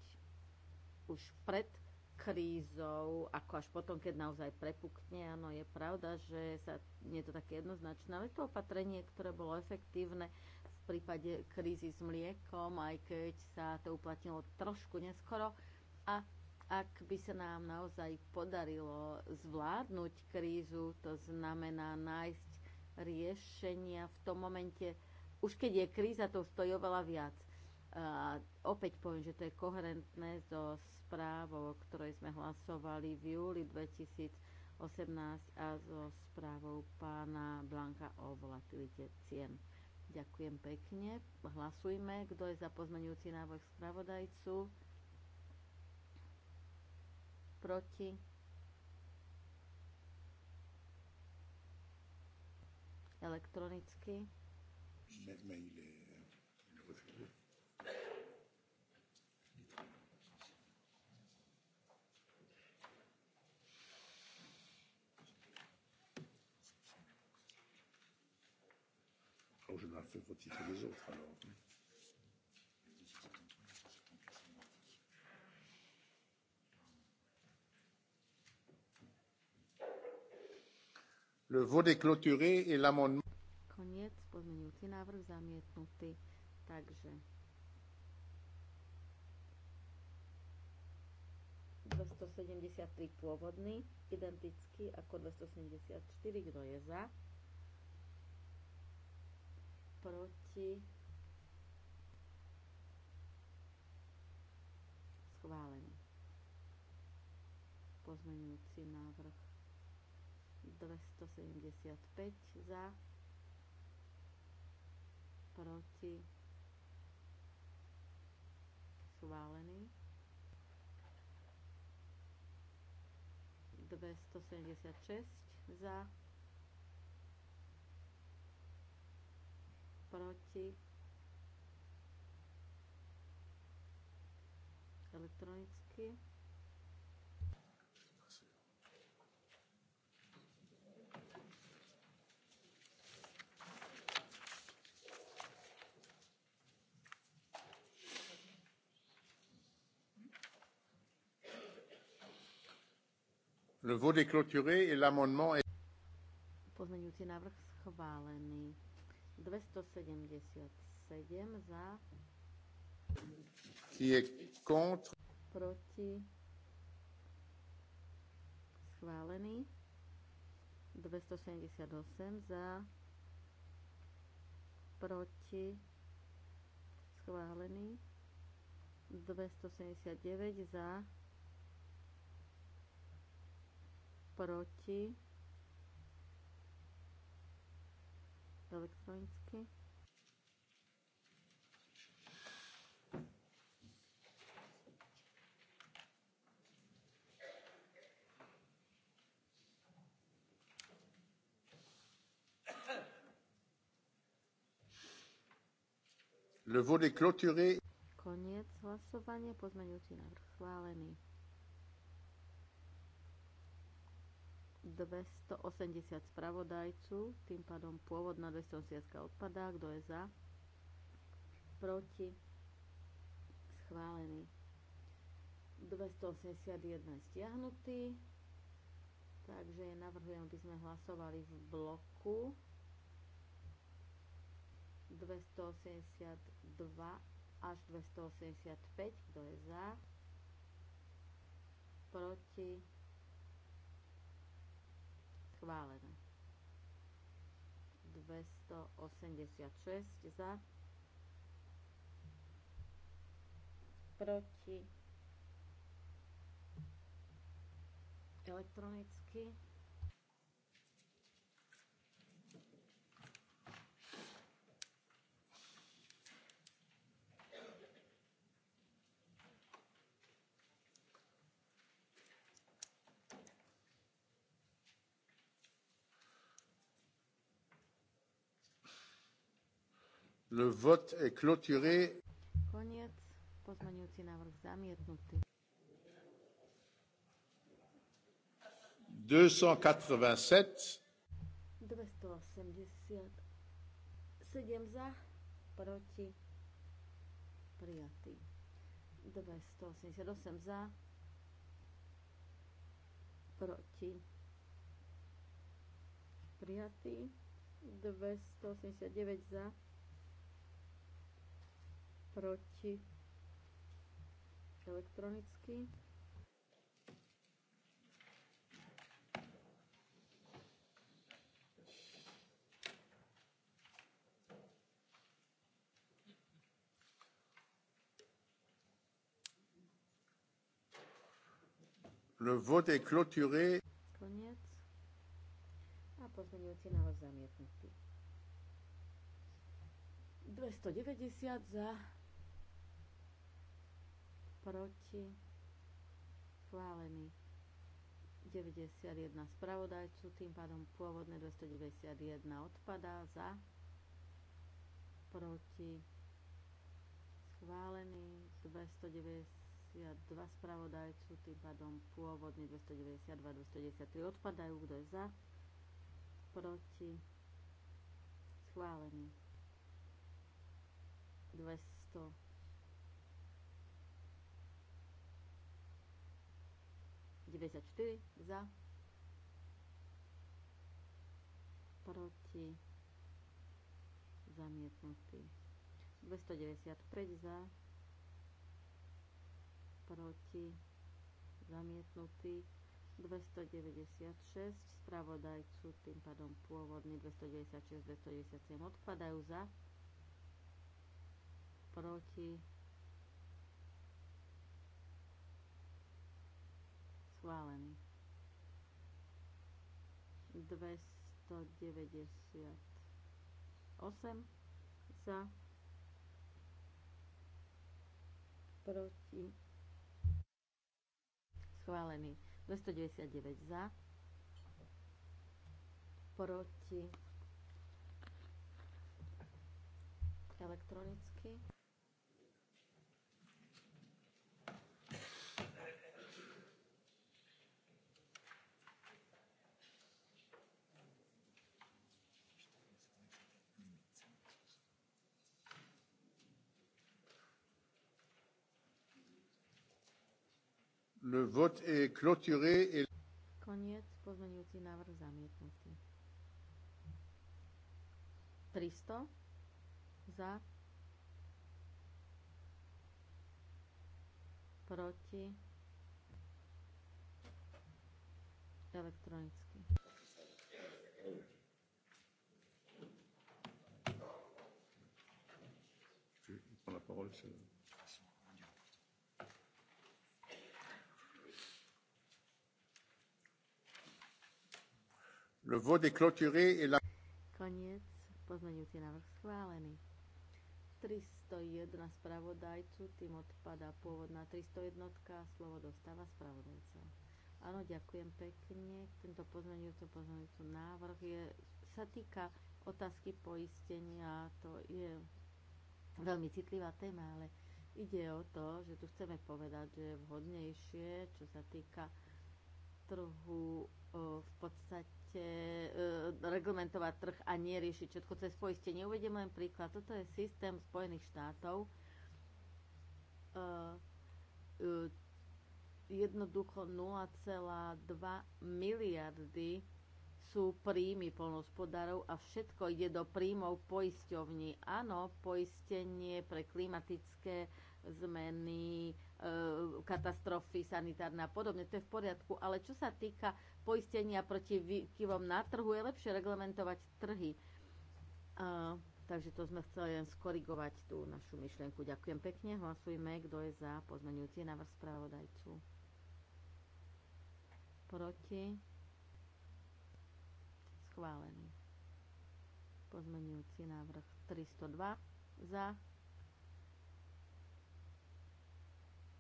už pred krízou, ako až potom, keď naozaj prepukne. Áno, je pravda, že sa, nie je to také jednoznačné, ale to opatrenie, ktoré bolo efektívne v prípade krízy s mliekom, aj keď sa to uplatnilo trošku neskoro. A ak by sa nám naozaj podarilo zvládnuť krízu, to znamená nájsť riešenia v tom momente, už keď je kríza, to už stojí oveľa viac. A opäť poviem, že to je koherentné so správou, o ktorej sme hlasovali v júli 2018 a so správou pána Blanka o volatilite cien. Ďakujem pekne. Hlasujme, kto je za pozmenujúci návrh spravodajcu. Proti. elektronicky. Oh, je n'ai fait voter que les autres Le vote est clôturé et l'amendement... Koniec, pozmeňujúci návrh zamietnutý. Takže... ...273 pôvodný, identický ako 274. Kto je za? Proti? Schválený. Pozmeňujúci návrh 275 za, proti, schválený. 276 za, proti, elektronicky. Le vote est clôturé et l'amendement est... Pozmeňujúci návrh schválený. 277 za. Qui est contre? Proti. Schválený. 278 za. Proti. Schválený. 279 za proti elektronicky. Le volet clôturé. Koniec hlasovania, pozmeňujúci návrh schválený. 280 spravodajcu, tým pádom pôvodná 280 odpadá. Kto je za? Proti? Schválený. 281 stiahnutý. Takže navrhujem, aby sme hlasovali v bloku 282 až 285. Kto je za? Proti? Schválené. 286 za. Proti. Elektronicky. Le vote est clôturé. Koniec. Pozmeňujúci návrh zamietnutý. 287. 287 za, proti, prijatý. 288 za, proti, prijatý. 289 za, proti elektronicky. Le vote est clôturé. Koniec. A pozmeňujúci návrh zamietnutý. 290 za, proti, schválený 91 spravodajcu, tým pádom pôvodné 291 odpadá za, proti, schválený 292 spravodajcu, tým pádom pôvodný 292, 293 odpadajú, kto je za, proti, schválený 200 94 za, proti, zamietnutý. 295 za, proti, zamietnutý. 296 spravodajcu, tým pádom pôvodný 296, 297 odpadajú za, proti, schválený. 298 za, proti, schválený. 299 za, proti, elektronicky. Le vote est clôturé et... Koniec, pozmeňujúci návrh zamietnutý. 300 za, proti, elektronicky. Je La parole, c'est... Le vote est clôturé et la... Koniec. Poznajúci návrh schválený. 301 spravodajcu, tým odpada pôvodná 301, slovo dostáva spravodajca. Áno, ďakujem pekne. Tento pozmeňujúci pozmeňujúci návrh je, sa týka otázky poistenia. To je veľmi citlivá téma, ale ide o to, že tu chceme povedať, že je vhodnejšie, čo sa týka trhu v podstate e, reglementovať trh a neriešiť všetko cez poistenie. Uvediem len príklad. Toto je systém Spojených štátov. E, e, jednoducho 0,2 miliardy sú príjmy polnospodárov a všetko ide do príjmov poisťovní. Áno, poistenie pre klimatické zmeny, e, katastrofy sanitárne a podobne. To je v poriadku. Ale čo sa týka poistenia proti výkyvom na trhu, je lepšie reglementovať trhy. takže to sme chceli len skorigovať tú našu myšlienku. Ďakujem pekne. Hlasujme, kto je za pozmenujúci návrh správodajcu. Proti. Schválený. Pozmenujúci návrh 302 za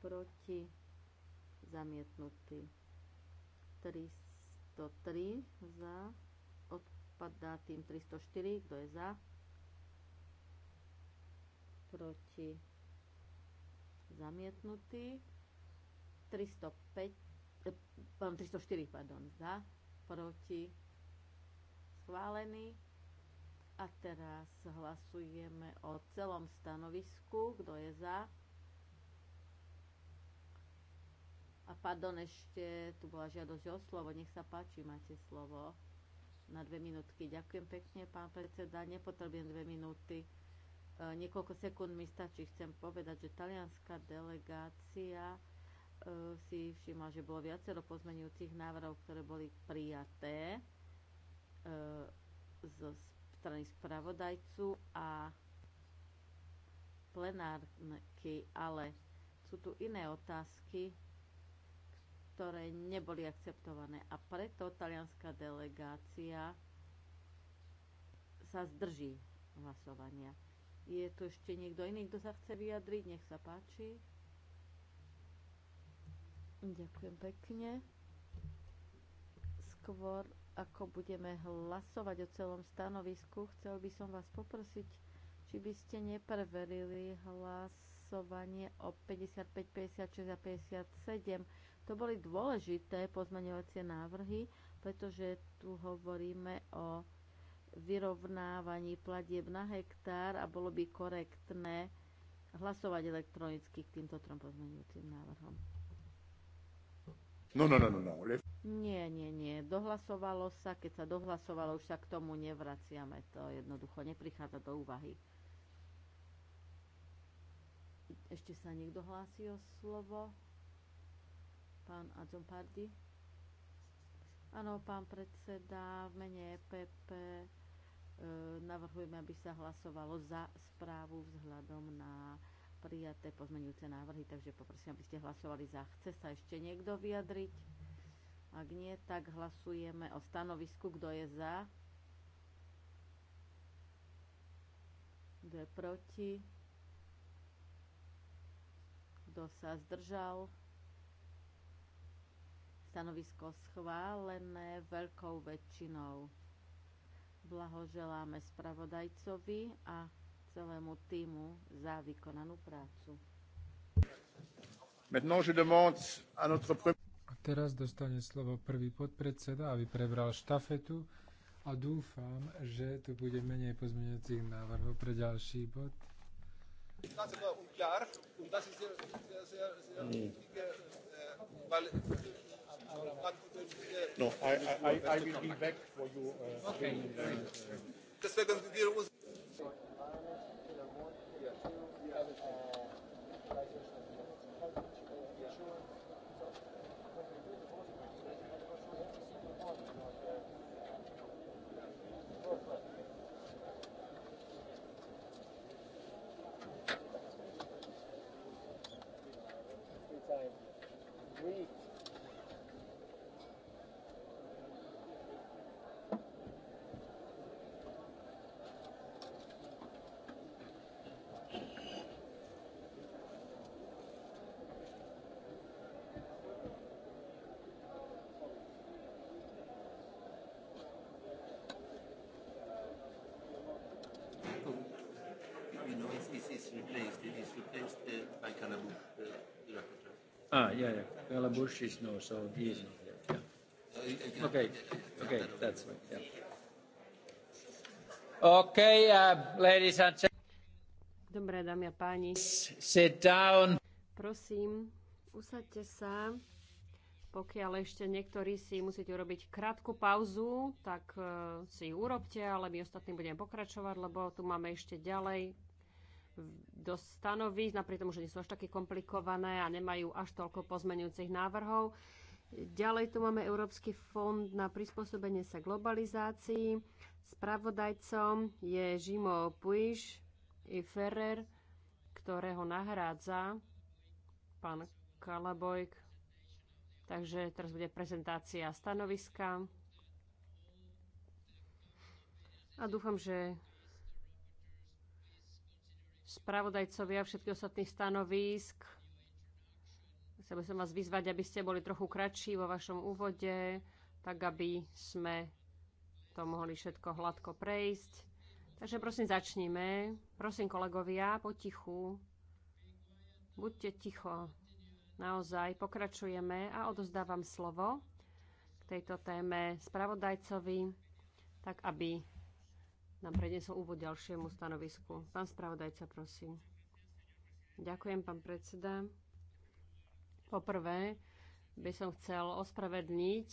proti, zamietnutý. 303 za, odpadá tým 304, kto je za, proti, zamietnutý. 305, eh, 304, pardon, za, proti, schválený. A teraz hlasujeme o celom stanovisku, kto je za, A pardon, ešte tu bola žiadosť o slovo. Nech sa páči, máte slovo na dve minútky. Ďakujem pekne, pán predseda. Nepotrebujem dve minúty. E, niekoľko sekúnd mi stačí. Chcem povedať, že talianská delegácia e, si všimla, že bolo viacero pozmenujúcich návrhov, ktoré boli prijaté e, zo strany spravodajcu a plenárky, ale sú tu iné otázky, ktoré neboli akceptované. A preto talianská delegácia sa zdrží hlasovania. Je tu ešte niekto iný, kto sa chce vyjadriť? Nech sa páči. Ďakujem pekne. Skôr ako budeme hlasovať o celom stanovisku, chcel by som vás poprosiť, či by ste nepreverili hlasovanie o 55, 56 a 57 to boli dôležité pozmeňovacie návrhy, pretože tu hovoríme o vyrovnávaní platieb na hektár a bolo by korektné hlasovať elektronicky k týmto trom pozmeňujúcim návrhom. No, no, no, no, no. Nie, nie, nie. Dohlasovalo sa, keď sa dohlasovalo, už sa k tomu nevraciame. To jednoducho neprichádza do úvahy. Ešte sa niekto hlási o slovo? pán Adjompardi. Áno, pán predseda, v mene EPP e, navrhujeme, aby sa hlasovalo za správu vzhľadom na prijaté pozmenujúce návrhy, takže poprosím, aby ste hlasovali za. Chce sa ešte niekto vyjadriť? Ak nie, tak hlasujeme o stanovisku, kto je za. Kto je proti? Kto sa zdržal? stanovisko schválené veľkou väčšinou. Blahoželáme spravodajcovi a celému týmu za vykonanú prácu. A teraz dostane slovo prvý podpredseda, aby prebral štafetu a dúfam, že tu bude menej pozmeňujúcich návrhov pre ďalší bod. Mm. No, I, I, I I will be back for you. Uh, okay. Deswegen, uh, Ah, yeah, yeah. Bella Bush is no, so he is not Yeah. Okay, okay, that's right. Yeah. Okay, uh, ladies and gentlemen. Dobre, dámy a páni. Sit down. Prosím, usaďte sa. Pokiaľ ešte niektorí si musíte urobiť krátku pauzu, tak eh, si ju urobte, ale my ostatní budeme pokračovať, lebo tu máme ešte ďalej do napriek tomu, že nie sú až také komplikované a nemajú až toľko pozmenujúcich návrhov. Ďalej tu máme Európsky fond na prispôsobenie sa globalizácii. Spravodajcom je Žimo Puiš i Ferrer, ktorého nahrádza pán Kalabojk. Takže teraz bude prezentácia stanoviska. A dúfam, že spravodajcovia všetkých ostatných stanovísk. Chcel by som vás vyzvať, aby ste boli trochu kratší vo vašom úvode, tak aby sme to mohli všetko hladko prejsť. Takže prosím, začníme. Prosím, kolegovia, potichu. Buďte ticho. Naozaj pokračujeme a odozdávam slovo k tejto téme spravodajcovi, tak aby nám prednesol úvod ďalšiemu stanovisku. Pán spravodajca, prosím. Ďakujem, pán predseda. Poprvé by som chcel ospravedniť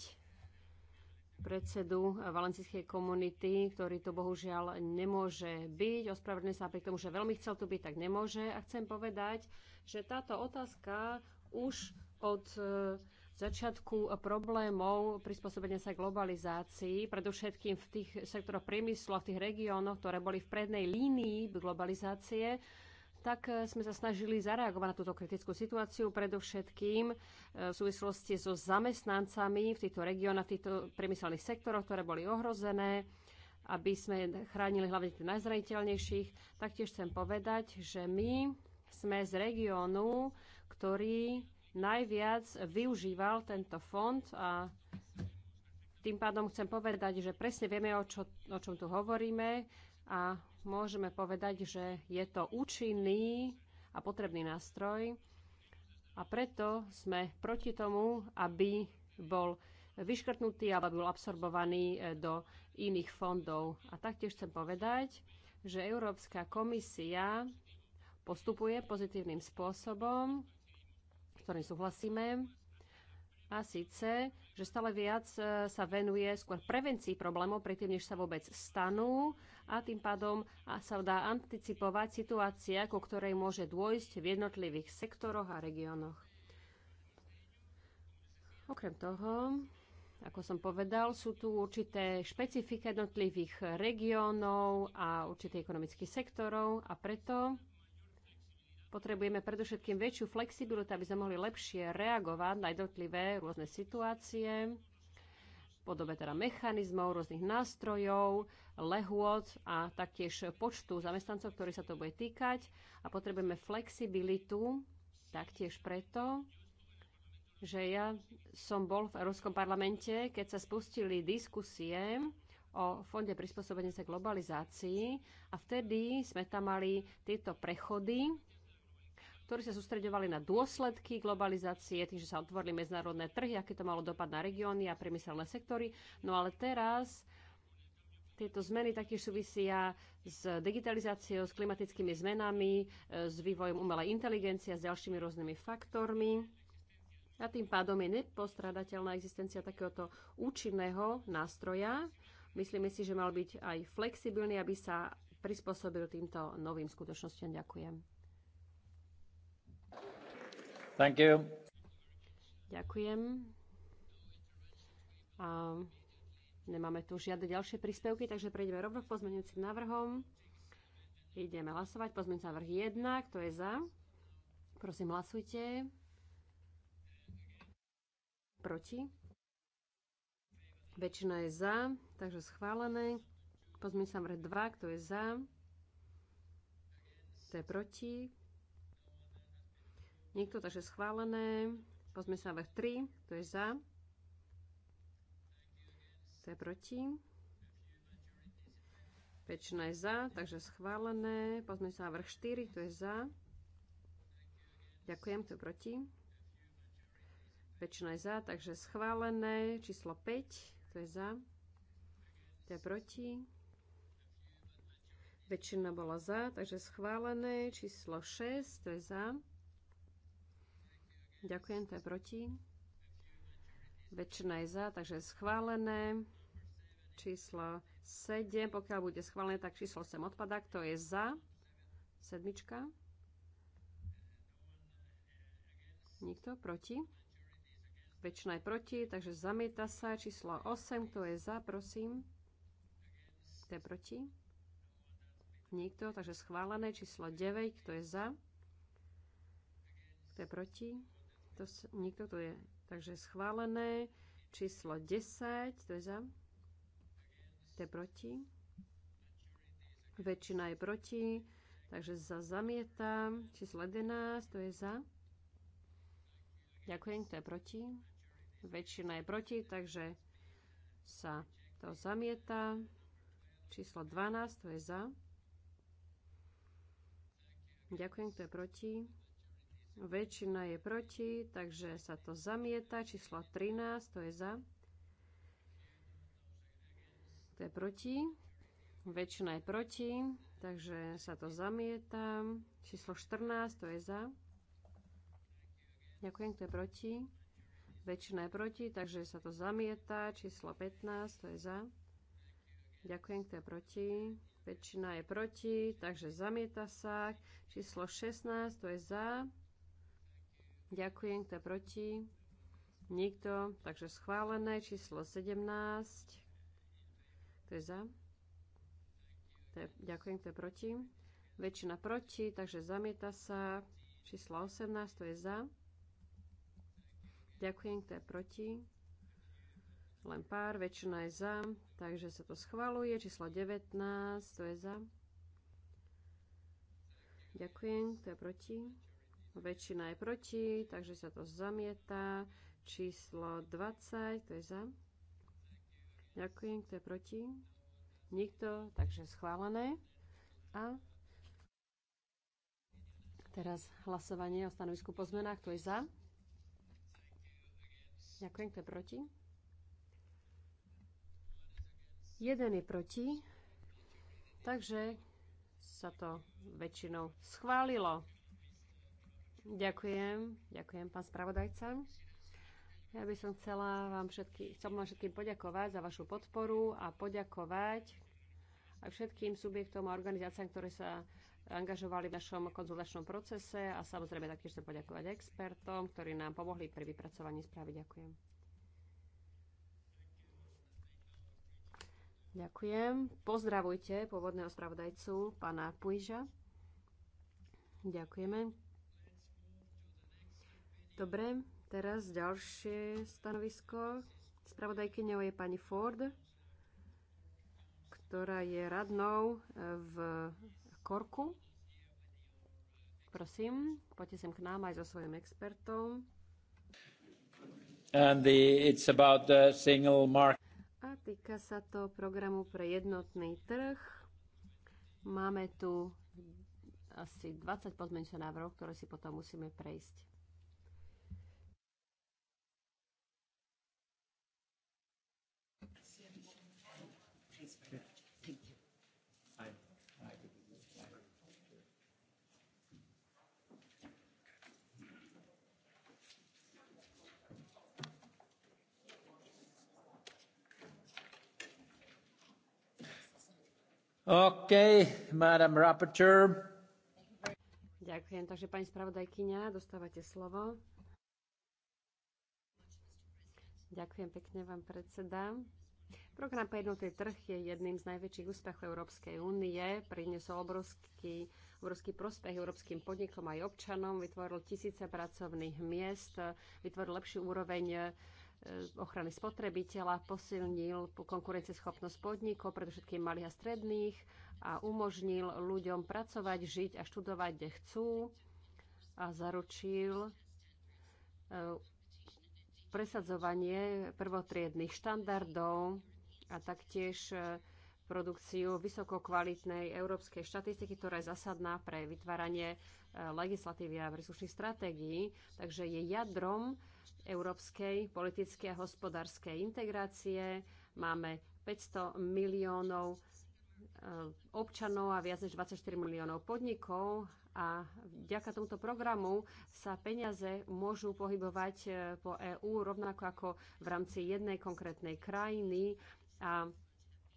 predsedu valencijskej komunity, ktorý tu bohužiaľ nemôže byť. Ospravedlňujem sa pri tomu, že veľmi chcel tu byť, tak nemôže. A chcem povedať, že táto otázka už od eh, začiatku problémov prispôsobenia sa globalizácii, predovšetkým v tých sektoroch priemyslu a v tých regiónoch, ktoré boli v prednej línii globalizácie, tak eh, sme sa snažili zareagovať na túto kritickú situáciu, predovšetkým eh, v súvislosti so zamestnancami v týchto regiónoch, v týchto priemyselných sektoroch, ktoré boli ohrozené aby sme chránili hlavne tých najzraniteľnejších. Taktiež chcem povedať, že my sme z regiónu, ktorý najviac využíval tento fond a tým pádom chcem povedať, že presne vieme, o, čo, o čom tu hovoríme a môžeme povedať, že je to účinný a potrebný nástroj a preto sme proti tomu, aby bol vyškrtnutý alebo bol absorbovaný e, do iných fondov. A taktiež chcem povedať, že Európska komisia postupuje pozitívnym spôsobom ktorým súhlasíme. A síce, že stále viac e, sa venuje skôr prevencii problémov, predtým, než sa vôbec stanú a tým pádom sa dá anticipovať situácia, ku ktorej môže dôjsť v jednotlivých sektoroch a regiónoch. Okrem toho, ako som povedal, sú tu určité špecifika jednotlivých regiónov a určitých ekonomických sektorov a preto Potrebujeme predovšetkým väčšiu flexibilitu, aby sme mohli lepšie reagovať na jednotlivé rôzne situácie, podobe teda mechanizmov, rôznych nástrojov, lehôd a taktiež počtu zamestnancov, ktorí sa to bude týkať. A potrebujeme flexibilitu taktiež preto, že ja som bol v Európskom parlamente, keď sa spustili diskusie o Fonde prispôsobenia sa globalizácii a vtedy sme tam mali tieto prechody ktorí sa sústreďovali na dôsledky globalizácie, tým, že sa otvorili medzinárodné trhy, aké to malo dopad na regióny a priemyselné sektory. No ale teraz tieto zmeny taktiež súvisia s digitalizáciou, s klimatickými zmenami, e, s vývojom umelej inteligencie a s ďalšími rôznymi faktormi. A tým pádom je nepostradateľná existencia takéhoto účinného nástroja. Myslíme si, že mal byť aj flexibilný, aby sa prispôsobil týmto novým skutočnostiam. Ďakujem. Thank you. Ďakujem. A nemáme tu žiadne ďalšie príspevky, takže prejdeme rovno k pozmeňujúcim návrhom. Ideme hlasovať. Pozmeňujúci návrh 1, kto je za? Prosím, hlasujte. Proti? Väčšina je za, takže schválené. Pozmeňujúci návrh 2, kto je za? Kto je proti? Nikto, takže schválené. Pozme sa návrh 3, to je za. To je proti. Väčšina je za, takže schválené. Pozme sa návrh 4, to je za. Ďakujem, to je proti. Väčšina je za, takže schválené. Číslo 5, to je za. To je proti. Väčšina bola za, takže schválené. Číslo 6, to je za. Ďakujem, to je proti. Väčšina je za, takže schválené. Číslo 7, pokiaľ bude schválené, tak číslo 8 odpadá. Kto je za? Sedmička. Nikto proti? Väčšina je proti, takže zamieta sa. Číslo 8, kto je za, prosím. Kto je proti? Nikto, takže schválené. Číslo 9, kto je za? Kto je proti? To, nikto tu je. Takže schválené. Číslo 10. To je za. To je proti. Väčšina je proti. Takže za zamietam. Číslo 11. To je za. Ďakujem. To je proti. Väčšina je proti, takže sa to zamieta. Číslo 12, to je za. Ďakujem, kto je proti. Väčšina je proti, takže sa to zamieta. Číslo 13, to je za. To je proti. Väčšina je proti, takže sa to zamieta. Číslo 14, to je za. Ďakujem, kto je proti. Väčšina je proti, takže sa to zamieta. Číslo 15, to je za. Ďakujem, kto je proti. Väčšina je proti, takže zamieta sa. Číslo 16, to je za. Ďakujem, kto je proti? Nikto. Takže schválené číslo 17. Kto je za? To je, ďakujem, kto je proti? Väčšina proti, takže zamieta sa. Číslo 18, to je za. Ďakujem, kto je proti? Len pár, väčšina je za, takže sa to schvaluje. Číslo 19, to je za. Ďakujem, kto je proti? väčšina je proti, takže sa to zamieta. Číslo 20, to je za. Ďakujem, kto je proti? Nikto, takže schválené. A teraz hlasovanie o stanovisku po zmenách, to je za. Ďakujem, kto je proti? Jeden je proti, takže sa to väčšinou schválilo. Ďakujem, ďakujem pán spravodajca. Ja by som chcela vám všetkým chcem vám všetkým poďakovať za vašu podporu a poďakovať aj všetkým subjektom a organizáciám, ktoré sa angažovali v našom konzultačnom procese a samozrejme taktiež chcem poďakovať expertom, ktorí nám pomohli pri vypracovaní správy. Ďakujem. Ďakujem. Pozdravujte pôvodného spravodajcu, pána Pujža. Ďakujeme. Dobre, teraz ďalšie stanovisko. Spravodajkyňou je pani Ford, ktorá je radnou e, v Korku. Prosím, poďte sem k nám aj so svojim expertom. And the, it's about the single market. A týka sa to programu pre jednotný trh. Máme tu asi 20 pozmeňujúcich návrhov, ktoré si potom musíme prejsť. Okay, Madam Rapporteur. Ďakujem. Takže pani spravodajkyňa, dostávate slovo. Ďakujem pekne vám, predseda. Program Pejednotý trh je jedným z najväčších úspechov Európskej únie. Priniesol obrovský, obrovský prospech európskym podnikom aj občanom, vytvoril tisíce pracovných miest, vytvoril lepší úroveň E, ochrany spotrebiteľa, posilnil konkurencieschopnosť podnikov, predovšetkým malých a stredných a umožnil ľuďom pracovať, žiť a študovať, kde chcú a zaručil e, presadzovanie prvotriedných štandardov a taktiež e, produkciu vysokokvalitnej európskej štatistiky, ktorá je zasadná pre vytváranie legislatívy a príslušných stratégií. Takže je jadrom európskej politickej a hospodárskej integrácie. Máme 500 miliónov eh, občanov a viac než 24 miliónov podnikov a vďaka tomuto programu sa peniaze môžu pohybovať eh, po EÚ rovnako ako v rámci jednej konkrétnej krajiny a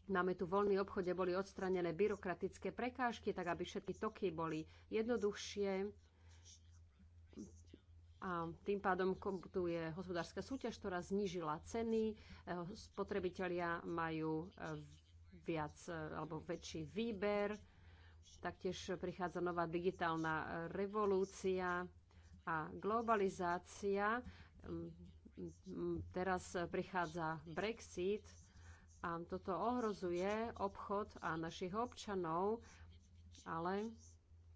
Máme tu voľný obchode, boli odstranené byrokratické prekážky, tak aby všetky toky boli jednoduchšie a tým pádom tu je hospodárska súťaž, ktorá znížila ceny. E, spotrebitelia majú e, viac e, alebo väčší výber. Taktiež prichádza nová digitálna revolúcia a globalizácia. Mm, teraz prichádza Brexit a toto ohrozuje obchod a našich občanov, ale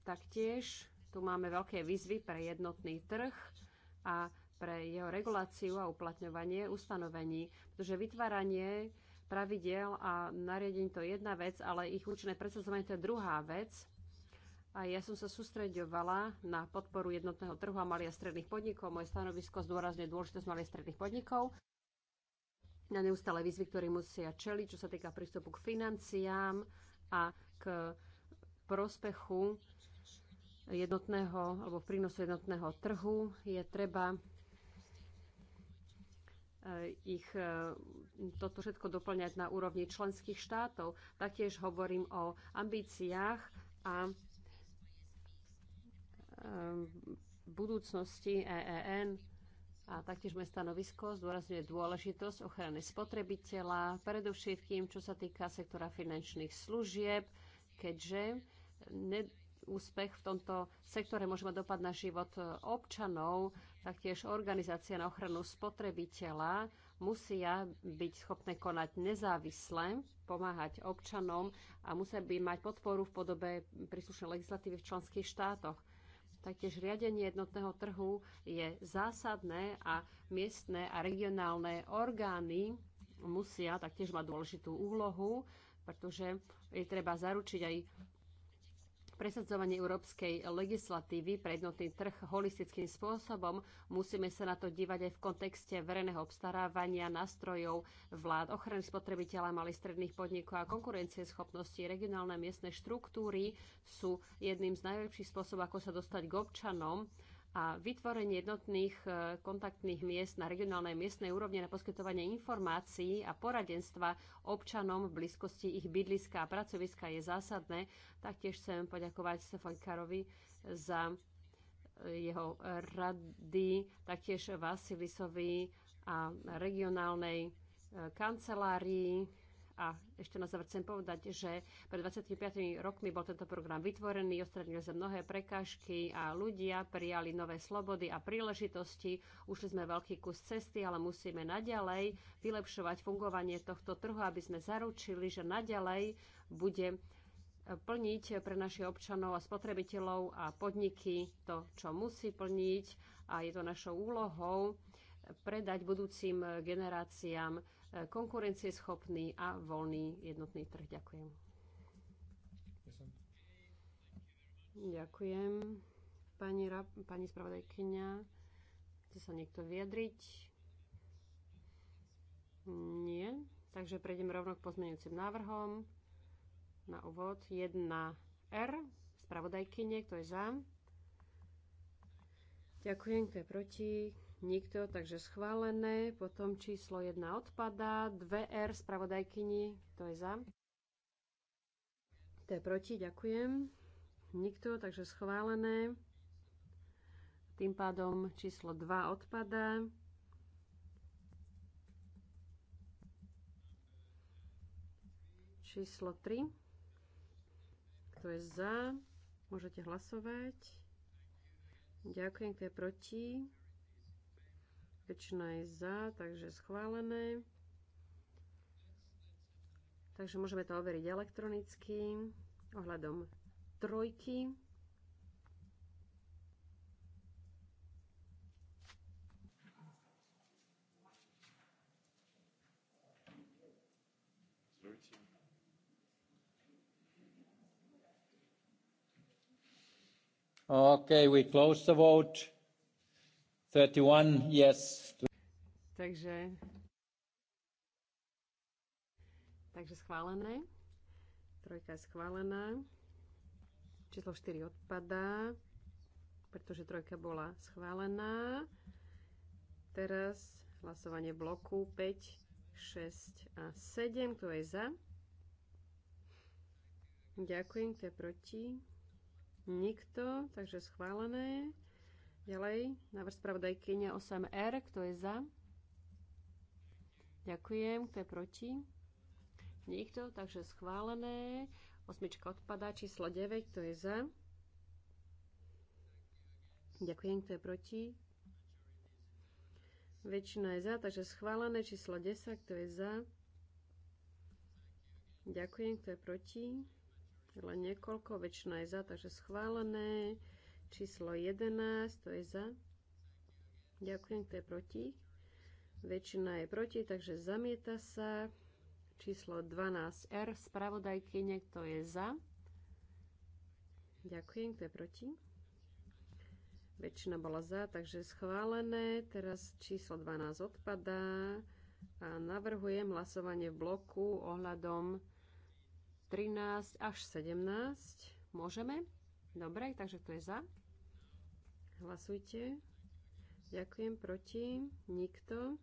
taktiež tu máme veľké výzvy pre jednotný trh a pre jeho reguláciu a uplatňovanie ustanovení, pretože vytváranie pravidel a nariadení to je jedna vec, ale ich účinné presadzovanie to je druhá vec. A ja som sa sústreďovala na podporu jednotného trhu a malých a stredných podnikov. Moje stanovisko zdôrazňuje dôležitosť malých a stredných podnikov na neustále výzvy, ktoré musia čeliť, čo sa týka prístupu k financiám a k prospechu jednotného alebo prínosu jednotného trhu je treba eh, ich eh, toto všetko doplňať na úrovni členských štátov. Taktiež hovorím o ambíciách a eh, budúcnosti EEN a taktiež moje stanovisko zdôrazňuje dôležitosť ochrany spotrebiteľa, predovšetkým čo sa týka sektora finančných služieb, keďže úspech v tomto sektore môže mať dopad na život e, občanov, taktiež organizácia na ochranu spotrebiteľa musia byť schopné konať nezávisle, pomáhať občanom a musia by mať podporu v podobe príslušnej legislatívy v členských štátoch. Taktiež riadenie jednotného trhu je zásadné a miestne a regionálne orgány musia taktiež mať dôležitú úlohu, pretože je treba zaručiť aj presadzovanie európskej legislatívy pre jednotný trh holistickým spôsobom, musíme sa na to dívať aj v kontexte verejného obstarávania nástrojov vlád, ochrany spotrebiteľa malých stredných podnikov a konkurencieschopnosti. Regionálne miestne štruktúry sú jedným z najlepších spôsobov, ako sa dostať k občanom a vytvorenie jednotných e, kontaktných miest na regionálnej miestnej úrovni na poskytovanie informácií a poradenstva občanom v blízkosti ich bydliska a pracoviska je zásadné. Taktiež chcem poďakovať Karovi za e, jeho rady, taktiež Vasilisovi a regionálnej e, kancelárii a ešte na záver chcem povedať, že pred 25 rokmi bol tento program vytvorený, odstranili sa mnohé prekážky a ľudia prijali nové slobody a príležitosti. Ušli sme veľký kus cesty, ale musíme naďalej vylepšovať fungovanie tohto trhu, aby sme zaručili, že naďalej bude e, plniť pre našich občanov a spotrebiteľov a podniky to, čo musí plniť a je to našou úlohou predať budúcim generáciám E, konkurencieschopný a voľný jednotný trh. Ďakujem. Ďakujem. Pani, pani spravodajkyňa, chce sa niekto vyjadriť? Nie. Takže prejdem rovno k pozmeňujúcim návrhom. Na úvod 1R, spravodajkyne, kto je za? Ďakujem, kto je proti? Nikto, takže schválené. Potom číslo 1 odpadá. 2R spravodajkyni, to je za. To je proti, ďakujem. Nikto, takže schválené. Tým pádom číslo 2 odpadá. Číslo 3. Kto je za? Môžete hlasovať. Ďakujem, kto je proti bezpečná je za, takže schválené. Takže môžeme to overiť elektronicky ohľadom trojky. Okay, we close the vote. Takže, takže schválené. Trojka je schválená. Číslo 4 odpadá, pretože trojka bola schválená. Teraz hlasovanie bloku 5, 6 a 7. Kto je za? Ďakujem, kto je proti? Nikto, takže schválené. Ďalej, návrh spravodajkyne 8R, kto je za? Ďakujem, kto je proti? Nikto, takže schválené. Osmička odpadá, číslo 9, kto je za? Ďakujem, kto je proti? Väčšina je za, takže schválené. Číslo 10, kto je za? Ďakujem, kto je proti? Len niekoľko, väčšina je za, takže schválené. Číslo 11, to je za. Ďakujem, kto je proti. Väčšina je proti, takže zamieta sa. Číslo 12R, spravodajky, to je za. Ďakujem, kto je proti. Väčšina bola za, takže schválené. Teraz číslo 12 odpadá a navrhujem hlasovanie v bloku ohľadom 13 až 17. Môžeme? Dobre, takže to je za? Hlasujte. Ďakujem. Proti? Nikto.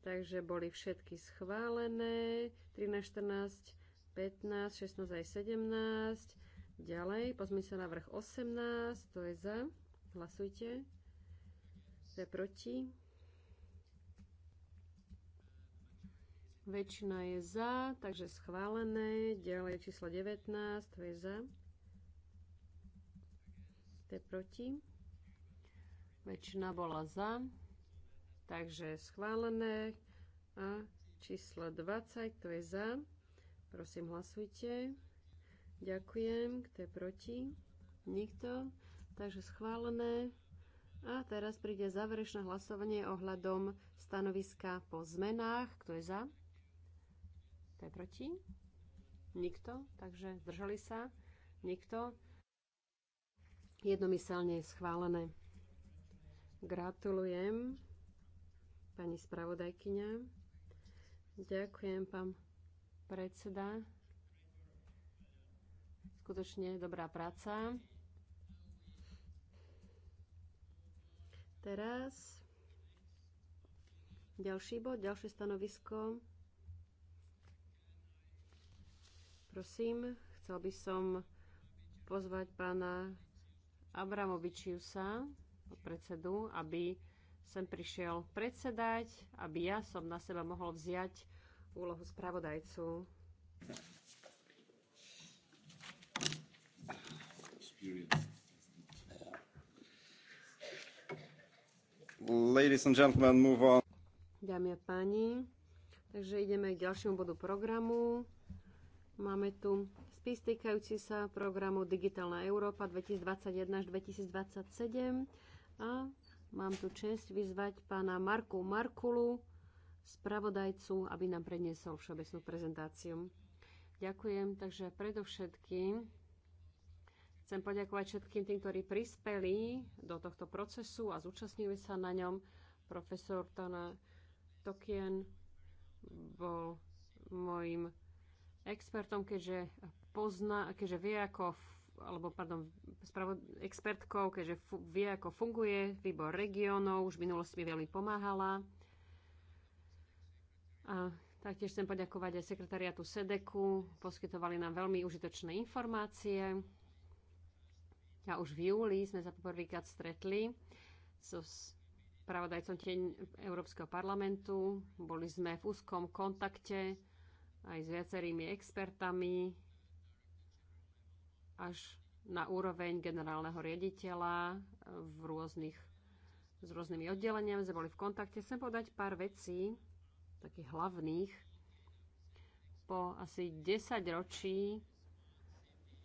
Takže boli všetky schválené. 13, 14, 15, 16 aj 17. Ďalej, pozmi sa na vrch 18, to je za. Hlasujte. To je proti. Väčšina je za, takže schválené. Ďalej číslo 19, to je za. To je proti. Väčšina bola za. Takže schválené. A číslo 20, kto je za? Prosím, hlasujte. Ďakujem. Kto je proti? Nikto. Takže schválené. A teraz príde záverečné hlasovanie ohľadom stanoviska po zmenách. Kto je za? Kto je proti? Nikto. Takže zdržali sa? Nikto. Jednomyselne schválené. Gratulujem, pani spravodajkyňa. Ďakujem, pán predseda. Skutočne dobrá práca. Teraz ďalší bod, ďalšie stanovisko. Prosím, chcel by som pozvať pána Abramovičiusa, predsedu, aby sem prišiel predsedať, aby ja som na seba mohol vziať úlohu spravodajcu. and gentlemen, move on. Dámy a páni, takže ideme k ďalšiemu bodu programu. Máme tu spis týkajúci sa programu Digitálna Európa 2021 až 2027. A mám tu čest vyzvať pána Marku Markulu, spravodajcu, aby nám predniesol všeobecnú prezentáciu. Ďakujem, takže predovšetkým chcem poďakovať všetkým tým, ktorí prispeli do tohto procesu a zúčastnili sa na ňom. Profesor Tana Tokien bol môjim expertom, keďže pozná, keďže vie, ako alebo pardon, expertkou, keďže vie, ako funguje výbor regiónov, už v minulosti mi veľmi pomáhala. A taktiež chcem poďakovať aj sekretariatu SEDEKu, poskytovali nám veľmi užitočné informácie. A už v júli sme sa poprvýkrát stretli so spravodajcom Tieň Európskeho parlamentu. Boli sme v úzkom kontakte aj s viacerými expertami, až na úroveň generálneho riaditeľa eh, v rôznych, s rôznymi oddeleniami. Sme boli v kontakte. Chcem podať pár vecí, takých hlavných. Po asi 10 ročí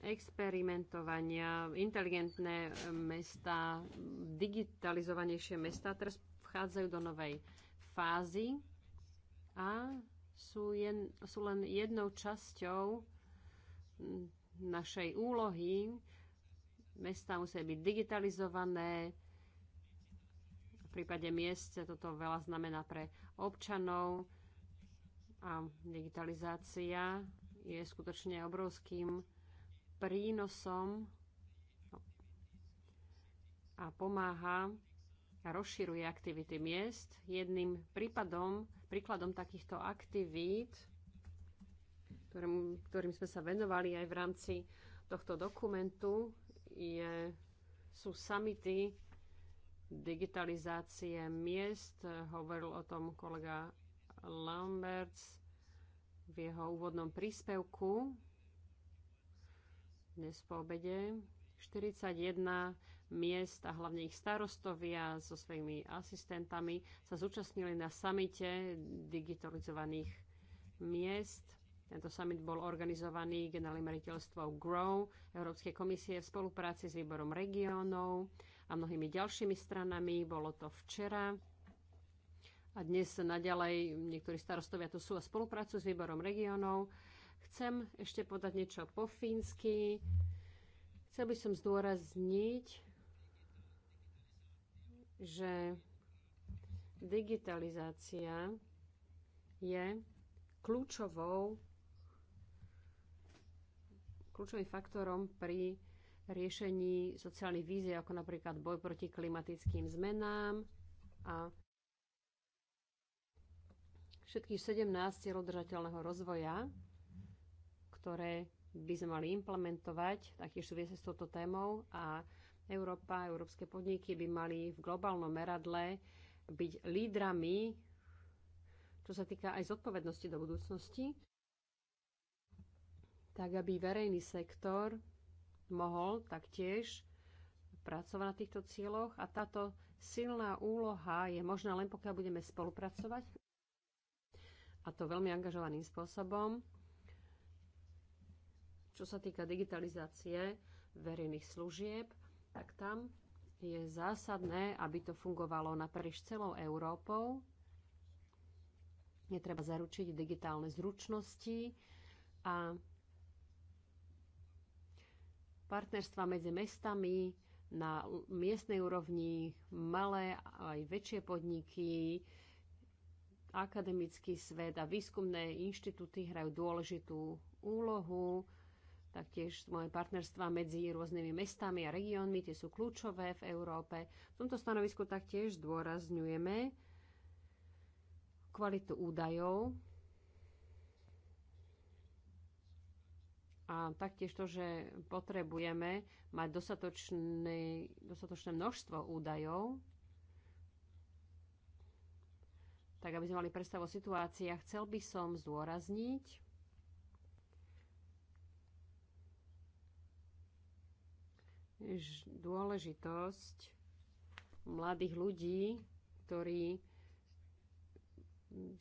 experimentovania, inteligentné eh, mesta, digitalizovanejšie mesta teraz vchádzajú do novej fázy a sú, jen, sú len jednou časťou hm, našej úlohy. Mesta musia byť digitalizované, v prípade miest toto veľa znamená pre občanov a digitalizácia je skutočne obrovským prínosom a pomáha a rozširuje aktivity miest. Jedným prípadom, príkladom takýchto aktivít ktorým, ktorým sme sa venovali aj v rámci tohto dokumentu, je, sú samity digitalizácie miest. Hovoril o tom kolega Lamberts v jeho úvodnom príspevku dnes po obede. 41 miest a hlavne ich starostovia so svojimi asistentami sa zúčastnili na samite digitalizovaných miest. Tento summit bol organizovaný generálnym riaditeľstvom GROW Európskej komisie v spolupráci s výborom regiónov a mnohými ďalšími stranami. Bolo to včera. A dnes naďalej niektorí starostovia tu sú a spoluprácu s výborom regiónov. Chcem ešte podať niečo po fínsky. Chcel by som zdôrazniť, že digitalizácia je kľúčovou kľúčovým faktorom pri riešení sociálnych vízie, ako napríklad boj proti klimatickým zmenám a všetkých 17 cieľov držateľného rozvoja, ktoré by sme mali implementovať, taktiež súvisia s touto témou a Európa, európske podniky by mali v globálnom meradle byť lídrami, čo sa týka aj zodpovednosti do budúcnosti tak aby verejný sektor mohol taktiež pracovať na týchto cieľoch a táto silná úloha je možná len pokiaľ budeme spolupracovať a to veľmi angažovaným spôsobom. Čo sa týka digitalizácie verejných služieb, tak tam je zásadné, aby to fungovalo naprieč celou Európou. Je treba zaručiť digitálne zručnosti a partnerstva medzi mestami na miestnej úrovni, malé aj väčšie podniky, akademický svet a výskumné inštitúty hrajú dôležitú úlohu. Taktiež moje partnerstva medzi rôznymi mestami a regiónmi, tie sú kľúčové v Európe. V tomto stanovisku taktiež zdôrazňujeme kvalitu údajov a taktiež to, že potrebujeme mať dostatočné, dostatočné množstvo údajov, tak aby sme mali predstavu o situácii. A chcel by som zdôrazniť, dôležitosť mladých ľudí, ktorí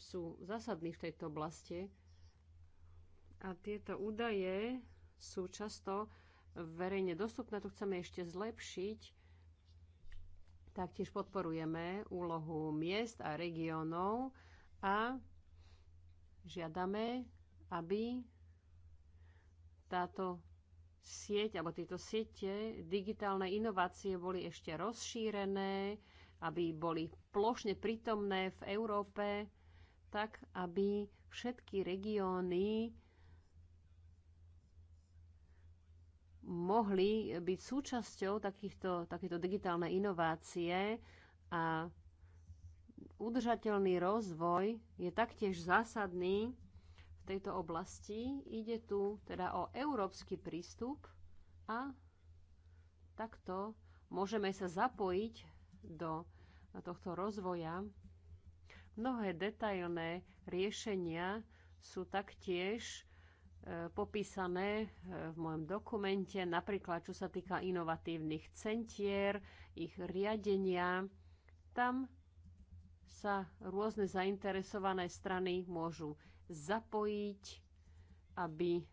sú zásadní v tejto oblasti, a tieto údaje sú často verejne dostupné, tu chceme ešte zlepšiť. Taktiež podporujeme úlohu miest a regiónov a žiadame, aby táto sieť alebo tieto siete digitálne inovácie boli ešte rozšírené, aby boli plošne prítomné v Európe, tak aby všetky regióny mohli byť súčasťou takýchto, takéto digitálne inovácie a udržateľný rozvoj je taktiež zásadný v tejto oblasti. Ide tu teda o európsky prístup a takto môžeme sa zapojiť do tohto rozvoja. Mnohé detailné riešenia sú taktiež popísané eh, v mojom dokumente, napríklad čo sa týka inovatívnych centier, ich riadenia. Tam sa rôzne zainteresované strany môžu zapojiť, aby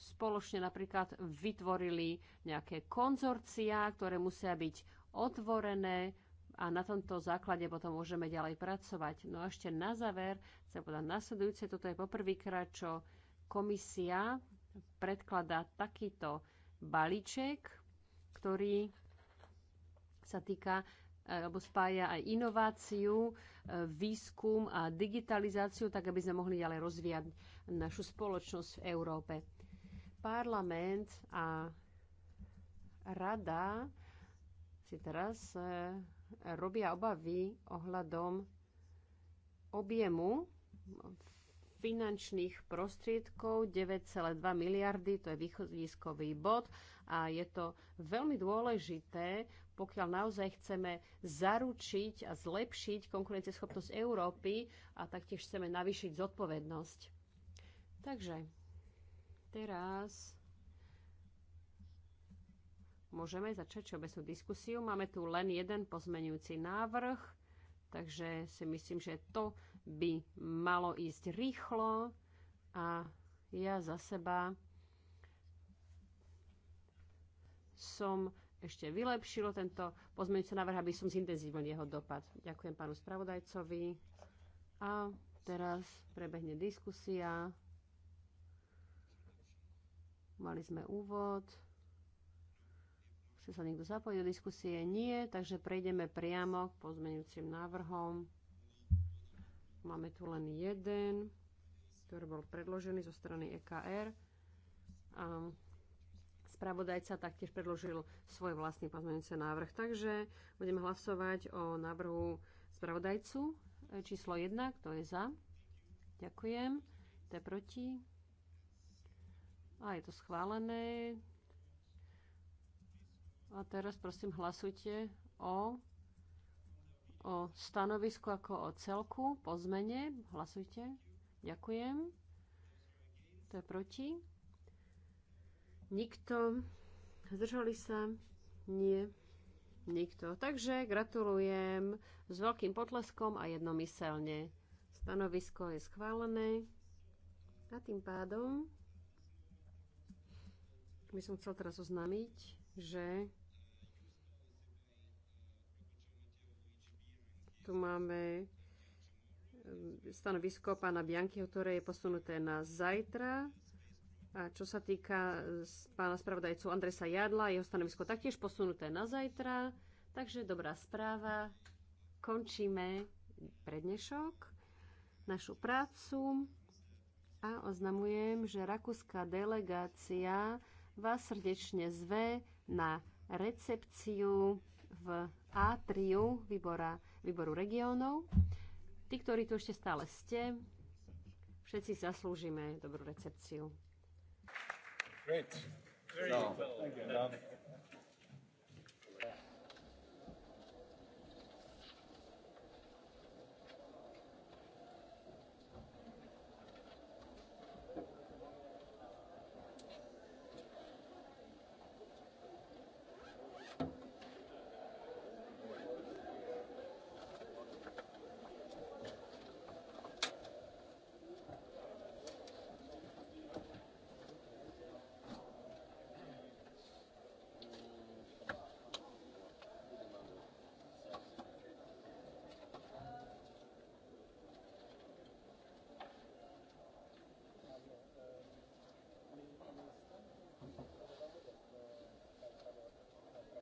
spoločne napríklad vytvorili nejaké konzorcia, ktoré musia byť otvorené a na tomto základe potom môžeme ďalej pracovať. No a ešte na záver chcem povedať nasledujúce, toto je poprvýkrát, čo komisia predkladá takýto balíček, ktorý sa týka e, alebo spája aj inováciu, e, výskum a digitalizáciu, tak aby sme mohli ďalej rozvíjať našu spoločnosť v Európe. Parlament a rada si teraz e, robia obavy ohľadom objemu v finančných prostriedkov 9,2 miliardy, to je východiskový bod a je to veľmi dôležité, pokiaľ naozaj chceme zaručiť a zlepšiť konkurencieschopnosť Európy a taktiež chceme navýšiť zodpovednosť. Takže teraz môžeme začať všeobecnú diskusiu. Máme tu len jeden pozmenujúci návrh, takže si myslím, že to by malo ísť rýchlo a ja za seba som ešte vylepšilo tento pozmeňujúci návrh, aby som zintenzívnil jeho dopad. Ďakujem pánu spravodajcovi. A teraz prebehne diskusia. Mali sme úvod. Chce sa niekto zapojiť do diskusie? Nie, takže prejdeme priamo k pozmeňujúcim návrhom. Máme tu len jeden, ktorý bol predložený zo strany EKR. A spravodajca taktiež predložil svoj vlastný pozmeňujúci návrh. Takže budeme hlasovať o návrhu spravodajcu číslo 1. Kto je za? Ďakujem. Kto je proti? A je to schválené. A teraz prosím hlasujte o o stanovisku ako o celku, po zmene. Hlasujte. Ďakujem. To je proti. Nikto. Zdržali sa? Nie. Nikto. Takže gratulujem s veľkým potleskom a jednomyselne. Stanovisko je schválené. A tým pádom by som chcel teraz oznámiť, že Tu máme ehm, stanovisko pána Biankyho, ktoré je posunuté na zajtra. A čo sa týka e, pána spravodajcu Andresa Jadla, jeho stanovisko taktiež posunuté na zajtra. Takže dobrá správa. Končíme prednešok, našu prácu a oznamujem, že rakúska delegácia vás srdečne zve na recepciu v atriu výbora výboru regiónov. Tí, ktorí tu ešte stále ste, všetci zaslúžime dobrú recepciu. Great. Very no. well. Thank you.